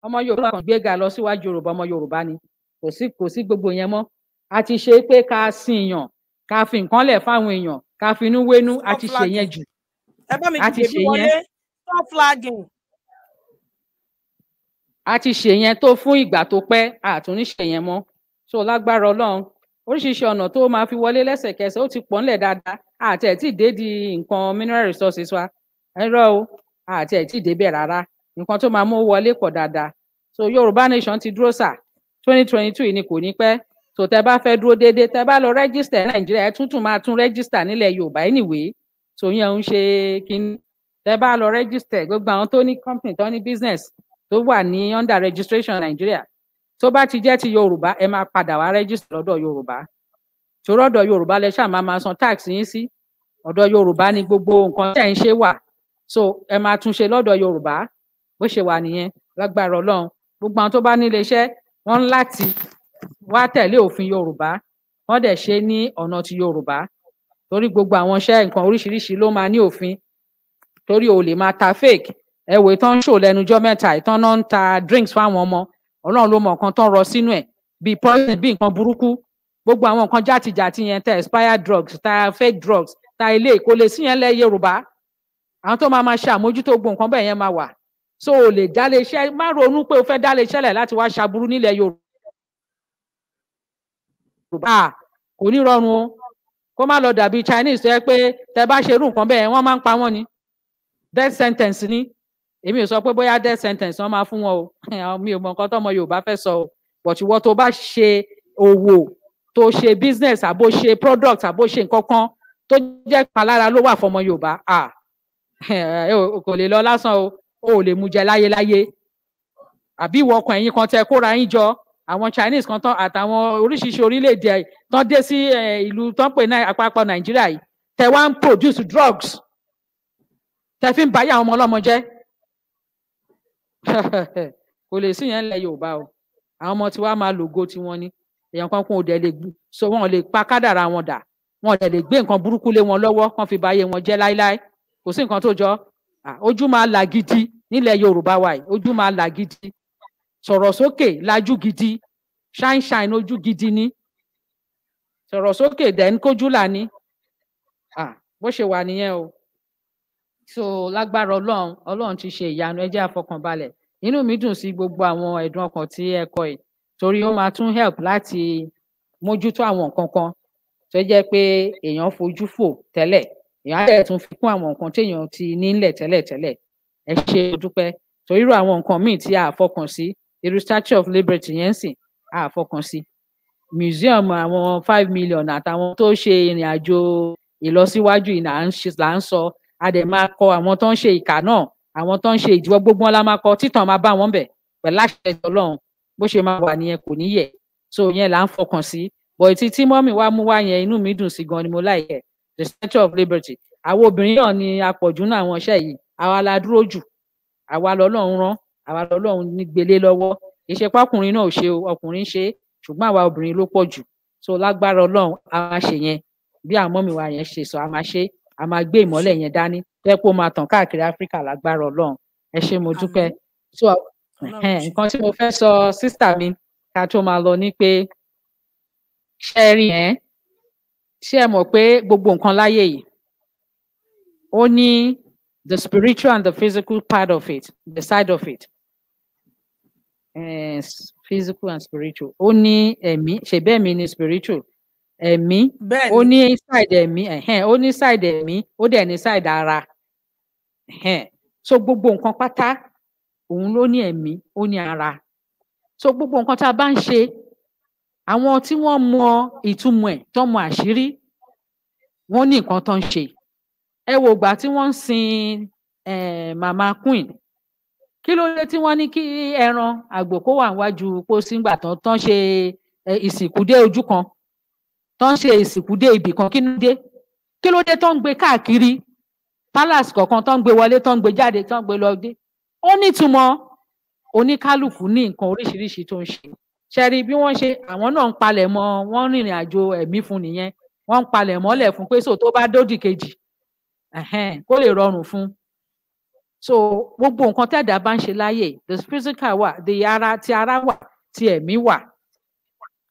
S4: ọmọ yorùbá kan gbéga lọ síwájú yorùbá ọmọ yorùbá ni kò sí kò sí gbogbo yẹn mọ́ a ti ṣe pé ká sin èèyàn ká fi nǹkan lẹ̀ fáwọn èèyàn ká finú wénú a ti ṣe yẹn jù
S1: a ti ṣe yẹn
S4: a ti ṣe yẹn tó fún ìgbà tó pẹ́ àtúnṣe yẹn mọ́ so lágbára Ọlọ́run oríṣiríṣi ọ̀nà tó máa fi wọlé lẹ́sẹ̀kẹsẹ̀ ó ti pọ̀ ńlẹ̀ dáadáa àti ẹ̀ tí dé di nǹkan mineral resources wa ẹ̀rọ o àti ẹ̀ tí ì débẹ̀ rárá nǹkan tó máa mú wọlé pọ̀ dáadáa so Yorùbá Nation ti dúró sà twenty twenty two ni kò ní pẹ́ so tẹ bá fẹ́ dúró déédéé tẹ bá lọ rẹ́gísítà Nàìjíríà ẹ tuntun máa tún rẹ́gísítà nílẹ̀ Yorùbá anyway so yẹn ń ṣe kíní tẹ bá lọ rẹ́gísítà gbogbo àwọn tó ní company tó ní business tó wà ní under registration Nàìjíríà tó bá ti jẹ́ ti yorùbá ẹ máa padà wá rẹ́gísítà lọ́dọ̀ yorùbá torí ọ̀dọ̀ yorùbá lẹ ṣáà máa máa san tax yín sí ọ̀dọ̀ yorùbá ni gbogbo nǹkan tẹ̀ ń ṣe wà so ẹ máa tún ṣe lọ́dọ̀ yorùbá bó ṣe wà nìyẹn lágbára ọlọ́run gbogbo àwọn tó bá nílé iṣẹ́ wọ́n ń láti wá tẹ̀lé òfin yorùbá wọ́n dẹ̀ ṣe ní ọ̀nà ti yorùbá torí gbogbo àwọn iṣẹ́ nǹkan oríṣiríṣi ló máa ní òfin torí o lè máa ta fake ẹ̀wò ìtàn ṣò lẹ́nujọ́ mẹ́ta ìtàn náà ń ta drinks fáwọn ọmọ ọlọ́run ló mọ nǹkan tó ń rọ sínú ẹ̀ bíi poison bíi nǹkan burúkú gbogbo àwọn nǹkan játijàti yẹn ta expired drugs ta fake drugs ta ilé ìkólé sí yẹn lẹ yorùbá àwọn tó máa ma ṣe àmójútó gbogbo nǹkan bẹ́ẹ̀ yẹn máa wà so o lè dálé iṣẹ́ má ronú pé o fẹ́ dálé iṣẹ́ lẹ̀ láti wá ṣaburú nílẹ̀ yorùbá kò ní rọrùn o kó má lọ dàbí chinese tó yẹ pé tẹ bá ṣerú nǹkan bẹ́ẹ̀ wọ́n máa ń pa wọ́n ni death sentence ni èmi ò sọ pé bóyá death sentence wọn máa fún wọn o mi ò mọ nǹkan tọmọ Yorùbá fẹ́ sọ o but ìwọ tó bá ṣe òwò tó ṣe business àbó ṣe product àbó ṣe nǹkan kan tó jẹ́ palára ló wà fọmọ Yorùbá ah kò lè lọ lásán o ò lè mú jẹ láyéláyé àbí ìwọ ọkàn ẹ̀yin kan tẹ kóra yín jọ àwọn Chinese kan tán àtàwọn oríṣiríṣi orílẹ̀-èdè tán dé sí ìlú tán pè náà àpapọ̀ Nàìjíríà yìí tẹ wá ń produce drugs tẹ fi ń báyà àwọn ọmọ ọlọ́mọ jẹ́ kò lè sí yẹn ńlẹ̀ Yorùbá o àwọn ọmọ tiwa máa lògo tiwọn ni èèyàn kan kún òdẹ lè gbú so wọn lè pa kádàrà wọn dà wọn lè gbé nǹkan burúkú lé wọn lọ́wọ́ kán fi báyé wọn jẹ́ láéláé kò sí nǹkan tó jọ ojú máa là gidi nílẹ̀ Yorùbá wa yìí ojú máa là gidi sọ̀rọ̀ sókè lajú gidi shine shine ojú gidi ni sọ̀rọ̀ sókè dẹ̀ ń kójú là ní bó ṣe wà nìyẹn o so lágbára ọlọ́run ọlọ́run ti ṣe ìyanu ẹ jẹ́ àfọkànbalẹ̀ inú mi dùn sí gbogbo àwọn ẹ̀dùn ọkàn tí ẹ kọ yìí torí ó máa tún help láti mójútó àwọn nǹkan kan tó jẹ́ pé èèyàn fojú fò tẹ́lẹ̀ èèyàn á tẹ̀ tún fi kún àwọn nǹkan téèyàn ti nílẹ̀ tẹ́lẹ̀ tẹ́lẹ̀ ẹ ṣe dúpẹ́ torí irú àwọn nǹkan míì tí a fọkàn sí irú Statue of Liberty yẹn sìn a fọkàn sí museum àwọn five million àtàwọn tó ṣe ìrìn àjò ìlọsíwájú ìlà ń sọ a dẹ̀ máa kọ àwọn tó ń ṣe ìkà náà àwọn tó ń ṣe ìdíwọ́ gbogbo wọn la máa kọ títàn máa bá wọn bẹ̀ pẹ̀lú àṣẹ Ọlọ́run bó ṣe máa wà nìyẹn kò ní so yẹn là ń fọkàn sí bọ̀ ètí tí mọ́mì wa mú wá yẹn inú mi dùn sí gan ni mo láìkẹ́ the statue of liberty àwọn obìnrin náà ni apọ̀jù náà àwọn iṣẹ́ yìí àwa la dúró jù àwa lọ́lọ́run rán àwa lọ́lọ́run ní gbélé lọ́wọ́ ìṣepákùnrin náà ò ṣe ọkùnrin ṣe ṣùgbọ́n àwa obìnrin ló pọ̀ jù so lágbára Ọlọ́run a máa ṣe yẹn bí àwọn mọ́mì wa yẹn ṣe sọ a máa ṣe a máa gbé ìmọ́lẹ̀ yẹn dání tẹ́ kó máa tàn káàkiri áfíríkà lágbára ọlọ́run ẹ ṣé mo dúpẹ́ so nǹkan tí mo fẹ́ sọ sísítà mi ká tó máa lọ ni pé ṣe rí ẹ mọ̀ pé gbogbo nǹkan láyé yìí ó the spiritual and the physical part of it the side of it uh, physical and spiritual ó ní be ṣèbẹ́ẹ̀mí ni spiritual ẹ̀mí ó ní side ẹ̀mí ó ní side ẹ̀mí ó dẹ̀ ní side ara so gbogbo nǹkan pátá òun ló ní ẹ̀mí ó ní ara so gbogbo nǹkan tá a bá ń ṣe àwọn tí wọ́n mọ ìtumọ̀ ẹ̀ tó mọ àṣírí wọ́n ní nǹkan tó ń ṣe ẹ wò gbà tí wọ́n ń sin mama queen kí ló dé tí wọ́n ní kí ẹran àgbò kó wà níwájú pósí ńgbà tán tán ṣe ìsìnkú dé ojú kan tó ń ṣe ìsìnkú dé ibì kan kí ló dé kí ló dé tó ń gbé káàkiri palace kọ̀ọ̀kan tó ń gbé wọlé tó ń gbé jáde tó ń gbé lọ dé ó nítumọ̀ oníkálùkù ní nǹkan oríṣiríṣi tó ń ṣe ṣẹ́rí bí wọ́n ṣe àwọn náà ń palẹ̀ mọ́ wọ́n rìnrìn àjò ẹ̀mí fún nìyẹn wọ́n ń palẹ̀ mọ́lẹ̀ fún pé so tó bá dódì kejì kó lè rọrùn fún so gbogbo nǹkan tẹ̀dá bá ń ṣe láyè the physical wà the ara ti ara wà ti ẹ̀mí wà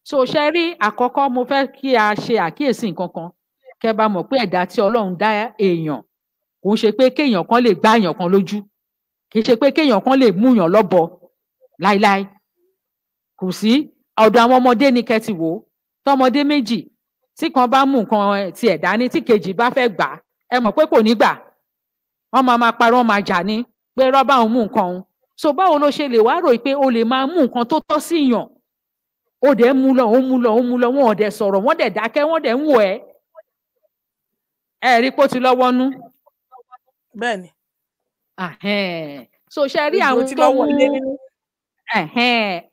S4: so ṣe rí àkọ́kọ́ mo fẹ́ kí a ṣe àkíyèsí nǹkan kan kẹ́ bá mọ̀ pé ẹ̀dá tí Ọlọ́run dá èèyàn kò ń ṣe pé kéèyàn kan lè gbá èèyàn kan lójú kì í ṣe pé kéèyàn kan lè múyàn lọ́bọ láíláí kò sí ọ̀dọ̀ àwọn ọmọdé ni kẹ́ ti wò ó tọmọdé méjì tí kan bá mú nǹkan eh, ti ẹ̀dá ní tí kejì bá fẹ́ gbà ẹ mọ̀ pé kò ní gbà wọ́n máa máa parọ́ máa jà ní pé rọ́bà òun mú nǹkan òun so báwo ló ṣe lè wá rò pé o lè máa mú nǹkan tó tọ́ sí yàn ó dẹ̀ mú lọ ó mú lọ ó mú lọ wọn ò dẹ̀ sọ̀rọ̀ wọ́n dẹ̀ dákẹ́ wọ́n dẹ̀ ń wò ẹ́ ẹ rí pé ti lọ́wọ́ nú. bẹ́ẹ̀ni. so ṣe rí àwọn tó mú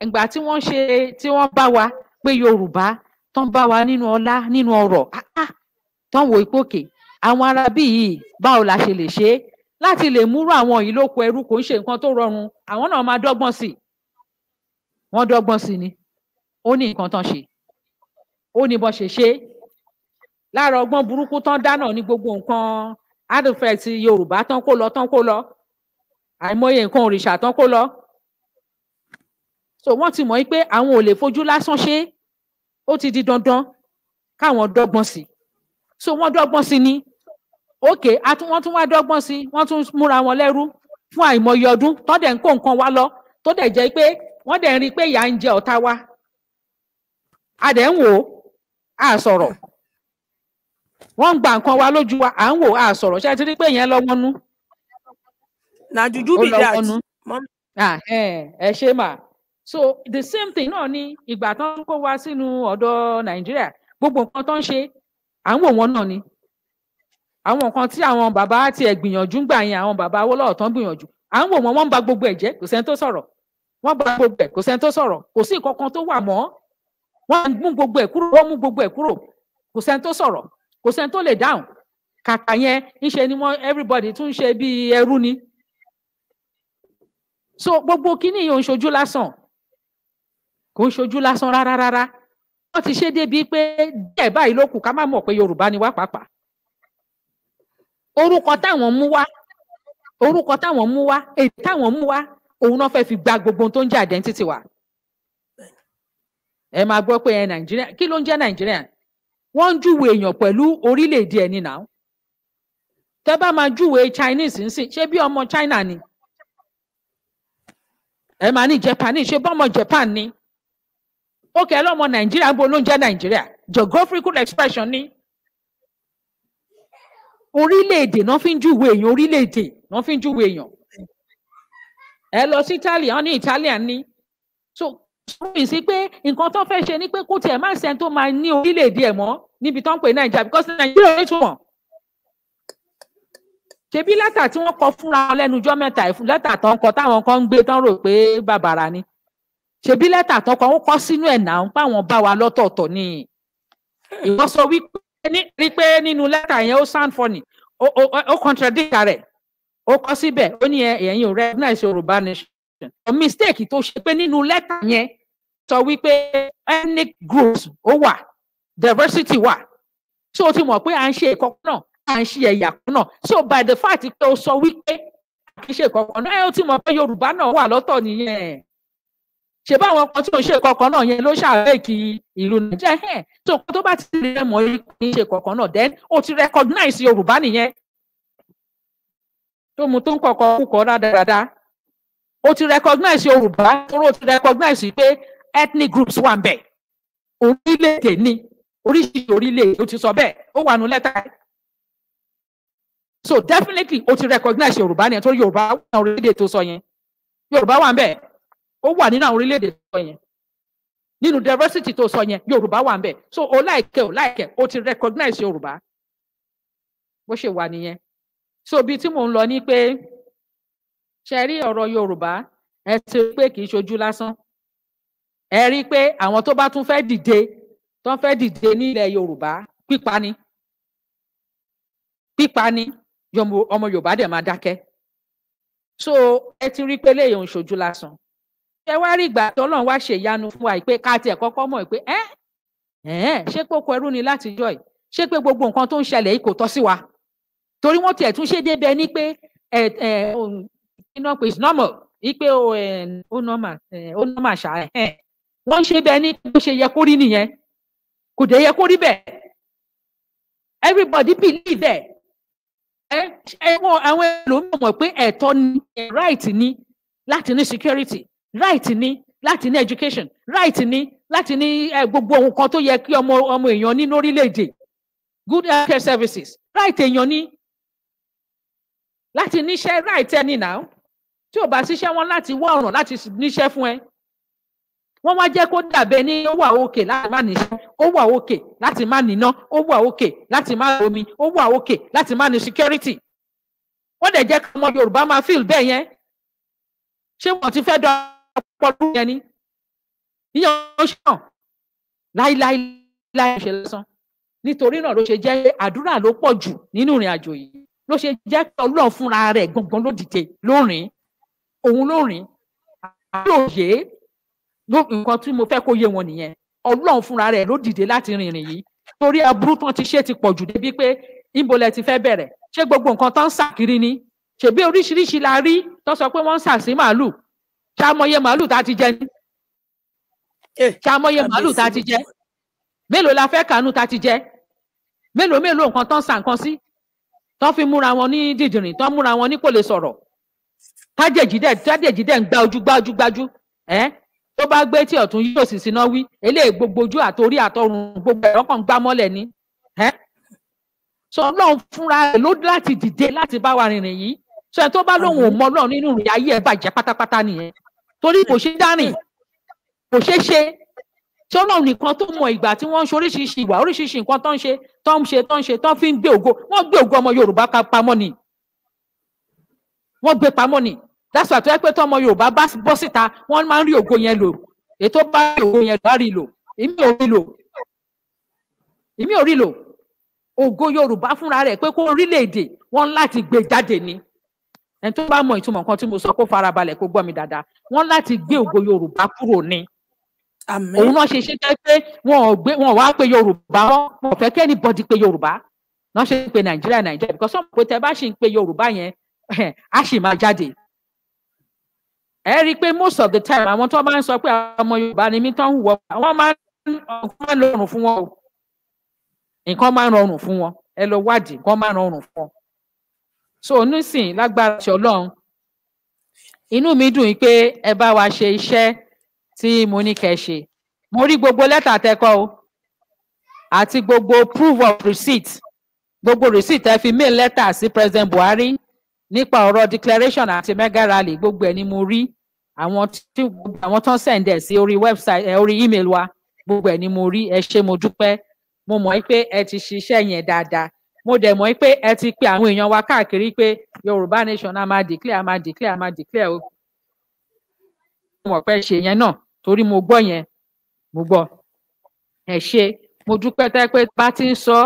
S4: ìgbà tí wọ́n ṣe tí wọ́n bá wa pé yorùbá tán bá wa nínú ọlá nínú ọrọ̀ tán wò ìpòkè àwọn arábí yìí báwo la ṣe lè ṣe láti lè múrò àwọn yìí lóko ẹrú kò ń ṣe nǹkan tó rọrùn àwọn náà máa dọ́gbọ́n sí i wọ́n sí ni ó ní nǹkan tán ṣe ó ní bó ṣe ṣe lára ọgbọ́n burúkú tán dáná ní gbogbo nǹkan adufet yorùbá tán kó lọ tán kó lọ àìmọye nǹkan òrìṣà tán kó lọ so wọ́n ti mọ̀ pé àwọn ò lè fojú lásán ṣe ó ti di dandan káwọn dọ́gbọ́n sí so wọ́n dọ́gbọ́n sí ni òkè wọ́n tún wá dọ́gbọ́n sí wọ́n tún múra wọn lẹ́rú fún àìmọye ọdún tó dẹ̀ ń kó nǹkan wá lọ tó dẹ̀ jẹ́ pé wọ́n dẹ̀ ń rí i pé ìyà ń jẹ ọ̀tá wa a dẹ̀ ń wò ó a sọ̀rọ̀ wọ́n ń gba nǹkan wa lójú wa à ń wò a sọ̀rọ̀ ṣé ẹ ti rí pé yẹn lọ́wọ́ nú. na juju be
S1: that
S4: ẹ ṣe mà so the same thing náà ni ìgbà tán kó wá sínú ọ̀dọ̀ nàìjíríà gbogbo nǹkan tó ń ṣe à ń wò wọ́n náà ni àwọn nǹkan tí àwọn bàbá ti ẹ̀ gbìyànjú gbà yẹn àwọn bàbá Awólọ́wọ̀ tán gbìyànjú à ń wò wọ́n wọ́n ń ba gbogbo ẹ̀ jẹ́ kò sẹ́ni tó sọ̀rọ̀ wọ́n ba gbogbo ẹ̀ kò sẹ́ni tó sọ̀rọ̀ kò sí nǹkan tó wà mọ́ wọ́n mú gbogbo ẹ̀ kúrò wọ́n mú gbogbo ẹ̀ kúrò kò sẹ́ni tó sọ̀rọ̀ kò sẹ́ni tó lè dáhùn kàkà yẹn ńṣe ni wọ́n everybody tún ṣe bí ẹrú ni so gbogbo kíní yìí ò ń ṣojú lásán kò ń ṣojú lásán rárá rárá wọ́n ti ṣe débi pé díẹ̀ báyìí ló kù ká má mọ̀ pé Yorùbá ni wá pàápàá orúkọ táwọn mú wá orúkọ táwọn mú wá èdè táwọn mú wá òun náà fẹ́ fi gba gbogbo ohun tó ń jẹ́ identity wa ẹ máa gbọ́ pé ẹ nàìjíríà kí ló ń jẹ́ nàìjíríà wọ́n ń júwe èèyàn pẹ̀lú orílẹ̀-èdè ẹ̀ ní tẹ́ bá máa júwe chinese ń sìn ṣé bí ọmọ china ni ẹ máa ní japanese ṣé bọ́mọ japan ni ó kẹ́ lọ́mọ nàìjíríà gbọ́ ló ń jẹ́ nàìjíríà geographical expression ni orílẹ̀-èdè náà fi ń júwe èèyàn orílẹ̀-èdè náà fi ń júwe èèyàn ẹ lọ sí Italy wọ́n ní Italian ni so sùúrù sí pé nǹkan tó fẹ́ ṣe ni pé kó tiẹ̀ má sẹ́ni tó máa ní orílẹ̀-èdè ẹ̀ mọ́ níbi tó ń pè nàìjíríà because nàìjíríà ò tún wọ̀n. ṣebí lẹ́tà tí wọ́n kọ fúnra wọn lẹ́nu ọjọ́ mẹ́ta lẹ́tà tó ń kọ táwọn kan ń gbé tán rò pé bàbàrà ni ṣebí lẹ́tà tó kọ wọ́n kọ sínú ẹ̀ náà ń pàwọn bá wa lọ́tọ̀ọ̀tọ̀ ni ìwọ sọ wípé pé nínú lẹ́tà yẹn ó sound funny ó contradict rẹ̀ ó kọ síbẹ̀ ó ní ẹ̀yìn ò recognize Yorùbá nation mistake tó ṣe pé nínú lẹ́tà yẹn sọ wípé ethnic groups ó wà diversity wà tí o ti mọ̀ pé à ń ṣe ìkọ̀kọ̀ náà à ń ṣe ẹ̀yà kan náà so by the fact pé o sọ wípé kì í ṣe ìkọ̀kọ̀ náà ẹ o ti mọ̀ pé Yorùbá náà wà lọ́tọ̀ nìyẹn ṣe báwọn kan tí ò ń ṣe ìkọ̀kọ̀ náà yẹn ló ṣàwé kí ìlú Nàìjíríà hẹ̀ tó kọ́ tó bá ti rẹ̀ mọ́ kì í ṣe ìkọ̀kọ̀ náà then o ti recognize Yorùbá nìyẹn tó mu tó ń kọ̀kọ̀ kúkọ̀ rádaràda o ti recognize Yorùbá tó o ti recognize pé ethnic groups wà ń bẹ̀ orílẹ̀-èdè ni oríṣiríṣi orílẹ̀-èdè ó ti sọ bẹ́ẹ̀ ó wà nù lẹ́tà so definitely o ti recognize yorùbá ni torí yorùbá wà ní àwọn orílẹ̀-èdè tó sọ yẹn yorùbá wà ń bẹ̀ ó wà nínú àwọn orílẹ̀-èdè tó sọ yẹn nínú diversity tó sọ yẹn yorùbá wà ń bẹ̀ so o láìkẹ́ o láìkẹ́ o ti recognize yorùbá bó ṣe wà nìyẹn so ibi tí mò ń lọ ni pé ṣe rí ọ̀rọ̀ yorùbá ẹ ti pé kì í ṣojú lásán ẹ rí i pé àwọn tó bá tún fẹ́ dìde tó ń fẹ́ dìde ní ilẹ̀ yorùbá pípa ni pípa ni ọmọ yorùbá dẹ̀ máa dákẹ́ so ẹ ti rí i pé léèyàn ṣojú lásán ṣé wàá rí ìgbà tó lọ́n wá ṣe ìyanu fún wa pé ká tiẹ̀ kọ́kọ́ mọ̀ pé ẹ́ ẹ́ ṣé kókó ẹrú ni láti jọ yìí ṣé pé gbogbo nǹkan tó ń ṣẹlẹ̀ yìí kò tọ́ sí wa torí wọ́n tiẹ̀ tún ṣe débẹ̀ ni pé ẹ̀ ẹ̀ iná pé it's normal yìí pé oh, ó normal ó normal ṣá ẹ̀ wọ́n ń ṣe bẹ́ẹ̀ ní bó ṣe yẹ kó rí nìyẹn kò dé yẹ kó rí bẹ́ẹ̀ everybody believe ẹ̀ ẹ̀wọ̀n àwọn ẹlòmíràn mọ̀ pé ẹ̀tọ́ ni right ni láti ní security right ni láti ní education right ni láti ní gbogbo ohun kan tó yẹ kí ọmọ ọmọ èèyàn ní lórílẹ̀‐èdè good health care services right èèyàn ní láti níṣẹ́ right ẹni náà tí ò bá ṣiṣẹ́ wọn láti wá ọ̀ràn láti níṣẹ́ fún ẹ wọ́n wá jẹ́ kó dàbẹ́ ní ó wà òkè láti má níṣẹ́ ó wà òkè láti má níná ó wà òkè láti má omi ó wà òkè láti má ní security wọ́n dẹ̀ jẹ́ kí ọmọ Yorùbá máa feel bẹ́ẹ̀ yẹn ṣé wọ́n ti fẹ́ dọ́ ọpọlọ yẹn ni ìyẹn ó ṣàn láíláí láì ṣe lásán nítorí náà ló ṣe jẹ́ àdúrà ló pọ̀ jù nínú ìrìn àjò yìí ló ṣe jẹ́ pé Ọlọ́run fúnra rẹ̀ gangan ló dìde lórin òun lórin àbí òye nǹkan tí mo fẹ́ kó yé wọn nìyẹn ọlọ́run fúnra rẹ̀ ló dìde láti rìnrìn yìí torí aburú tán ti ṣe ti pọ̀ jù débi pé níbo lẹ ti fẹ́ bẹ̀rẹ̀ ṣé gbogbo nǹkan tán ń sàkiri ni ṣèbí oríṣiríṣi la rí tó sọ pé wọ́n ń sàsí màálù ṣàmọye màálù tá a ti jẹ ni eh, ṣàmọye màálù tá a ti jẹ mélòó la fẹ́ kànú tá a ti jẹ mélòó mélòó nǹkan tán sàn kan sí tán fi múra wọn ní dìdìrìn tán múra wọn ní kò lè sọ̀rọ̀ tájèjì dẹ̀ tájèjì dẹ̀ ń gba ojú gbájú gbájú ẹ tó bá gbé tí ọ̀tún yóò sì síná wí eléyìí gbogbo ojú àtòrí àtọrùn gbogbo ẹ̀rọ kan gbá mọ́lẹ̀ ni sọ ọlọ́run fúnra rẹ̀ ló láti dìde láti bá wa rìnrìn yìí sọ ẹ tó bá lóun ò mọ ọlọ́run nínú ìrìn ayé ẹ̀ bàjẹ́ pátápátá nìyẹn torí kò ṣe dárìn kò ṣe ṣe tí ọlọ́run nìkan tó mọ ìgbà tí wọ́n ń ṣe oríṣiríṣi ìwà oríṣiríṣi nǹkan tó ń ṣe tó ń ṣe tó ń ṣe tó fi ń gbé ògo wọ́n gbé ògo ọmọ Yorùbá pamọ́ ni wọ́n gbé pamọ́ ni that's why tó yẹ pé tọmọ yorùbá bá bọ́ síta wọ́n máa ń rí ògo yẹn lò ètò bá rí ògo yẹn lò á rí lò èmi ò rí lò èmi ò rí lò ògo yorùbá fúnra rẹ̀ pé kó orílẹ̀-èdè wọ́n láti gbé jáde ni ẹni tó bá mọ ìtumọ̀ nǹkan tí mo sọ kó farabalẹ̀ kó gbọ́ mi dáadáa wọ́n láti gbé ògo yorùbá kúrò ni òun náà ṣe ṣe jẹ́ pé wọn ò gbé wọn ò wá pé yorùbá wọn wọn ò fẹ́ kí anybody pé yorùbá náà ṣe ń pe nàìjíríà nàìjíríà because wọn pè tẹ bá ṣì ń pe yorùbá yẹn á sì máa jáde ẹ rí i pé most of the time àwọn tó máa ń sọ pé àwọn ọmọ Yorùbá ni mí tán ń wọ àwọn máa ń máa ń rọrùn fún wọn o nǹkan máa ń rọrùn fún wọn ẹ lọ wádìí nǹkan máa ń rọrùn fún wọn. so nísìn lágbára ṣe Ọlọ́run inú mi dùn pé ẹ bá wa ṣe iṣẹ́ tí mo ní kẹ́ ṣe mo rí gbogbo lẹ́tà tẹ́kọ̀ o àti gbogbo proof of receipt gbogbo receipt ẹ fi mail lẹ́tà sí President Buhari nípa ọ̀rọ̀ declaration àti mega rally gbogbo ẹ̀ ni mo rí àwọn tí àwọn tó ń sẹ̀ǹdẹ̀ sí orí website ẹ̀ eh, orí email wa gbogbo ẹ̀ ni mo rí ẹ ṣé mo dúpẹ́ mo mọ̀ pé ẹ ti ṣiṣẹ́ yẹn dáadáa mo dẹ̀ mọ̀ pé ẹ ti pe àwọn èèyàn wa káàkiri pé Yorùbá nation a máa declare a máa declare a máa declare o mo mọ̀ pé ṣe yẹn náà torí mo gbọ́ yẹn mo gbọ́ ẹ ṣé mo dúpẹ́ tẹ́ pé bá ti ń sọ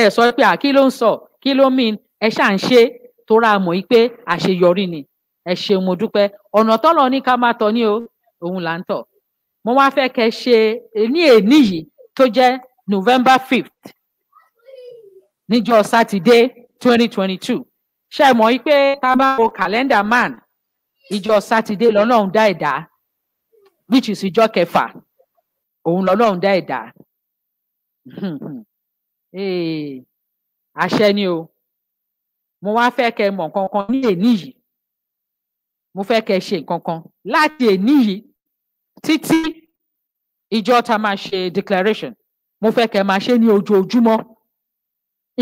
S4: ẹ sọ pé à kí ló ń sọ kí ló mean ẹ ṣà ń ṣe tó ra mọ̀ yìí pé àṣeyọrí ni ẹ ṣeun mo dúpẹ́ ọ̀nà tọ́lọ̀ ní ká máa tọ̀ ní o òun là ń tọ̀ mo wá fẹ́ kẹ́ ṣe ní èní yìí tó jẹ́ November fifth níjọ́ sátidé twenty twenty two ṣe mọ̀ yìí pé ká bá wo kàlẹ́ndà man ìjọ́ sátidé lọ́lọ́run dá ẹ̀dá which is ìjọ́ kẹfà òun lọ́lọ́run dá ẹ̀dá hmm, hmm. àṣẹ ni o mo wá fẹ́ kẹ́ mọ̀ nǹkan kan ní èní yìí mo fẹ́ kẹ́ ṣe nǹkan kan láti èní yìí títí ìjọ ta máa ṣe declaration mo fẹ́ kẹ́ máa ṣe ní ojoojúmọ́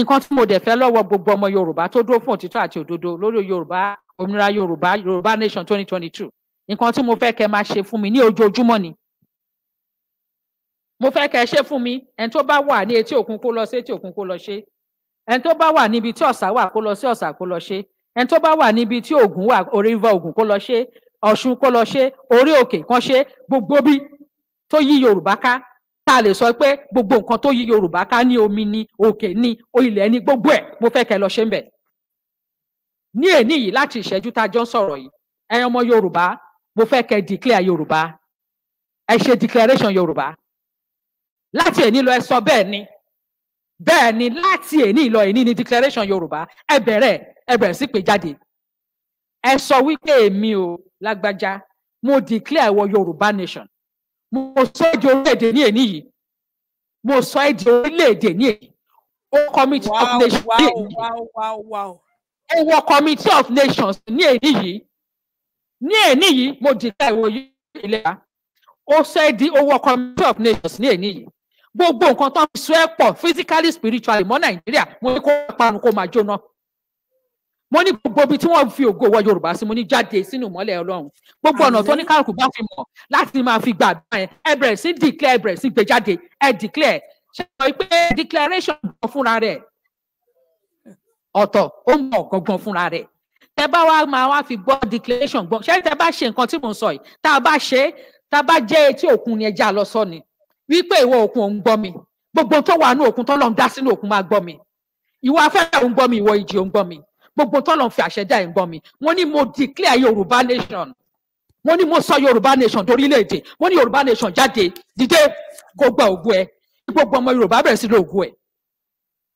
S4: nǹkan tí mo dẹ̀ fẹ́ lọ́wọ́ gbogbo ọmọ yorùbá tó dúró fún òtítọ́ àti òdodo lórí yorùbá òmìnira yorùbá yorùbá nation twenty twenty two nǹkan tí mo fẹ́ kẹ́ máa ṣe fún mi ní ojoojúmọ́ ni mo fẹ́ kẹ́ ṣe fún mi ẹni tó bá wà ní etí òkun kó lọ sí etí òkun kó lọ ṣe ẹni tó bá wà níbi tí ọ̀sà wà kó lọ sí ọ̀sà kó lọ ṣe ẹni tó bá wà níbi tí ògùn wà orí river ògùn kó lọ ṣe ọ̀ṣun kó lọ ṣe orí òkè kan ṣe gbogbo bí tó yí yorùbá ká tá a lè sọ pé gbogbo nǹkan tó yí yorùbá ká ní omi ni òkè ni ilẹ̀ ni gbogbo ẹ̀ mo fẹ́ kẹ́ lọ ṣe ń bẹ̀. ní èní yìí láti ìṣẹ́jú tá a jọ ń sọ̀rọ̀ yìí ẹ̀yin ọmọ yorùbá mo fẹ́ kẹ́ declare yorùbá ẹ ṣe declaration yorùbá láti èní lọ ẹ sọ bẹ́ẹ̀ ni bẹ́ẹ̀ ni láti èní ìlọ èní ni declaration yorùbá ẹ bẹ̀rẹ̀ ẹ bẹ̀rẹ̀ sí pé jáde ẹ sọ wípé èmi o lágbájá mo declare ìwọ yorùbá nation mo sọ èdè orílẹ̀-èdè ní èní yìí mo sọ èdè orílẹ̀-èdè ní èyí ó committee of nations ní èyí ẹ wọ committee of nations ní èyí yìí ní èyí yìí mo declare ìwọ yorùbá ó sọ èdè ó committee of nations ní èyí yìí gbogbo nǹkan tó ń sọ ẹ pọ̀ physically spiritually mọ́ nàìjíríà mo ní kó parun kó máa jóná mo ní gbogbo ibi tí wọ́n fi ògo wọ yorùbá sí mo ní jáde sínú ìmọ́lẹ̀ ọlọ́run gbogbo ọ̀nà tó ní kálukú bá fi mọ̀ láti máa fi gbà bá yẹn ẹ bẹ̀rẹ̀ sí declare ẹ bẹ̀rẹ̀ sí gbé jáde ẹ declare ṣe sọ pé declaration gan fúnra rẹ̀ ọ̀tọ̀ ó mọ̀ gangan fúnra rẹ̀ tẹ bá wá máa wá fi gbọ́ declaration gbọ́ ṣé tẹ bá ṣe nǹkan tí mo sọ yìí tá a bá ṣe tá a bá jẹ́ etí òkun ni ẹ já lọ sọ ni wípé ìwọ òkun òun gbọ́ mi gbogbo tó wà nínú òkun tọ́lọ́run dá sínú òkun máa gbọ́ mi ìwọ afẹ́fẹ́ òun gbọ́ mi ìwọ ìjì òun gbọ́ mi gbogbo tọ́lọ́run fi àṣẹ dá ẹ̀ ń gbọ́ mi wọ́n ní mo declare Yorùbá nation wọ́n ní mo sọ Yorùbá nation dorílẹ̀-èdè wọ́n ní Yorùbá nation jáde dìde kó gba ògùn ẹ̀ gbogbo ọmọ Yorùbá bẹ̀rẹ̀ sí lo ògùn ẹ̀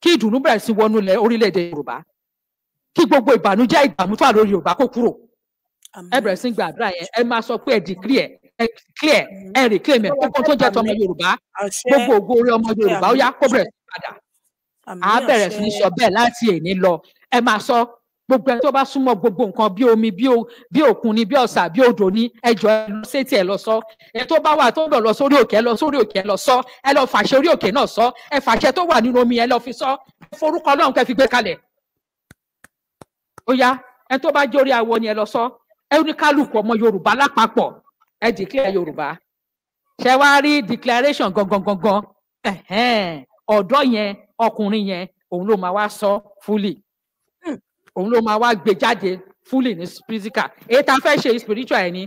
S4: kí ìdùnnú bẹ̀rẹ̀ sí wọnú ilẹ̀ orílẹ̀-èdè Yorùbá kí gbogbo ìbànújẹ́ ìdààmú tó wà lórí Yorùbá kó kúrò ẹ bẹ̀rẹ̀ sí gbàdúrà yẹn ẹ máa sọ pé ẹ dìgírì ẹ̀ clear ẹ reclaim ẹ gbogbo tó jẹ́ tọmọ yorùbá gbogbo ògo orí ọmọ yorùbá ó yá kó bẹ̀rẹ̀ sí
S3: padà á bẹ̀rẹ̀ sí ní sọ bẹ́ẹ̀
S4: láti èní lọ ẹ máa sọ gbogbo ẹni tó bá súnmọ́ gbogbo nǹkan bí omi bí òkun ni bí ọ̀sà bí odò ni ẹjọ́ ẹ lọ sétí ẹ lọ sọ ẹni tó bá wà tó ń bọ̀ lọ sórí òkè ẹ lọ sórí òkè ẹ lọ sọ ẹ lọ fàṣẹ orí òkè náà sọ ẹ fàṣẹ tó wà nínú omi ẹ lọ fi sọ forúkọ Ọlọ́run kẹ́ fi gbé kalẹ̀ ó yá ẹni tó bá jórí awọ ni ẹ lọ sọ ẹni kálukú ọmọ Yorùbá lápapọ̀ ẹ declare yorùbá ṣe wá rí declaration gangan gangan ọ̀dọ́ yẹn ọkùnrin yẹn òun ló máa wá sọ fúlì hmm. òun ló máa wá gbé jáde fúlì ní physical èyí tá a fẹ́ ṣe spiritual ẹ̀ ni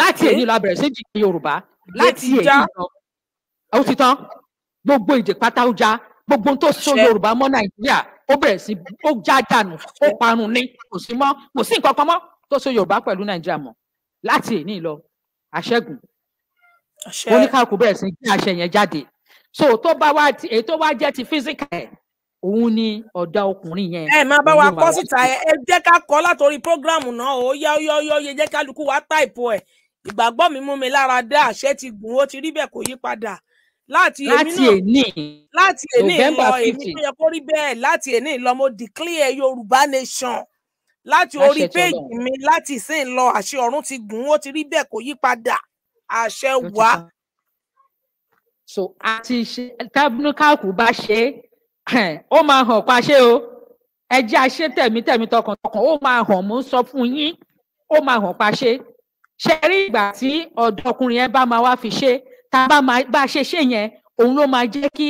S4: láti èyí lọ abẹ̀rẹ̀ sí ìdíje yorùbá láti èyí lọ ó ti tán gbogbo ìdè pátá ó já gbogbo tó so yorùbá mọ́ nàìjíríà ó bẹ̀rẹ̀ sí ó já dànù ó parun ní kò sí mọ́ kò sí nǹkan kan mọ́ tó so yorùbá pẹ̀lú nàìjíríà mọ́ láti èní lọ àṣẹgùn oníkàkú bẹ̀rẹ̀ sí gbé àṣẹ yẹn jáde so tó bá wá èyí tó
S1: wá jẹ́ ti físíkà ẹ̀
S4: òun ni ọ̀dà ọkùnrin
S1: yẹn. ẹ máa bá wa kọ síta ẹ jẹ́ ká kọ látòrí prógráàmù náà ó yá yọ yọ yẹ jẹ́ kálukú wá táìpù ẹ̀ ìgbàgbọ́ mi mú mi lára dá àṣẹ ti gùn ó ti rí bẹ́ẹ̀ kò yí padà láti èmi náà láti èní lọ èmi tó yẹ kó rí bẹ́ẹ̀ láti èní lọ mo declare Yorùbá nation láti orí péèjì mi láti ìsìn lọ àṣẹ ọ̀run ti gùn ó ti rí bẹ́ẹ̀ kò yí padà àṣẹ wá.
S4: so àti ṣe tábínúkàkù bá ṣe ó máa hàn paṣẹ o ẹ jẹ́ àṣẹ tẹ̀mítẹ̀mí tọkàntọkàn ó máa hàn mò ń sọ fún yín ó máa hàn paṣẹ ṣe rí ìgbà tí ọ̀dọ́kùnrin yẹn bá máa wá fi ṣe tá a bá ṣe ṣe yẹn òun ló máa jẹ́ kí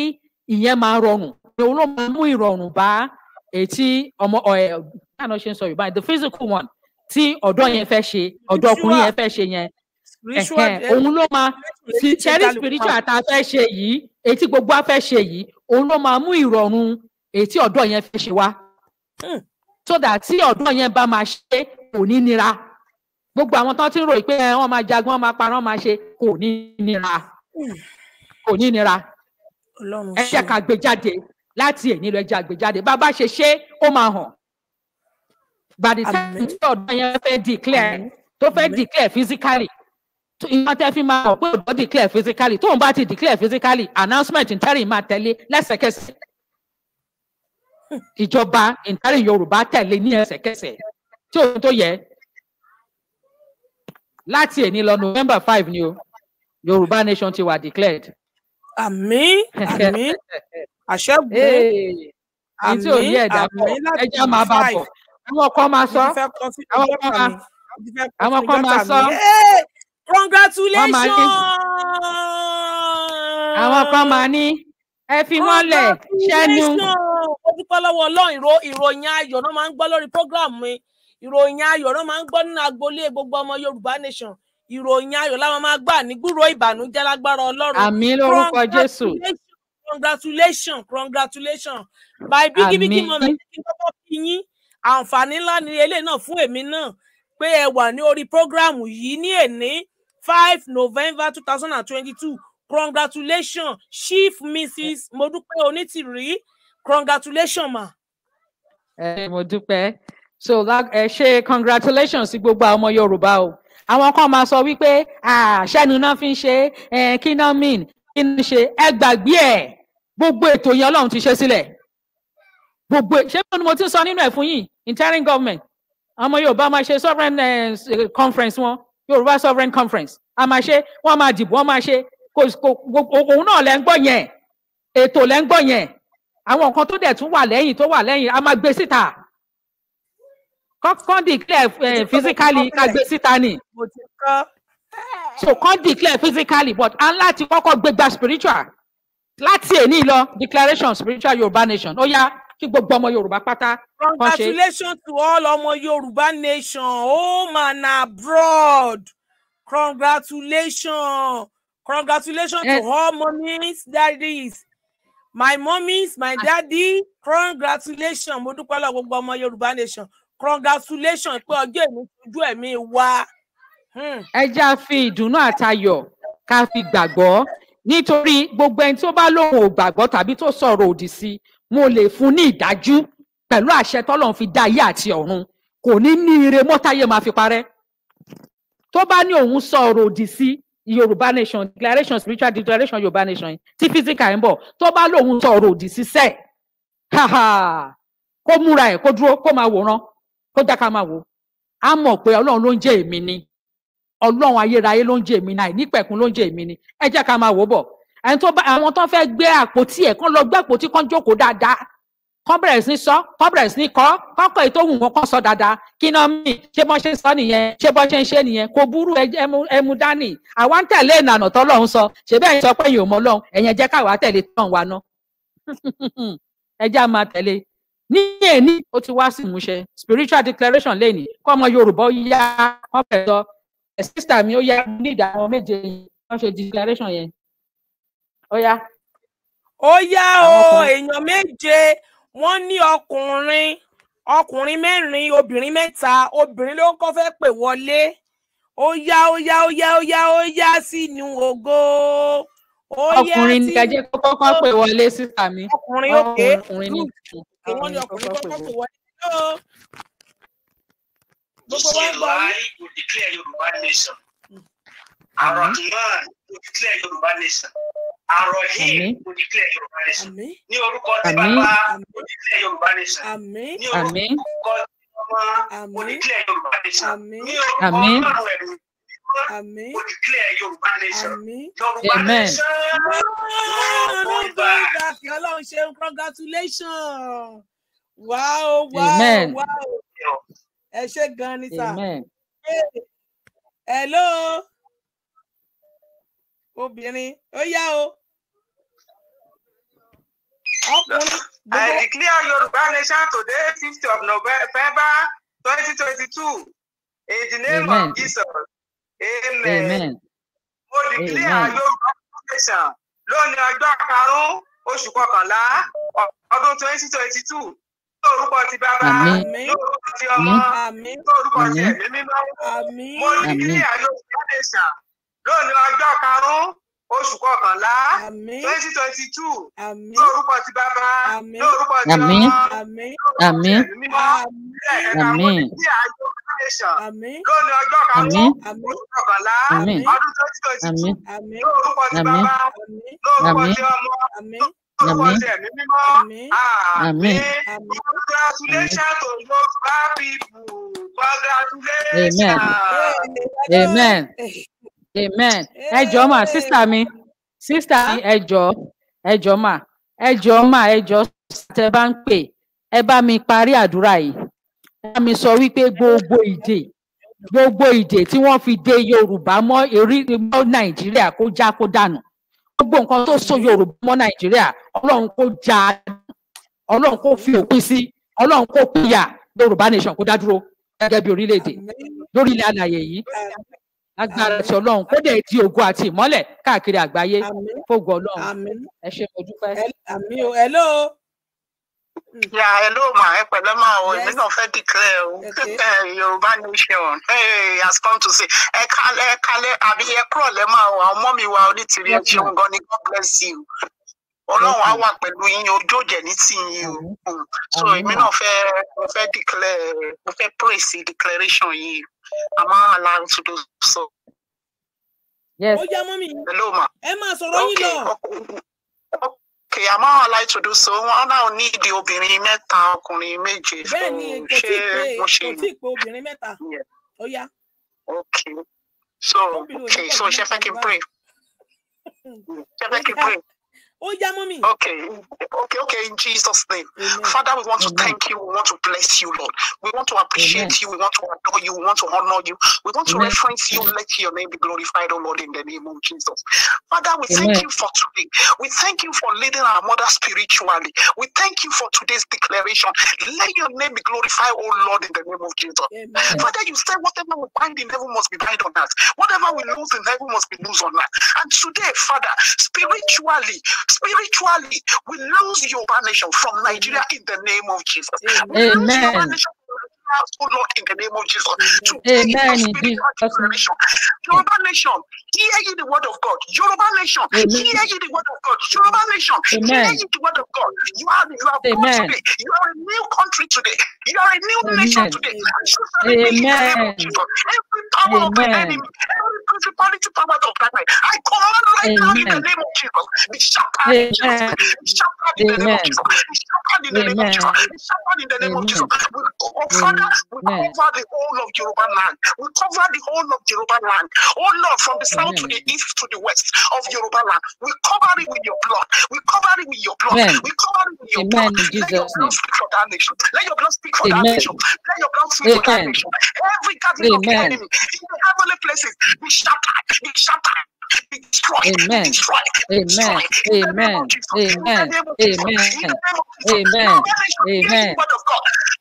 S4: ìyẹn máa rọrùn òun ló máa mú ìrọ̀rùn bá ètí ọmọ ọ̀ẹ́ náà ṣe ń sọ yorùbá the physical one tí ọ̀dọ́ yẹn fẹ́ ṣe ọ̀dọ́ ọkùnrin yẹn fẹ́ ṣe yẹn òun ló máa ti cherry spiritual tá a fẹ́ ṣe yìí ètí gbogbo a fẹ́ ṣe yìí òun ló máa mú ìrọ̀rùn ètí ọ̀dọ́ yẹn fẹ́ ṣe wá hmm. so that tí ọ̀dọ́ yẹn bá máa ṣe kò ní nira gbogbo àwọn tó ti ń ròyìn pé wọ́n máa jagun wọ́n máa parọ́ wọ́n máa ṣe kò ní nira hmm. kò ní nira ẹ jẹ́ ká gbé jáde láti èyí lọ ẹja àgbèjáde bá a bá ṣe ṣe ó máa hàn by the time tí ọ̀dọ́ yẹn fẹ́ declare tó fẹ́ declare physically ìmọ̀ tẹ́ fi máa hàn pé ọ̀dọ́ declare physically tóun bá ti declare physically announcement ìtẹ́rìn máa tẹ̀lé lẹ́sẹ̀kẹsẹ̀ ìjọba ìtẹ́rìn Yorùbá tẹ̀lé ní ẹsẹ̀kẹsẹ̀ tí òun tó yẹ láti èyí lọ November five ni o Yorùbá nation ti wà declared. àmín àmín
S1: àṣẹ́gun
S3: àmì àmì láti five
S1: àwọn kan máa sọ àwọn kan máa àwọn kan máa sọ congratulations
S4: àwọn kan máa ní
S3: ẹ fi wọn lẹ ṣẹnu.
S1: ó dúpẹ́ lọ́wọ́ ọlọ́run ìròyìn ayọ̀ náà máa ń gbọ́ lórí program mi ìròyìn ayọ̀ náà máa ń gbọ́ nínú agboolé gbogbo ọmọ yorùbá nation ìròyìn ayọ̀ láwọn máa gbà nígbúrò ìbànújẹ́ lágbára ọlọ́run. àmì lórúkọ jésù. congratulations congratulations congratulations by bíkí bíkí mọ mi kí n kọ́kọ́ fi yín àǹfààní ńlá ni eléyìí náà fún èmi náà pé ẹ wà ní orí prógráàmù yìí ní èní five november two thousand and twenty-two congratulations chief mrs Modupe Onitiri. congratulations ma.
S4: ẹ mo dúpẹ́ so ẹ ṣe congratulations sí gbogbo àwọn ọmọ yorùbá o àwọn kan máa sọ wípé àṣẹnu ah, náà fi ń ṣe kí náà mean kí náà ṣe ẹ gbàgbé ẹ gbogbo ètò yẹn Ọlọ́run ti ṣe sílẹ̀ gbogbo e, ṣé bí mo ti sọ nínú ẹ̀ fún yìí interim government ọmọ Yorùbá máa ṣe sovereign uh, conference wọn Yorùbá sovereign conference a máa ṣe wọn máa dìbò wọn máa ṣe kò òun náà lẹ́ ń gbọ́ yẹn ètò lẹ́ ń gbọ́ yẹn àwọn nǹkan tó dẹ̀ tún wà lẹ́yìn tó wà lẹ́yìn a máa gbé síta kọ́kọ́ declare eh, physically ká gbé síta ni so kọ́ declare physically but a ń láti kọ́kọ́ gbégbá spiritual láti èní lọ declaration of spiritual yorùbá nation ó yá kí gbogbo ọmọ yorùbá pátá. congratulations
S1: to all ọmọ yorùbá nation home oh, and abroad congratulations congratulations yes. to all mummies daddies my mummies my daddy congratulations mo dúpẹ́ lọ gbogbo ọmọ yorùbá nation congratulations pé ọjọ́ èmi ojú ẹ̀mí wa. Hmm.
S4: ẹ já fi ìdùnnú àtayọ̀ ká fi gbàgbọ́ nítorí gbogbo ẹni tí ó bá lóun ò gbàgbọ́ tàbí tó sọ̀rọ̀ òdì sí mo lè fún ní ìdájú pẹ̀lú àṣẹ tọ́lọ́run fi dá ayé àti ọ̀run kò ní ní ire mọ́táyé máa fi parẹ́ tó bá ní òun sọ̀rọ̀ òdì sí yorùbá nation declaration spiritual declaration yorùbá nation tí physical ń bọ̀ tó bá lóun sọ̀rọ̀ òdì sí sẹ́ẹ̀ kó múra ẹ̀ kó dúró kó máa wòran kó dáká máa wò á mọ̀ pé ọlọ́run ló ń jẹ́ èmi ni ọlọ́run ayérayé ló ń jẹ èmi náà nípẹ̀kun ló ń jẹ èmi ni ẹ jẹ́ ká máa wò bọ̀ ẹni tó bá àwọn tó fẹ́ gbé àpótí ẹ̀ kán lọ gbé àpótí kán jókòó dáadáa kán bẹ̀rẹ̀ sí sọ kán bẹ̀rẹ̀ sí kọ́ kán kọ́ èyí tó wù wọ́n kán sọ dáadáa kí náà mì ṣé bọ́n ṣe ń sọ nìyẹn ṣé bọ́n ṣe ń ṣe nìyẹn kò burú ẹmu dání àwa ń tẹ̀lé ìlànà tọ́lọ́run sọ ṣe bẹ́ẹ̀ sọ pé èyàn ò mọ ọlọ́run ẹ̀yẹn jẹ́ káwa tẹ̀lé tán wa ná ẹ já máa tẹ̀lé ní èní ó ti wá sí ìmúṣẹ spiritual declaration lẹ́yìn kọ́ ọmọ Yorùbá ó yá wọ́n fẹ́ sọ sísítà mi ó yá ní ìdáwọn méje
S1: wọ́n ṣe declaration yẹn ó yá. ó yá o èèyàn méje wọ́n ní ọkùnrin ọkùnrin mẹ́rin obìnrin mẹ́ta obìnrin ló ń kọ́ fẹ́ pè wọlé ó yá ó yá ó yá ó yá ó yá sínú ògo ọkùnrin ni kẹjẹ kọ́kọ́ pè wọlé
S3: sísítà mi ọkùnrin òkè ọkùnrin ni ọkùnrin kọ́kọ́ pè wọlé gbogbo wa
S2: gbọ́. you declare Yorùbá nation. Hmm. Arahman you declare Yorùbá nation. Arahim you declare Yorùbá nation. Ní
S1: orúkọ tí bàbá you declare Yorùbá nation. Ní orúkọ tí ọmọ you declare Yorùbá nation. Ní orúkọ ọlọ́run ẹ̀mí. Amen. We declare Amen. Amen. Amen. nation. Congratulations. Wow, wow, Amen. wow ẹ ṣe gan ni sà hello obìnrin ó yá o ọkùnrin. I declare Yorùbá nation today fifty of November
S2: twenty twenty two in the name Amen. of Jesus. Amen. Amen.
S3: Mo declare Yorùbá nation lónìí ọjọ́ karùn-ún oṣù kọkànlá
S8: ọdún twenty twenty two. Amen. Amen. Amen. Amen.
S1: Amen. Amen. Amen. ti ẹ̀mí mímọ́ mo rí nílé àlòsí àdéṣà lónìí ọjọ́ karùn-ún oṣù kọkànlá twenty twenty two lórúkọ ti bàbá
S3: lórúkọ ti ọmọ lórúkọ ti ẹ̀mí mímọ́ lẹ́ẹ̀kan tí àjọ àdéṣà lónìí ọjọ́ karùn-ún oṣù kọkànlá ọdún twenty twenty two lórúkọ ti bàbá lórúkọ ti ọmọ. Amen. Congratulations
S9: to those bad people.
S3: Congratulations. Amen. Amen. Amen.
S4: jọ̀ọ́ mà, sísá mi, sísá mi, ẹ jọ̀ọ́, ẹ jọ̀ọ́ mà, ẹ jọ̀ọ́ mà, ẹ jọ̀ọ́ tẹ bá ń pè, ẹ bá mi parí àdúrà yìí. Ẹ bá mi sọ wípé gbogbo ìdè, gbogbo ìdè tí wọ́n fi dè Yorùbá mọ́ Nàìjíríà kó já kó dànù gbogbo nǹkan tó so yorùbá mọ́ nàìjíríà ọlọ́run kó já ọlọ́run kó fi òpin sí ọlọ́run kó pìyà yorùbá nation kó dádúró gẹ́gẹ́ bí orílẹ̀ lórí ilẹ̀ alàyè yìí agbára ti ọlọ́run kó dẹ̀ di ògo àti ìmọ́lẹ̀ káàkiri àgbáyé fògo ọlọ́run ẹ ṣé mo dúpẹ́.
S1: hello. Ya hello ma ẹ pẹ̀lẹ́ ma o èmi náà fẹ́ declare o eh, Yorùbá nation has come to say ẹ kálẹ̀ ẹ kálẹ̀ àbí ẹ kúrò lẹ́ ma o àwọn ọmọ mi wa onítìrí ẹ ṣeun gan ni God bless you ọlọ́run á wà pẹ̀lú yín
S2: ojú òjẹ̀ ní tìyín o so èmi náà fẹ́ mo fẹ́ declare mo fẹ́
S1: praise declaration yìí àmọ́ allow to do so. ó jẹ́ mọ́mí ẹ máa sọ̀rọ̀ yín lọ kìyàmọ aláìtúdú so wọn náà ní ìdí obìnrin mẹ́ta ọkùnrin méje fún ṣé mo ṣe kò tí ì pé obìnrin mẹ́ta ó yá. ok so ok so ṣe fẹ́ kí n pray ṣe fẹ́ kí n pray. Oh, yeah, mommy. Okay, okay, okay, in Jesus' name. Amen. Father, we want Amen. to thank you. We want to bless you, Lord. We want to appreciate Amen. you. We want to adore you. We want to honor you. We want to reference you. Let your name be glorified, oh Lord, in the name of Jesus. Father, we thank you for today. We thank you for leading our mother spiritually. We thank you for today's declaration. Let your name be glorified, oh Lord, in the name of Jesus. Father, you said whatever we bind in heaven must be bind on earth. Whatever we lose in heaven must be lose on earth. And today, Father, spiritually, Spiritually, we lose
S2: your nation from Nigeria in the name of Jesus. We
S3: Amen. lose your nation
S2: household work
S9: in the name of Jesus. Amen. Yoruba nation, hear ye
S1: the word of God. Yoruba nation, hear ye the word of God. Yoruba nation, hear ye
S3: the word of God. You are you are born today. You are a new country today. You are a new nation today. Amen. Every power of the enemy, every principality power of darkness, I command right now in the name of Jesus. Be shattered in Jesus. Be shattered in the name of Jesus. Be shattered in the name of Jesus. Be shattered in the name of Jesus. We confront we Amen.
S2: cover the whole of Yoruba land. We cover
S3: the whole of Yoruba land. Oh Lord, from the south to the east to the west of Yoruba land. We cover it with your blood. We cover it with your blood. Amen. We cover it with your blood. Let your blood speak for that nation. Let your blood speak for that nation. Let your blood speak for
S4: that nation. Every gathering of the enemy
S1: in the heavenly places be shattered, be shattered.
S3: Destroyed, Amen. Destroyed, destroyed, Amen. Amen. Amen. Amen. Amen. Amen. Amen. Amen. Amen. Amen. Amen. Amen.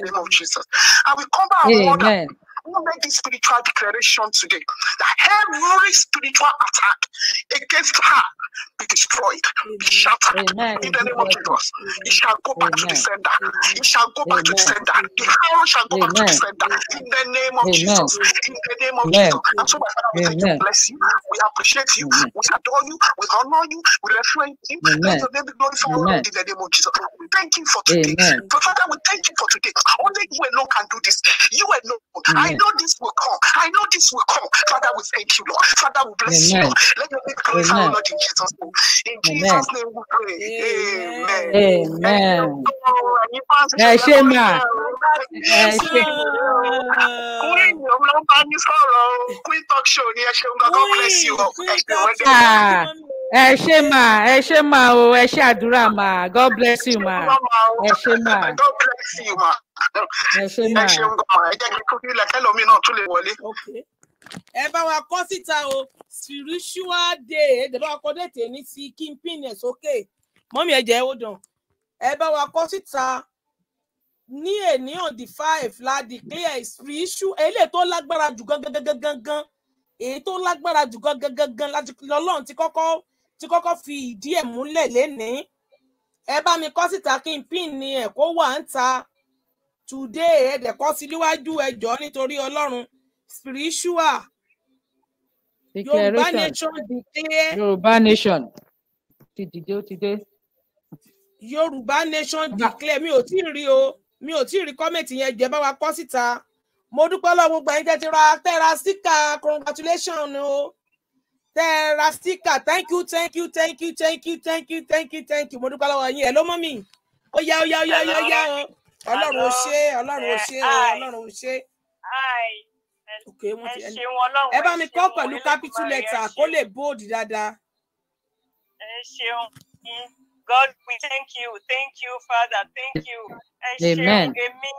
S3: the name of Jesus. And we cover our Amen
S1: to make this spiritual declaration today that every spiritual attack
S3: against her be destroyed, be shattered Amen. in the name of Jesus. It shall go back Amen. to the sender. It shall go back Amen. to the sender. The power shall go back to the sender in the name of Jesus. In the name of Jesus. And so, my Father, we thank you, bless you. We
S2: appreciate you. We adore you. We honor you. We reference
S3: you. Let your name be glorified in the name
S2: of Jesus.
S1: We thank you for today. But Father, we thank you for today. Only you alone can do this. You alone. I know this will come. I know this will come. Father, we thank you, Lord. Father, we
S3: bless Amen. you, Lord. Let your name glorify glorified, Lord, in Jesus' name. In Amen. Jesus' name we pray. Amen. Amen. Ẹ ṣe máa. Ẹ ṣe. Queen ló ń bá ní
S9: sọ̀rọ̀ Queen talk show ni ẹ God bless you. Ẹ ṣe
S4: wẹ́dẹ̀ ẹ ṣé mà god bless you mà ẹ ṣé mà. god
S1: bless you mà.
S3: ẹ ṣeun gan ẹ jẹ́
S1: kí n tún sílẹ̀ kẹ́lòmíì náà tún lè wọlé. ẹ bá wa kọ síta o spiritual day ẹ bá wa kọ déètì ní sí kí n pín ẹ sókè mọ́mí ẹ jẹ́ ó dàn ẹ bá wa kọ síta ní èní on the five la declare spiritual eléyìí tó lágbára jù gangan gangan gangan èyí tó lágbára jù gangan gangan lọ́lọ́run ti kọ́kọ́ ti kọ́kọ́ fi ìdí ẹ̀ múlẹ̀ lénìí ẹ bá mi kọ síta kí n pín ní ẹ kó wà ń ta today ẹ̀dẹ̀ kọ́ sí níwájú ẹjọ́ nítorí ọlọ́run spiritual
S3: yorùbá nation
S1: dìde. yorùbá
S4: nation ti dìde ó ti dé.
S1: yorùbá nation declare mi ò tí ì rí o mi ò tí ì rí kọ́mẹ̀tì yẹn jẹ́ bá wa kọ́ síta mo dúpẹ́ lọ́wọ́ gbogbo ẹ̀yin tẹ́ ti ra tẹ́ra síkà congratulation o tẹ́ra síkà thank you thank you thank you thank you thank you thank you thank you mo dúpẹ́ lọ́wọ́ yín ẹ̀ ló mọ́ mi ó yá ó yá ó yá ó yá ó. ọlọ́run ó ṣe ọlọ́run ó ṣe ọlọ́run ó ṣe.
S3: ẹ bá mi kọ́ pẹ̀lú capital letter kó
S1: lè bóòdì dáadáa.
S3: ẹ ṣeun God we thank you thank you Father thank you ẹ ṣeun èmi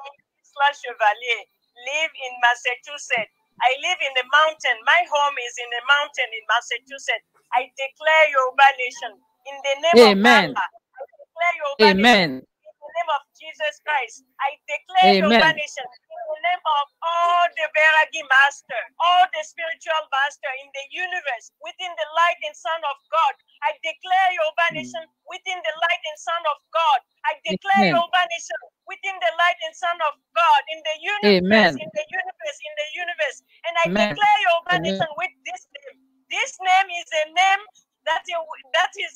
S3: slash chevalier live in Massachusetts I live in the mountain my home is in the mountain in Massachusetts I declare Yoruba nation in the name Amen. of Allah I declare Yoruba Amen. nation in the name of Jesus Christ, I declare Amen. your banishment in the name of all the Veragi master, all the spiritual master in the universe, within the light and son of God. I declare your banishment within the light and son of God. I declare Amen. your banishment within the light and son of God in the universe, Amen. in the universe, in the
S10: universe. And I Amen. declare your banishment
S3: with this name. This name is a name that, you, that is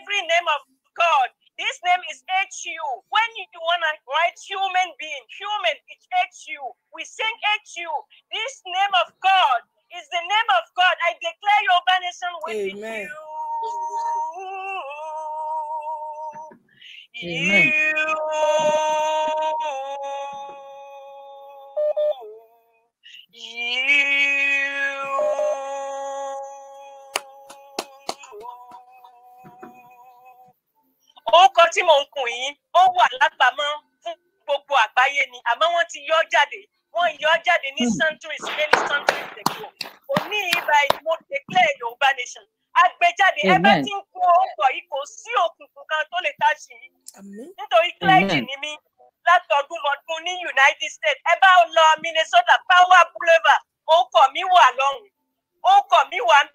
S3: every name of God. This name is
S1: HU. When you want to write human being, human, it's HU. We sing
S3: HU. This name of God is the name of God. I declare your banishment with you. Amen.
S8: You. You.
S1: orúkọ tí mò ń kùn yín ó wà lápamọ́ fún gbogbo àgbáyé ni àmọ́ wọ́n ti yọ jáde wọ́n yọ jáde ní centuries many centuries ago òní ibà mo declare yorùbá nation agbẹjáde ẹ bá ti ń kó orúkọ yìí kò sí òkùnkùn kan tó lè tá sí i nítorí clergy ni mí látọdúnmọdún ní united states ẹ bá lọ minnesota power boulevard orúkọ mi wà lọ́hùn orúkọ mi wà ń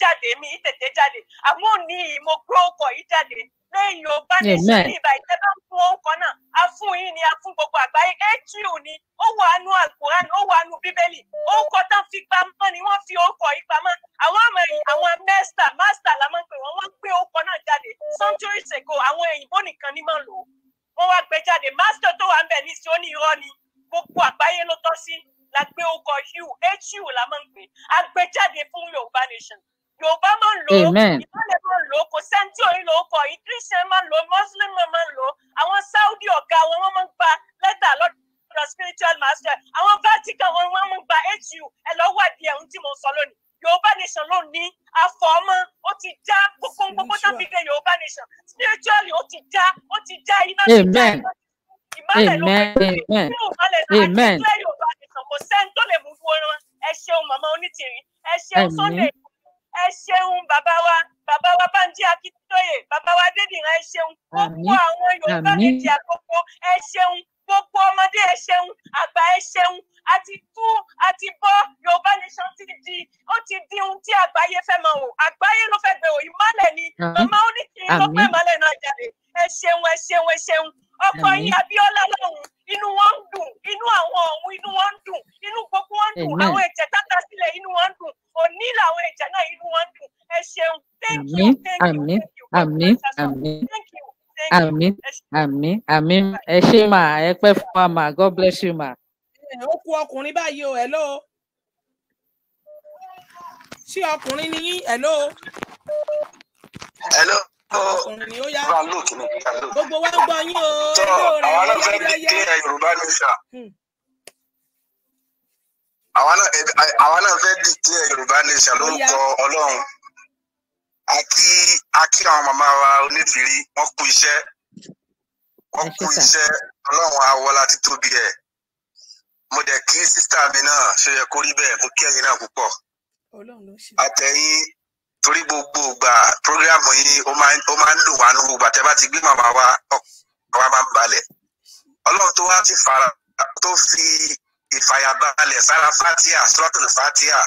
S1: jáde mi tètè jáde àmọ́ òní mo gbé orúkọ yìí jáde
S3: lẹ́yìn yorùbá ní sílẹ̀ ìbá
S1: ìtẹ́ bá ń fún orúkọ náà a fún yín ni a fún gbogbo àgbáyé hnu ni ó wà nú alukoran ó wà nú bíbélì orúkọ tán fi pamọ́ ni wọ́n fi orúkọ yìí pamọ́ àwọn ọmọ ẹ̀yìn àwọn mẹ́sítà mástà la máa ń pè wọ́n wọ́n gbé orúkọ náà jáde centuries ago àwọn èyìnbó nìkan ní máa lò wọ́n wá gbé jáde mástà tó wà ń bẹ̀ ní sí ó ní irọ́ ni gbogbo àgbáyé ló tọ́ sí la gbé orúkọ hnu hnu la máa ń pè agbéjáde fún yorùbá nation yorùbá máa ń lò ó lò kò sẹ́ni lò ó kọ máa ń lò muslim máa ń lò àwọn saudi ọ̀gá wọn wọ́n máa ń gba lẹ́tà lọ́dọ̀ spiritual master àwọn vatican wọn wọ́n máa ń gba hu ẹ lọ́ wádìí ẹ̀hún tí mo sọ lónìí yorùbá nation ló ní ó ti já gbogbo gbogbo tó fi dé yorùbá nation spiritually ó ti já ó
S3: ti já iná ti já ìmọ̀lẹ̀ ló pé ìmọ̀lẹ̀ àti ìlẹ̀ yorùbá nation kò sẹ́ni lè mú wọn ẹ
S1: ṣeun màmá onítìrí
S3: ẹ ṣeun sunday
S1: ẹ ṣeun bàbá wa bàbá wa Bánjí Akíntóyè bàbá wa Adédìran ẹ ṣeun gbogbo àwọn Yorùbá méjì àkókò ẹ ṣeun gbogbo ọmọdé ẹ ṣeun àgbà ẹ ṣeun àti tú àti bọ́ yorùbá nation ti di ó ti di ohun tí àgbáyé fẹ́ mọ̀ o àgbáyé ló fẹ́ gbé o ìmọ̀lẹ̀ ni màmá ó ló pẹ́ ìmọ̀lẹ̀ náà jáde ẹ ṣeun ẹ ṣeun ẹ ṣeun ọkọ yín abiola lọ́hùn inú wọn ń dùn inú àwọn ọ̀hún inú wọn ń dùn inú
S3: gbogbo wọn ń dùn àwọn ẹ̀jẹ̀
S1: tata sílẹ̀ inú wọn ń dùn òní làwọn ẹ̀jẹ̀ náà inú wọn ń dùn ẹ ṣeun
S3: thank you thank you thank you àmín
S4: àmín àmín ẹ ṣé mà ẹ pẹ́ fún wa mà god bless you Ma.
S1: ó kú ọkùnrin báyìí o hello ṣé ọkùnrin ni yín hello. hello gbogbo wa gbọ́ yín o. àwọn hmm. náà fẹ́ di kí ẹ yorùbá ní sà
S6: àwọn náà fẹ́ di kí ẹ yorùbá ní sà ló ọlọ́run àti àti àwọn màmá wa onífìrí wọn kú iṣẹ́ wọn kú iṣẹ́ Ọlọ́run awọlá títóbi ẹ mo dẹ̀ kí sísítà mi náà ṣe yẹ kó rí bẹ́ẹ̀ mo kí ẹ̀yin náà púpọ̀ àtẹ̀yìn torí gbogbo ìgbà programu yìí ó máa ń lù wá ní gbogbo àtẹ bá ti gbé màmá wa wa máa ń balẹ̀ Ọlọ́run tó wá ti fara tó fi ìfàyàbalẹ̀ sára fatia suratul fatia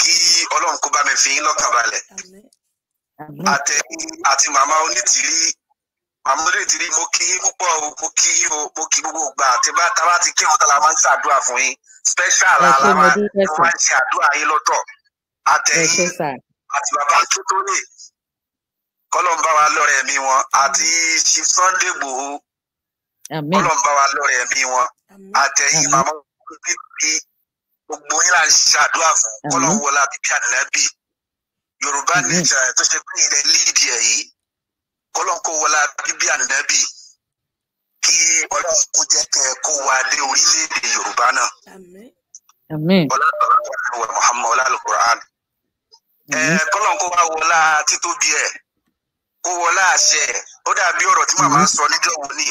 S6: kí ọlọ́run kó bá mi fi yín lọ́kàn balẹ̀ àtẹ àti màmá onítìrí
S2: màmá onítìrí mo kí yín púpọ̀ o mo kí yín o mo kí gbogbo ìgbà àti bá a bá ti kí wọn tá a máa ń ṣàdúrà fún yín special ala máa ń ṣe àdúrà yín lọ́tọ̀ àtẹ̀yìn àti bàbá Akíntóyè kọ́lọ́n wa lọ́rẹ̀ mi wọn àti Chief Sunday
S3: Igboho kọ́lọ́n wa lọ́rẹ̀ mi wọn àtẹ̀yìn màmá onítìrí
S2: gbogbo yín là ń ṣàdúrà fún kọ́lọ́wọ́lá bíbí ànábì yorùbá nìjà tó ṣe pé ilẹ̀ líìdì ẹ̀ yìí
S6: kọ́lọ́kọ́wọ́lá bíbí ànábì kí ọlọ́run kó jẹ́ kẹ́ ẹ kó wa dé orílẹ̀-èdè yorùbá náà.
S3: ọlọ́run wa muhammad ọlọ́run
S2: kọ́lọ́run kó wa wọlá títóbi ẹ̀ kó wọlá àṣẹ ó dàbí ọ̀rọ̀ tí màmá sọ níjọ́ wòní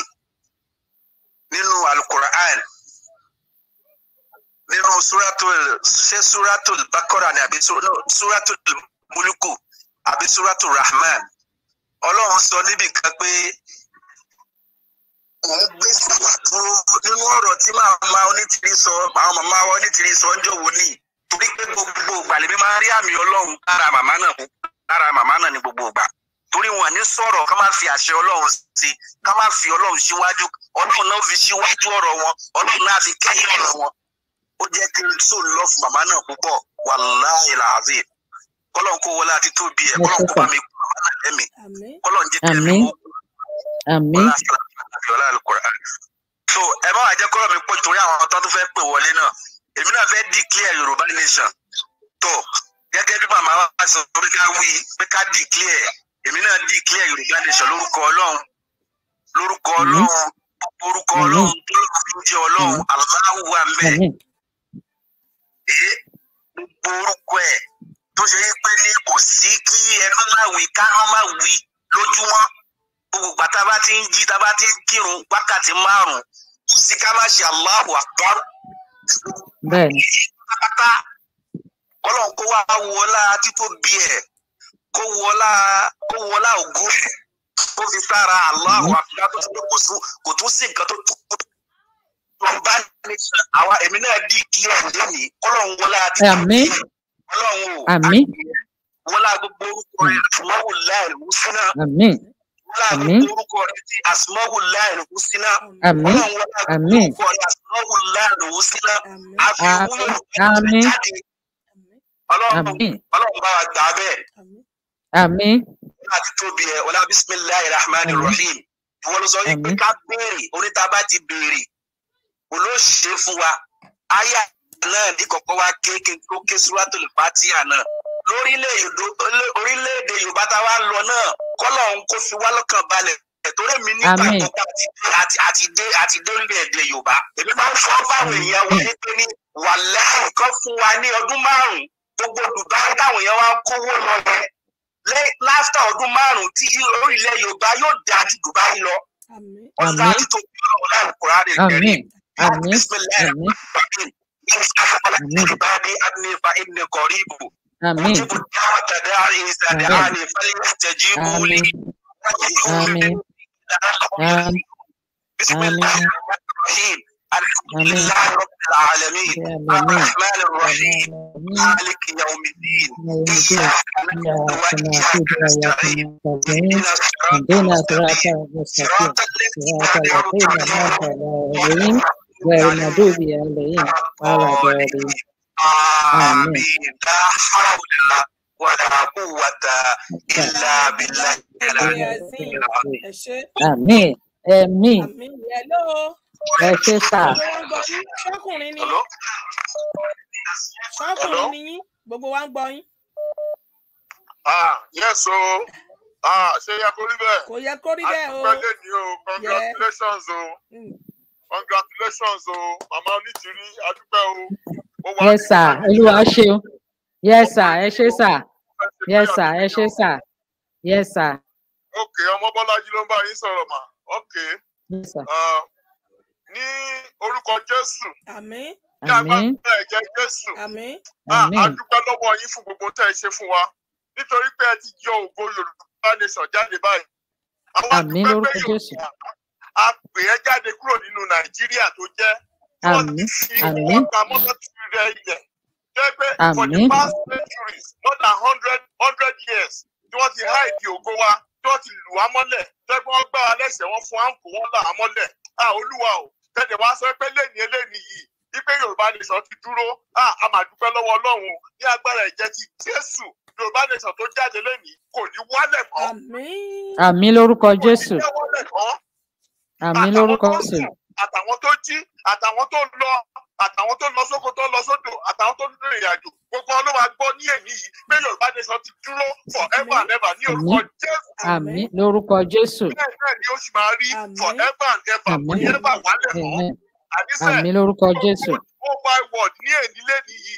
S2: nínú alukur'an nínú suratul ṣé suratul bakora ni àbí suratul muluku àbí suratul rahman ọlọ́run sọ níbì kan pé
S8: òun gbé sábà
S2: dúró nínú ọ̀rọ̀ tí màmá onítìrí sọ àwọn màmá wa onítìrí sọ ń jọ wòlíì torí pé gbogbo ìgbà lèmi máa rí àmì ọlọ́run lára màmá náà lára màmá náà ní gbogbo ìgbà torí wọn ní sọ̀rọ̀ ká má
S6: fi àṣẹ ọlọ́run sí ká má fi ọlọ́run síwájú ọlọ́run náà fi síwájú ọ̀rọ̀ wọn ọlọ́run náà fi kẹ́yìn ọ̀rọ̀ wọn ó jẹ́ kí n so love màmá náà púpọ̀ wàláhì làásì
S2: kọ́lọ́n kó wọlé àti tóbi ẹ̀ kọ́lọ́n kó
S3: bá mi kú màmá náà lẹ́mìí kọ́lọ́n jẹ́ kí ẹ̀mí wó àmín so ẹ má wàá jẹ́ kọ́lọ́ mi pọ̀
S6: torí àwọn tó fẹ́ pè wọlé náà èmi náà fẹ́ declare Yorùbá nation tó gẹ́gẹ́ bí màmá wa sọ pé ká wí pé ká declare
S2: èmi náà declare Yorùbá nation lórúkọ Ọlọ́run lórúkọ Ọlọ́run orúkọ Ọlọ́run tó lọ́ọ́ fi jẹ́ Ọlọ́run aláwọ̀
S3: àmín pàdé gbogbo
S2: orúkọ ẹ̀ tó ṣe yí pé ní kò sí kí ẹnu má wí káhán má wí lójúmọ́ gbogbo gbà tá a bá ti ń jí tá a bá ti ń kírun wákàtí márùn-ún kò sí ká má ṣe
S3: Allahu Akbar. bẹ́ẹ̀ni. pátá
S2: Ọlọ́run kó wá wọlá títóbi ẹ̀ kó wọlá kó wọlá ògùn tó fi sára Allahu Akbar tó fi kò tún sí nǹkan tó tó tó ń bá ní sàn àwọn èmi náà dì kí ẹ̀ lónìí kọ́lọ́hún wọlé
S3: àti àmín kọ́lọ́hún o àmín
S2: wọlé gbogbo orúkọ rẹ àsùnmọ́wò láì wú síná àmín wọlé gbogbo orúkọ rẹ ti àsùnmọ́wò láì wú síná àmín àmín orúkọ rẹ àsùnmọ́wò láì wú síná àfi wúlò rẹ jáde ọlọ́run ọlọ́run bá wa gbà bẹ́ẹ̀. àmín. láti tóbi ẹ ọlá bisimilayi rahman rahim ìwọ ló sọ yìí pé ká béèrè oníta bá ti béèrè ló ṣe fún wa aya náà ní kọ̀kọ́ wa kéèké tó ké síwájú lè fàtíà náà lórílẹ̀‐èdè yorùbá tá a wá lọ náà kọ́lọ̀ ń kó fi wá lọ́kàn
S1: balẹ̀ torí mi
S4: nígbà gbogbo
S1: àti àti dé àti dé orílẹ̀‐èdè yorùbá èmi máa ń fọ́ báwọn èèyàn wọ ní pé ní wàláì kan fún wa ní ọdún márùn-ún gbogbo
S2: dubai táwọn èèyàn wá ń kówó lọ yẹn láfta ọdún márùn-ún tí orílẹ̀ yorùbá yóò dáa ju dubai
S3: lọ ọ̀sán àti tòun yóò wọ́n láì kúrò بسم الله الرحمن الرحيم عبادي أني فإني قريب آمين أجيب دعوة داعي إذا دعاني فليستجيبوا لي آمين بسم الله الرحيم الحمد لله رب العالمين الرحمن الرحيم مالك يوم الدين إياك نعبد وإياك نستعين اهدنا الصراط المستقيم صراط الذين أنعمت عليهم Well, now do be early. All right, baby. Amen. Amen. Hello. Ẹ sá.
S1: Ṣọ́kùnrin ni. Ṣọ́kùnrin ni yín. Gbogbo wa ń gbọ́
S10: yín. Ah, yes ṣé yẹ kó rí bẹ́ẹ̀? Kò yẹ kó rí bẹ́ẹ̀ o. Àtúgbẹ́lẹ́ ni o. Congratulations o congratulations
S4: o màmá onítìrí adúpẹ́ o. yes sir olúwa ṣeun yes sir
S3: ẹ ṣé sir yes sir ẹ ṣé sir yes sir.
S10: ok ọmọ bọ́lájí ló ń bá yín sọ̀rọ̀ mà ok. yes sir. ní orúkọ jésù. àmín.
S3: ní agbára
S10: ẹ̀jẹ̀ jésù. àmín. adúpẹ́ lọ́wọ́ yín fún gbogbo tẹ́ ẹ ṣe fún wa nítorí pé ẹ ti yọ ògo yorùbá nation jáde báyìí. àwọn adúpẹ́ pé yorùbá a pè ẹ́ jáde kúrò nínú nàìjíríà tó jẹ́
S3: wọ́n ti fi wọ́n pa
S6: mọ́tò tí ó rẹ ilẹ̀
S3: jẹ́gbẹ́ for the past
S6: centuries more than hundred hundred years tí wọ́n ti háìdì ògo wa tí wọ́n ti lù wá mọ́lẹ̀ jẹ́gbẹ́ wọ́n gbá wa lẹ́sẹ̀ wọ́n fún àǹkó wọn là á mọ́lẹ̀ à olúwa o tẹ̀lé wá sọ pé lẹ́ni eléni yìí wípé yorùbá nation ti dúró à a máa dúpẹ́ lọ́wọ́ ọlọ́run ní agbára ìjẹ́ ti jésù yorùbá nation tó jáde lẹ́ni kò ní wálẹ̀ mọ́.
S4: àmín lórúkọ
S3: jésù. kò ní wálẹ̀ mọ́ àmì lórúkọ sí àtàwọn tó jí àtàwọn tó lọ àtàwọn tó lọ
S6: sóko tó lọ sódò àtàwọn tó nínú ìrìnàjò gbogbo ló máa gbọ́ ní èmi yìí pé yorùbá nation ti dúró forever and
S3: ever ní orúkọ jésù. àmín lórúkọ jésù. bẹ́ẹ̀
S10: bẹ́ẹ̀ ni ó sì máa rí forever and
S3: ever kò ní ever wálẹ̀ mọ́. àmín lórúkọ jésù. ó wá ìwọ̀ ní ènìlẹ́ni yìí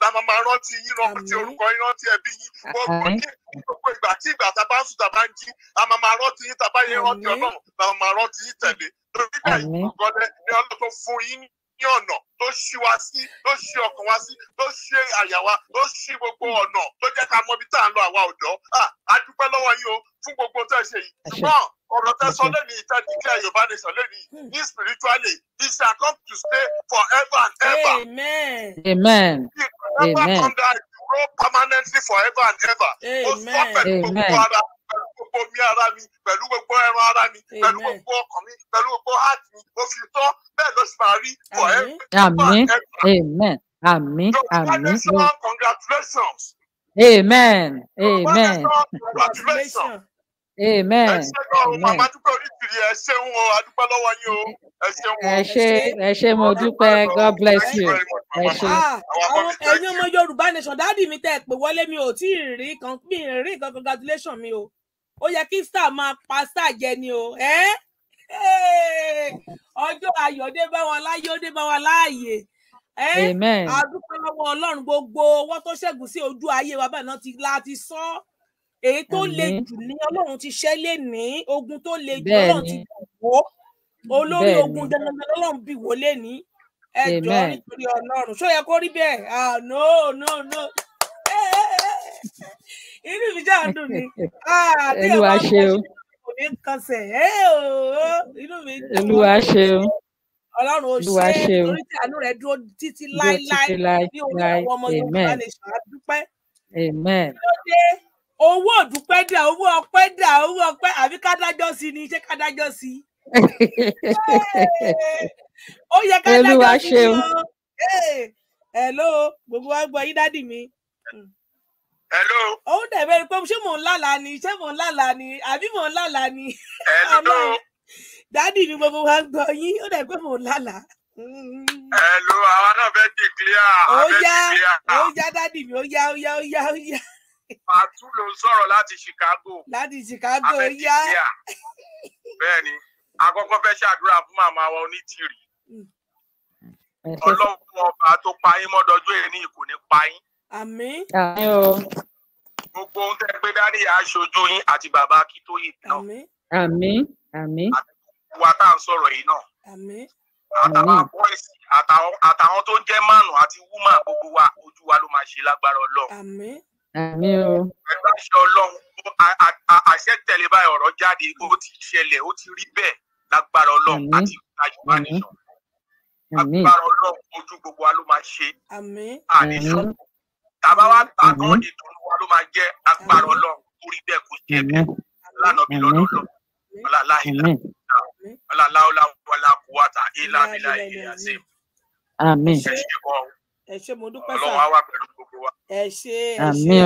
S10: la máa máa rántí yín rántí orúkọ yín rántí ẹbí yín gbogbo ní gbogbo ìgbà tí ìgbà tá a bá ń sùn tá a bá ń jí a máa máa rántí yín tá a bá yẹ rántí ọlọ́run la máa máa rántí yín tẹ̀lé
S3: lórí ìgbà yìí
S10: gbọ́dọ̀ ní ọlọ́run fún yín ní ọ̀nà tó ṣí wa sí
S6: tó ṣí ọkàn wa sí tó ṣí àyà wa tó ṣí gbogbo ọ̀nà tó jẹ́ ká mọ ibi tá à ń lọ àwa ọ̀dọ́ a dúpẹ́ lọ́wọ́ yín o fún gbogbo tẹ́ ṣe yìí ṣùgbọ́n ọ̀rọ̀ tẹ́ sọ lẹ́nu ìta dìkẹ́
S1: Yorùbá nation lẹ́nu ní hmm. spiritually this shall come to stay forever and ever.
S3: Amen. Amen. It come down it grow permanently
S6: forever and ever. Amen. Amen pẹ̀lú gbogbo mi ara mi pẹ̀lú gbogbo ẹran ara mi pẹ̀lú gbogbo
S2: ọkàn mi pẹ̀lú gbogbo heart
S10: mi mo fi tọ́
S2: bẹ́ẹ̀ ló sì máa rí for every amen
S3: amen amen amen congratulations. amen amen
S6: congratulations.
S4: amen
S1: ẹ ẹ ṣe ẹ ṣe mo dúpẹ́
S4: god bless you
S1: ẹ ṣe. Ah, ẹ̀yin ọmọ yorùbá nation dáàdì mi tẹ́ ẹ pè wọlé mi ò tí ì rí kan mi ì rí kan congratulation mi o ó yẹ kí star máa pa star jẹ ni o ọjọ́ ayọ̀ dé bá wa láyé ó dé bá wa láàyè àdúgbò lọ́wọ́ Ọlọ́run gbogbo wọn tó ṣẹ́gun sí ojú ayé wa báyìí náà ti láti sọ èyí tó le jù ní Ọlọ́run ti ṣẹ́ lé ní ogun tó le jù Ọlọ́run ti bò ó olórí ogun dandandan Ọlọ́run bì wó lé ní ẹjọ́ nítorí Ọlọ́run ṣó yẹ kó rí bẹ́ẹ̀ ah no no no inú mi já dùn ni ah, eh, oh, olúwa ṣe o kò ṣe o ọlọ́run ó ṣe torí tí àánú rẹ̀ dúró títí láéláé ní òun àwọn ọmọ yorùbá nation á dúpẹ́ owó òdúpẹ́ dà owó ọpẹ́ dà owó ọpẹ́ àbí kádájọ́ sí ni ṣé kádájọ́ sí ó yẹ kádájọ́ sí ni o hello gbogbo wa gbọ́ yín dádì mi. Hmm hello. ó dẹ̀ bẹ́ẹ̀ pé ṣé mò ń lálà ni ṣé mò ń lálà ni àbí mò ń lálà ni. hello. dádì ni gbogbo wa ń gbọ́ yín ó dẹ̀ pé mò ń lálà.
S9: hello àwa náà fẹ́ di
S1: clear. ó yá ó yá dádì mi ó yá ó yá ó yá ó yá. pàtó ló ń sọ̀rọ̀ láti Chicago. láti Chicago ó yá.
S6: bẹ́ẹ̀ ni àkọ́kọ́ fẹ́ ṣàdúrà fún
S1: màmá wa onítìrì mm.
S3: ọlọ́run ọba tó pa yín mọ́dọ́jú
S1: èyí ni kò ní pa yín àmín.
S3: àmín o.
S6: gbogbo ohun tẹ́ gbé dání aṣojú yín àti bàbá akíntóyè náà. àmín.
S3: àmín. àmín. àti
S6: wa tá à ń sọ̀rọ̀ yìí náà. àmín. àtàwọn àpọ́ìsì àtàwọn tó jẹ́ mánu àti wúmà gbogbo wa ojú wa ló máa ṣe lágbára ọlọ́run. àmín. àmín o. ẹgbẹ́ iṣẹ́ ọlọ́run àṣẹ tẹ̀lé báyìí ọ̀rọ̀ jáde ó ti ṣẹlẹ̀ ó ti rí bẹ́ẹ̀ lágbára ọlọ́run àti àyùbá nìṣọ̀ agbára ọlọ́run ojú gbogbo wa ló máa
S1: ṣe àníṣọ́kù
S2: tàbá wa tà tán ètò
S1: wa ló máa jẹ́ agbára ọlọ́run torí
S3: bẹ́ẹ̀ kò jẹ́ bẹ́ẹ̀ lánàá bí lọ́dọ̀ lọ
S1: ọláláìlá ọláláwọlá wàlàkùwàtà ìlàmìlà ìyàsí. àmín. ẹ ṣé mo dúpẹ́ ọlọ́run á wà pẹ̀lú gbogbo wa. ẹ ṣé ẹ ṣé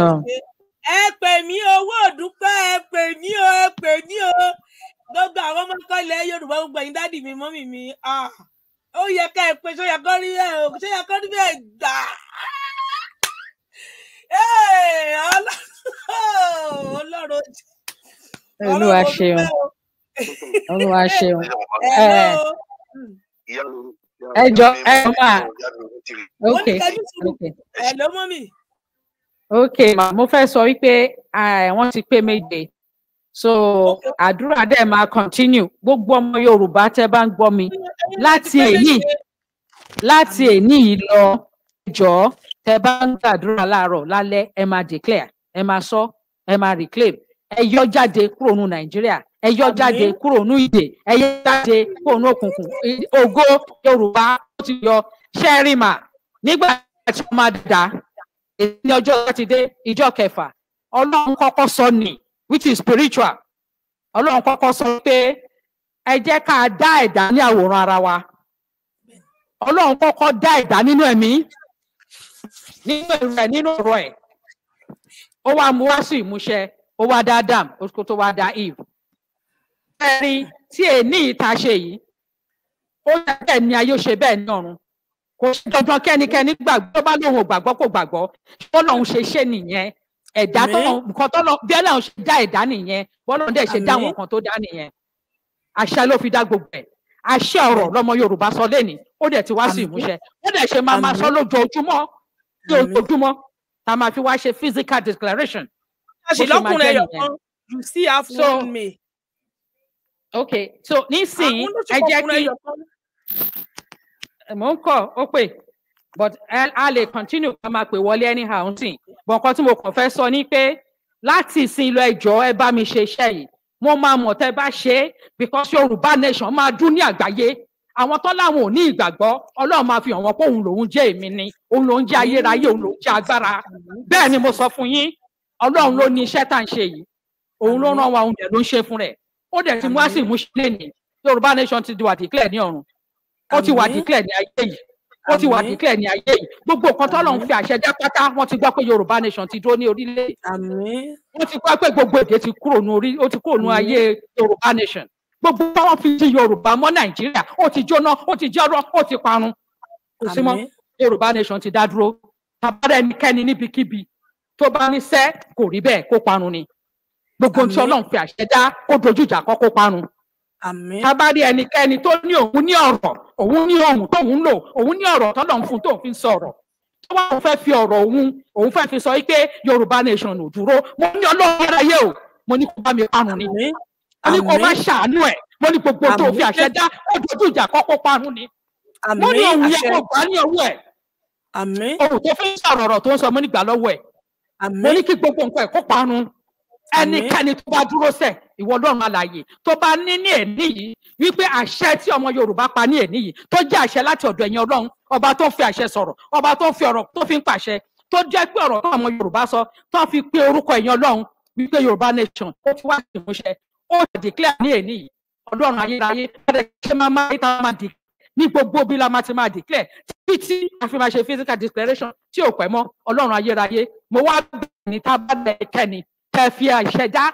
S1: ẹ pè mí owó òdúpẹ́ ẹ pè mí o ẹ pè mí o gbogbo àwọn ọmọ kọ́lẹ̀ yorùbá gbogbo ẹ̀yin dádì mi mọ́mì mi ah. ó yẹ ká ẹ pé ṣó yẹ kọ́ rí bẹ́ẹ̀ gbà á.
S9: ọlọ́run
S3: olúwa ṣeun olúwa ṣeun
S4: ẹ jọ ẹ ma ok ok ma mo fẹ́ sọ wípé wọ́n ti pé méje so àdúrà dẹ̀ máa continue gbogbo ọmọ Yorùbá tẹ́ bá ń gbọ́ mi láti èyí láti èyí lọ jọ̀ọ́ tẹ bá ń gbàdúrà láàárọ̀ lálẹ́ ẹ máa declare ẹ máa sọ ẹ máa reclaim ẹ yọ jáde kúrò nù nàìjíríà ẹ yọ jáde kúrò nù ìdè ẹ yọ jáde kúrò nù òkùnkùn ògo yorùbá ó ti yọ ṣẹrìmà nígbà tí wọn máa dà ní ọjọ́ dé, ìjọ kẹfà ọlọ́run kọ́kọ́ sọ ni which is spiritual ọlọ́run kọ́kọ́ sọ pé ẹ jẹ́ ká dá ẹ̀dá ní àwòrán ara wa ọlọ́run kọ́kọ́ dá ẹ̀dá nínú ẹ̀mí nínú ẹ̀rọ ẹ̀ nínú ọ̀rọ̀ ẹ̀ ó wá mú wá sí ìmúṣẹ ó wá dá dam oṣù tó wá dá eve ẹ̀rin tí èní ìta ṣe yìí ó yẹ bẹ́ẹ̀ ni ayé ó ṣe bẹ́ẹ̀ ní ọ̀run kò ṣe dandan kẹ́nikẹ́ni gbàgbọ́ tó bá lóun ò gbàgbọ́ kò gbàgbọ́ tó lọ́hún ṣe ṣe nìyẹn ẹ̀dá tó lọ́hún nǹkan tó lọ́hún bẹ́ẹ̀ lọ́hún ṣe dá ẹ̀dá nìyẹn bọ́lá ọ̀dẹ̀ ṣe dá àwọn nǹkan tó dá nìyẹn àṣà ló fi dá gbogbo ẹ̀ àṣà ọ̀rọ̀ lọmọ Yorùbá sọ lẹ́ni ó dẹ̀ ti wá sí ìmúṣẹ ó dẹ̀ ṣe máa máa sọ lójoojúmọ́ lójoojúmọ́ tá a máa fi wá ṣe physical declaration. àṣìlọ́kùnrin ẹ̀yọ̀ kan you still have so, one may. okay so nísìnyí ẹ jẹ́ kí mò ń kọ́ ó pè but a lè continue ká máa pè wọlé anyhow nsìn bọ̀ǹkan tí mo kàn fẹ́ sọ ni pé láti ìsìn lọ ẹjọ́ ẹ bá mi ṣe iṣẹ́ yìí mo máa mọ̀ tẹ́ bá ṣe é because Yorùbá nation máa dún ní àgbáyé àwọn tó láwọn ò ní ìgbàgbọ́ ọlọ́run máa fi hàn wọ́n pé òun lòun jẹ́ èmi ni òun lòun jẹ́ ayérayé òun lòun jẹ́ agbára bẹ́ẹ̀ ni mo sọ fún yín ọlọ́run ló ní iṣẹ́ tá à ń ṣe yìí òun ló rán wa òun dẹ̀ ló ń ṣe fún rẹ̀ ó dẹ̀ ti mú àsì ìmúṣẹ lẹ́nìí yorùbá nation ti wà declare ní ọ̀run ó ti wà declare ní ayé yìí ó ti wà declare ní ayé yìí gbogbo nǹkan tọ́lọ́run fi àṣẹ dá pátá wọ́n ti gbọ́ pé yorùbá nation ti dúró ní orílẹ̀ wọ́n ti gbọ́ pé gbogbo èdè ti kúrò ní ayé yorùbá nation gbogbo báwọn fi ti yorùbá mọ́ nàìjíríà ó ti jóná ó ti jẹ́rọ́ ó ti parun kò sí mọ́ yorùbá nation ti dá dúró tàbára ẹnikẹ́ni níbikíbi tó bá ní sẹ́ kò rí bẹ́ẹ̀ kó parun ni gbogbo tí ọlọ́run fi àṣẹ dá kó dojú ìjà kọ́ kó parun tàbára ẹnikẹ́ni tó ní òun ní ọ̀rọ̀ òun ní ohun tóun lò òun ní ọ̀rọ̀ tọ́lọ́run fún tóun fi ń sọ̀rọ̀ tó wà òun fẹ́ fi ọ̀rọ̀ òun òun fẹ́ fi sọ pé yorùbá nation ò dúró mo ní ọlọ́run ayé o mo ní kó bá mi parun ni mo ní kó má ṣàánú ẹ̀ mo ní gbogbo tó fi àṣẹ dá kó dojú ìjà kọ́kọ́ parun ni mo ní òun yẹ kó gbà ní ọwọ́ ẹ̀ òun tó fi ń sọ̀rọ̀ ọ̀rọ̀ tó ń sọ mo ní gbà lọ́wọ́ ẹ̀ mo ní kí gbogbo nǹkan ẹ̀ kó parun ẹnikẹ́ni tó bá dúró sẹ̀ ìwọ ọlọ́run alààyè tó bá ní ní ẹ̀ní yìí wípé àṣẹ tí ọmọ yorùbá pa ní ẹ̀ní yìí tó jẹ́ àṣẹ láti ọ̀dọ̀ ẹ̀yin ọlọ́run ọba tó ń fi àṣẹ sọ̀rọ̀ ọba tó ń fi ọ̀rọ̀ tó fi ń pàṣẹ tó jẹ́ pé ọ̀rọ̀ tó ọmọ yorùbá sọ tó fi pé orúkọ ẹ̀yin ọlọ́run wípé yorùbá nation ó ti wá ìmúṣẹ ó declare ní èní yìí ọlọ́run ayérayé ẹ̀rẹ̀ ṣe máa máa yí tá a máa declare ní gbogbo bí la máa ti máa declare títí a fi máa ṣe physical declaration tí ò pẹ́ mọ́ ọlọ́run ayérayé mo wá bẹ̀rẹ̀ ní tábàlẹ̀ ìkẹ́ni tẹ́ fi àṣẹdá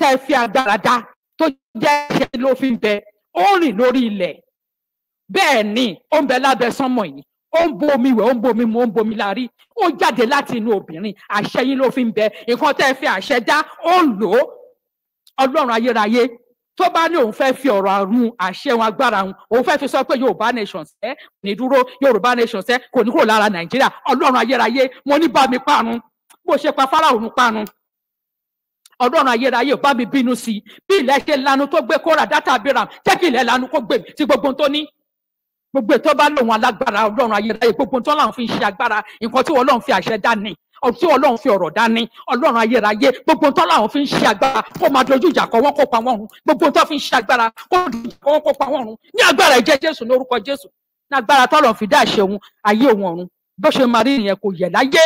S4: tẹ́ fi agbára dá tó jẹ́ ẹ̀ṣẹ̀ ló fi ń bẹ ó rìn lórí ilẹ̀ bẹ́ẹ̀ ni ó ń bẹ lábẹ́ sánmọ̀ yìí ó ń bo omi wẹ̀ ó ń bo omi mu ó ń bo omi lárí ó jáde láti inú obìnrin àṣẹ yín ló fi ń bẹ nǹkan tẹ́ fi àṣẹ dá ó ń lò ó ọlọ́run ayérayé tó bá ní òun fẹ́ fi ọ̀rọ̀ àrùn àṣẹ wọn agbára wọn òun fẹ́ fi sọ pé yorùbá nation ṣẹ́ kò ní dúró yorùbá nation ṣẹ́ kò ní kúrò lára nàìjíríà ọlọ́run ayérayé mo ní bá mi parun bó ṣe pa fáráhùn parun ọlọ́run ayérayé ò bá mi bínú sí i bí ilẹ̀ ṣe lanu tó gbé kóra dátà abiram jẹ́ kí ilẹ̀ lanu kó gbé ti gbogbo tó ní gbogbo tó bá lòun alágbára ọlọ́run ayérayé gbogbo tó láwọn fi ń ṣe agbára nǹkan tí wọ́n lọ́n fi àṣẹ dá ọtí ọlọ́run fi ọ̀rọ̀ dání ọlọ́run ayérayé gbogbo tó làwọn fi ń ṣe agbára kó máa dojú ìjà kọ wọn kó pa wọn run gbogbo tó fi ń ṣe agbára kó dojú ìjà kọ wọn kó pa wọn run ní agbára ìjẹ jésù ní jésù ní agbára tọ́lọ̀ fi dá àṣẹ òun ayé òun ọ̀run bó ṣe máa rí ìyẹn kò yẹ láyé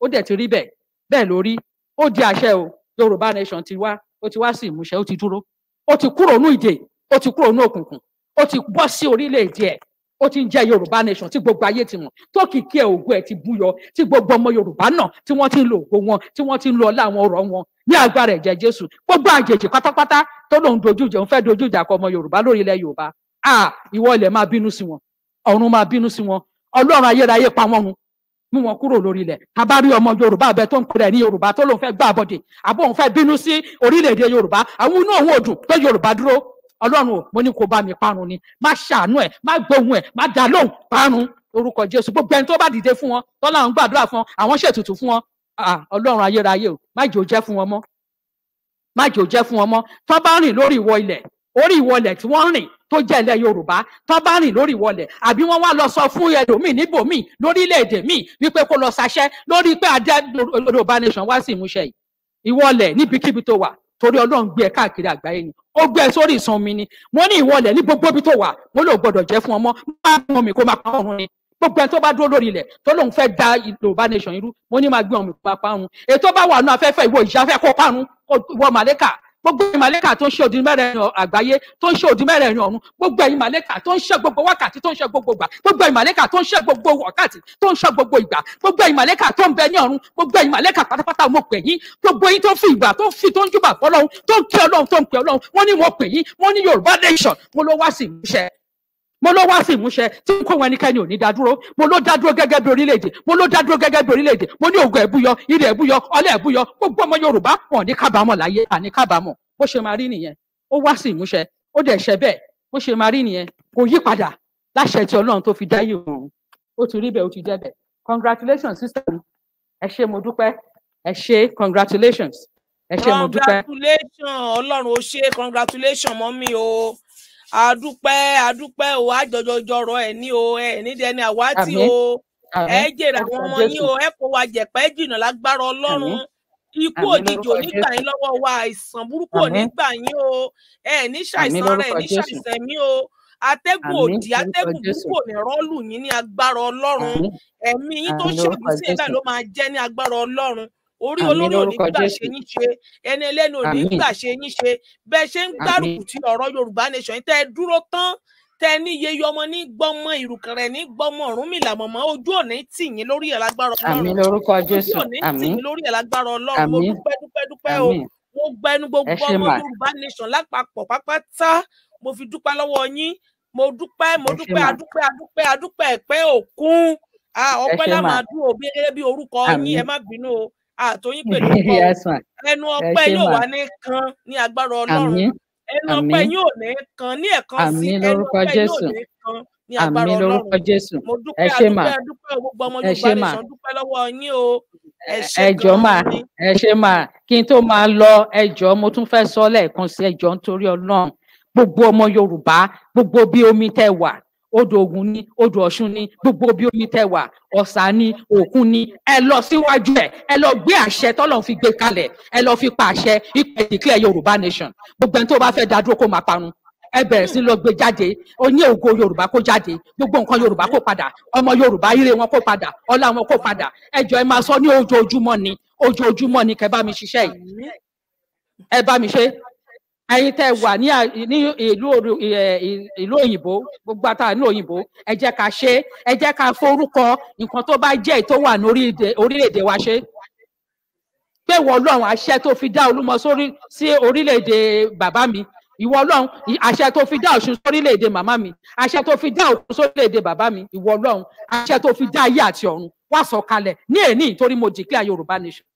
S4: ó dẹ̀ ti rí bẹ́ẹ̀ bẹ́ẹ̀ ló rí ó di àṣẹ o yorùbá nation ti wá ó ti wá sí ìmúṣẹ ó ti dúró ó ti kúrò nú ìdè ó ti kúrò nú òkùnkùn ó ti bọ́ sí orílẹ̀-èdè ó ti ń jẹ́ yorùbá nation tí gbogbo ayé ti mọ̀ tó kìkì ẹ̀ ògo ẹ̀ ti búyọ tí gbogbo ọmọ yorùbá náà tí wọ́n ti ń lo ògo wọn tí wọ́n ti ń lo ọlá àwọn ọ̀rọ̀ wọn ní agbára ẹ̀jẹ̀ jésù gbogbo àjèjì pátápátá tó lòun dojú ìjà òun fẹ́ dojú ìjà kọ ọmọ yorùbá lórí ilẹ̀ yorùbá à ìwọ ilẹ̀ máa bínú sí wọn ọ̀run máa bínú sí wọn ọlọ́run ayérayé pa wọ́n run mú wọn kúrò lórí ilẹ̀ abárí ọmọ yorùbá abẹ tó ń pèrè ní yorùbá tó lòun fẹ́ gbà bọ̀dẹ̀ àbọ̀ òun fẹ́ bínú sí orílẹ̀ yorùbá àwọn inú òun ò dùn pé yorùbá dúró ọlọ́run mo ní kó bá mi parun ni má ṣàánú ẹ̀ má gbóhùn ẹ̀ má dá lóhùn parun orúkọ jésù gbogbo ẹni tó bá dìde fún wọn tọ́lá ń gbàdúrà fún wọn àwọn ṣètùtù fún wọn ọlọ́run ayérayé o má jò jẹ́ fún wọn mọ́ má jò jẹ́ fún wọn mọ́ tọ́ bá rìn lórí ìwọ ilẹ̀ orí ìwọ ilẹ̀ tí wọ́n rìn tó jẹ́ ilẹ̀ yorùbá tọ́ bá rìn lórí ìwọ ilẹ̀ àbí wọ́n wá lọ sọ fún ẹlòmíì níbòmíì lórílẹ̀‐èdè míì wípé kó lọ ṣaṣẹ́ lórí pé adé yorùbá nation wá sí ìmúṣẹ yìí ìwọ ilẹ̀ níbikíbi tó wà torí ọlọ́run gbé ẹ káàkiri àgbáyé ni ó gbé ẹ sórí ìsan omi ni mo ní ìwọlẹ̀ ní gbogbo ibi tó wà mo lò gbọdọ̀ jẹ́ fún ọmọ máa mọ mi kó máa pa ọ̀run ni gbogbo ẹni tó bá dúró lórí ilẹ̀ tó lóun fẹ́ da yorùbá nation irú mo ní máa gbé ọmọ mi kó máa pa ọ̀run èyí tó bá wà nù afẹ́fẹ́ ìwọ ìyáfẹ́ kó parun ìwọ màlẹ́kà gbogbo ẹ̀yin màlẹ́kà tó ń ṣe òdi mẹ́rẹ̀ẹ̀rin àgbáyé tó ń ṣe òdi mẹ́rẹ̀ẹ̀rin ọ̀run gbogbo ẹ̀yin màlẹ́kà tó ń ṣe gbogbo wákàtí tó ń ṣe gbogbo ìgbà gbogbo ẹ̀yin màlẹ́kà tó ń ṣe gbogbo wákàtí tó ń ṣe gbogbo ìgbà gbogbo ẹ̀yin màlẹ́kà tó ń bẹ ní ọ̀run gbogbo ẹ̀yin màlẹ́kà pátápátá mo pè yín gbogbo yín tó fi ìgbà tó fi tó ń júbà fọlọ́run tó ń kí ọlọ́run tó ń pè ọlọ́run wọ́n ní mo pè yín wọ́n ní Yorùbá nation mo ló wá sí ìmúṣẹ mo ló wá sí ìmúṣẹ tí n kó wọn ẹnikẹ́ni ò ní dádúró mo ló dádúró gẹ́gẹ́ bí orílẹ̀-èdè mo ló dádúró gẹ́gẹ́ bí orílẹ̀-èdè mo ní ògo ẹ̀búyọ ilẹ̀ ẹ̀búyọ ọlẹ̀ ẹ̀búyọ gbogbo ọmọ Yorùbá wọn ní kábàámọ̀ láyé àní kábàámọ̀ bó ṣe máa rí nìyẹn ó wá sí ìmúṣẹ ó dẹ̀ ṣẹ bẹ́ẹ̀ bó ṣe máa rí nìyẹn kò yí padà láṣẹ ti Ọlọ́run tó fi dáyé òun ó ti rí bẹ́ẹ̀ ó ti jẹ́ bẹ́ẹ̀ congratulations sister mi ẹ ṣé mo dúpẹ́ ẹ ṣé congratulations
S3: ẹ ṣé mo dúpẹ́.
S1: congratulations Ọlọ́run ó ṣe congratulations mọ́mí o a a àdúpẹ́ o àjọjọjọrọ ẹ̀ ní o ẹ̀ ní dẹni àwátì o ẹ jèrè àwọn ọmọ yín o ẹ kó wa jẹ̀pẹ́ jìnnà lágbára ọlọ́run ikú òjijì onígbà yín lọ́wọ́ wa àìsàn burúkú onígbà yín o ẹ ní ṣàìsàn rẹ ní ṣàìsàn mí o atẹ́gùn òdì atẹ́gùn burúkú òní rọ́ọ̀lù yín ní agbára ọlọ́run ẹ̀mí yín tó ṣègùn sí ẹ̀dá ló máa jẹ́ ní agbára ọlọ́run orí olórí òní gbà ṣe yín ṣe ẹni ẹlẹ́nu òní gbà ṣe yín ṣe bẹ́ẹ̀ ṣe ń gbárùkù ti ọ̀rọ̀ Yorùbá nation tẹ́ ẹ dúró tán tẹ́ ẹ níye yọmọ ní gbọ́mọ ìrùkẹ̀rẹ̀ ní gbọ́mọ Ọ̀rúnmìlà mọ̀mọ́ ojú òní tì yín lórí ẹ̀ lágbára Ọlọ́run àmín lórúkọ Jésù ojú òní tì yín lórí ẹ̀ lágbára Ọlọ́run mo dúpẹ́ dúpẹ́ dúpẹ́ o mo gba ẹnu gbogbo ọmọ Yorùbá nation lápapọ̀ pápátá mo fi dúpẹ́ lọ́wọ́ yín mo dúpẹ́ mo dúpẹ́ adúpẹ́ adúpẹ́ adúpẹ́ ẹ̀pẹ́ òkun ọpẹ́ lámàdúró bí gẹ́gẹ́ bí orúkọ yín ẹ má bínú o àtòyìn pẹ̀lú ọkọ ẹnu ọpẹ́ yóò wá ní kan ní agbára Ọlọ́run ẹnu ọpẹ́ yóò ní kan ní ẹ̀kan sí
S3: ẹnu ọpẹ́ yóò ní
S1: kan
S4: ní
S3: agbára Ọlọ́run mo dúpẹ́ adúpẹ́
S1: adúpẹ́ gbogbo ọmọ Yorùbá nìṣàn dúpẹ́ lọ́wọ́ yín o
S4: ẹ jọ̀ọ́ mà ẹ ṣe mà kí n tó máa lọ ẹ jọ̀ọ́ mo tún fẹ́ sọ lẹ́ẹ̀kan sí ẹ jọ̀ọ́ nítorí Ọlọ́run gbogbo ọmọ Yorùbá gbogbo bí omi tẹ́ wà odò Ògùn ni odò Ọ̀ṣun ni gbogbo bí omi tẹ wà ọ̀sà ni òkun ni ẹ lọ síwájú ẹ ẹ lọ gbé àṣẹ tọ́lọ̀ fi gbé kalẹ̀ ẹ lọ fi pa àṣẹ ipò ìdíkẹ́ Yorùbá nation gbogbo ẹni tó bá fẹ́ dá dúró kó máa parun ẹ bẹ̀rẹ̀ sí lọ gbé jáde ó ní ògo yorùbá kó jáde gbogbo nǹkan yorùbá kó padà ọmọ yorùbá ire wọn kó padà ọlá wọn kó padà ẹjọ ẹ máa sọ ní ojoojúmọ́ ni ojoojúmọ́ ni kẹ bá mi ṣiṣẹ́ yìí ẹ bá mi ṣe ẹ̀yin tẹ́ wà ní ìlú ìlú òyìnbó gbogbo àtàwọn ìlú òyìnbó ẹ jẹ́ ká ṣe ẹ jẹ́ ká forúkọ nǹkan tó bá jẹ́ tó wà ní orílẹ̀-èdè wa ṣe pé ìwọ Ọlọ́run àṣẹ tó fi dá Olúmọ sórí sí orílẹ̀-èdè bàbá mi ìwọ Ọlọ́run àṣẹ tó fi dá Ọ̀ṣun sórílẹ̀-èdè màmá mi àṣẹ tó fi dá Ògùn sórílẹ̀-èdè bàbá mi ìwọ Ọlọ́run àṣẹ tó fi dá ayé àti ọ̀run wá sọ̀kalẹ̀ ní èní torí mo declare Yorùbá nation.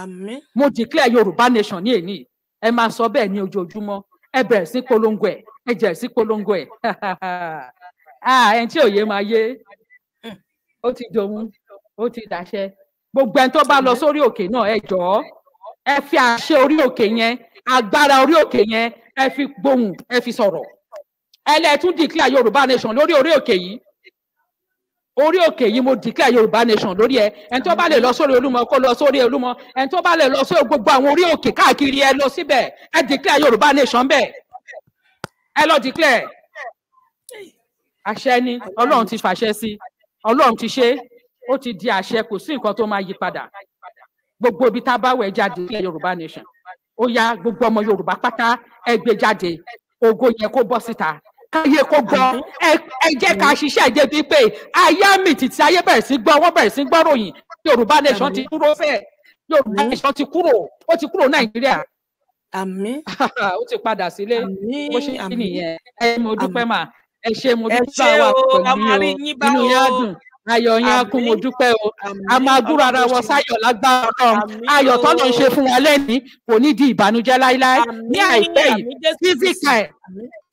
S4: Àmín. mo declare Yorùbá nation ní èní yìí ẹ máa sọ bẹ́ẹ̀ ní ojoojúmọ́ ẹ bẹ̀rẹ̀ sí polongo ẹ̀ ẹ jẹ̀ sí polongo ẹ̀ ah, ẹni tí òye máa yé ó ti dohun ó ti dàṣẹ gbogbo ẹni tó bá lọ sórí òkè náà ẹ jọ̀ọ́ ẹ fi àṣẹ orí òkè yẹn agbára orí òkè yẹn ẹ fi gbóhùn ẹ fi sọ̀rọ̀ ẹlẹ́tún dìklà yorùbá nation lórí orí òkè yìí orí òkè yìí mo declare yorùbá nation lórí ẹ ẹni tó bá lè lọ sórí olúmọ kó lọ sórí olúmọ ẹni tó bá lè lọ sórí gbogbo àwọn orí òkè káàkiri ẹ lọ síbẹ̀ ẹ declare yorùbá nation bẹ́ẹ̀ ẹ lọ declare àṣẹ ni ọlọ́run ti fàṣẹ sí ọlọ́run ti ṣe ó ti di àṣẹ kò sí nǹkan tó máa yí padà gbogbo ibi tá a bá wẹ̀ jáde ní yorùbá nation ó yá gbogbo ọmọ yorùbá pátá ẹ gbé jáde ògo yẹ kó bọ́ síta káyé kó gbọ́ ẹ jẹ́ ká ṣiṣẹ́ débi pé ayé mi títí ayé bẹ̀rẹ̀ sí gbọ́ wọ́n bẹ̀rẹ̀ sí gbọ́ ròyìn yorùbá nation ti kúrò fẹ́ yorùbá nation ti kúrò ó ti kúrò nàìjíríà. àmín. ó ti padà sílé bó ṣe kí nìyẹn ẹ mo dúpẹ́ mà ẹ ṣe mo dúpẹ́ wa pẹ̀lú o inú yẹn á dùn ayọ̀ yẹn kú mo dúpẹ́ o a máa gúrò ara wọn sáyọ̀ lágbára Ọlọ́run ayọ̀ tọlọ ń ṣe fún wa lẹni kò ní di ìbànújẹ́ láéláé ní àìpẹ́ yìí físíkà ẹ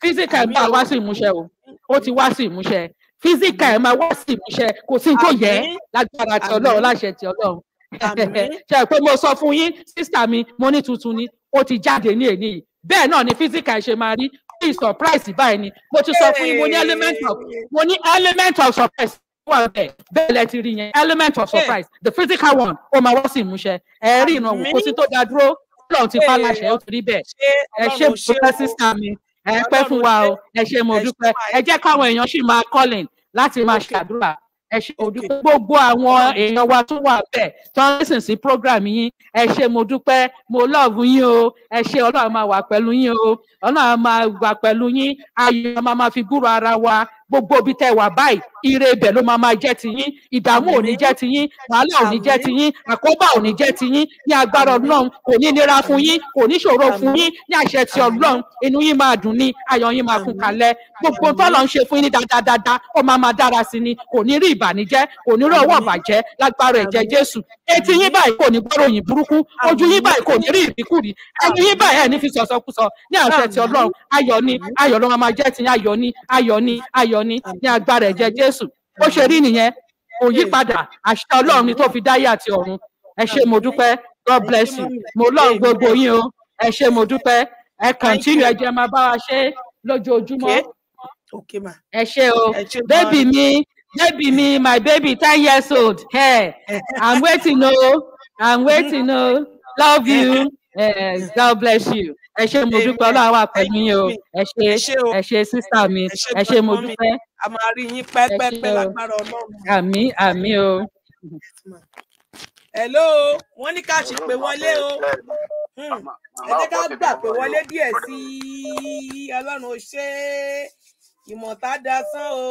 S4: físíkà ẹ máa wá sí ìmúṣẹ o ó ti wá sí ìmúṣẹ físíkà ẹ máa wá sí ìmúṣẹ kò sí nǹkan yẹ lágbára ti Ọlọ́run láṣẹ ti Ọlọ́run ṣe pé mo sọ fún yín sísítà mi mo ní tuntun ni ó ti jáde ní èní bẹ́ẹ̀ náà ni físíkà ẹ ṣe máa rí bí surprise báyìí ni mo ti sọ fún yín mo ní element of mo ní element of surprise wà bẹ́ẹ̀ bẹ́ẹ̀ lẹ ti rí yẹn element of surprise the physical one ó máa wọ́n sì múṣẹ ẹ rí ìran wò kó sí tó dá dúró ọlọ́run ti pa láṣẹ ó ti rí bẹ́ẹ̀ ẹ ṣe bùrẹ́ sísá mi ẹ pẹ́ fún wa o ẹ ṣe mo dúpẹ́ ẹ jẹ́ káwọn èèyàn sì máa calling láti máa ṣàdúrà ẹ ṣe mo dúpẹ́ gbogbo àwọn èèyàn wa tó wà bẹ́ẹ̀ tó ń listen sí program yín ẹ ṣe mo dúpẹ́ mo love yín o ẹ ṣe ọlọ́run máa wà pẹ̀lú yín o ọlọ́run máa wà pẹ̀lú yín ayọ̀ máa máa fi gbúrò ara wa gbogbo ibi tẹ́ wà báyìí ire ibẹ̀ ló máa máa jẹ́ tiyín ìdààmú ò ní jẹ́ tiyín wàhálà ò ní jẹ́ tiyín àkóbá ò ní jẹ́ tiyín ní agbára ọlọ́run kò ní nira fún yín kò ní ṣòro fún yín ní àṣẹ ti ọlọ́run inú yín máa dùn ní ayọ̀ yín máa kún kalẹ̀ gbogbo tọ́lọ̀ ń ṣe fún yín ní dáadáa ó máa máa dára sí ni kò ní rí ìbànújẹ́ kò ní rí ọwọ́ bàjẹ́ lágbára ẹ̀jẹ̀ Jésù etí yín báyìí kò ní gbọ́ròyìn burúkú ojú yín báyìí kò ní rí ìbíkúrí ẹnu yín báyìí ẹ̀ fi sọ̀sọ̀kúsọ ní àṣẹ ti ọlọ́run ayọ̀ ni ayọ̀ ló máa máa jẹ́ tiyín ayọ̀ ni ayọ̀ ni ayọ̀ ní ní agbára ẹ̀jẹ̀ Jésù ó ṣe rí nìyẹn kò yí padà àṣẹ Ọlọ́run ni ni agbara eje jesu o se ri yi pada ase olorun ni to fi dáyé àti ọ̀run ẹ ṣé mo dúpẹ́ God bless you mo gbogbo yín o ẹ ṣé mo dúpẹ́ ẹ continue ẹ jẹ́ bá wa ṣe ẹ ṣé o mi baby my baby ten years old hey i'm waiting oh i'm waiting oh love you yes god bless you ẹ ṣe mo dúpẹ́ Ọlọ́run wà pẹ̀lú yín o ẹ ṣe ẹ ṣe sísá mi ẹ ṣe mo dúpẹ́
S1: a máa rí yín pẹ́pẹ́pẹ́ lágbára Ọlọ́run
S4: àmín àmín o.
S1: hello wọn ní ká ṣe pé wọlé o hmm, ẹ jẹ́ ká gbà pé wọlé díẹ̀ sí i Ọlọ́run ó ṣe é ìmọ̀ta dasán o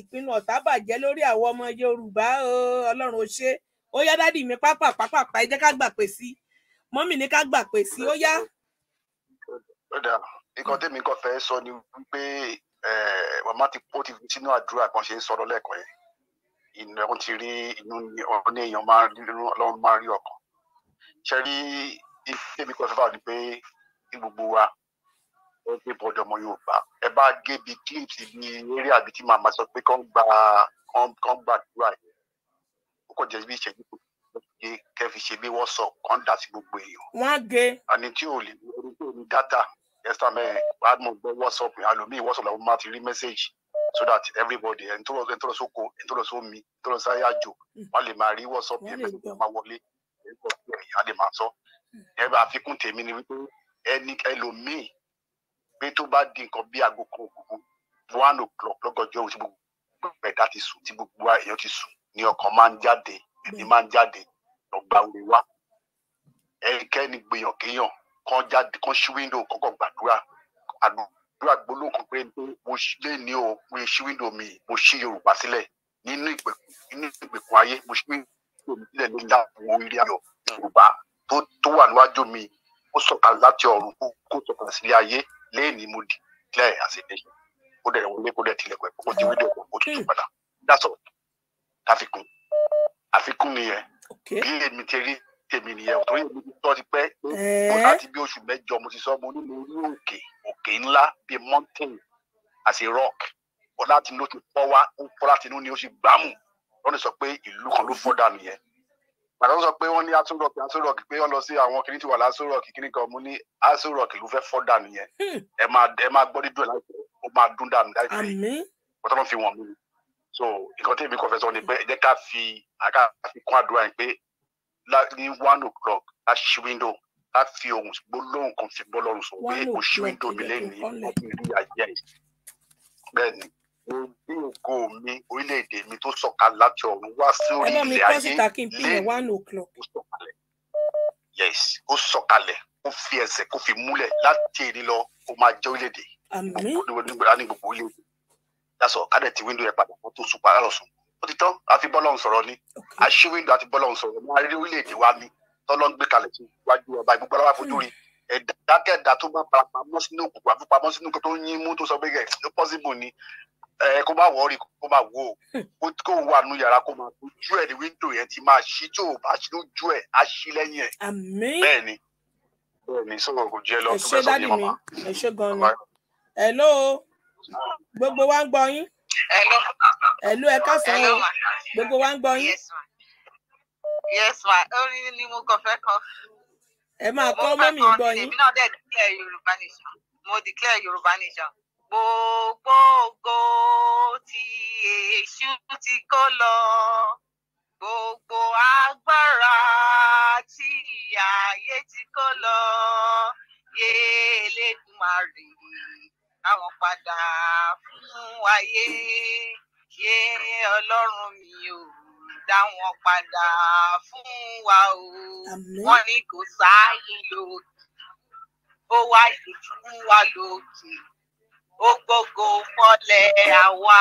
S1: ìpinnu ọ̀tá bàjẹ́ lórí àwọn ọmọ Yorùbá o Ọlọ́run ó ṣe ó yá dádì mi pápá pápá pa ẹ jẹ́ ká gbà pé sí mọ́mì ní ká gbà pé sí ó yá
S6: lọ́dà nǹkan tẹ́mi kan fẹ́ sọ ni wípé màmá ti pọ́ ti fi sínú àdúrà kan ṣe ń sọ̀rọ̀ lẹ́ẹ̀kan yẹn ìnà ọ̀hún ti rí inú ní èèyàn máa rí ọlọ́run máa rí ọkàn ṣe rí tẹ́mi kan fẹ́ fà ni pé gbogbo wa ó gbé bọ́dọ̀ ọmọ Yorùbá ẹ bá gé bi clips ibi eré àbí tí màmá sọ pé kán gba kán gbàdúrà yẹn ó kàn jẹ́ bí ìṣẹ́jú kò gé kẹ́ fi ṣe bí WhatsApp kan dà sí gbogbo
S1: èèyàn. wọ́n á gé.
S6: àní tí ò lè orí tó ní dátà ẹ̀sítà mẹ́rin admo gbọ́ WhatsApp yẹn àlòmíì WhatsApp làwọn máa ti rí mẹ́sẹ̀gì so that everybody ẹni tó lọ ẹni tó lọ sóko ẹni tó lọ sómi ẹni tó lọ sáyé àjò hmm. wọ́n lè máa rí WhatsApp yẹn mẹ́sẹ̀gì tó máa wọlé ẹ̀yìn á lè máa sọ. Hmm. ẹ̀rọ àfikún tèmi ni wípé ẹni ẹlòmíì pé tó bá di nǹkan bí aago kan òkùnkùn one o'clock lọ́gọ́jọ́ òru gbogbo ẹ̀dá ti sùn tí gbogbo èèyàn ti sùn ni ọkàn máa ń jáde ẹ̀mí máa ń jáde lọ gba orí wa ẹnikẹ́ni gbìyàn kéèyàn kan jáde kan ṣí wíńdò kọ́kọ́ gbàdúrà àdúrà gbólóhùn pé mo lé ní o mo ṣí wíńdò mi mo ṣí Yorùbá sílẹ̀ nínú ìgbèkùn ayé mo ṣí wíńdò mi sílẹ̀ lórí àwọn orí ayọ̀ Yorùbá tó wà níwájú mi ó sọ̀kalẹ̀ láti ọ̀run kó sọ̀kalẹ̀ sílé ayé lẹ́ẹ̀ni mo di clear as a kó dẹ̀ wọlé kó dẹ̀ tilẹ̀kùn ẹ̀kọ́ kó ti wíńdò kó tuntun padà dásọ̀ káfíkún àfikún nìyẹn bí èmi ti rí tèmi nìyẹn torí èmi ti sọ eh. ti pẹ́ láti bí oṣù mẹ́jọ mo ti sọ mo ní mo rí òkè òkè ńlá bíi mountain as rock ọlátinú ti pọ́ wá ó ni ó sì gbámù lọ́nà sọ pé ìlú kan ló fọ́ dànù yẹn pàtàkì sọ pé wọ́n ní aso rock aso rock pé wọ́n lọ sí àwọn kìnìún ti wà láso rock kìnìún kan mo ní aso rock ló fẹ́ fọ́ dànù yẹn hmm. ẹ máa gbọ́ dídùn ẹ̀ láìpẹ́ ó máa dún dànù
S3: láìpẹ́
S6: ọ̀tọ́ náà fi wọ̀n mi so nǹkan tí èmi kàn fẹ́ sọ ni pé ẹ jẹ́ ká fi àká fi kún àdúrà yẹn pé ní one o'clock la ṣí window la fi ohun gbólóhùn kan fi bọ́ lọ́rùn sọ pé o ṣí window mi lẹ́yìn ọkùnrin ìlú ayé ẹ̀ bẹ́ẹ̀ ni mo gbé ògo mi orílẹ̀-èdè mi tó sọ̀kalẹ̀ láti ọ̀run wá sí orí ilẹ̀ ayé lẹ́yìn
S1: ó sọ̀kalẹ̀
S6: yes ó sọ̀kalẹ̀ kó fi ẹsẹ̀ kó fi múlẹ̀ láti èrè lọ kó máa jẹ́ orílẹ̀-èdè gbogbo orílẹ̀-èdè dasọ kádẹ windo yẹn padà fún tó sùn ó ti tán àfi bọ́lọ́hún sọ̀rọ̀ ni àṣì windo àti bọ́lọ́hún sọ̀rọ̀ ní arí orílẹ̀ wa ni tọ́lọ́ ń gbé kalẹ̀ sí iwájú ọba ìgbógbó aláwa fojú rí ẹ̀dákẹ́dá tó bá para pamọ́ sínú òkùnkùn àfi pamọ́ sínú nǹkan yín mú tó sọ pé ẹ̀ ló pọ́sibù ni ẹ kó má wọrí kó má wò ó kó wà nù yàrá kó máa ojú ẹ ní windo yẹn ti máa ṣí tí bá ṣí lójú ẹ á ṣí lẹ́yìn ẹ ẹ ṣé
S1: gan ni hello gbogbo wa ń gbọ́ yín. ẹ̀lú ẹ̀ka sàn o gbogbo wa ń gbọ́ yín.
S2: yes ma orin ni mo kàn fẹ́ kọ.
S1: ẹ máa kọ́ mọ́mí
S3: gbọ́ yín. èmi
S2: declare yorùbá nation mo declare yorùbá nation gbogbo ògo èṣù ti kó lọ gbogbo agbára tí ìyà ayé ti kó lọ yéé lẹ́dùnmáà rèé káwọn padà
S1: fún ayé yé ọlọ́run mi ò dá wọn padà fún wa o wọ́n ní kò sáàyè lókè
S2: ó wá ìfún wa lókè ó gbógo
S1: mọ́lẹ̀ àwa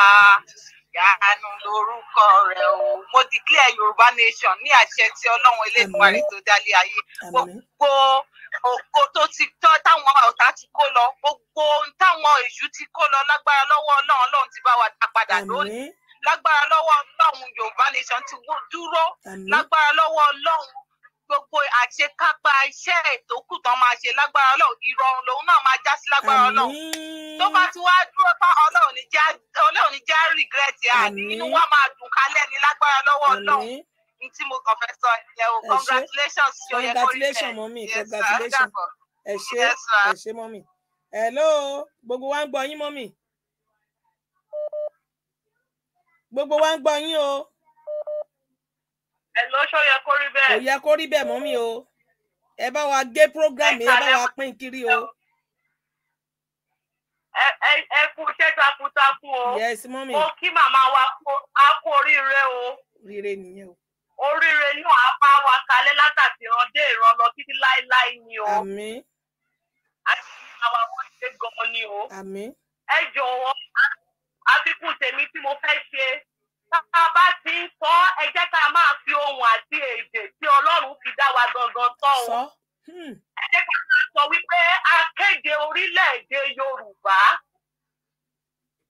S1: ìyanu lórúkọ rẹ̀ o mo declare yorùbá nation ní àṣẹ tí ọlọ́run elédùnmarè tó dálé ayé gbogbo ògo tó ti tọ́ táwọn ọ̀tá ti kó lọ gbogbo táwọn èṣù ti kó lọ lágbára lọ́wọ́ ọlọ́run ọlọ́run ti bá wa dá padà lónìí lágbára lọ́wọ́ ọlọ́run yorùbá nation ti dúró lágbára lọ́wọ́ ọlọ́run gbogbo àṣekápá iṣẹ́ ètò kù tán máa ṣe lágbára ọlọ́run ìrọ̀rùn lòun náà máa já sí lágbára ọlọ́run tó bá ti wá dúró tán ọlọ́run ní já ọlọ́run ní àní inú wa máa dùn kálẹ̀ ní lágbára lọ́wọ́ ọlọ́run tí mo kàn fẹ́ sọ ẹ o congratulations ṣe oyè kórìí congratulations mọ́mí congratulations ẹ ṣé ẹ ṣé gbogbo wa ń gbọ́ yín mọ́mí gbogbo wa ń gbọ́ yín o ẹ lọ ṣó yẹ kó rí bẹ́ẹ̀. kò yẹ kó rí bẹ́ẹ̀ mọ́mí o ẹ bá wa gé program yẹn ẹ bá wa pín kiri o. ẹ kú iṣẹ́ takuntakun o. yes mọ́mí. mo kí màmá wa a kú oríire o. oríire nìyẹn o. oríire náà a bá wa kalẹ̀ látàtì ìran dé ìran lọ títí láéláé ni o. àmín. àti àwa wọn ṣe gan-an ni o. àmín. ẹ jọ̀wọ́ àfikún tèmi tí mo fẹ́ ṣe tá a bá ti ń sọ ẹ jẹ́ ká máa fi ohun àti èdè tí Ọlọ́run fi dá wa gangan sọ o hmm. ẹ jẹ́ ká máa sọ wípé a kéde orílẹ̀-èdè Yorùbá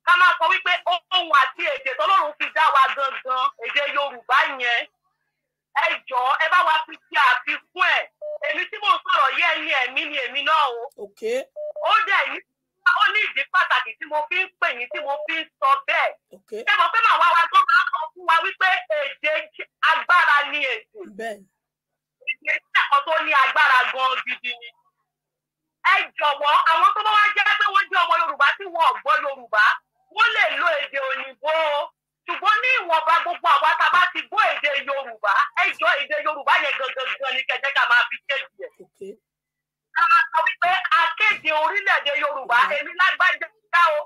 S1: ká máa sọ wípé ohun àti èdè tọ́lọ́run fi dá wa gangan èdè Yorùbá yẹn ẹ jọ̀ọ́ ẹ bá wa fi ṣe àfikún ẹ̀ èmi tí mò ń sọ̀rọ̀ yẹ́ ẹ̀yìn ẹ̀mí ni èmi náà o ó dẹ̀ yìí ó ní ìdí pàtàkì tí mo fi ń pè yín tí mo fi ń sọ bẹ́ẹ̀. ẹ mọ̀ pé màwa wa tó máa sọ fún wa wípé èdè agbára ni èdè. èdè ìṣẹ̀kọ́ tó ní agbára gan-an gidi ni. ẹ jọ̀wọ́ àwọn tó bá wá jẹ́ pé wọ́n jẹ́ ọmọ Yorùbá tí wọ́n gbọ́ Yorùbá wọ́n lè lo èdè òyìnbó ṣùgbọ́n ní ìwọ̀nba gbogbo àwa tá a bá ti gbọ́ èdè
S9: Yorùbá ẹ jọ èdè Yorùbá yẹn gangan ni kẹjẹ ká máa fi kéde ẹ̀ sọ wípé akéde orílẹ̀-èdè Yorùbá mm. èmi lágbájá o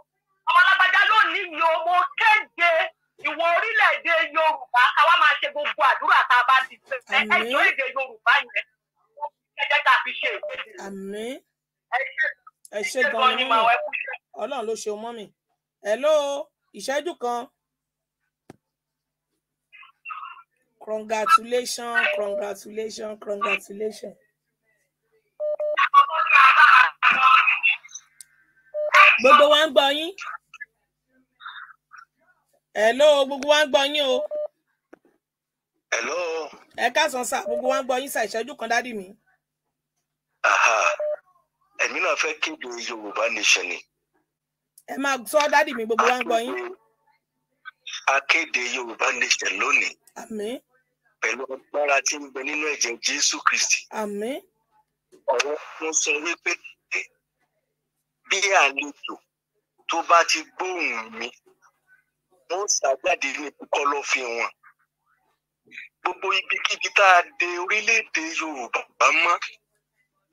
S9: ọmọ lágbájá
S1: lónìí mi o mo kéde ìwọ orílẹ̀-èdè Yorùbá káwa máa ṣe gbogbo àdúrà tá a bá ti fẹ́ ẹjọ́ èdè Yorùbá yẹn ẹjẹ́ ká fi ṣe ìkéde. ẹ ṣe gan ni mọ Ọlọ́run ló ṣe mọ mi hello ìṣẹ́jú kan congratulation congratulation congratulation gbogbo wa ń gbọ́ yín hello gbogbo wa ń gbọ́ yín o. hello. ẹ káàsán sá gbogbo wa ń gbọ́ yín sá ìṣẹ́jú kan dádì mi.
S2: èmi náà fẹ́ kéde yorùbá nation ni.
S1: ẹ máa sọ dádì mi gbogbo wa ń gbọ́ yín.
S2: akéde yorùbá nation lónìí. àmín. pẹ̀lú agbára tí ń bẹ nínú ẹ̀jẹ̀ jésù kristi. àmín ọ̀rọ̀ fún sọ wípé bí àlejò tó bá ti gbóhùn
S6: mi wọ́n ṣàjáde ní kọ̀lọ̀fín wọn gbogbo ibikíbi tá a dé orílẹ̀-èdè Yorùbá mọ́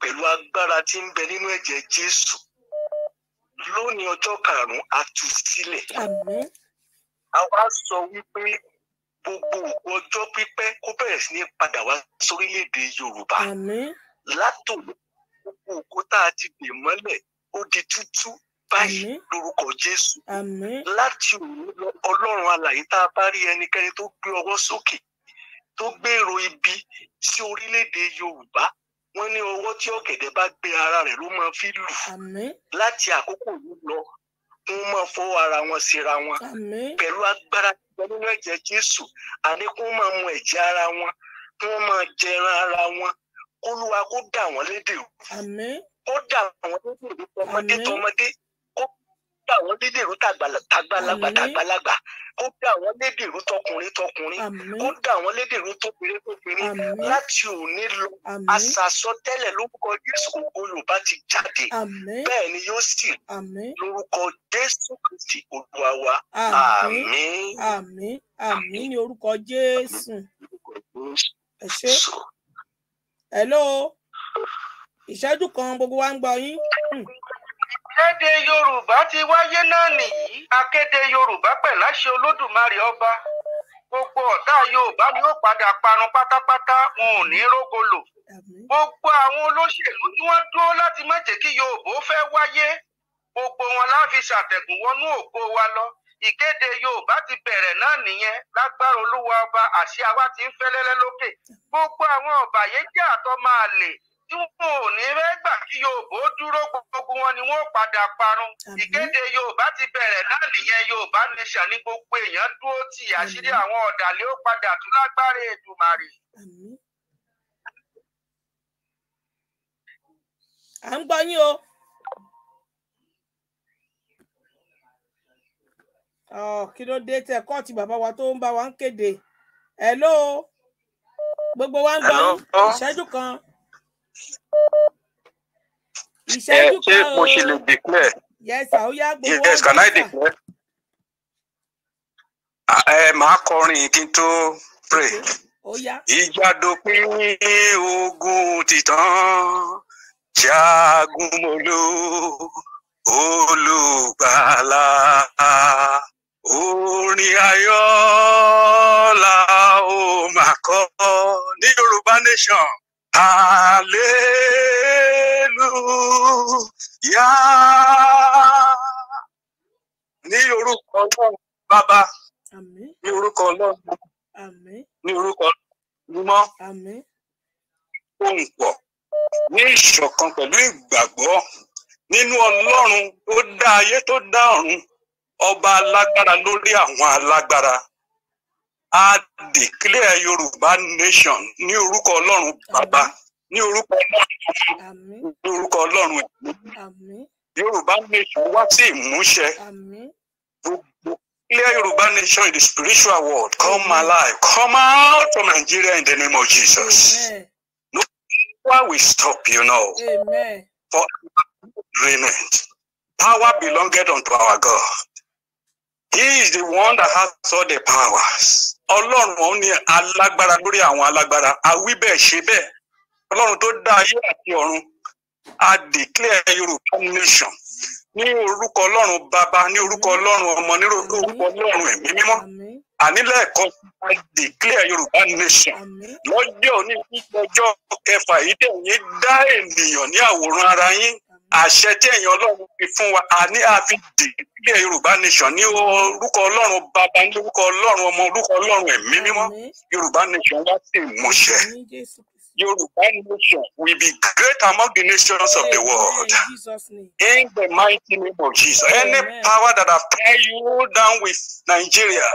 S6: pẹ̀lú
S2: agbára tí ń bẹ nínú ẹ̀jẹ̀ Jésù lónìí ọjọ́ karùn-ún a tú sílẹ̀. a wá sọ wípé gbogbo ọjọ́ pípẹ́ kó bẹ̀rẹ̀ sí ní padà wá sórílẹ̀-èdè Yorùbá látòun gbogbo òkú tá a ti dè mọ́lẹ̀ ó di tútú báyìí lórúkọ jésù láti òun ọlọ́run alàyè tá a bá rí ẹnikẹ́ni tó gbé ọwọ́ sókè tó gbèrò ibi sí orílẹ̀-èdè yorùbá wọ́n ní ọwọ́ tí ọ̀gẹ̀dẹ̀ bá gbé ara rẹ̀ ló máa fi lù láti àkókò yìí lọ wọ́n máa fọwọ́ ara
S6: wọn síra wọn pẹ̀lú agbára nínú ẹ̀jẹ̀ jésù àníkún máa mu ẹ̀jẹ̀ ara wọn wọ́n máa jẹran ara wọn olúwa kó dà wọ́n lédè rú kó
S2: dà wọ́n lédè rú tọmọdé tọmọdé kó dà wọ́n lédè rú tàgbàlagbà tàgbàlagbà kó dà wọ́n lédè rú tọkùnrin tọkùnrin kó dà wọ́n lédè rú tóbìnrin tóbìnrin láti òní lọ àsàsọtẹ́lẹ̀ lórúkọ Jésù ògo
S1: Yorùbá ti jáde bẹ́ẹ̀ ni yóò sì lórúkọ Jésù Kristi Olúwa wa àmín àmín àmín ní orúkọ Jésù ẹ ṣé hello ìṣẹ́jú kan gbogbo wa ń gbọ́ yín. akéde hmm. yorùbá ti wáyé náà nìyí
S6: akéde yorùbá pẹ̀lú àṣẹ olódùmarè ọba gbogbo ọ̀tá yorùbá ni ó padà parun pátápátá wọn ò ní rógo lò gbogbo àwọn olóṣèlú tí wọ́n dúró láti má jẹ́ kí yorùbá ó fẹ́ wáyé gbogbo wọn láfi ṣàtẹ̀gùn wọnú ògo wa lọ ìkéde yorùbá ti bẹ̀rẹ̀ náà nìyẹn lágbára olúwa ọba àṣẹ wa ti ń fẹ́lẹ́lẹ́ lókè gbogbo àwọn ọ̀bàyéjẹ́ àtọ́ máa lè tí wọn ò ní fẹ́ gbà kí yorùbá ó dúró gbogbo wọn ni wọn ó padà parun ìkéde yorùbá ti bẹ̀rẹ̀ náà nìyẹn yorùbá nation ní gbogbo èèyàn dúró tì àṣírí àwọn ọ̀dàlẹ̀ ó padà tún lágbára èdùmàrè.
S1: à ń gbọ́ yín o. Oh, kí ló dé tẹ kọ́ọ̀tì bàbá wa tó ń bá wa ń kéde hello gbogbo wa ń gbọ́ ìṣẹ́jú kan ìṣẹ́jú kan o ṣé mo ṣe gbogbo wa ń gbọ́
S2: ẹ ah, eh, máa kọrin kí n tó pray ìjà ogun títàn
S5: jagun olùgbàlà
S9: orin ayọ̀ la ó máa kọ ní yorùbá nation
S2: hallelujah ní
S1: orúkọ náà bàbá ní orúkọ náà ní orúkọ mímọ́ ohun pọ̀ ní ìṣọ̀kan pẹ̀lú ìgbàgbọ́ nínú ọlọ́run tó dá ayé tó dá ọ̀run
S6: ọba alágbára lórí àwọn alágbára a declare yorùbá nation ní orúkọ ọlọ́run bàbá ní orúkọ ọlọ́run tuntun ní orúkọ ọlọ́run ẹ̀mí yorùbá nation wá sí ìmúṣẹ gbogbo clear yorùbá nation in the spiritual world come alive come out from nigeria in the name of jesus
S3: no power
S6: we stop you now Amen. for agreement power belongeth unto our god. He is the one that has all the powers. Ọlọ́run òun ni alágbára lórí àwọn alágbára. Àwí bẹ́ẹ̀ ṣe bẹ́ẹ̀. Ọlọ́run tó dá ayé àti ọ̀run. A declare Yorùbá nation. Ní orúkọ Ọlọ́run bàbá, ní orúkọ Ọlọ́run ọmọ, ní orúkọ Ọlọ́run ẹ̀mí mímọ́. Ànílẹ̀kọ́ I declare Yorùbá
S2: nation. Lọ́jọ́ ní ọjọ́ kẹfà yìí dẹ̀ yín dá ènìyàn ní àwòrán
S6: ara yín àṣẹ tí ẹ̀yìn ọlọ́run fi fún wa àní àfi dìde yorùbá nation ní orúkọ ọlọ́run bàbá ní orúkọ ọlọ́run ọmọ orúkọ ọlọ́run ẹ̀mí mímọ́ yorùbá nation wá sí ìmúṣẹ yorùbá nation will be great among the nations of the world in the mighty name of jesus any power that have tied you down with nigeria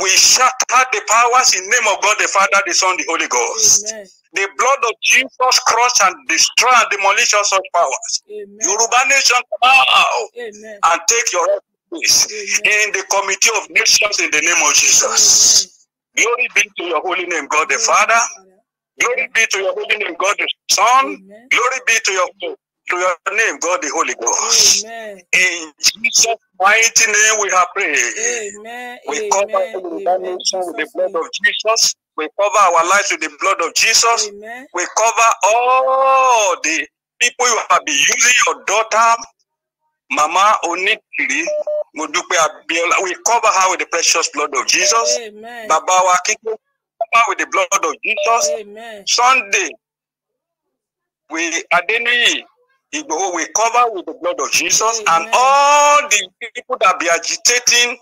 S6: we shatter the powers in name of God the Father, the
S2: Son, the Holy Ghost. Amen. The blood of Jesus crushed and destroy and demolish all such powers. Amen. Yoruba nation, come out
S3: and
S2: take your place in the committee of nations in the name of Jesus. Amen. Glory be to your holy name, God the Father. Glory be to your holy name, God the Son. Glory be to your to your name, God the Holy Ghost. Amen. In Jesus' mighty name we have prayed. Amen. We cover our lives with the blood of Jesus. We cover our lives with the blood of Jesus. Amen. We cover all the people you have been using your daughter, Mama Onitiri. We cover
S6: her with the precious blood of
S2: Jesus.
S1: Amen.
S6: Baba Wakiko, cover with the blood of Jesus. Amen. Sunday, we Adeniyi
S2: we cover with the blood of Jesus Amen. and all the people that be agitating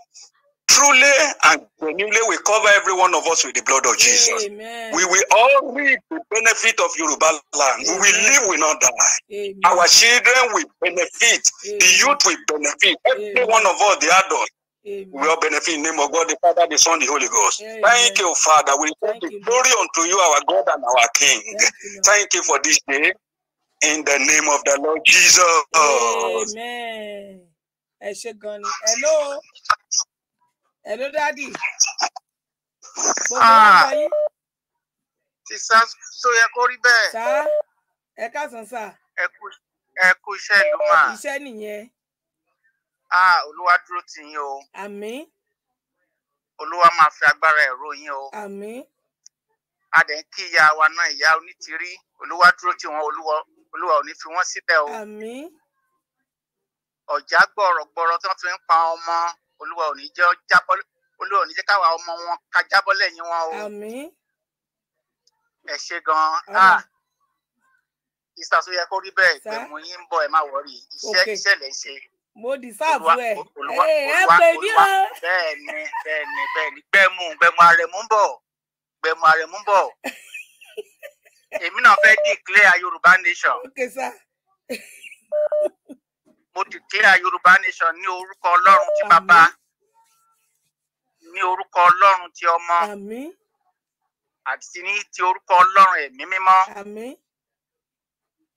S2: truly and genuinely we cover every one of us with the blood of Jesus. Amen.
S6: We will all reap the benefit of Yoruba land. Amen. We will live, we will not die. Amen. Our children will benefit. The youth will benefit. Every one of us, the adults,
S3: Amen. We
S2: all benefit in the name of God, the Father, the Son, the Holy Ghost. Amen. Thank you, Father. We thank, the glory
S6: unto you, our God and our King. Thank you, thank you for this day. in the name of the
S1: Lord Jesus. Amen. Hello. Hello, Daddy. Ah. Sísá tó yẹ kó rí bẹ́ẹ̀. Sá ẹ káàsán sá. Ẹ kú iṣẹ́ ìlú mà. Iṣẹ́ nìyẹn. Ah, Olúwa dúró tì yín o. Àmín. Olúwa máa fi agbára ẹ̀rọ yín o. Àmín.
S7: A dẹ̀ ń kí ìyá wa náà ìyá onítìrí. Olúwa dúró tì wọ́n olúwa olúwa ò ní fi wọ́n síbẹ̀ o ọ̀já gbọ̀rọ̀gbọ̀rọ̀ tí wọ́n fi ń pa ọmọ olúwa ò ní jẹ́ jábọ́ olúwa ò ní jẹ́ káwa ọmọ wọn ká jábọ́ lẹ́yìn wọn o ẹ ṣe gan-an ìsà tó yẹ kó rí bẹ́ẹ̀ pé mo
S2: yín ń bọ̀ ẹ má wọrí iṣẹ́ iṣẹ́
S3: lẹ́ ṣe.
S1: mo dìsáàbù ẹ
S3: ẹ ẹ pè mí o. bẹ́ẹ̀ni
S2: bẹ́ẹ̀ni bẹ́ẹ̀ni gbẹmú gbẹmú arẹmú ń bọ̀ gbẹmú arẹmú ń bọ̀. èmi náà fẹ́ declare yorùbá nation. mo declare yorùbá nation ní orúkọ ọlọ́run ti bàbá
S7: ní orúkọ ọlọ́run ti ọmọ àti
S1: ní ti orúkọ ọlọ́run ẹ̀mí mímọ́.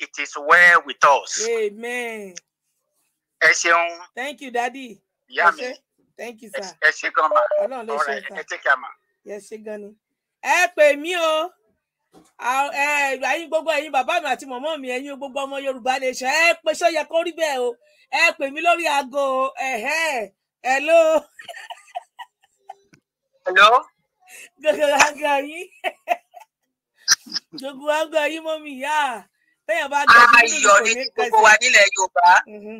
S1: It is well with us. Amen. Ẹ ṣeun. Ìyá mi. Ẹ ṣe gan ma. Ọlọ́run ló ṣe é Ẹ ṣe gan ni. Ẹ pè mí o ẹ̀yin gbogbo ẹ̀yin bàbá mi àti mọ̀mọ́ mi ẹ̀yin gbogbo ọmọ Yorùbá nation ẹ pé ṣó yẹ kó rí bẹ́ẹ̀ o ẹ pè mí lórí aago ẹ̀hẹ́ hello. hello. gbogbo àgọ́ yín gbogbo àgọ́ yín mọ́ mi yá téèyàn bá gbọ́ mi nínú ìkòlè kẹsì. ayọ̀ ni gbogbo wa nílẹ̀ Yorùbá mhm.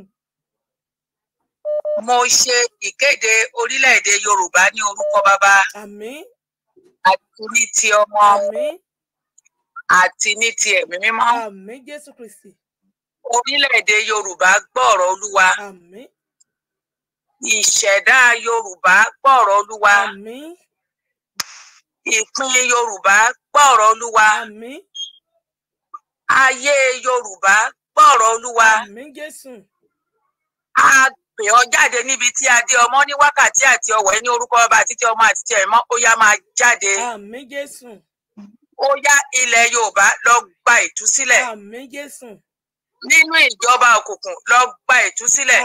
S1: mo ṣe ìkéde orílẹ̀-èdè Yorùbá ní orúkọ bàbá àti ní ti ọmọ àti ní ti ẹ̀mí mímọ́. àmín jésù kristi. orílẹ̀-èdè yorùbá gbọ́rọ̀ olúwa. àmín. ìṣẹ̀dá yorùbá gbọ́rọ̀ olúwa. àmín. ìpín yorùbá gbọ́rọ̀ olúwa. àmín. ayé yorùbá gbọ́rọ̀ olúwa. àmín jésù. a pè ọ jáde níbi tí adé ọmọ ní wákàtí àti ọwọ́ ẹ ní orúkọ ọba àti tí ọmọ àti tí ẹ̀mọ́ ó yá máa jáde. àmín jésù ó yá ilẹ̀ yorùbá lọ gba ìtúsílẹ̀ nínú ìjọba òkùnkùn lọ gba ìtúsílẹ̀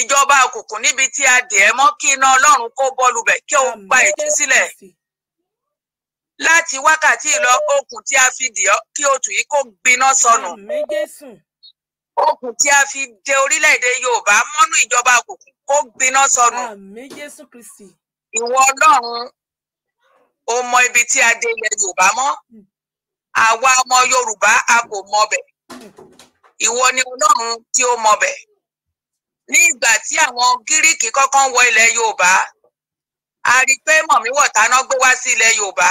S1: ìjọba òkùnkùn níbi tí a dì ẹ́ mọ́ kí iná ọlọ́run kó bọ́ọ̀lù bẹ̀ kí o gba ìtúsílẹ̀ láti wákàtí lọ okùn tí a fi dì ọ́ kí o tù yí kó gbiná sọnù okùn tí a fi de orílẹ̀-èdè yorùbá mọ́nú ìjọba òkùnkùn kó gbiná sọnù ìwọ ọlọ́run ó mọ ibi tí a dé ilẹ̀ yorùbá mọ́ hmm. àwa ọmọ yorùbá a kò mọbẹ̀ hmm. ìwọ ni ọlọ́run tí ó mọbẹ̀ ní ìgbà tí àwọn gíríkì kọ́kọ́ wọ ilẹ̀ yorùbá a rí i pé mọ̀mí wọ̀táná gbé wá sí ilẹ̀ yorùbá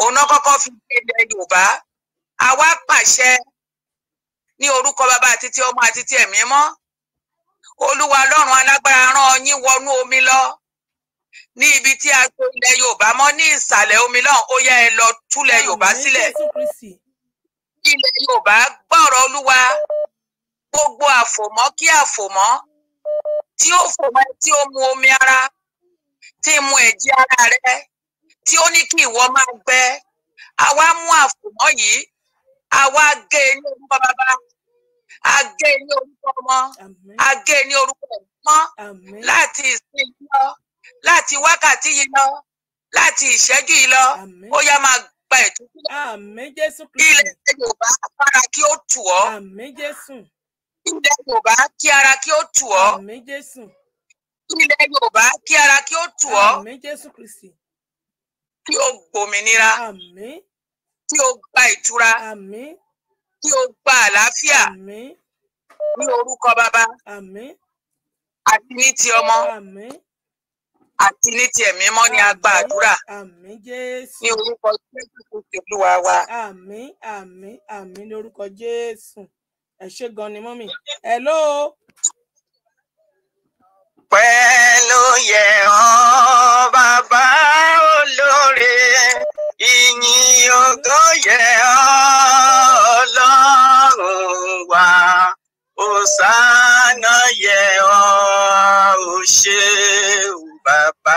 S1: òun náà kọ́kọ́ fi dé ilẹ̀ yorùbá a wá pàṣẹ ní orúkọ bàbá àti ti ọmọ àti ti ẹ̀mí mọ́ olúwa ọlọ́run alágbára rán yín wọnú omi lọ ní ibi tí a gbé ilẹ̀ yorùbá mọ́ ní ìsàlẹ̀ omi náà ó yá ẹ lọ túlẹ̀ yorùbá sílẹ̀ ilẹ̀ yorùbá gbọ́rọ̀ olúwa gbogbo àfòmọ́ kí àfòmọ́ tí ó fòmọ́ tí ó mu omi ara tí mu ẹ̀jẹ̀ ara rẹ tí ó ní kí ìwọ máa gbẹ àwa mú àfòmọ́ yìí àwa gé e ní orúkọ bàbá a gé e ní orúkọ ọmọ a gé e ní orúkọ ẹ̀gbọ́n láti ìsìn lọ láti wákàtí yìí lọ láti ìṣẹ́jú yìí lọ ó yá máa gba ìtúsí kí ilẹ̀ yorùbá fara kí ó tù ọ́ ilẹ̀ yorùbá kí ara kí ó tù ọ́ ilẹ̀ yorùbá kí ara kí ó tù ọ́ kí o gbòmìnira kí o gba ìtura kí o gba àlàáfíà ní orúkọ bàbá àti ní ti ọmọ. Àmín àti ní ti ẹ̀mí ni a gba àdúrà ní orúkọ jésù kò sí olúwa wa. àmín àmín àmín ní orúkọ jésù ẹ ṣé gan ni mọ́mì. hello. pẹ̀lú yẹ ọ́ bàbá
S2: ìyìn ògo yẹ ọ́ ọlọ́run wa òsánà yẹ ọ́ òṣèlú bàbá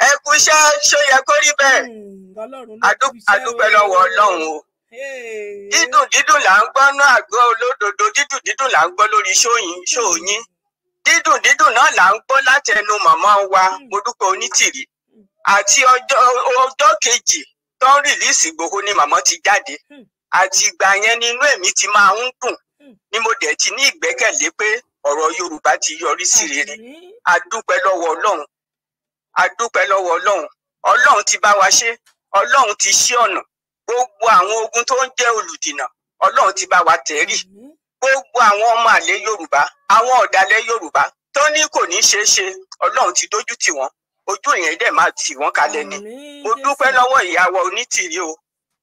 S2: ẹ kú iṣẹ́ ṣó yẹ kó rí bẹ́ẹ̀
S1: àdúpẹ́ hmm, lọ́wọ́ Ọlọ́run o dídùn
S2: dídùn là ń gbọ́ náà àgọ́ olódodo dídùn dídùn là ń gbọ́ lórí ṣóyìn ṣóyìn dídùn dídùn náà là ń gbọ́ láti ẹnu màmá wa hmm. Modúpẹ́ Onítìrí hmm. àti ọjọ́ kejì tó ń rìlíìsì Ìgbòho ni màmá ti jáde àti ìgbà yẹn ni inú ẹ̀mí ti máa ń dùn ni mo dẹ̀ ti ní ìgbẹ́kẹ̀lé pé ọ̀rọ̀ Yorùbá ti yọrí sí rere a dúpẹ́ lọ́wọ́ Ọlọ́run àdúpẹ́ lọ́wọ́ ọlọ́run ọlọ́run ti bá wa ṣe ọlọ́run ti ṣí ọ̀nà gbogbo àwọn ogun tó ń jẹ́ olùdìnà ọlọ́run ti bá wa tẹ̀rí gbogbo àwọn ọmọ àlè yorùbá àwọn ọ̀dàlẹ̀ yorùbá tó ní kò ní ṣeé ṣe ọlọ́run ti dójú tì wọ́n ojú ìyẹn dẹ̀ máa tì wọ́n kalẹ̀ ni mo dúpẹ́ lọ́wọ́ ìyàwó onítìrí o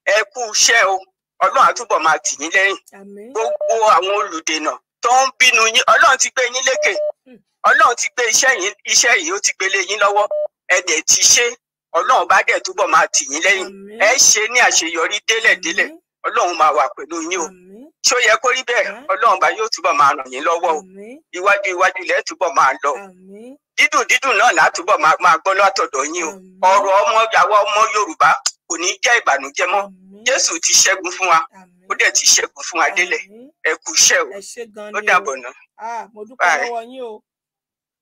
S2: ẹ kú iṣẹ́ o ọlọ́run àtúbọ̀ máa tì yín lẹ́yìn gbogbo àwọn olùdènà tó ń bínú yín ọlọ́run ti gbé yín lékè ọlọ́run ti gbé iṣẹ́ yìí iṣẹ́ yìí ó ti gbélé yín lọ́wọ́ ẹ dẹ̀ ti ṣe ọlọ́run bá dẹ̀ túbọ̀ máa tì yín lẹ́yìn ẹ ṣe ní àṣeyọrí délẹ̀délẹ̀ ọlọ́run máa wà pẹ̀lú yín o ṣó yẹ kó rí bẹ́ẹ̀ ọlọ́run bá yóò túbọ̀ máa ràn yín lọ́wọ́ o iwájú iwájú ilẹ̀ túbọ̀ máa lọ dídùn dídùn náà là á túbọ̀ máa gbọ́ látọ̀dọ̀ yín o ọ̀rọ̀ ọmọ yàwó ọmọ yorùbá kò ní jẹ́ ìbànújẹ́ mọ́ jésù ti ṣẹ́gun fún wa ó dẹ̀ ti ṣẹ́gun fún wa délẹ̀ ẹ iṣẹ́ o ó dàbọ̀ náà.
S1: Ah, mo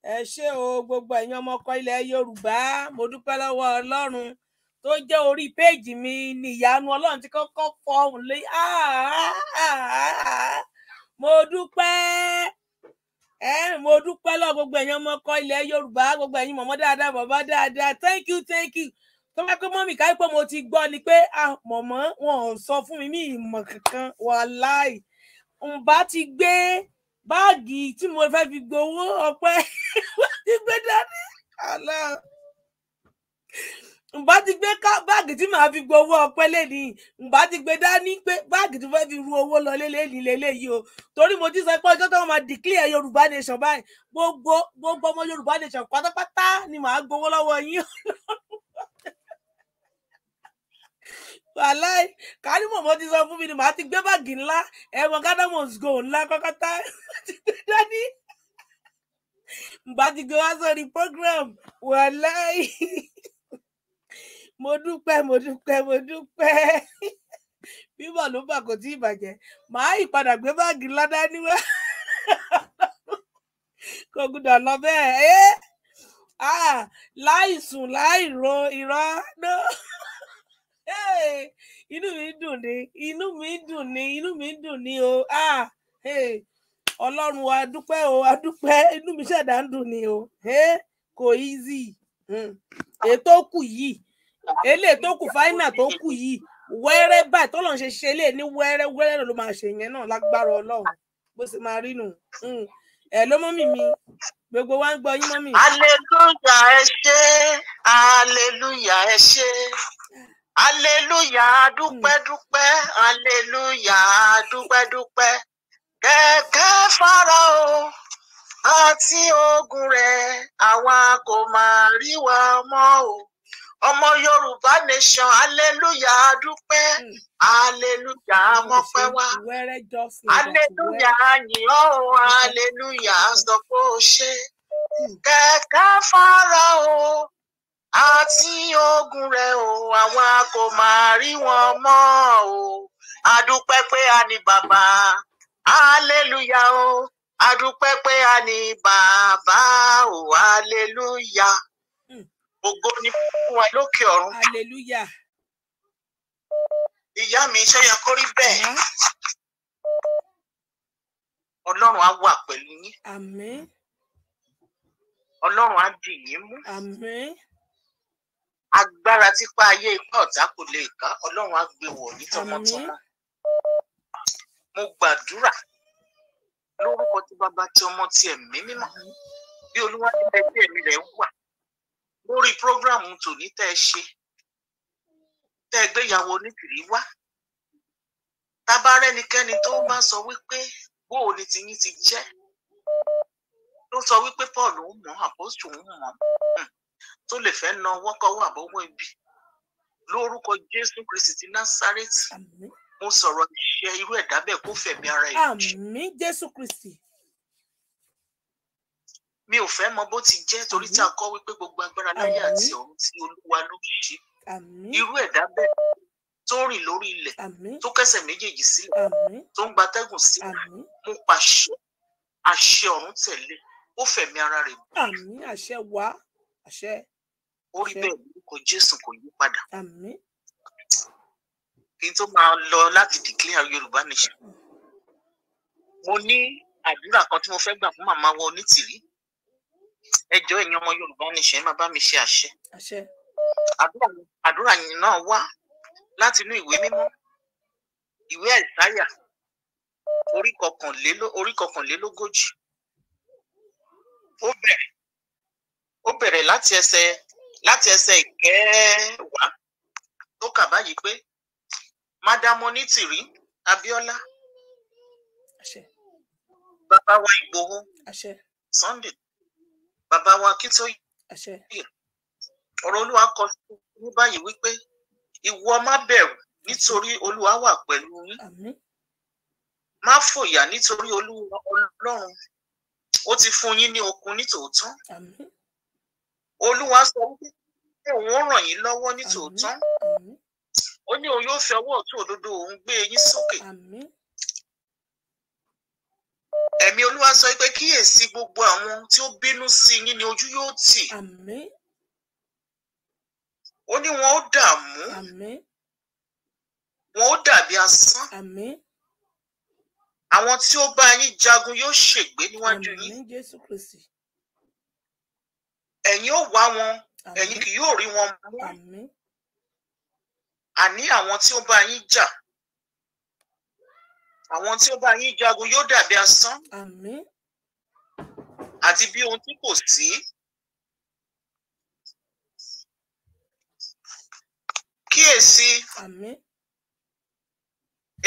S1: ẹ ṣé o gbogbo ẹ̀yin ọmọkọ ilẹ̀ yorùbá mo dúpẹ́ lọ́wọ́ ọlọ́run tó jẹ́ orí péèjì mi ní ìyanu ọlọ́run ti kọ́kọ́ fọhùn lé ah, mo dúpẹ́ ẹ mo dúpẹ́ lọ́wọ́ gbogbo ẹ̀yin ọmọkọ ilẹ̀ yorùbá gbogbo ẹ̀yin mọ̀mọ́ dáadáa bàbá dáadáa thank you thank you tó bá pé mọ́mì káyí pé mo ti gbọ́ ni pé mọ̀mọ́ wọn ò sọ fún mi ní ìmọ̀ kankan wàláì ǹbá ti gbé báàgì tí mo fẹ́ fi gbowó ọpẹ́ ti gbé dání àlọ́ ǹbá ti gbé báàgì tí màá fi gbowó ọpẹ́ lẹ́ni ǹbá ti gbé dání pé báàgì tí mo fẹ́ fi ru owó lọ lélẹ́ni lélẹ́yìí o torí mo ti sọ pé ọjọ́ tó wọn máa declare yorùbá nation báyìí gbogbo gbogbo ọmọ yorùbá nation pátápátá ni màá gbowó lọ́wọ́ yín wàláì kárí mọ̀mọ́ ti sọ fún mi ni màá ti gbé báàgì ńlá ẹ̀wọ̀n gádámọ̀s go ńlá kọ́kọ́tà dání bá ti gbé wá sórí program wàláì mo dúpẹ́ mo dúpẹ́ mo dúpẹ́ bíbọ̀ ló bà kò tí ì bàjẹ́ màá ìpadà gbé báàgì ńlá dání wá kò gbúdọ̀ lọ bẹ́ẹ̀ eh? ah, láì sùn láì ro irọ́ náà. inú mi dùn ni inú mi dùn ni inú mi dùn ni o ah, ọlọ́run wa dúpẹ́ o a dúpẹ́ inú mi ṣẹ̀dá ń dùn ní o kò easy hmm. ètò kù yìí èlé tó kù fáínà tó kù yìí wẹ́rẹ́ báyìí tọ́lọ́run ṣe ṣe lé ní were were ló máa ṣe yẹn náà lágbára ọlọ́run bó ṣe máa rí nù hmm. ẹ ló mi gbogbo wa ń gbọ́ yín aleluya ẹ aleluya aleluya dúpẹ́ hmm. dúpẹ́ aleluya dúpẹ́ dúpẹ́ kẹ̀kẹ́ Fáráò àti ogun rẹ̀ àwa kò máa rí wa mọ́ o ọmọ yorùbá nation aleluya dúpẹ́ aleluya mọ́pẹ́ wa.
S3: aleluya yìn o aleluya sọ pé o ṣe hmm. kẹ̀kẹ́ Fáráò àti ogun rẹ o
S1: àwa kò máa rí wọn mọ́ o adúpẹ́ pé a ní bàbá
S2: aleluya o adúpẹ́ pé a ní bàbá o aleluya ògo ni fún wa lókè ọ̀run.
S1: ìyá mi iṣẹ́ yẹ kó rí bẹ́ẹ̀ ọlọ́run á wà pẹ̀lú yín. ọlọ́run á dì yín mú agbára tipa ayé ipá ọ̀tá kò lè ká ọlọ́run á gbé wọ̀ ní
S3: tọmọtọmọ
S2: mo gbàdúrà lórúkọ tí bàbá tí ọmọ tí ẹ̀mí mímọ́ bí olúwa ní ẹgbẹ́ ẹ̀mí rẹ̀ wà lórí prógrámù tòní tẹ́ ẹ ṣe
S1: tẹ́ ẹ gbéyàwó onítìrí wá tábà rẹ́nikẹ́ni tó bá sọ wípé bóò ni tiyín ti jẹ́ ló sọ wípé Paul ń mọ̀ àpòsù ń mọ̀ hmm tó lè fẹ́ na wọ́kọ́wọ́ àbọ̀wọ́ ibi
S2: lórúkọ jésù kristi ti násárẹ́tì mo sọ̀rọ̀ iṣẹ́ irú ẹ̀dá bẹ́ẹ̀ kó
S1: fẹ̀mí ara ẹ̀ jì. àmín jésù kristi. mi ò fẹ́ mọ bó ti jẹ́ torí tí a kọ́ wípé gbogbo agbára láyé àti ọ̀run tí olúwa ló fi ṣe. irú ẹ̀dá bẹ́ẹ̀ tó rìn lórí ilẹ̀ tó kẹsẹ̀ méjèèjì sílẹ̀ tó ń gbatẹ́gùn sílẹ̀ mo pàṣẹ àṣẹ ọ̀run tẹ̀lé ó fẹ̀mí ara rẹ̀. àmín àṣẹ wàá àṣẹ.
S2: ó rí bẹ́ẹ̀ lórúkọ jésù kò yí padà.
S1: àmín.
S6: kí n tó máa lọ láti declare yorùbá nation. Hmm. mo ní àdúrà kan tí mo fẹ́ gbà fún màmá wa onítìrí
S2: ẹjọ́ ẹ̀yin ọmọ yorùbá nation ẹ máa bá mi ṣe àṣẹ. àṣẹ. àdúrà yìí náà wá láti inú ìwé mímọ́ ìwé àìsáyà
S1: orí kọkànlélógójì ó bẹ̀rẹ̀ ó bẹ̀rẹ̀ láti ẹsẹ̀ láti ẹsẹ̀ ìkẹwàá tó kà báyìí pé madam onítìrí abíọ́lá bàbá wa ìgbòho sunday
S2: bàbá wa kítóyè ọ̀rọ̀ olúwa kọ ní báyìí wípé ìwọ má bẹ̀rù nítorí olúwa wà pẹ̀lú yín má fòyà nítorí olúwa ọlọ́run ó ti fún yín ní okun nítòótọ́
S1: olúwa sọ wípé òun ràn yín lọ́wọ́ ní tòótọ́ ó ní òun yóò fi ọwọ́ ọ̀tún òdodo òun gbé yín sókè ẹ̀mí olúwa sọ pé kíyèsí gbogbo àwọn tí ó bínú sí yín ni ojú yóò tì ó ní wọn ó dààmú wọn ó dàbí asán àwọn tí ó bá yín jagun yóò ṣègbé níwájú yín ẹ̀yin ò wá wọn ẹ̀yin kì yóò rí wọn mú àní àwọn tí ó bá yín jà àwọn tí ó bá yín jagun yóò dàbí asán àti bí ohun tí kò sí. kíyèsí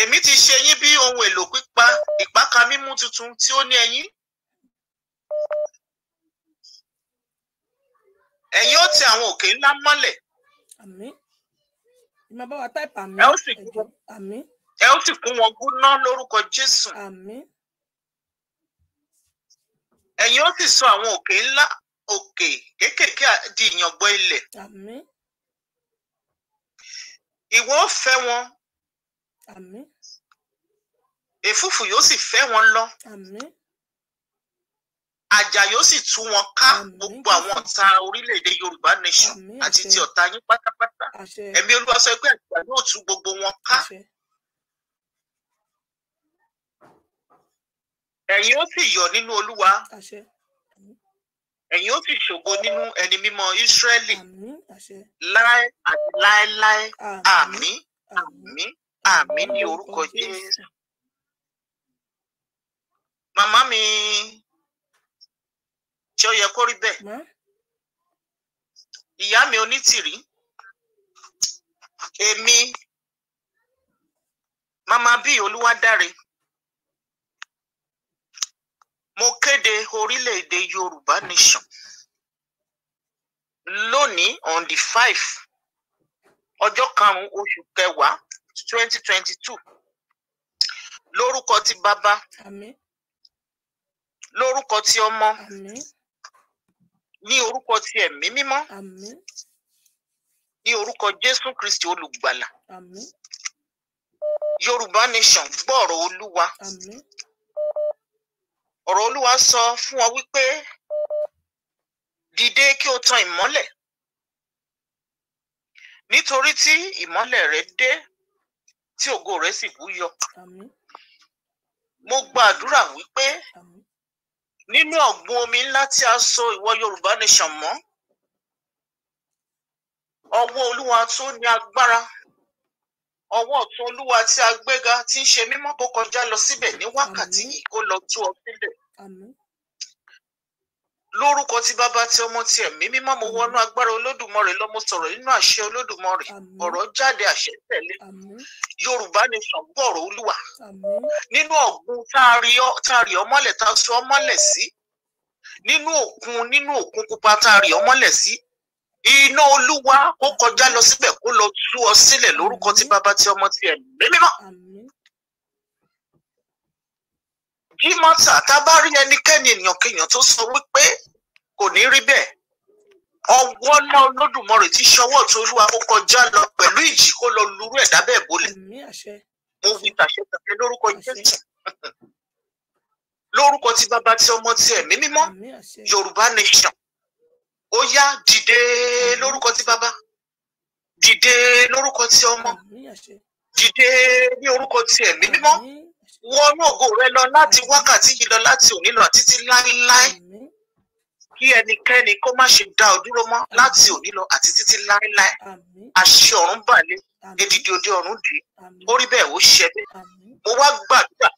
S1: èmi ti ṣe yín bí ohun èlò pípa ìpáka mímú tuntun tí ó ní ẹyín ẹ̀yin ó ti àwọn òkè ńlá mọ́lẹ̀. àmín ìmọ̀ bá wa táìpù àmín. ẹ ó sì kún wọn àmín. ẹ ó sì kún wọn gúnná lórúkọ jésù. àmín. ẹ̀yin ó sì sọ àwọn òkè ńlá òkè kéékèèké di ìyàngbọ́ ilẹ̀. àmín. ìwọ ó fẹ́ wọn. àmín. èfúfù yóò sì fẹ́ wọn lọ. àmín. Àjàyí ó sì tú wọn ká gbogbo àwọn ọ̀tá orílẹ̀-èdè Yorùbá nation àti ti ọ̀tá yín pátápátá ẹ̀mí Olúwa sọ pé Àjàyí yóò tú gbogbo wọn ká.
S2: Ẹ̀yin ó sì yọ̀ nínú Olúwa
S1: ẹ̀yin ó sì ṣògo nínú ẹni mímọ́ Ísírẹ́lì láé àti láéláé àmín àmín àmín ní orúkọ Jésù. Màmá mi ṣé ó yẹ kó rí bẹ́ẹ̀ ìyá mi onítìrí èmi mama bí olúwadáre mo kéde orílẹ̀-èdè yorùbá
S2: nation lónìí on the five
S1: ọjọ́ karùn-ún oṣù kẹwàá twenty twenty two lórúkọ ti bàbá lórúkọ ti ọmọ. Àmín ní orúkọ ti ẹ̀mí mímọ́ ní orúkọ Jésù Kristi olùgbàlà Yorùbá nation gbọ́rọ̀ Olúwa ọ̀rọ̀ Olúwa sọ fún ọ wípé dìde kí o tan ìmọ́lẹ̀ nítorí tí ìmọ́lẹ̀ rẹ dé tí ògo rẹ sì bú yọ mo gbàdúrà wípé. Àmín nínú ọ̀gbun omi ńlá tí a so ìwọ Yorùbá nation mọ́ ọwọ́ Olúwa tó ní agbára ọwọ́ ọ̀tún Olúwa tí a gbéga tí ń ṣe mímọ́ kó kọjá lọ síbẹ̀ ní wákàtí yìí kó lọ tú ọ sílẹ̀ lórúkọ tí bàbá tí ọmọ tí ẹ̀mí mímọ́ mo wọnú agbára olódùmarè lọ́mọ sọ̀rọ̀ nínú àṣẹ olódùmarè ọ̀rọ̀ jáde àṣẹ tẹ̀lé yorùbá ni ṣàǹgbọ́ ọ̀rọ̀ olúwa nínú ọ̀gbun tá a rí ọmọlẹ̀ tá a sọ ọmọlẹ̀ sí nínú òkun nínú òkun pupa tá a rí ọmọlẹ̀ sí iná olúwa kó kọjá lọ síbẹ̀ kó lọ tú ọ sílẹ̀ lórúkọ tí bàbá tí ọmọ tí ẹ̀mí mímọ́. bí mọ́tà tá a bá rí ẹnikẹ́ni ènìyàn kéèyàn tó sọ wípé
S2: kò ní rí bẹ́ẹ̀ ọwọ́ náà Olódùmarè ti ṣọwọ́ tó Olúwa kó kọjá lọ pẹ̀lú ìjì kó lọ lurú ẹ̀dá bẹ́ẹ̀ bólẹ̀ mo fi tàṣẹ tàṣẹ lórúkọ Jésù lórúkọ tí bàbá tí ọmọ tí ẹ̀mí mímọ́ Yorùbá
S1: nation ó yá dìde lórúkọ tí bàbá dìde lórúkọ tí ọmọ dìde ní orúkọ tí ẹ̀mí mímọ́ wọnú ògo rẹ lọ láti wákàtí yìí lọ láti òní lọ títí láéláé kí ẹnikẹ́ni kó má ṣe dá ọ mọ́ láti òní lọ àti títí láéláé àṣẹ ọ̀run balẹ̀ edidi òde ọ̀run dì í ó rí bẹ́ẹ̀ ó ṣẹ bẹ́ẹ̀ mo wá gbàdúrà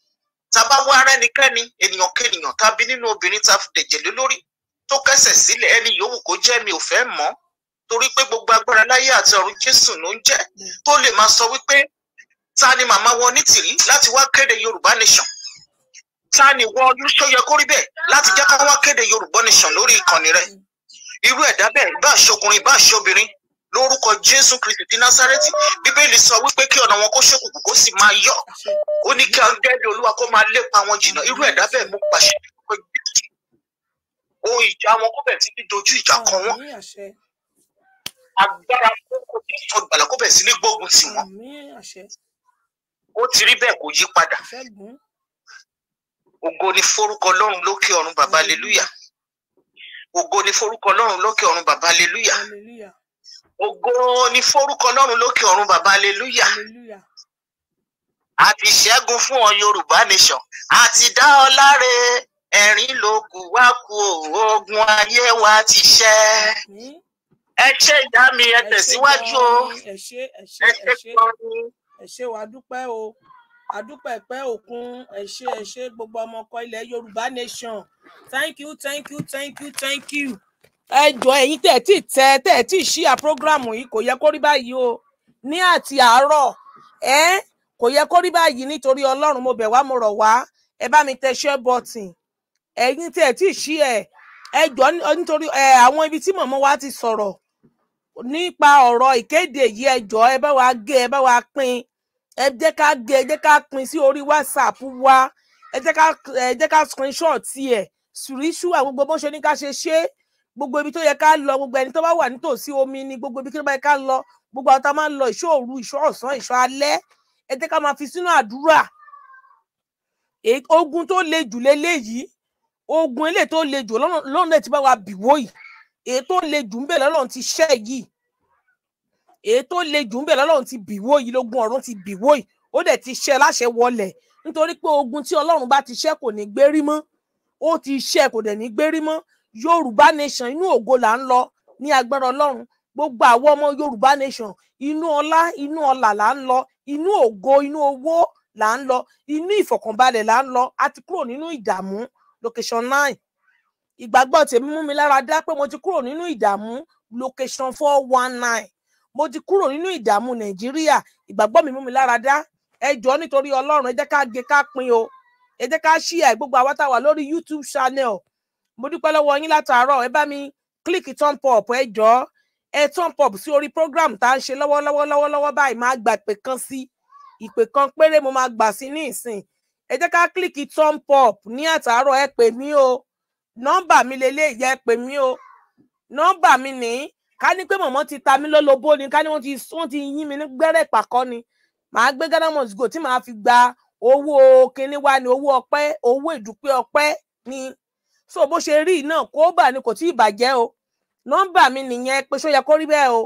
S1: tàbá wá rẹ́nikẹ́ni ènìyàn kẹ́nìyàn tàbí nínú obìnrin tá dẹ̀jẹ̀ lé lórí tó kẹsẹ̀ sílẹ̀ ẹni yòówù kó jẹ́ mi ò fẹ́ mọ̀ torí pé gbogbo agbára láyé àti ọ̀run Jésù ló ń jẹ́ tó lè máa sọ wípé ta ni màmá wọn ní tìrí láti wá kéde yorùbá nation ta ni wọ ṣó yẹ kó rí bẹ́ẹ̀ láti jẹ́ ká wá kéde yorùbá nation lórí
S6: ìkànnì rẹ̀ irú ẹ̀dá bẹ́ẹ̀ bá ṣokùnrin bá ṣobìnrin lórúkọ jésù kristi ti
S1: násárẹ́tì bíbélì sọ wípé kí ọ̀nà wọn kó ṣókùnkùn kó sì máa yọ ó ní kí ọ̀gẹ́dẹ̀ olúwa kó máa lépa wọn jìnnà irú ẹ̀dá bẹ́ẹ̀ mú pàṣẹ lórúkọ jésù ohun ìjà wọn
S2: kó bẹ̀rẹ̀ sí ní dojú ìjà kan wọn agbára kókò ní ìtọ́gbàlà kó bẹ̀rẹ̀ sí ní gbógun tì ó ti rí bẹ́ẹ̀ kò yí padà ògo ni forúkọ Ọlọ́run lókè ọ̀run bàbá aleluya ògo ni forúkọ Ọlọ́run lókè ọ̀run bàbá aleluya ògo ni forúkọ Ọlọ́run lókè ọ̀run bàbá aleluya a ti ṣẹ́gun fún ọ Yorùbá nation a dá ọ láre ẹ̀rín ló wá kù oògùn ayé wa ti ṣẹ́ ẹ ṣe ìdá mi ẹ tẹ̀síwájú o
S1: ẹ ṣe kọrin ẹ ṣé wàá o àdúpẹ́ pẹ́ òkun ẹ ṣé gbogbo ọmọkọ ilẹ̀ yorùbá nation thank you thank you thank you thank you. ẹ jọ ẹ̀yin tẹ tí tẹ tẹ tí ṣí à program yìí kò yẹ kó rí báyìí o ní àti àárọ̀ ẹ kò yẹ kó rí báyìí nítorí Ọlọ́run mo bẹ̀ wá mo rọ̀ wá ẹ bá mi tẹ share button ẹ̀yin tẹ tí ṣí ẹ ẹ jọ nítorí ẹ àwọn ibi tí mọ̀mọ́ wa ti sọ̀rọ̀ nípa ọ̀rọ̀ ìkéde yìí ẹ ẹ bá wa gé ẹ bá wa pín ẹ jẹ́ ká gé ẹ jẹ́ ká pín sí orí whatsapp wa ẹ jẹ́ ká ẹ jẹ́ ká screenshot tiẹ̀ sùríṣùà gbogbo bó ṣe ní ká ṣe ṣe gbogbo ibi tó yẹ ká lọ gbogbo ẹni tó bá wà nítòsí omi ni gbogbo ibi tó bá yẹ ká lọ gbogbo àwọn tá a máa ń lọ ìṣọ́ òru ìṣọ́ ọ̀sán ìṣọ́ alẹ́ ẹ jẹ́ ká máa fi sínú àdúrà ogun tó le jù léléyìí ogun eléyìí tó le jù lọ́nà tí bá wa bìwó yìí èyí tó le jù ń bẹ lọ́nà ti ṣẹ́ yìí èyí tó le jù ń bẹ lọ́lọ́run ti bìwó yìí lógún ọ̀run ti bìwó yìí ó dẹ̀ ti ṣẹ́ láṣẹ wọlé nítorí pé ogun tí ọlọ́run bá ti ṣẹ́ kò ní gbérí mọ́ ó ti ṣẹ́ kò dẹ̀ ní gbérí mọ́ yorùbá nation inú ògo là ń lọ ní agbára ọlọ́run gbogbo àwọn ọmọ yorùbá nation inú ọlá inú ọlà là ń lọ inú ògo inú owó là ń lọ inú ìfọ̀kànbalẹ̀ là ń lọ a ti kúrò nínú ìdààmú location nine ìgbàgbọ́ tèmi mú mi lára dá pé mo ti kúrò nínú ìdààmú location four one nine mo ti kúrò nínú ìdààmú nàìjíríà ìgbàgbọ́ mi mú mi lára dá ẹ jọ̀ọ́ nítorí ọlọ́run ẹ ká gé ká pín o ẹ jẹ́ ká share gbogbo àwa tá lórí youtube channel mo dúpẹ́ lọ́wọ́ yín látàárọ̀ ẹ bá mi click turn pop ẹ jọ̀ọ́ ẹ turn pop sí orí program tá à ń ṣe lọ́wọ́lọ́wọ́ lọ́wọ́lọ́wọ́ báyìí máa gba ìpè kan sí ìpè kan péré mo máa gbà sí ní ìsìn ẹ jẹ́ ká click turn pop ní àtàárọ̀ ẹ pè mí o nọ́mbà mi lélẹ́yìí ẹ pè mí o nọ́mbà mi nìyí ká ní pé mọ̀mọ́ ti ta mí lólobó ni ká ní wọ́n ti wọ́n ti yín mi ní gbẹ́rẹ́ ìpàkọ́ ni màá gbé Ghana must go tí màá fi gba owó kinní wa ni owó ọpẹ́ owó ìdúpẹ́ ọpẹ́ ni so bó ṣe rí náà kó bà ní kò tí ì bàjẹ́ o nọ́mbà mi nìyẹn pé ṣó yẹ kó rí bẹ́ẹ̀ o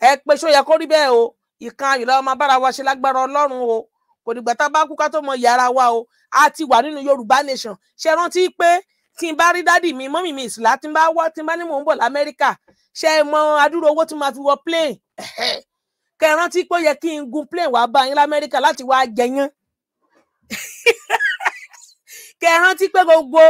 S1: ẹ pé ṣó yẹ kó rí bẹ́ẹ̀ o ìkan ayò làwọn máa bára wa ṣe lágbára Ọlọ́run o kò dìgbà tá a bá kú ká tó mọ ìyára wa o a ti wà nínú Yorùbá nation ṣe rántí pé tí n bá rí dádì mi mọ́mì mi ìsìlá tí n bá wá tí n bá ní mò ń bọ̀ lamẹ́ríkà ṣe é mọ adúrò owó tí mo fi wọ plane kẹ rántí pé ó yẹ kí n gun plane wàá bá yín lamẹ́ríkà láti wá jẹyán kẹ rántí pé gbogbo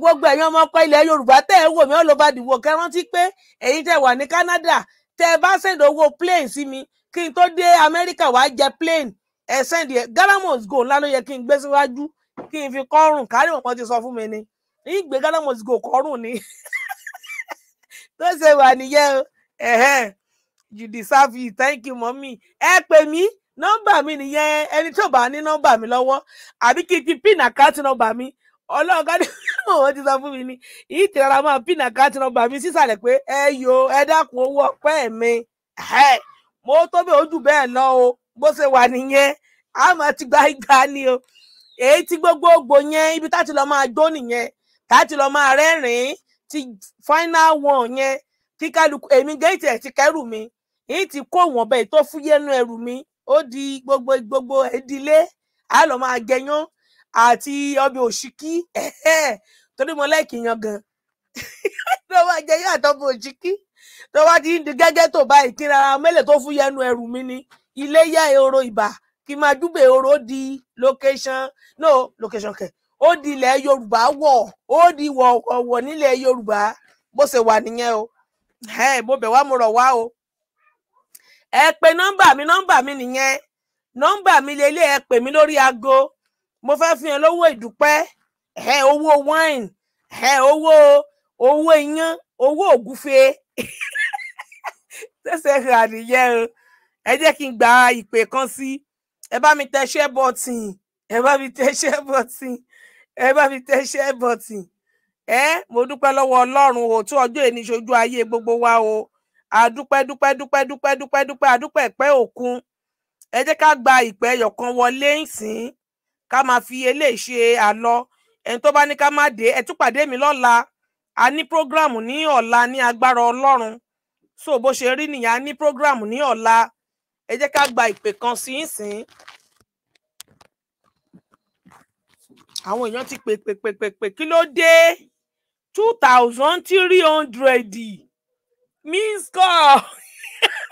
S1: gbogbo ẹ̀yin ọmọ ọkọ ilẹ̀ Yorùbá tẹ́ ẹ wò mí all over the world kẹ rántí pé ẹ̀yin tẹ́ wà ní Canada tẹ́ ẹ bá send owó plane sí mi kí n tó dé Amẹ́ríkà wàá jẹ plane ẹ send ẹ Ghana must go ńlá ló yẹ kí n gbé síwájú kí n fi kọ́rùn kárí mọ̀pọ̀ ti sọ fún mi ni. ìgbé Ghana go kọrùn ni tó ṣe wà nìyẹn o you deserve it thank you mọ́mí ẹ pè mí nọ́mbà mi nìyẹn ẹni tó bá ní nọ́mbà mi lọ́wọ́ àbí kí n ti pin àkáǹtì nọ́mbà mi ọlọ́run ká ní wọ́n ti sọ fún mi ni yìí ti rárá máa pin àkáǹtì nọ́mbà mi sísàlẹ̀ pé ẹ yo ẹ dákun owó ọpẹ́ mi mo tó bẹ́ẹ̀ ojú bẹ́ẹ̀ lọ o bó ṣe wà nìyẹn ti ni o èyí tí gbogbogbò yẹn ibi tá ti lọ máa gbó nìyẹn káàtì lọ máa rẹ́rìn-ín ti final one yẹn kí kálukú èmi géètì ẹ̀ ti kẹ́rù mi èyí ti kó wọn bẹ́ẹ̀ tó fúyẹ́nu ẹrù mi ó di gbogbo gbogbo ìdílé a lọ máa jẹyán àti ọbẹ̀ òṣìkí torí mo lẹ́ẹ̀kì yan gan lọ máa jẹyán àtọ́bẹ̀ òṣìkí tó bá ti ń di gẹ́gẹ́ tó báyìí kí rárá mẹ́lẹ̀ tó fúyẹ́nu ẹrù mi ni iléyà ehoro ìbà kí máa júbẹ̀ ehoro di location no location kẹ̀ ó di ilẹ̀ yorùbá wọ̀ ó di wọ̀ ọ̀wọ̀ nílẹ̀ yorùbá bó ṣe wà nìyẹn o mo bẹ̀ wá mo rọ̀ wá o ẹ pe nọ́mbà mi nọ́mbà mi nìyẹn nọ́mbà mi lélẹ̀ ẹ pè mí lórí aago mo fẹ́ fi hàn lówó ìdúpẹ́ owó wine owó owó iyán owó ògúfe ṣẹ̀ṣẹ̀ rà nìyẹn o ẹ jẹ́ kí n gba ìpè kan sí ẹ bá mi tẹ ṣẹ́ bọ́tìn ẹ bá mi tẹ ṣẹ́ bọ́tìn ẹ bá mi tẹ share button ẹ mo dúpẹ́ lọ́wọ́ Ọlọ́run o tí ọjọ́ èní ṣojú ayé gbogbo wa o àdúpẹ́ dúpẹ́ dúpẹ́ dúpẹ́ dúpẹ́ dúpẹ́ àdúpẹ́ ìpẹ́ òkun ẹ jẹ́ ká gba ìpẹ́ ẹyọ̀kan wọlé ìsìn ká máa fi eléyìí ṣe àlọ ẹni tó bá ní ká má dé ẹ tún pàdé mi lọ́la a ní prógráàmù ní ọ̀la ní agbára Ọlọ́run so bó ṣe rí nìyẹn a ní prógráàmù ní ọ̀la ẹ jẹ́ ká gba ìpè kan sí ìsìn àwọn èèyàn ti pè pè pè pè pè kí ló dé two thousand three hundred means call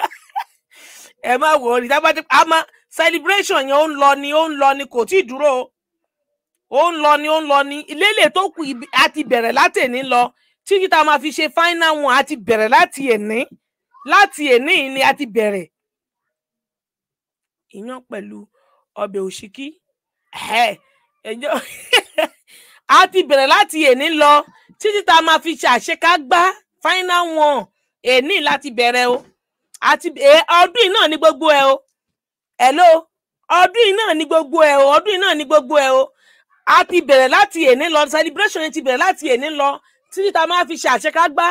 S1: ẹ má wò ó rí dábàdé celebration yẹn ó ń lọ ni ó ń lọ ni kò tí ì dúró ó ń lọ ni ó ń lọ ni ìlélẹ̀ tó kù a ti bẹ̀rẹ̀ láti èní lọ títí tá a máa fi ṣe final one a ti bẹ̀rẹ̀ láti èní láti èní ni a ti bẹ̀rẹ̀ ìyàn pẹ̀lú ọbẹ̀ òṣìkí ẹjọ́ a ti bẹ̀rẹ̀ láti èní lọ títí tá a máa fi ṣàṣekágbá final one èní láti bẹ̀rẹ̀ o àti ọdún yìí náà ní gbogbo ẹ o hello ọdún yìí náà ní gbogbo ẹ o ọdún yìí náà ní gbogbo ẹ o a ti bẹ̀rẹ̀ láti èní lọ celebration yẹn ti bẹ̀rẹ̀ láti èní lọ títí tá a máa fi ṣàṣekágbá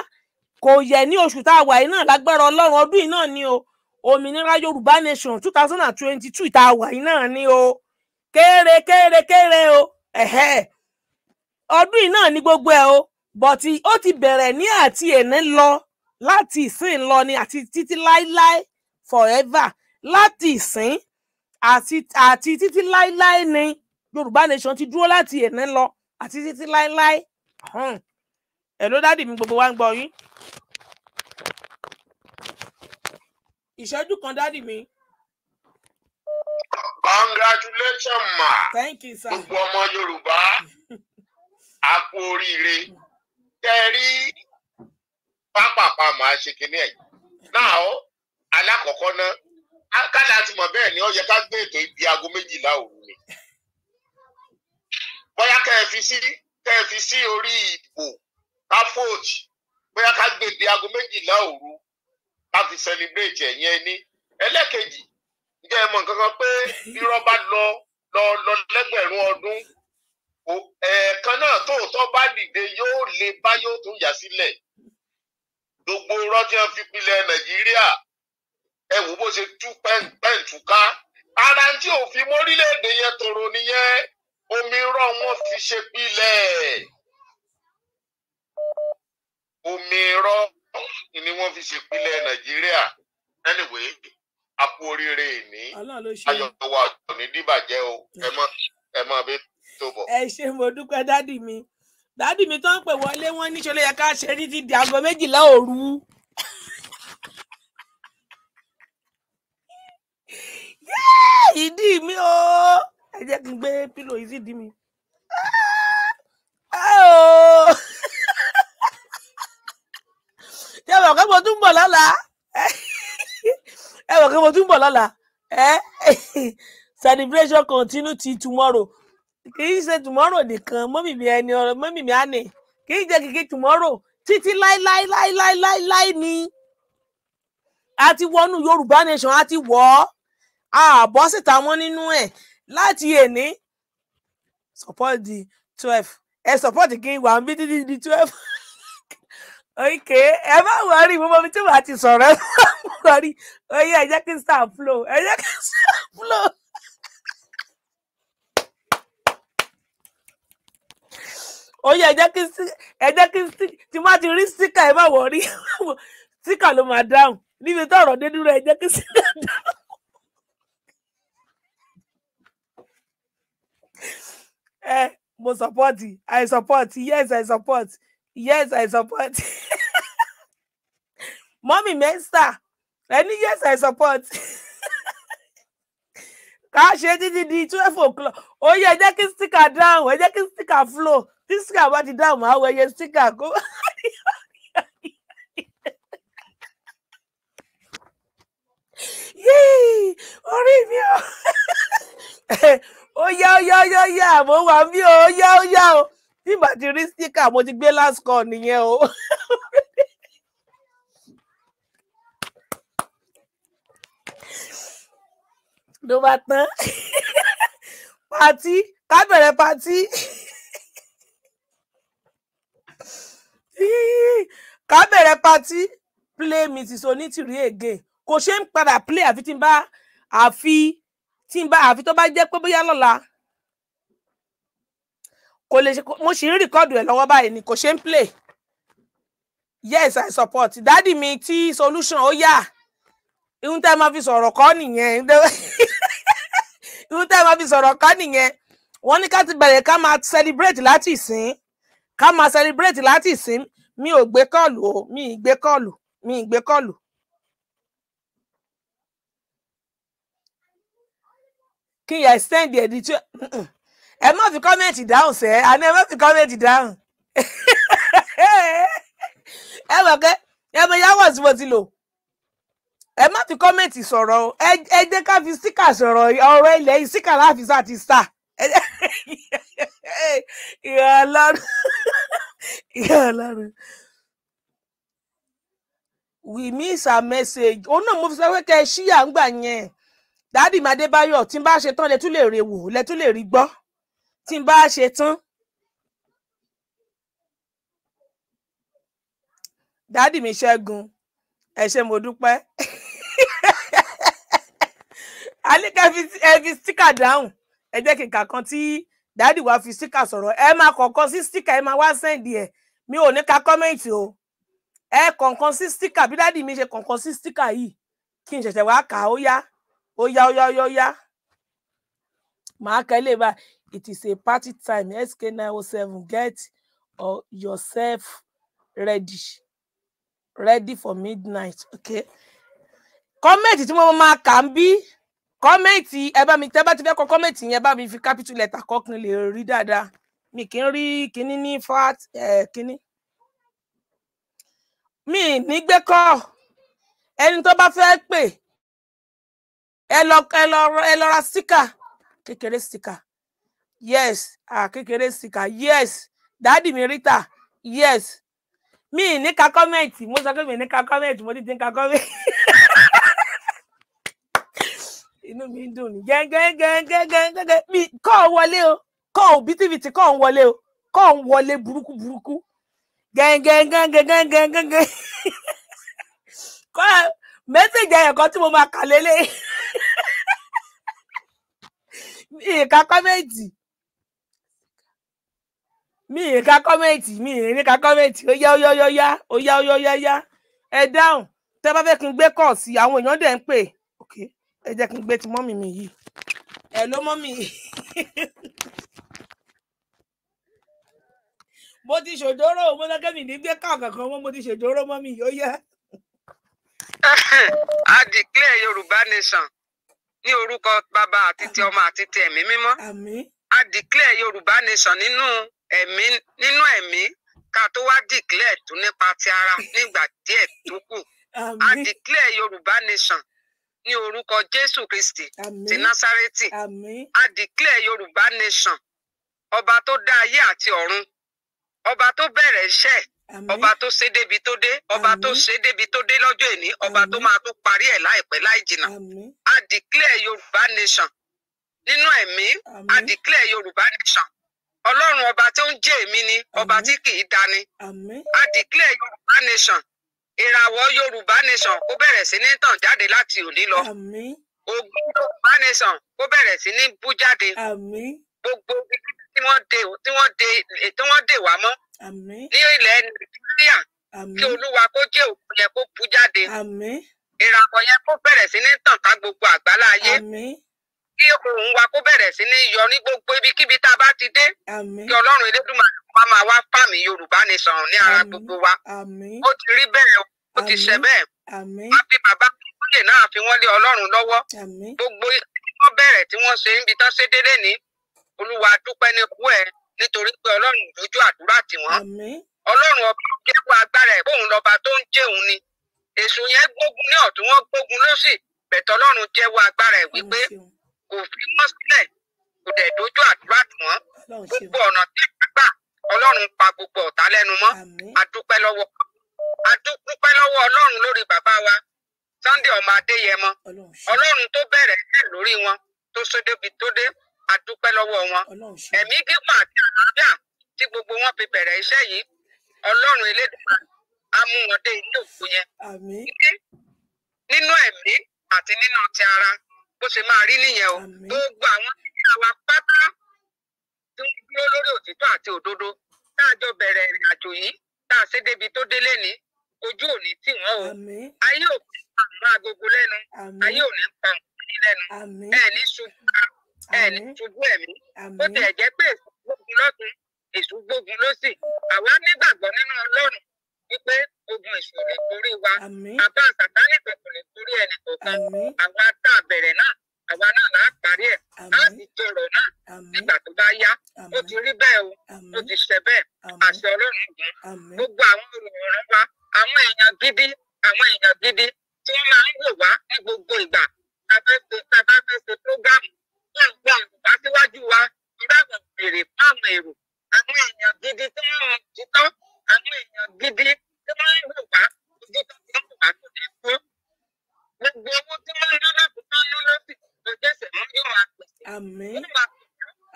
S1: kò yẹ ní oṣù tá a wà yìí náà lágbára ọlọ́run ọdún yìí náà ni o òmìnira yorùbá nation two thousand and twenty two tá a náà ni o kéré kéré kéré o ọdún yìí náà ni gbogbo ẹ o bọ̀tì ó ti bẹ̀rẹ̀ ní àti ẹ̀ní lọ láti ìsìn lọ ni àti títí láíláí forever láti ìsìn àti àti títí láíláí ni Yorùbá nation ti dúró láti ẹ̀ní lọ àti títí láíláí ẹ ló dádì mi gbogbo wa ń gbọ́ yín ìṣẹ́jú kan dádì mi
S10: congratulation ma gbogbo ọmọ yorùbá a kú oríire tẹ rí
S6: pápápá máa ṣe kinní ẹ náà alákọ̀ọ́kọ́ náà kálá ti mọ̀ bẹ́ẹ̀ ni ó yẹ ká gbé ètò ibi aago méjìlá òru ni bóyá kẹ́ ẹ fi sí kẹ́ ẹ fi sí orí ìbò ká bóyá ká gbé di aago méjìlá òru ká fi celebrate ẹ̀yìn ẹni ẹlẹ́kejì ǹjẹ́ ẹ mọ̀ nǹkan kan pé irọ́ bá lọ lọ lẹ́gbẹ̀rún ọdún ẹ̀ẹ̀kan náà tóòtọ́ bá dìde yóò lè bá yóò tún yà sílẹ̀ gbogbo irọ́ tí wọ́n fi pilẹ̀ nàìjíríà ẹ wò bó ṣe tú pẹ́ǹtùká ara tí òfin mórílẹ̀-èdè yẹn tòrò nìyẹn omi irọ́ wọn fi ṣe pilẹ̀ omi irọ́ ni wọ́n fi ṣe pilẹ̀ nàìjíríà anyway a kú oríire ìní ayọ̀ wa dìbàjẹ́ o ẹ mọ ẹ mọ abẹ
S1: tó bọ̀. ẹ ṣe mo dúpẹ́ dádì mi dádì mi tó ń pè wọlé wọn níṣẹ́ ló yẹ ká ṣe ní ti di aago méjìlá òru. ìdí mi o ẹ jẹ́ kí n gbé pílò yìí sí ìdí mi. ṣé àwọn akẹ́kọ̀ọ́ tún bọ̀ lọ́la ẹ wọ̀ kí mo tún bọ̀ lọ́la ẹ celebration continue till tomorrow kì í ṣe tomorrow nìkan mọ́mì mi ẹni ọ̀rọ̀ mọ́mì mi àná kì í jẹ́ kìkì tomorrow títí láíláíláíláíláí ni a ti wọnú Yorùbá nation a ti wọ̀ ọ́ àbọ̀ síta wọn nínú ẹ̀ láti èní support di twelve ẹ support kí n wà ń bí títí di twelve ok ẹ má wọrí mo mọ mi tí wàá ti sọ̀rọ̀ ẹ. sọrí oyè ẹ jẹ́ kí n star flow ẹ jẹ́ kí n star flow. oyè ẹ jẹ́ kí ẹ jẹ́ tí má ti rí síkà ẹ má wọrí síkà ló máa dáhùn níbi tó ọ̀rọ̀ dé dúró ẹ jẹ́ kí síkà dáhùn. ẹ mo support i support yes i support yes i support mọ́mì mẹ́sà ẹni yes i support ká ṣe títí di twelve o'clock ó yẹ ẹ jẹ́ kí sticker down ẹ jẹ́ kí sticker flow tí sticker bá ti down máa wọ ẹyẹ sticker kó. yéè orí mi o ó yá ó yá ó yá ó yá àmọ́ wà mí o ó yá ó yá o bí màá ti rí sticker mo ti gbé last call nìyẹn o. ló bá tán pati ká bẹ̀rẹ̀ pati ká bẹ̀rẹ̀ pati play mrs onítìrí again kò ṣe ń padà play àfi tí n bá àfi tí n bá àfi tó bá jẹ́ pé bóyá lọ́la kò lè ṣe mo ṣì ń rìkọ́dù ẹ̀ lọ́wọ́ báyìí ni kò ṣe ń play yes i support dádì mi tí solution ó yà ihun tẹ́ máa fi sọ̀rọ̀ kọ́ nìyẹn. irú tẹ́ fi sọ̀rọ̀ ká nìyẹn wọ́n ní ti bẹ̀rẹ̀ ká máa celebrate láti ìsín ká máa mi ò gbé kọ́ọ̀lù o mi ì gbé mi ì gbé kọ́ọ̀lù. extend the edition ẹ má fi kọ́mẹ̀ntì dáhùn sẹ́ ẹ má fi kọ́mẹ̀ntì dáhùn ẹ kẹ́ ẹ ẹ má fi kọ́mẹ̀ntì sọ̀rọ̀ o ẹ jẹ́ ká fi síkà sọ̀rọ̀ ọ̀rọ̀ ilẹ̀ yìí síkà láàfin sáà ti sà ìyá ọlọ́run ìyá ọlọ́run we miss our message òun náà mo fi sọ pé kẹ́ ẹ ṣíyà ń gbà yẹn dádì màdébáyọ̀ tí n bá ṣe tán lẹ́tún lè rí wò lẹ́tún lè rí gbọ́ tí n bá ṣe tán dádì mi ṣẹ́gun ẹ ṣé mo dúpẹ́. a ní kẹ́ ẹ fi stika dáhùn ẹ jẹ́ kí n kà kan tí dáàdì wa fi stika sọ̀rọ̀ ẹ máa kọ̀ọ̀kan sí stika ẹ máa wá sẹ́ǹdì ẹ̀ mi ò ní ka kọ́mẹ́ǹtì o ẹ kọ̀ọ̀kan sí stika bí dáàdì mi ṣe kọ̀ọ̀kan sí stika yìí kí n ṣẹ̀ṣẹ̀ wá kà ó ó yá ó yá ó yá ó yá màá kà ilé bá it is a party time sk nine oh seven get yourself ready ready for midnight okay kọ́mẹ̀tì tí wọ́n máa kà ń bí kọ́mẹ̀tì ẹ bá mi tẹ́ bá ti fẹ́ kọ kọ́mẹ̀tì yẹn bá mi fi capital letter kọ́ kí n lè rí dáadáa mi kì í rí kíní ní fat kíní. mi ní gbé kọ́ ẹni tó bá fẹ́ pè ẹ lọ ẹ lọ ẹ lọ ra síkà kékeré síkà yes ah kékeré síkà yes dáàdì mi ríta yes mi ní ka kọ́mẹ̀tì mo sọ pé mi ní ka kọ́mẹ̀tì mo ti ti ń ka kọ́mẹ̀tì. inú mi ń dùn ní gẹ́gẹ́gẹ́gẹ́gẹ́gẹ́ mi kọ́ ọ wọlé o kọ́ ọ bítíbitì kọ́ ọ wọlé o kọ́ ọ wọlé burúkú burúkú gẹ́gẹ́gẹ́gẹ́gẹ́gẹ́gẹ́ kọ́ ọ mẹ́sẹ̀gì ẹ̀kọ́ tí mo máa kà lélẹ̀ ìka kọ́mẹ̀ntì mi ì ka kọ́mẹ̀ntì mi ì ní ka kọ́mẹ̀ntì ó yá ó yá ó yá ó yá ó yá ó yá ẹ dáhùn tẹ bá fẹ́ kí n gbé kọ̀ sí àwọn èèyàn dẹ̀ ń pè é ẹ jẹ́ kí n gbé ti mọ́mì mi yìí ẹ ló mọ́mì mo ti ṣòjóró mo lọ́kẹ́ mi ní gbé káàkàn mo ti ṣòjóró mọ́mì yìí yẹ. a declare Yorùbá nation ní orúkọ bàbá àti ti ọmọ àti ti ẹ̀mí mímọ́ a declare Yorùbá nation nínú ẹ̀mí nínú ẹ̀mí ká tó wá declare tó nípa ti ara nígbà díẹ̀ tó kù a declare Yorùbá nation ní orúkọ jésù
S2: kristi ti násárẹ́tì a declare yorùbá nation ọba tó dá ayé àti ọ̀run ọba tó bẹ̀rẹ̀ iṣẹ́ ọba tó ṣe débi tó dé
S1: ọba tó ṣe débi tó dé lọ́jọ́ èní ọba tó máa tó parí ẹ̀ láìpẹ́ láì jìnnà a declare yorùbá nation nínú ẹ̀mí a declare yorùbá nation ọlọ́run ọba tó ń jẹ́ èmi ni ọba tí kì í dani a declare yorùbá nation ìràwọ̀ yorùbá nation kó bẹ̀rẹ̀ sí ní tàn jáde láti òní lọ ògo yorùbá nation kó bẹ̀rẹ̀ sí ní bú jáde gbogbo tí wọ́n dè tí wọ́n dè wá mọ́ ní ilẹ̀ nàìjíríà kí olúwa kó jẹ́ òkú yẹn kó bú jáde ìràwọ̀ yẹn kó bẹ̀rẹ̀ sí ní tàn ká gbogbo àgbáláyé kí ohùn wa kó bẹ̀rẹ̀ sí ní yọ ní gbogbo ibikíbi tá a bá ti dé kí ọlọ́run elédùnmarè máa wá fàmì yorùbá ní sọ̀rùn ní ara gbogbo wa ó ti rí bẹ́ẹ̀ ó ti ṣe bẹ́ẹ̀ wá fi bàbá kúlè náà fi wọ́n lé ọlọ́run lọ́wọ́
S2: gbogbo ìṣẹ́jú bẹ̀rẹ̀ tí wọ́n ṣe níbi tán ṣe délé ní olúwa dúpẹ́ ní kú ẹ̀ nítorí pé ọlọ́run dojú àdúrà tì wọ́n ọlọ́run ọba jẹ́wọ́
S1: agbára ẹ̀ wípé òfin mọ́ sílẹ̀ kò dẹ̀ dojú àdúrà tì wọ́n gbogbo ọ̀nà tí a gbà ọlọ́run pa gbogbo ọ̀tá lẹ́nu mọ́ adúpẹ́ lọ́wọ́ adúpẹ́ lọ́wọ́ ọlọ́run lórí bàbá wa Sunday ọmọ Adéyẹmọ ọlọ́run tó
S2: bẹ̀rẹ̀ sí lórí wọn tó sódé bi tó dé adúpẹ́ lọ́wọ́ wọn ẹ̀mí gígùn àti
S1: àlàáfíà tí gbogbo wọn fi bẹ̀rẹ̀ iṣẹ́ yìí ọlọ́run elédùnmá á mú wọn dé ilé òkú yẹn nínú ẹ̀mí àti nínú ti ara bó ṣe máa rí nìyẹn o gbogbo àwọn ìdílé wa pátá tí wọ́n dúró
S2: lórí òtítọ́ àti òdodo tá a ìrìn àjò yìí tá a ṣe débi tó délé ní
S3: ojú òní tì wọ́n o ayé ò àwọn agogo lẹ́nu ayé ò ní pa òkùnrin lẹ́nu ẹ̀ ní ṣubú ẹ̀ ní ṣubú ẹ̀mí ó tẹ̀ jẹ́ pé èṣù gbógun lọ́tún èṣù gbógun lósì àwa nígbàgbọ́ nínú Ọlọ́run wípé ogun
S1: èṣù lè borí wa àbá sàtánì kòkò lè borí ẹnì kọ̀ọ̀kan àwa tá a bẹ̀rẹ̀ náà àwa náà là á parí ẹ̀ láti jọrọ náà nígbà tó bá yá ó ti rí
S3: bẹ́ẹ̀ o ó ti ṣe bẹ́ẹ̀ àṣẹ ọlọ́run gùn gbogbo àwọn olùwòran wa àwọn èèyàn gidi àwọn èèyàn gidi tí wọ́n máa ń wò wá ní gbogbo ìgbà tàbá fẹ́ ṣe prógámù wọ́n gbọ́ àgùnbá síwájú wa ìbáwọ̀ béèrè fún àwọn èrò àwọn èèyàn gidi tí wọ́n ń àwọn èèyàn gidi tí wọ́n ń lò wá ojú tó ń lò wá kò ní kú gbogbo owó tí wọ́n ń lọ́nà tó tán lọ́nà sì tó jẹ́sẹ̀
S1: mọ́ yóò máa pèsè. àmín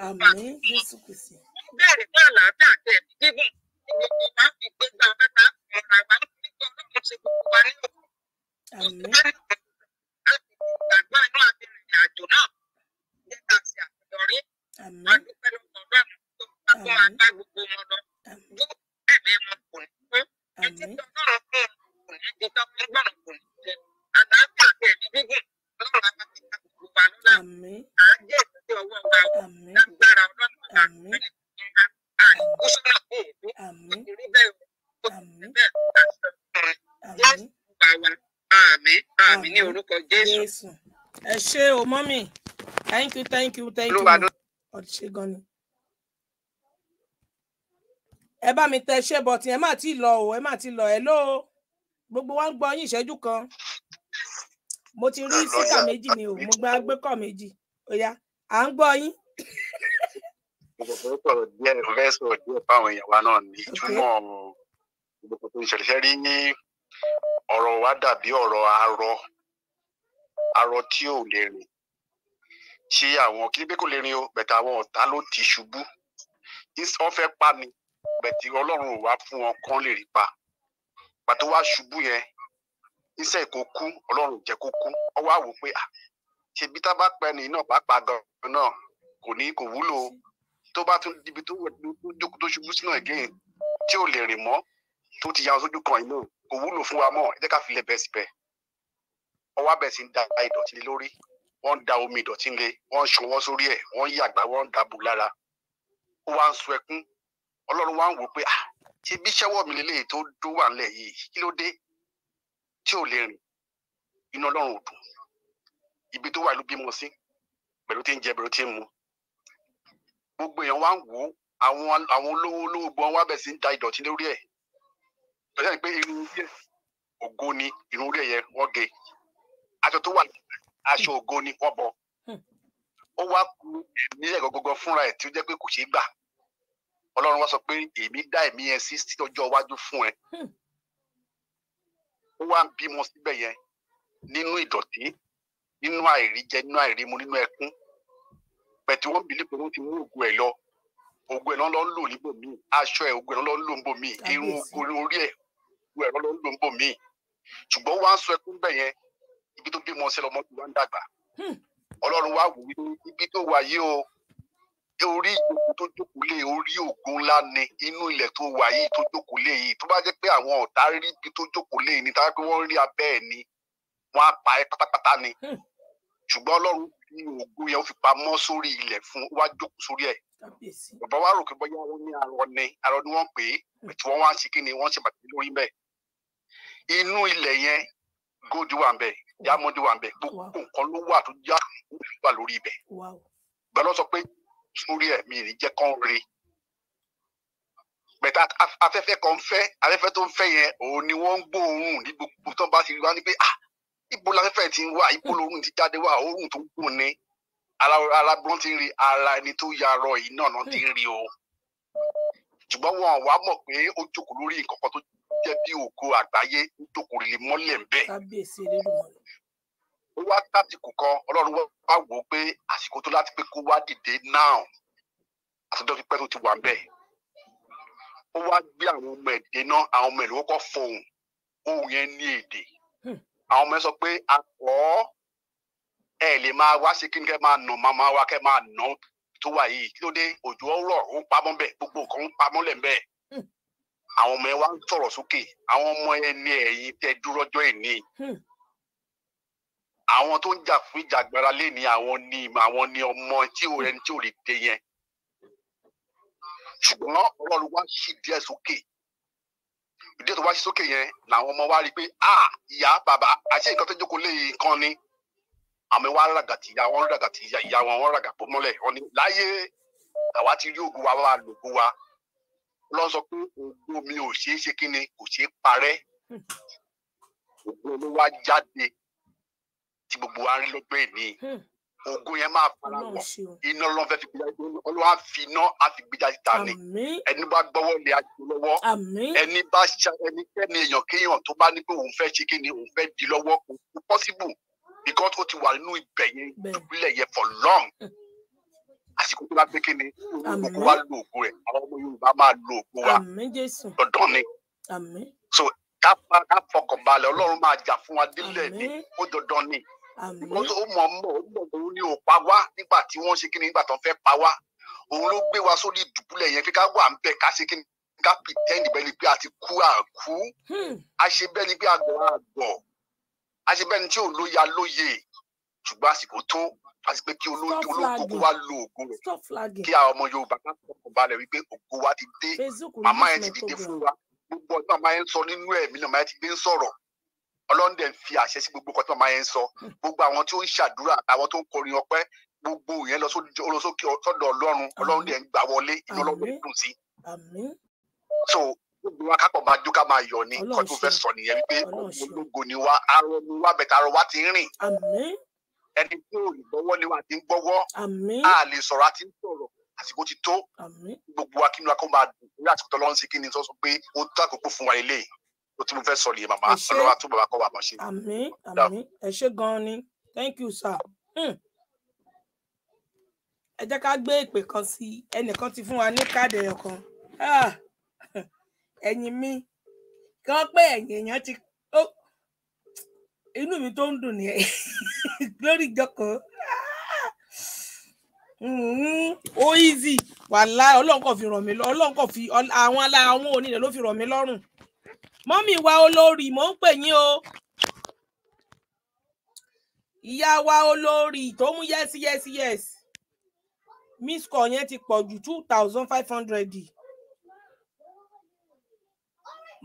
S1: àmín Jésù Kristi.
S3: bẹ́ẹ̀ ni àlàáfíà tẹ̀ mí gígùn gbogbo wa fi gbégbá mẹ́ta ọ̀rọ̀ àwa nígbà ọlọ́run ṣe gbogbo wa ní òkú. àmín. àgbà inú àti ìrìn àjò náà jẹ́ ká ṣe àṣeyọrí. àmín. a dúpẹ́ lọ́wọ́ ọlọ́run tó ń gbàgbọ́ àgbà gbogbo wọn lọ ní wọn kò ní pé ẹtí ọlọ́run fún wọn kò ní ìtọ́ ẹgbẹ́rún kò ní jẹ àlàáfíà àti ẹ̀mí gígùn ọlọ́run á
S1: bá ti ta gbogbo wa lọ́la à ń jẹ́ ìtọ́jú ọwọ́ wa ó lágbára ọlọ́run wa ẹni tí a ní
S3: kó sọ́nà kó òkú nítorí bẹ́ẹ̀ ó ti bẹ́ẹ̀ àṣọ jésù bá wa àmín àmín ní orúkọ jésù. ẹ
S1: ṣé o mọ́mì thank you thank you thank you ọ̀ṣẹ́gun ni ẹ bá mi tẹ ṣé bọ̀tì ẹ má ti lọ o ẹ má ti lọ ẹ ló gbogbo wa ń gbọ́ yín ìṣẹ́jú kan mo ti rí síkà méjì ni o mo gba agbẹ́kọ̀ méjì ó à ń gbọ́ yín.
S7: ìgbàgbọ́
S6: um, wa dàbí ọ̀rọ̀ arọ arọ tí ò lè rìn ṣé àwọn kí ni pé kò lè rìn o bẹ̀tẹ̀ àwọn ọ̀tá ló ti ṣubú wọ́n fẹ́ pa ni bẹ̀tì ọlọ́run ò wá fún wọn kán lè rí pa pàtó wá ṣubú yẹn iṣẹ́ ìkó kú ọlọ́run jẹ́ kó kú ọ wá wò pé ṣebí tá bá pẹ́ ni náà pàápàá gan-an náà kò ní kò wúlò tó bá tún dibi tó jókòó tó ṣubú sínú ẹ̀gẹ́ tí ò lè rìn mọ́ tó ti ya sójú kan iná kò wúlò fún wa mọ́ ẹ jẹ́ ká filẹ̀ bẹ́ẹ̀ síbẹ̀ ọwọ́ abẹ́ sí ń da ìdọ̀tí lé lórí wọ́n ń da omi ìdọ̀tí lé wọ́n ń ṣọwọ́ sórí ẹ̀ wọ́n ń yàgbá wọ́n ń dàbò lára ó wá ń sun ẹkún ọlọ́run wá ń wò pé ah ṣe bí ṣẹ́wọ́ mi lélẹ́yìí tó dó wà ńlẹ̀ yìí kí ló dé tí ò lè rìn inú ọlọ́run ò dùn ibi tó wà ló bímọ sí pẹ̀lú tí ń jẹ pẹ̀lú tí ń mu gbogbo èèyàn wá ń wò ó àwọn àwọn olówó olówó gbọ́n wá bẹ̀rẹ̀ sí ń da ìdọ̀tí lórí ẹ̀ lọ́sẹ̀ ni pé irun orí ẹ̀ ògo ni irun orí ẹ̀ yẹn wọ́n ge aṣọ tó wà aṣọ ògo ni wọ́n bọ hmm. ó wá kú ní ẹ̀gọ́gọ́gọ́ fúnra ẹ̀ tí ó jẹ́ pé kò ṣeé gbà ọlọ́run wá sọ pé èmi dá ẹ̀mí yẹn sí ọjọ́ iwájú fún ẹ hmm. ó wá ń bímọ síbẹ̀ yẹn nínú ìdọ̀tí nínú àìríjẹ nínú àìrímu nínú ẹkún pẹ̀tù wọ́n bìlí pé wọ́n ti mú ògùn ẹ̀ lọ ògùn ẹ̀ náà lọ́ ń lò níbò míì aṣọ ẹ̀ ògùn ẹ̀ náà lọ́ ń lò níbò míì irun ogun orí ẹ̀ ògùn ẹ̀ náà lọ́ ń lò níbò míì ṣùgbọ́n wá ń sọ ẹkún bẹ̀ yẹn ibi tó bímọ sí lọmọ ti wá ń dàgbà hmm. ọlọ́run wá wò wípé ibi tó wà o orí ìjókòó tó jókòó lé orí ògùn ńlá ni inú ilẹ̀ tó wà yìí tó jókòó lé yìí tó bá jẹ́ pé àwọn ọ̀tá rí ibi tó jókòó lé ni táwọn pé wọ́n rí abẹ́ ẹ̀ ni wọ́n á pa ẹ́ pátápátá ni hmm. ṣùgbọ́n ọlọ́run fi ògùn yẹn ó fi pamọ́ sórí ilẹ̀ fún wá jókòó sórí ẹ̀ bàbá wa rò pé bóyá wọ́n ní arọ ni arọ ni wọ́n pè é hmm. tí wọ́n wá ń ṣe kí ni wọ́n ṣe bàtà lórí bẹ́ẹ̀ inú ilẹ̀ yẹn góòdù wà ń yámọ́dù wà ń gbogbo nǹkan ló wà tó yá lórí ibẹ̀ bẹ́ẹ̀ sọ pé sórí ẹ̀mí ní jẹ́ kán re bẹ̀tà afẹ́fẹ́ kan fẹ́ afẹ́fẹ́ tó ń fẹ́ yẹn òun ni wọ́n ń gbóòórùn ní gbogbo tó ń bá ti wá ní pé ah ibo lafẹ́fẹ́ ti ń wá ibo lóorùn ti jáde wá òórùn tó kù ni alábọ́n ti ń rí ara ẹni tó yarọ yìí náà náà ti ń rí o ṣùgbọ́n wọn wàá mọ̀ pé ó jókòó lórí nǹkan kan tó jẹ́ bí ògo àgbáyé ó jókòó lè mọ́lẹ̀ ń bẹ̀ ó wá tàtìkù kan ọlọ́run wá wò ó pé àsìkò tó láti pé kó wá dìde náà àtijọ́ ti pẹ́ tó ti wà ń bẹ̀. ó wá gbé àwọn ọmọ èdè náà àwọn ọmọ èdè wọ́n kọ́ fọhùn ohùn yẹn ní èdè. Hmm. àwọn ọmọ yẹn sọ pé akọ ẹ lè máa wá sí kí ni kẹ máa nà máa máa wá kẹ máa nà tó wà yìí kí ló dé òjò ọ̀rọ̀ ó ń pamọ́ bẹ́ẹ̀ gbogbo nǹkan ń pamọ́ lẹ̀ bẹ́ẹ̀. Hmm. àwọn ọmọ yẹn wá ń sọ̀rọ̀ sókè àwọn ọmọ yẹn ní ẹ̀yìn tẹ dúró ọjọ́ ìní àwọn tó ń jà fún ìjàgbara lé ní àwọn ní àwọn ní ọmọ tí ò rẹni tí ò lè dé yẹn ṣùgbọ́n ọlọ́run wá sí díẹ̀ sókè díẹ̀ tó wá sí sókè yẹn làwọn ọmọ wa rí i pé a ìyá bàbá àṣẹ nǹkan tó jókòó lé nǹkan e ni àmì wa ràgàtì ìyá wọn ràgàtì ìyá wọn wọn ràgàpọ̀ mọ́lẹ̀ wọn ni láyé àwa ti rí ògùn wa wà lògùn wa lọ́n sọ pé ògùn mi ò ṣeé ṣe kí ni kò ṣeé parẹ́ hmm. ògùn ló wá jáde tí gbogbo wa ń rí lọ́jọ́ èmi hmm. ogun yẹn máa fara wọ iná lọ́fẹ́ fi gbéjà olúwa fi iná fi gbéjà síta ni ẹni bá gbọ́wọ́ lé àjò lọ́wọ́ ẹni bá ṣa ẹnikẹ́ni èèyàn kéèyàn tó bá ní pé òun fẹ́ ṣe kí òun fẹ́ di lọ́wọ́ kò pọ́síbù because ó ti wà nínú ibẹ̀ yẹn ìdúpilẹ̀ yẹn for long hmm. àsìkò tó bá gbé kí ni wa lo ògùn rẹ̀ àwọn ọmọ Yorùbá máa lo ògùn wa dandan ni so ká fọkàn balẹ̀ Ọlọ́run máa jà fún wa délẹ̀ ni ó dandan ni ó mọ̀ mọ̀ mọ̀ òun ni ò wá nígbà tí wọ́n ṣe kí ni nígbà tó ń fẹ́ pa wá òun ló gbé wa sórí ìdùbúlẹ̀ yẹn pé ká wà ń bẹ̀ ká ṣe kí ni ká pretend bẹ́ẹ̀ ni pé a ti kú àkú hmm. a ṣe bẹ́ẹ̀ ni pé a gbọ́ àgbọ̀ a ṣe bẹ́ẹ̀ ni tí òun ló ṣùgbọ́n àsìkò tó àti pé kí olóògbé wa lo ògùn rẹ̀ kí àwọn ọmọ Yorùbá ká sọ̀rọ̀ balẹ̀ wípé ògo wa ti dé màmá yẹn ti dìde fún wa gbogbo ọdún màmá yẹn sọ nínú ẹ̀mí náà màmá yẹn ti dé ń sọ̀rọ̀ ọlọ́run dẹ̀ ń fi àṣẹ sí gbogbo kọ́tọ́ máa ń sọ hmm. gbogbo àwọn tí ó ń ṣàdúrà àwọn tó ń kọrin ọpẹ́ gbogbo yẹn lọ sókè ọ̀tọ́dọ̀ ọlọ́run ọlọ́run dẹ̀ ń gbà wọlé inú ọlọ́run dùn sí. so gbogbo wa kápọ̀ máa jó ká máa yọ̀ ni kọ́ tó fẹ́ sọ nìyẹn wípé ológo ni wa arọ ni wa bẹ̀tẹ̀ arọ wa ti ń rìn ẹni tí ò ní gbọ́wọ́ ni wa ti ń gbọ́wọ́ a lè sọ̀rọ̀ a ti ń sọ̀rọ̀ àsìkò ti tó gbogbo wa kí ni wa kó máa dùn lórí àsìkò tó lọ́n sí kí ni tó pé ó tó àkókò fún wa eléyìí o tí mo fẹ́ sọ nìyẹn màmá
S1: ọlọ́wà tó bàbá kọ́ wà máa ṣe. àmín àmín ẹ ṣé gan ni thank you sir. Hmm. ẹ jẹ́ ká gbé ìpè kan sí ẹnìkan ti fún wa ní káàdì ẹ̀yọ̀ kan ah. ẹ̀yìn mi kí wọ́n pé ẹ̀yìn èèyàn ti inú mi tó ń dùn nìyẹn lórí ìjókòó ah. hmm. ó easy wàhálà ọlọ́run kò fi ràn mí lọ́rùn ọlọ́run kò fi àwọn aláwọn onílẹ̀ ló fi ràn mí lọ́rùn mọ́mì wa olórí mò ń pè yín o ìyá wa olórí tó mú yẹ́sí yẹ́sí yẹ́sí miss kọ̀ yẹn ti pọ̀ ju two thousand five hundred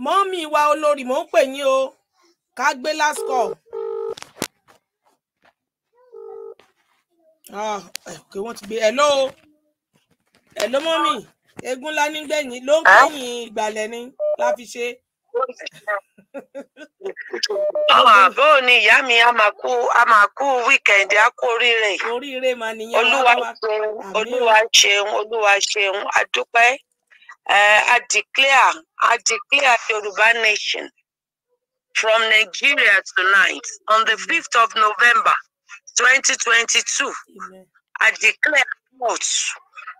S1: mọ́mì wa olórí mò ń pè yín o ká gbé last call. Ah, okay, wọ́n ti gbé hello hello mọ́mì egun lánìgbẹ̀yìn ló ń kẹ́yìn ìgbàlẹ̀ ni la fi ṣe àbó ni ìyá mi a máa kú a máa kú wíkẹ̀ndì a kú oríire olúwa ṣeun olúwa ṣeun olúwa ṣeun a dúpẹ́ a declare a declare Yorùbá nation from Nigeria tonight on the fifth of November twenty twenty two a declare out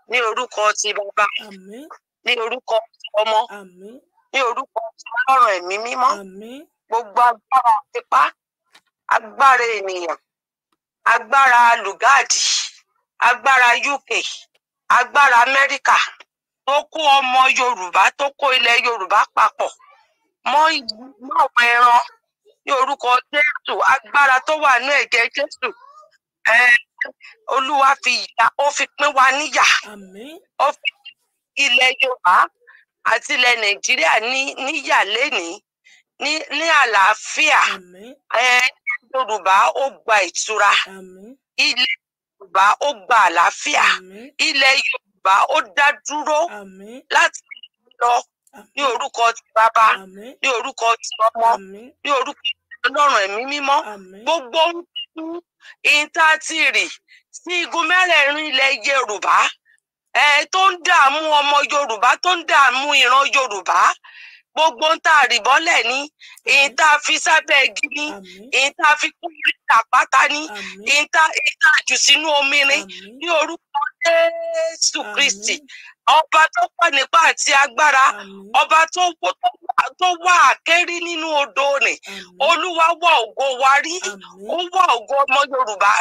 S1: ní orúkọ ti bàbá ní orúkọ ti ọmọ ní orúkọ ọlọ́run ẹ̀mí mímọ́ gbogbo agbára tipa agbára ènìyàn agbára lùgáàdì agbára UK agbára Amẹ́ríkà tó kó ọmọ Yorùbá tó kó ilẹ̀ Yorùbá papọ̀ mọ́ àwọn ẹran ní orúkọ Jésù agbára tó wà ní ẹ̀jẹ̀ Jésù Olúwa fi ìyà ó fi pín wa níyà ó fi ilẹ̀ Yorùbá àti ilẹ̀ nàìjíríà ní níyà lẹ́ni ní ní àlàáfíà yorùbá ó gba ìtura ilẹ̀ yorùbá ó gba àlàáfíà ilẹ̀ yorùbá ó dá dúró láti lọ ní orúkọ ti bàbá ní orúkọ ti ọmọ ní orúkọ ti ọlọ́run ẹ̀mí mímọ́ gbogbo ohun tí ń tá a rì sí igun mẹ́rẹ̀ẹ̀rin ilẹ̀ yorùbá tó ń dààmú ọmọ yorùbá tó ń dààmú ìran yorùbá gbogbo ń tà àrìbọ́lẹ̀ ni èyí tá a fi sábẹ́ igi ni èyí tá a fi kú orí àpáta ni èyí tá a jù sínú omi ni ní orúkọ jésù kristi ọba tó pẹ́ nípa àti agbára ọba tó wà kẹ́rí nínú odò nì olúwa wọ ògo wa rí ó wọ ògo ọmọ yorùbá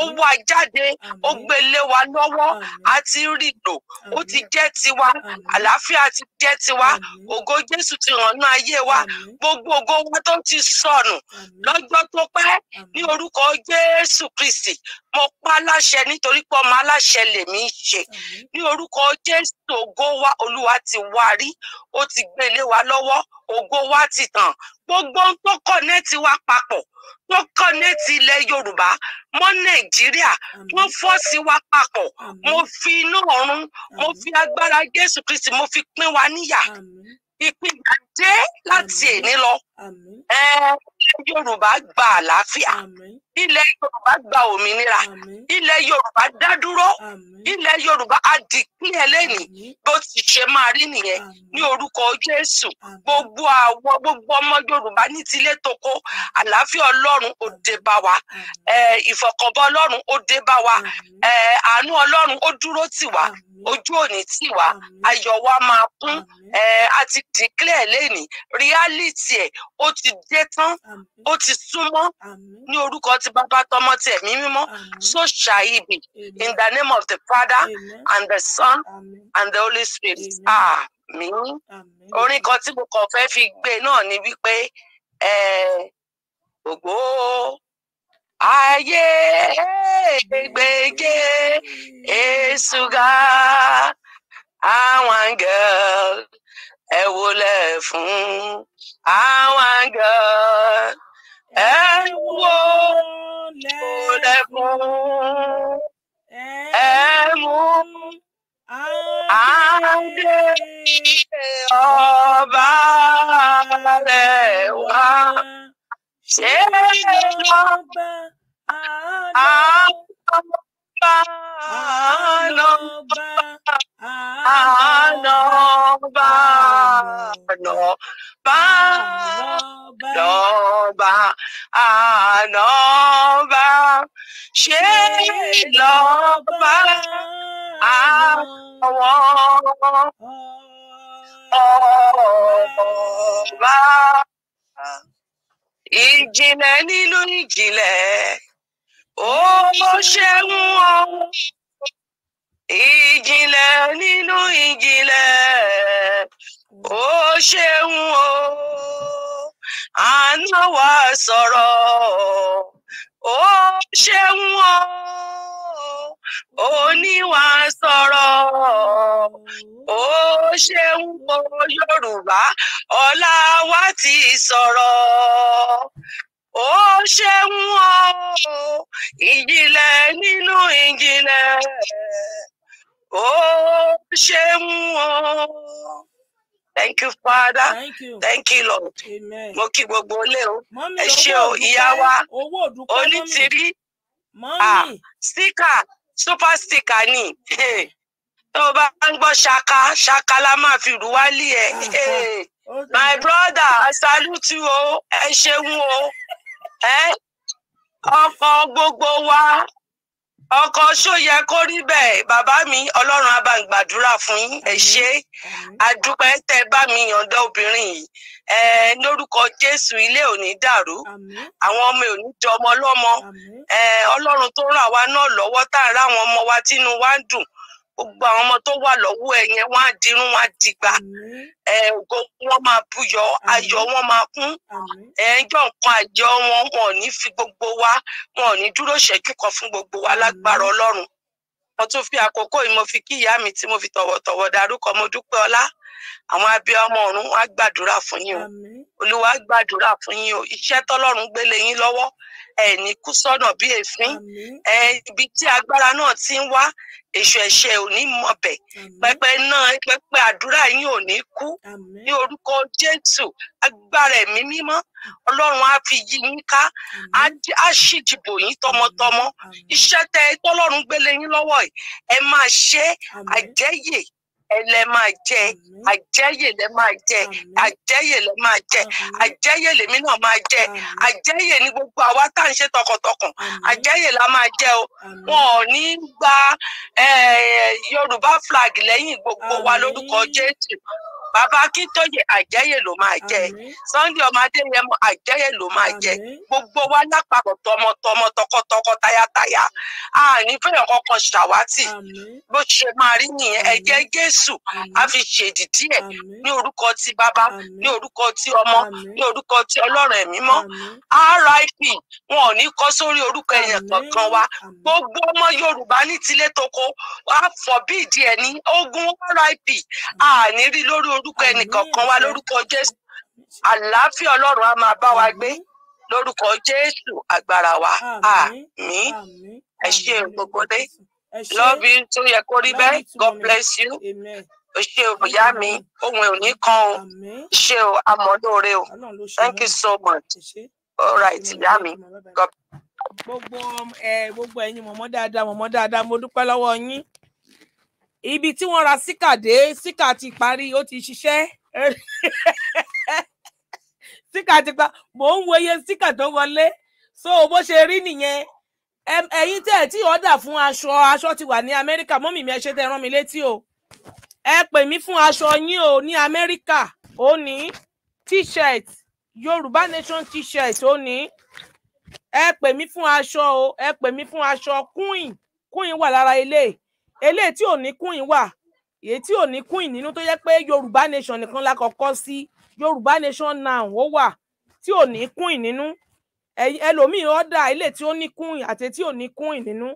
S1: ó wà jáde ó gbélé wa lọ́wọ́ àti rí ó ti jẹ́ tiwa àlàáfíà ti jẹ́ tiwa ògo jésù ti hàn ní ayé wa gbogbo ògo wa tó ti sọnù lọ́jọ́ tó pẹ́ ní orúkọ jésù kristi mo pa láṣẹ nítorí pé ọmọ aláṣẹ lèmi ń ṣe ní orúkọ jésù ògo wa olúwa ti wá rí ó ti gbé ilé wa lọ́wọ́ ògo wa ti tàn gbogbo ohun tó kọ̀nẹ́ẹ̀tì wa papọ̀ tó kọ̀nẹ́ẹ̀tì ilẹ̀ yorùbá mọ́ nàìjíríà tó fọ́ọ̀sì wa papọ̀ mo fi inú ọ̀run mo fi agbára jésù kristi mo fi pín wa níyà ìpínyà dé láti èní lọ ẹ yorùbá gba àlàáfíà. Amen ilẹ̀ yorùbá gba òmìnira ilẹ̀ yorùbá dá dúró ilẹ̀ yorùbá á di ìpínlẹ̀ lẹ́nìí bó ti ṣe máa rí nìyẹn ní orúkọ jésù gbogbo àwọn gbogbo ọmọ yorùbá ní tilé toko àlàáfíà ọlọ́run ó dé bá wa ìfọ̀kànbọ̀ ọlọ́run ó dé bá wa àánú ọlọ́run ó dúró tì wá ojú òní tì wá ayọ̀ wa máa kún a ti dìklẹ̀ lẹ́nìí reality ẹ̀ ó ti dé tán ó ti súnmọ́ ní orúkọ tí àti bàbá tọmọ ti ẹ̀mí mímọ́ so shall he in the name of the father Amen. and the son Amen. and the holy spirit àmín orin kan tí mo kàn fẹ́ fi gbé náà ni wípé gbogbo ayé
S9: gbègbè èsù ga àwọn angel ẹ wọlé fún àwọn girl. ẹ wò lẹ́kùn ẹ mú adé wá Ano ba? Ano ba? Ano ba? Ano ba? Sino ba? Awo. Ọba. Ìjìnlẹ̀ nínú ìjìnlẹ̀. Ó ṣẹ́gun ọ̀hún. ìjìnlẹ̀ nínú ìjìnlẹ̀ ó ṣeun o àná wa sọ̀rọ̀ ó ṣeun o oníwà sọ̀rọ̀ ó ṣeun o Yorùbá ọlá wa ti sọ̀rọ̀
S1: ó ṣeun o ìjìnlẹ̀ nínú ìjìnlẹ̀. Oh, Shemu. Oh. Thank you, Father. Thank you, Thank you Lord. Amen. Mo kí gbogbo ilé o. Ẹ ṣé o, ìyá wa. Owó òdùkọ́ mọ́mí. Onítìrí. Mọ́mí. Ah, Síkà, super sticker ni. Tó o bá ń gbọ́ ṣaka, ṣaka la máa fi rú wálé ẹ̀. My brother, I salute you o. Oh. Ẹ ṣeun o. Oh. Ọkọ̀ gbogbo wa ọkọ ṣó yẹ kó rí bẹ́ẹ̀ bàbá mi Ọlọ́run á bá ń gbàdúrà fún yín ẹ ṣé àdúpẹ́ tẹ́ bá mi yànda obìnrin yìí ẹ lórúkọ Jésù ilé ò ní dàrú àwọn ọmọ ò jọmọ lọ́mọ ẹ Ọlọ́run tó ràn wá náà lọ́wọ́ tá a rá àwọn ọmọ wa tínú wa ń dùn gbogbo àwọn ọmọ tó wà lọ́wọ́ ẹ yẹn wọ́n á dirun wọ́n á dìgbà ògo wọn máa búyọ ayọ̀ wọn máa kún ẹjọ́ nǹkan àjọ wọn wọn ò ní fi gbogbo wa wọn ò ní dúró ṣẹ́jú kan fún gbogbo wa lágbára Ọlọ́run mo tún fi àkókò yìí mo fi kí tí mo fi tọ̀wọ̀tọ̀wọ̀ darúkọ mo dúpẹ́ ọlá àwọn abiyamọ ọ̀run wá gbàdúrà fún yín o olúwa gbàdúrà fún yín o iṣẹ́ tọ́lọ́run gbélé yín lọ́wọ́ ẹ ní kú sọ́nà bí èéfín ẹ ibi tí agbára náà ti ń wá èṣù ẹ̀ṣẹ̀ ò ní mọbẹ pẹpẹ náà pẹpẹ àdúrà yín ò ní kú ní orúkọ Jésù agbára ẹ̀mí mímọ́ Ọlọ́run á fi yí yín ká á ṣìdìbò yín tọmọtọmọ iṣẹ́ tẹ tọ́lọ́run gbélé yín lọ́wọ́ ẹ máa ṣe àjẹyè ẹ lẹ máa jẹ àjẹyè lẹ máa jẹ àjẹyè lẹ máa jẹ àjẹyè lèmi náà máa jẹ àjẹyè ní gbogbo àwa tá à ń ṣe tọkàntọkàn àjẹyè la máa jẹ o wọn ò ní gba eh, Yorùbá flag lẹ́yìn gbogbo wa lórúkọ Jésù bàbá akíntóye àjẹyè ló máa jẹ sunday ọmọ adéyẹmọ àjẹyè ló máa jẹ gbogbo wa lápapọ̀ tọmọtọmọ tọkọtọkọ tayátayá a ní fẹ́ràn kankan ṣàwátì bó ṣe máa rí nìyẹn ẹ̀jẹ̀ jésù a fi ṣèdí díẹ̀ ní orúkọ ti bàbá ní orúkọ ti ọmọ ní orúkọ ti ọlọ́run ẹ̀mí mọ́ rip wọn ò ní kọ́ sórí orúkọ èèyàn kankan wa gbogbo ọmọ yorùbá ní tilé toko àfọ̀bí ogun rip a ní rí lórí orúkọ ẹnìkọ̀ọ̀kan wa lórúkọ Jésù àlàáfíà Ọlọ́run á máa bá wa gbé lórúkọ Jésù agbára wa àmín ẹ ṣe gbogbo dé tó yẹ kó rí bẹ́ẹ̀ God bless you o ṣe o ìyá mi ohun ò kan o ṣe o àmọ́ lóore o thank you so much all right ìyá mi God. gbogbo eh, ẹ mọ̀mọ́ dáadáa mọ̀mọ́ dáadáa mo dúpẹ́ lọ́wọ́ yín ibi tí wọ́n ra síkà dé síkà ti parí ó ti ṣiṣẹ́ síkà ti pa mò ń wòye síkà tó wọlé so bó ṣe rí nìyẹn ẹ̀yin tẹ́ ẹ tí ọdà fún aṣọ aṣọ ti wà ní Amẹ́ríkà mọ́mì mi ẹ ṣe tẹ́ rán mi létí o ẹ pè mí fún aṣọ yín o ní Amẹ́ríkà ó ní t-shirt Yorùbá Nation t-shirt ó ní ẹ pè mí fún aṣọ o ẹ pè mí fún aṣọ queen queen wà lára ilé eléyìí tí ò ní kúìn wà èyí tí ò ní kúìn nínú tó yẹ pé yorùbá nation nìkan la kọ́kọ́ sí yorùbá nation now ó wà tí ò ní kúìn nínú ẹlòmíì ọdà eléyìí tí ó ní kúìn àti tí ò ní kúìn nínú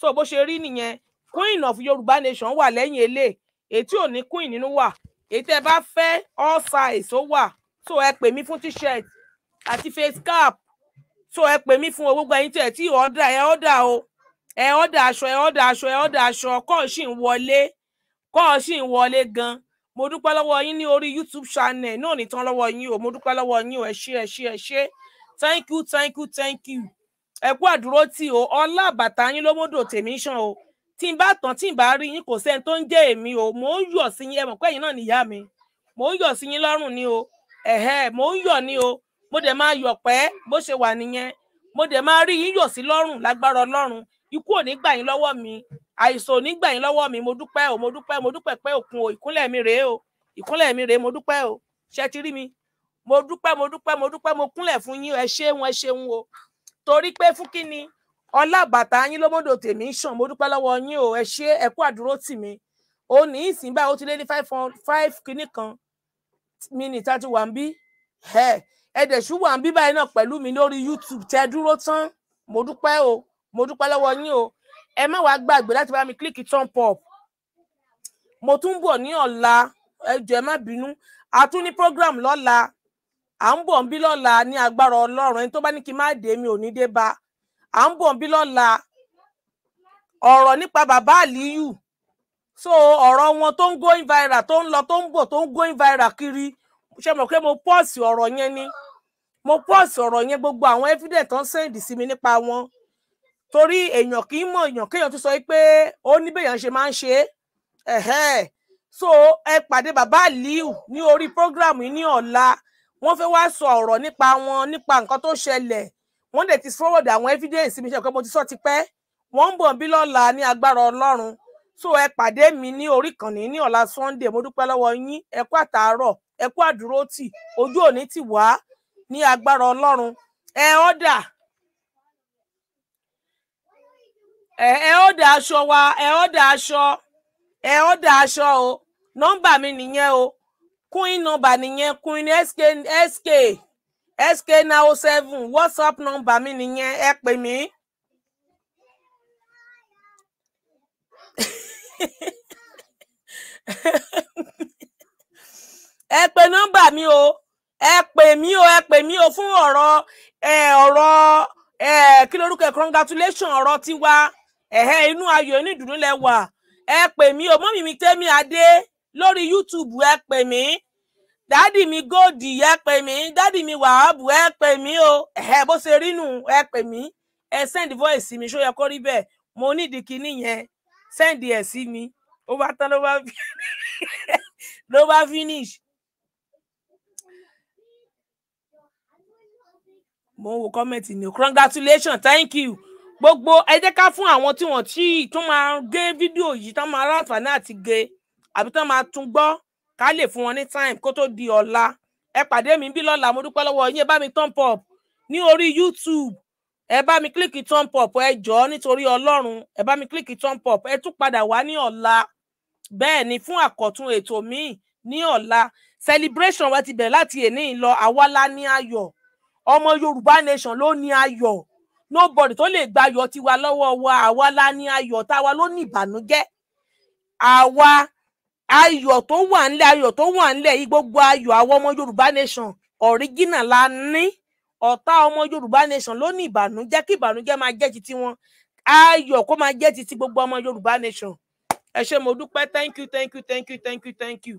S1: so bó ṣe rí nìyẹn queen of yorùbá nation wà lẹ́yìn eléyìí èyí tí ò ní queen nínú wà èyí tẹ́ bá fẹ́ all size ó wà so ẹ pè mí fún t-shirt àti face cap so ẹ pè mí fún o gbogbo ẹ̀yin tí ẹ tí ọdà ẹ ọdà o ẹ ọdà aṣọ ẹ ọdà aṣọ ẹ ọdà aṣọ kọ́ ọ sì ń wọlé kọ́ ọ sì ń wọlé gan mo dúpẹ́ lọ́wọ́ yín ní orí youtube channel náà nìtàn lọ́wọ́ yín o mo dúpẹ́ lọ́wọ́ yín o ẹ ṣé ẹ ṣé ẹ ṣé thank you thank you thank you ẹ kú àdúró tì o ọlá bàtà yín ló mọ́dọ̀ tèmi sàn o tí n bá tán tí n bá rí yín kò sẹ́ni tó ń jẹ́ èmi o mò ń yọ̀ sí yín ẹ mọ̀ pé ẹ̀yin náà nìyá mi mò ń yọ̀ sí yín lọ́rùn ni o ẹ̀hẹ́ mò ń yọ̀ ni o mo dẹ̀ máa yọ̀ pẹ́ bó ṣe wà nìyẹn mo dẹ̀ máa rí yín yọ̀ sí lọ́rùn lágbára ọlọ́run ikú ò ní gbà yín lọ́wọ́ mi àìsàn ò ní gbà yín lọ́wọ́ mi mo dúpẹ́ o mo dúpẹ́ mo dúpẹ́ pé òkun o ìkúnlẹ̀ mi rèé o ìkúnlẹ̀ mi rèé mo dúpẹ́ o ṣe ti rí mi mo dúpẹ́ mo dúpẹ́ mo dúpẹ́ mo kúnlẹ̀ fún yín ẹ ṣeun ẹ ṣeun o torí pé fún kí ni ọlá bàtà yín lọmọdò tèmi ń sàn mo dúpẹ́ lọ́wọ́ yín o ẹ ṣe ẹ kú àdúró tì mí o ní ìsìn báyìí ó ti lé ní five five kinní kan minute àti wà ń bí ẹ ẹ dẹ̀ ṣú wà náà pẹ̀lú mi lórí YouTube tẹ dúró tán mo dúpẹ́ o mo dúpẹ́ lọ́wọ́ yín o ẹ má wàá gbàgbé láti bá mi kílíkì turn pop mo tún bọ̀ ní ọ̀la ẹ jọ̀ọ́ ẹ má bínú a tún ní program lọ́la à ń bọ̀ ń bí lọ́la ní agbára ọlọ́run ẹni tó bá ní kí n má dé mi ò ní dé bá à ń bọ̀ ń bí lọ́la ọ̀rọ̀ nípa bàbá àlíyù so ọ̀rọ̀ wọn tó ń going viral tó ń lọ tó ń bọ̀ tó ń going viral kiri ṣe mọ̀ pé mo pọ́ọ̀sì ọ̀rọ̀ yẹn ni mo pọ́ọ̀sì ọ̀rọ̀ yẹn gbogbo àwọn evidence tó ń sẹ́ǹdì sí mi nípa wọn torí èèyàn kì í mọ èèyàn kéèyàn tún sọ pé ó ní béèyàn ṣe máa ń ṣe é so ẹ pàdé bàbá aliu ní orí program yìí ní ọ̀la wọ́n fẹ́ wá sọ ọ̀rọ̀ nípa wọn nípa nǹkan tó ṣẹlẹ̀ wọ́n dẹ̀ ti forward àwọn evidence mi ṣe pé mo ti sọ ti pẹ́ wọ́n ń bọ̀ bí lọ́la ní agbára ọlọ́run so ẹ pàdé mi ní orí kànnì ní ọ̀la sunday mo dúpẹ́ lọ́wọ́ yín ẹ kú àtàárọ̀ ẹ kú àdúrótì ojú òní ti wá ní agbára ọlọ́run ẹ ọ́dà ẹ ẹ aṣọ wa ẹ aṣọ ẹ aṣọ o nọmba mi nìyẹn o queen nọ́mbà nìyẹn queen sk sk sk nine oh seven whatsapp nọ́mbà mi nìyẹn ẹ pè mí. ẹ nọmba mi o ẹ o ẹ o fún ọrọ ọrọ congratulation ọrọ tiwa ẹ̀hẹ́ inú ayọ̀ onídùúró lẹ wà ẹ pè mí o mọ́mì mi Tẹ́mi Adé lórí YouTube ẹ pè mí dádì mi Góòdì ẹ pè mí dádì mi Wàhábù ẹ pè mí o ẹ̀hẹ́ bó ṣe rí nù ẹ pè mí ẹ send voice mi ṣó yẹ kó rí bẹ́ẹ̀ mo nídìí kinní yẹn send ẹ̀ sí mi ó bá tán ló bá ló bá finish. mo ń wo kọ́mẹ̀ntì ni congratulations thank you gbogbo ẹ jẹ́ ká fún àwọn tí wọ́n ti tún máa gé fídíò yìí tán máa ráǹfààní àti gé àbí tán máa tún gbọ́ ká lè fún wọn ní time kó tó di ọ̀la ẹ pàdé mi bí lọ́la mo dúpẹ́ lọ́wọ́ yín ẹ bá mi thumb up ní orí YouTube ẹ bá mi kílíkì thumb up ẹ jọ̀ọ́ nítorí Ọlọ́run ẹ bá mi kílíkì thumb up ẹ tún padà wá ní ọ̀la bẹ́ẹ̀ ni fún àkọ́tún ètò míì ní ọ̀la celebration wa ti bẹ̀rẹ̀ láti èní lọ àwa la ní ayọ̀ ọmọ Yorùbá nation ló ní ayọ̀ nobody tó lè gba ayọ̀ tiwa lọ́wọ́ wa àwa la ní ayọ̀ táwa ló ní ìbànújẹ́ àwa ayọ̀ tó wà ńlẹ̀ ayọ̀ tó wà ńlẹ̀ yìí gbogbo ayọ̀ àwọn ọmọ Yorùbá nation ọ̀ríjìnà la ní ọ̀tá ọmọ Yorùbá nation ló ní ìbànújẹ́ kí ìbànújẹ́ máa jẹ́ ti tiwọn ayọ̀ kó máa jẹ́ ti ti gbogbo ọmọ Yorùbá nation ẹ ṣé mo dúpẹ́ thank you thank you thank you thank you thank you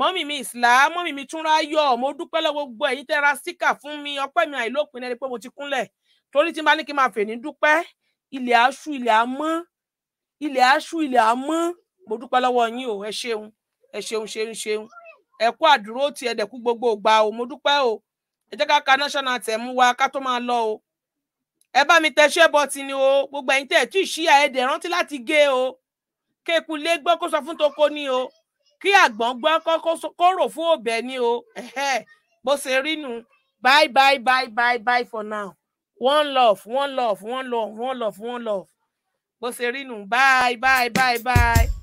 S1: mọ́mì mi ìsìlá mọ́mì mi túnra yọ̀ mo dúpẹ́ lọ́wọ́ gbogbo ẹ̀yin tẹ́ ra síkà fún mi ọpẹ́ mi àìlópin ẹni pé mo ti kúnlẹ̀ torí tí n bá ní kí n máa fè ní dúpẹ́ ilẹ̀ aṣú ilẹ̀ amọ́ ilẹ̀ aṣú ilẹ̀ amọ́ mo dúpẹ́ lọ́wọ́ yín o ẹ ṣeun ẹ ṣeun ṣeun ṣeun ẹ kú àdúró ti ẹ dẹ̀kú gbogbo ògbà o mo dúpẹ́ o ẹ jẹ́ ká ka national tẹ̀mú wa ká tó máa lọ o ẹ bá mi tẹṣẹ́ bọ́ ti ni o gbogbo ẹ̀yin tẹ̀ tí ì ṣí ẹ̀ẹ́dẹ̀ rántí láti gé e o kéku lé gbọ́ kó sọ fún toko ni o kí àgbọ̀n gbọ́ kó rò fún òbẹ̀ ni o bó ṣe rí nu bye bye bye bye bye for now one love one love one love one love one love bó ṣe rí nù bye bye bye bye.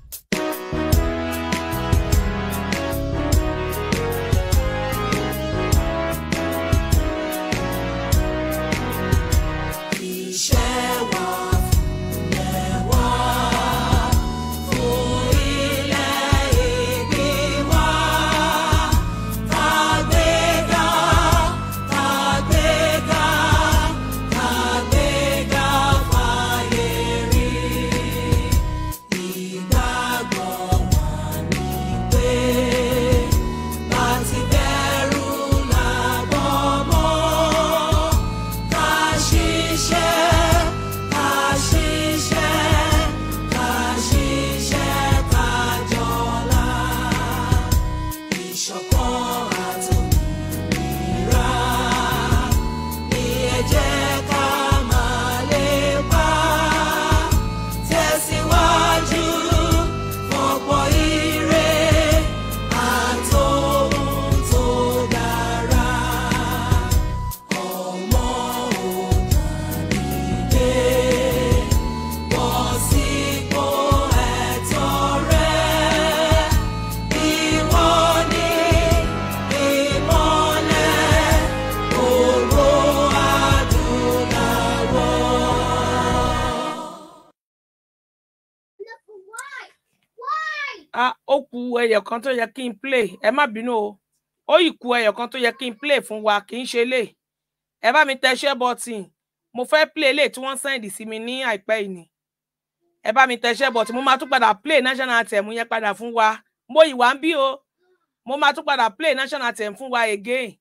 S1: ó ku ẹyọ kan tó yẹ kí n play ẹ má bínú o ó yìí ku ẹyọ kan tó yẹ kí n play fún wa kì í ṣe lè ẹ bá mi tẹ ṣẹ́ mo fẹ play lè tí wọ́n sẹ́ndì sí mi ní àìpẹ́ yìí ni ẹ bá mi tẹ ṣẹ́ mo máa tún padà play national anthem yẹn padà fún wa mo ìwà ń bí o mo máa tún padà play national anthem fún wa again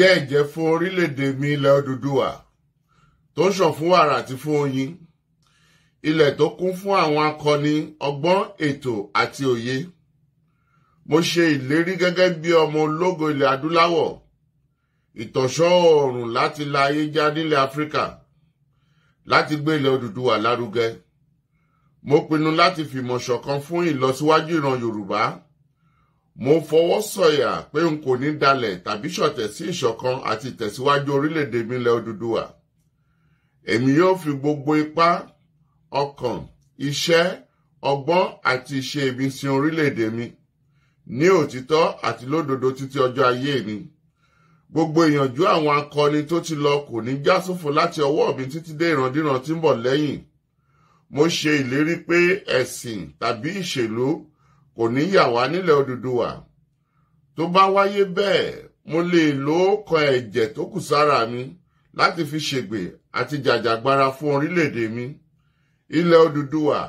S10: jẹ́ ẹ̀jẹ́ fún orílẹ̀-èdè mi ilẹ̀ Odùduwà tó ń ṣàn fún wàrà àti fún oyin ilẹ̀ tó kún fún àwọn akọni ọgbọ́n ètò àti òye mo ṣe ìlérí gẹ́gẹ́ bí ọmọ ológo ilẹ̀ adúláwọ̀ ìtọ̀ṣọ́ oòrùn láti la ayé já nílẹ̀ Áfíríkà láti gbé ilẹ̀ Odùduwà lárugẹ mo pinnu láti fìmọ̀ ṣọ̀kan fún ìlọsíwájú ìran Yorùbá mo fọwọ́ sọ̀yà pé n kò ní dalẹ̀ tàbí ṣọ̀tẹ̀ sí ìṣọ̀kan àti ìtẹ̀síwájú orílẹ̀-èdè mi ilẹ̀ Odùduwà èmi yóò fi gbogbo ipá ọkàn iṣẹ́ ọgbọ́n àti ìṣe mi sin orílẹ̀-èdè mi ní òtítọ́ àti lódodo títí ọjọ́ ayé mi gbogbo ìyànjú àwọn akọni tó ti lọ kò ní já sófo láti ọwọ́ mi títí dé ìrandíran tí ń bọ̀ lẹ́yìn mo ṣe ìlérí pé ẹ̀sìn tàbí ìṣèlú kò ní yà wá nílẹ̀ Odùduwà tó bá wáyé bẹ́ẹ̀ mo lè lo ọkàn ẹ̀jẹ̀ tó kù sára mi láti fi ṣègbè àti jàjàgbara fún orílẹ̀-èdè mi ilẹ̀ Odùduwà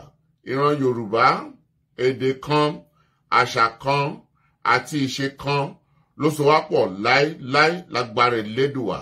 S10: ìran Yorùbá èdè kan àṣà kan àti ìṣe kan ló so wá pọ̀ láéláé lágbára
S3: Elédùwà.